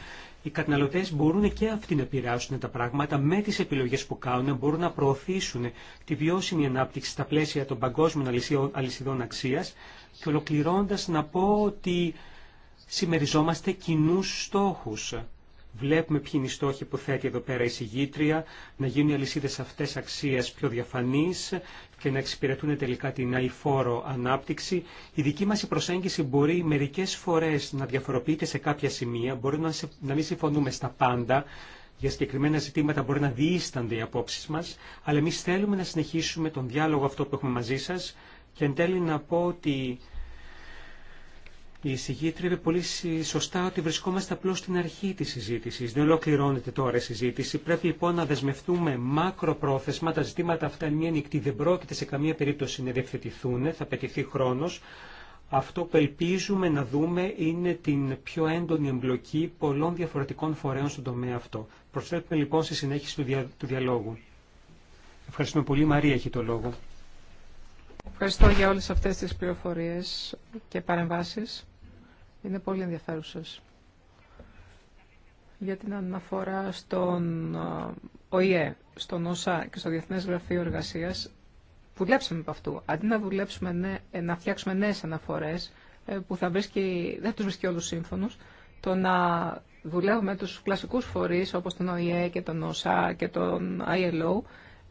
Οι καταναλωτέ μπορούν και αυτοί να επηρεάσουν τα πράγματα με τι επιλογέ που κάνουν, μπορούν να προωθήσουν τη βιώσιμη ανάπτυξη στα πλαίσια των παγκόσμιων αλυσιδών αξία. Και ολοκληρώνοντα να πω ότι συμμεριζόμαστε κοινού στόχου. Βλέπουμε ποιοι είναι οι στόχοι που θέτει εδώ πέρα η συγγήτρια, να γίνουν οι αλυσίδες αυτές αξίας πιο διαφανείς και να εξυπηρετούν τελικά την αηφόρο ανάπτυξη. Η δική μας η προσέγγιση μπορεί μερικές φορές να διαφοροποιείται σε κάποια σημεία, μπορεί να, να μην συμφωνούμε στα πάντα, για συγκεκριμένα ζητήματα μπορεί να διείστανται οι απόψεις μας, αλλά εμείς θέλουμε να συνεχίσουμε τον διάλογο αυτό που έχουμε μαζί σας και εν τέλει να πω ότι η εισηγήτρια είπε πολύ σωστά ότι βρισκόμαστε απλώ στην αρχή τη συζήτηση. Δεν ολοκληρώνεται τώρα η συζήτηση. Πρέπει λοιπόν να δεσμευτούμε μακροπρόθεσμα. Τα ζητήματα αυτά είναι μία νυχτή δεν πρόκειται σε καμία περίπτωση να διευθετηθούν. Θα πετυχθεί χρόνο. Αυτό που ελπίζουμε να δούμε είναι την πιο έντονη εμπλοκή πολλών διαφορετικών φορέων στον τομέα αυτό. Προσθέτουμε λοιπόν στη συνέχιση του, του διαλόγου. Ευχαριστούμε πολύ. Μαρία έχει το λόγο. Ευχαριστώ για όλες αυτές τις πληροφορίες και παρεμβάσεις. Είναι πολύ ενδιαφέρουσες. Για την αναφορά στον ΟΗΕ, στον ΩΣΑ και στο Διεθνές Γραφείο Εργασίας, δουλέψαμε από αυτού. Αντί να, δουλέψουμε, ε, να φτιάξουμε νέες αναφορές ε, που θα βρίσκει, δεν τους βρίσκει όλους σύμφωνους, το να δουλεύουμε τους κλασικούς φορείς όπως τον ΟΗΕ και τον ΩΣΑ και τον ILO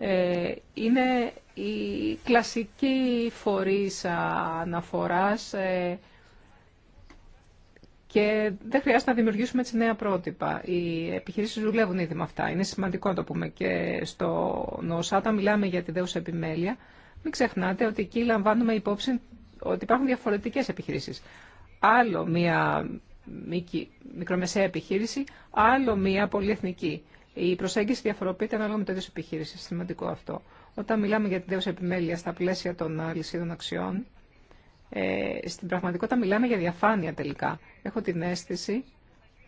ε, είναι η κλασική φορής αναφοράς ε, και δεν χρειάζεται να δημιουργήσουμε έτσι νέα πρότυπα. Οι επιχειρήσεις δουλεύουν ήδη με αυτά. Είναι σημαντικό να το πούμε. Και στο ΝΟΣΑ, όταν μιλάμε για τη δέουσα επιμέλεια, μην ξεχνάτε ότι εκεί λαμβάνουμε υπόψη ότι υπάρχουν διαφορετικές επιχειρήσεις. Άλλο μία μικρομεσαία επιχείρηση, άλλο μία πολυεθνική. Η προσέγγιση διαφοροποιείται ανάλογα με το είδο επιχείρηση. Σημαντικό αυτό. Όταν μιλάμε για την δεύτερη επιμέλεια στα πλαίσια των λυσίδων αξιών, ε, στην πραγματικότητα μιλάμε για διαφάνεια τελικά. Έχω την αίσθηση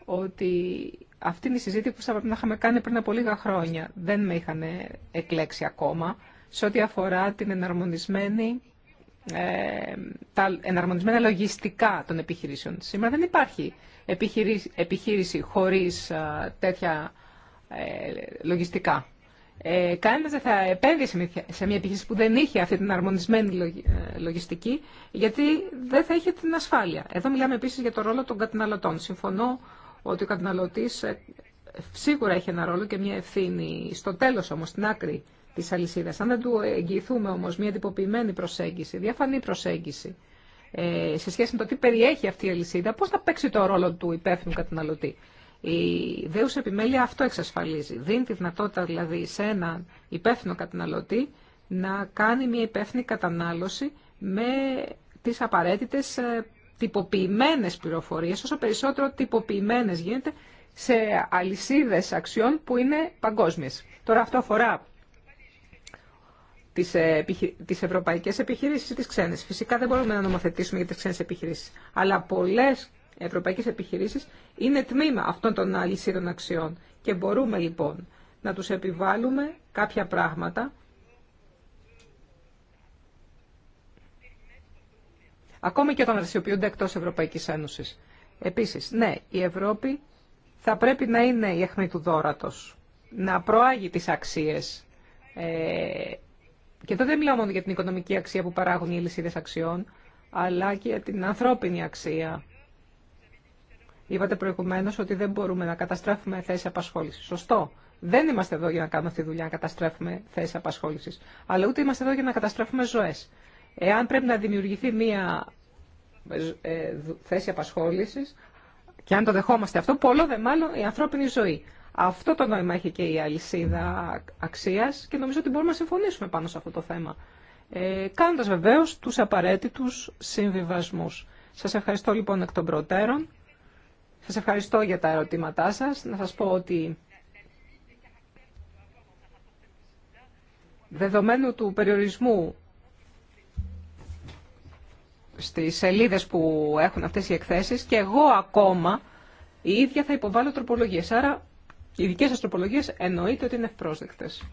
ότι αυτή είναι η συζήτηση που θα πρέπει να είχαμε κάνει πριν από λίγα χρόνια. Δεν με είχαν εκλέξει ακόμα σε ό,τι αφορά την εναρμονισμένη, ε, τα εναρμονισμένα λογιστικά των επιχειρήσεων. Σήμερα δεν υπάρχει επιχείρηση, επιχείρηση χωρίς τέτοια ε, λογιστικά. Ε, Κανένα δεν θα επένδυσε σε μια επιχείρηση που δεν είχε αυτή την αρμονισμένη ε, λογιστική, γιατί δεν θα είχε την ασφάλεια. Εδώ μιλάμε επίση για το ρόλο των καταναλωτών. Συμφωνώ ότι ο καταναλωτή ε, σίγουρα έχει ένα ρόλο και μια ευθύνη στο τέλο όμω, στην άκρη τη αλυσίδα. Αν δεν του εγγυηθούμε όμω μια τυποποιημένη προσέγγιση, διαφανή προσέγγιση, σε σχέση με το τι περιέχει αυτή η αλυσίδα, πώ θα παίξει το ρόλο του υπεύθυνου καταναλωτή. Η δέουσα επιμέλεια αυτό εξασφαλίζει. Δίνει τη δυνατότητα δηλαδή σε έναν υπεύθυνο καταναλωτή να κάνει μια υπεύθυνη κατανάλωση με τις απαραίτητες ε, τυποποιημένες πληροφορίες, όσο περισσότερο τυποποιημένες γίνεται σε αλυσίδες αξιών που είναι παγκόσμιες. Τώρα αυτό αφορά τις, ε, επιχει... τις ευρωπαϊκές επιχειρήσεις ή τις ξένες. Φυσικά δεν μπορούμε να νομοθετήσουμε για τις ξένες επιχειρήσεις, αλλά πολλές ευρωπαϊκές επιχειρήσεις είναι τμήμα αυτών των αλυσίδων αξιών και μπορούμε λοιπόν να τους επιβάλλουμε κάποια πράγματα ακόμη και όταν αρσιοποιούνται εκτός Ευρωπαϊκής Ένωσης. Επίσης, ναι, η Ευρώπη θα πρέπει να είναι η αιχμή του δόρατος, να προάγει τις αξίες. Ε, και εδώ δεν μιλάω μόνο για την οικονομική αξία που παράγουν οι λυσίδες αξιών, αλλά και για την ανθρώπινη αξία Είπατε προηγουμένω ότι δεν μπορούμε να καταστρέφουμε θέσει απασχόληση. Σωστό. Δεν είμαστε εδώ για να κάνουμε αυτή τη δουλειά, να καταστρέφουμε θέσει απασχόληση. Αλλά ούτε είμαστε εδώ για να καταστρέφουμε ζωέ. Εάν πρέπει να δημιουργηθεί μία ε, θέση απασχόληση, και αν το δεχόμαστε αυτό, πολλό δε μάλλον η ανθρώπινη ζωή. Αυτό το νόημα έχει και η αλυσίδα αξία και νομίζω ότι μπορούμε να συμφωνήσουμε πάνω σε αυτό το θέμα. Ε, Κάνοντα βεβαίω του απαραίτητου συμβιβασμού. Σα ευχαριστώ λοιπόν εκ των προτέρων. Σας ευχαριστώ για τα ερωτήματά σας. Να σας πω ότι δεδομένου του περιορισμού στις σελίδες που έχουν αυτές οι εκθέσεις και εγώ ακόμα η ίδια θα υποβάλω τροπολογίες. Άρα οι δικές σας τροπολογίες εννοείται ότι είναι ευπρόσδεκτες.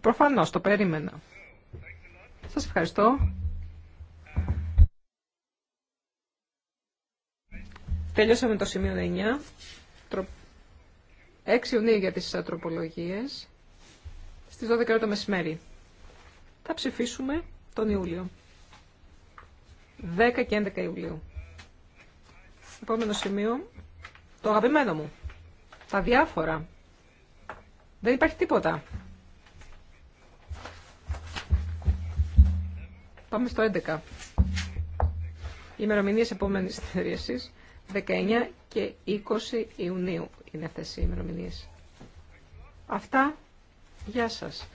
Προφανώς το περίμενα. Σας ευχαριστώ. Τελειώσαμε το σημείο 9. 6 Ιουνίου για τις τροπολογίες. Στις 12 το μεσημέρι. Θα ψηφίσουμε τον Ιούλιο. 10 και 11 Ιουλίου. Επόμενο σημείο. Το αγαπημένο μου. Τα διάφορα. Δεν υπάρχει τίποτα. Πάμε στο 11. Η επόμενης επόμενη 19 και 20 Ιουνίου είναι αυτές οι ημερομηνίες. Αυτά. Γεια σας.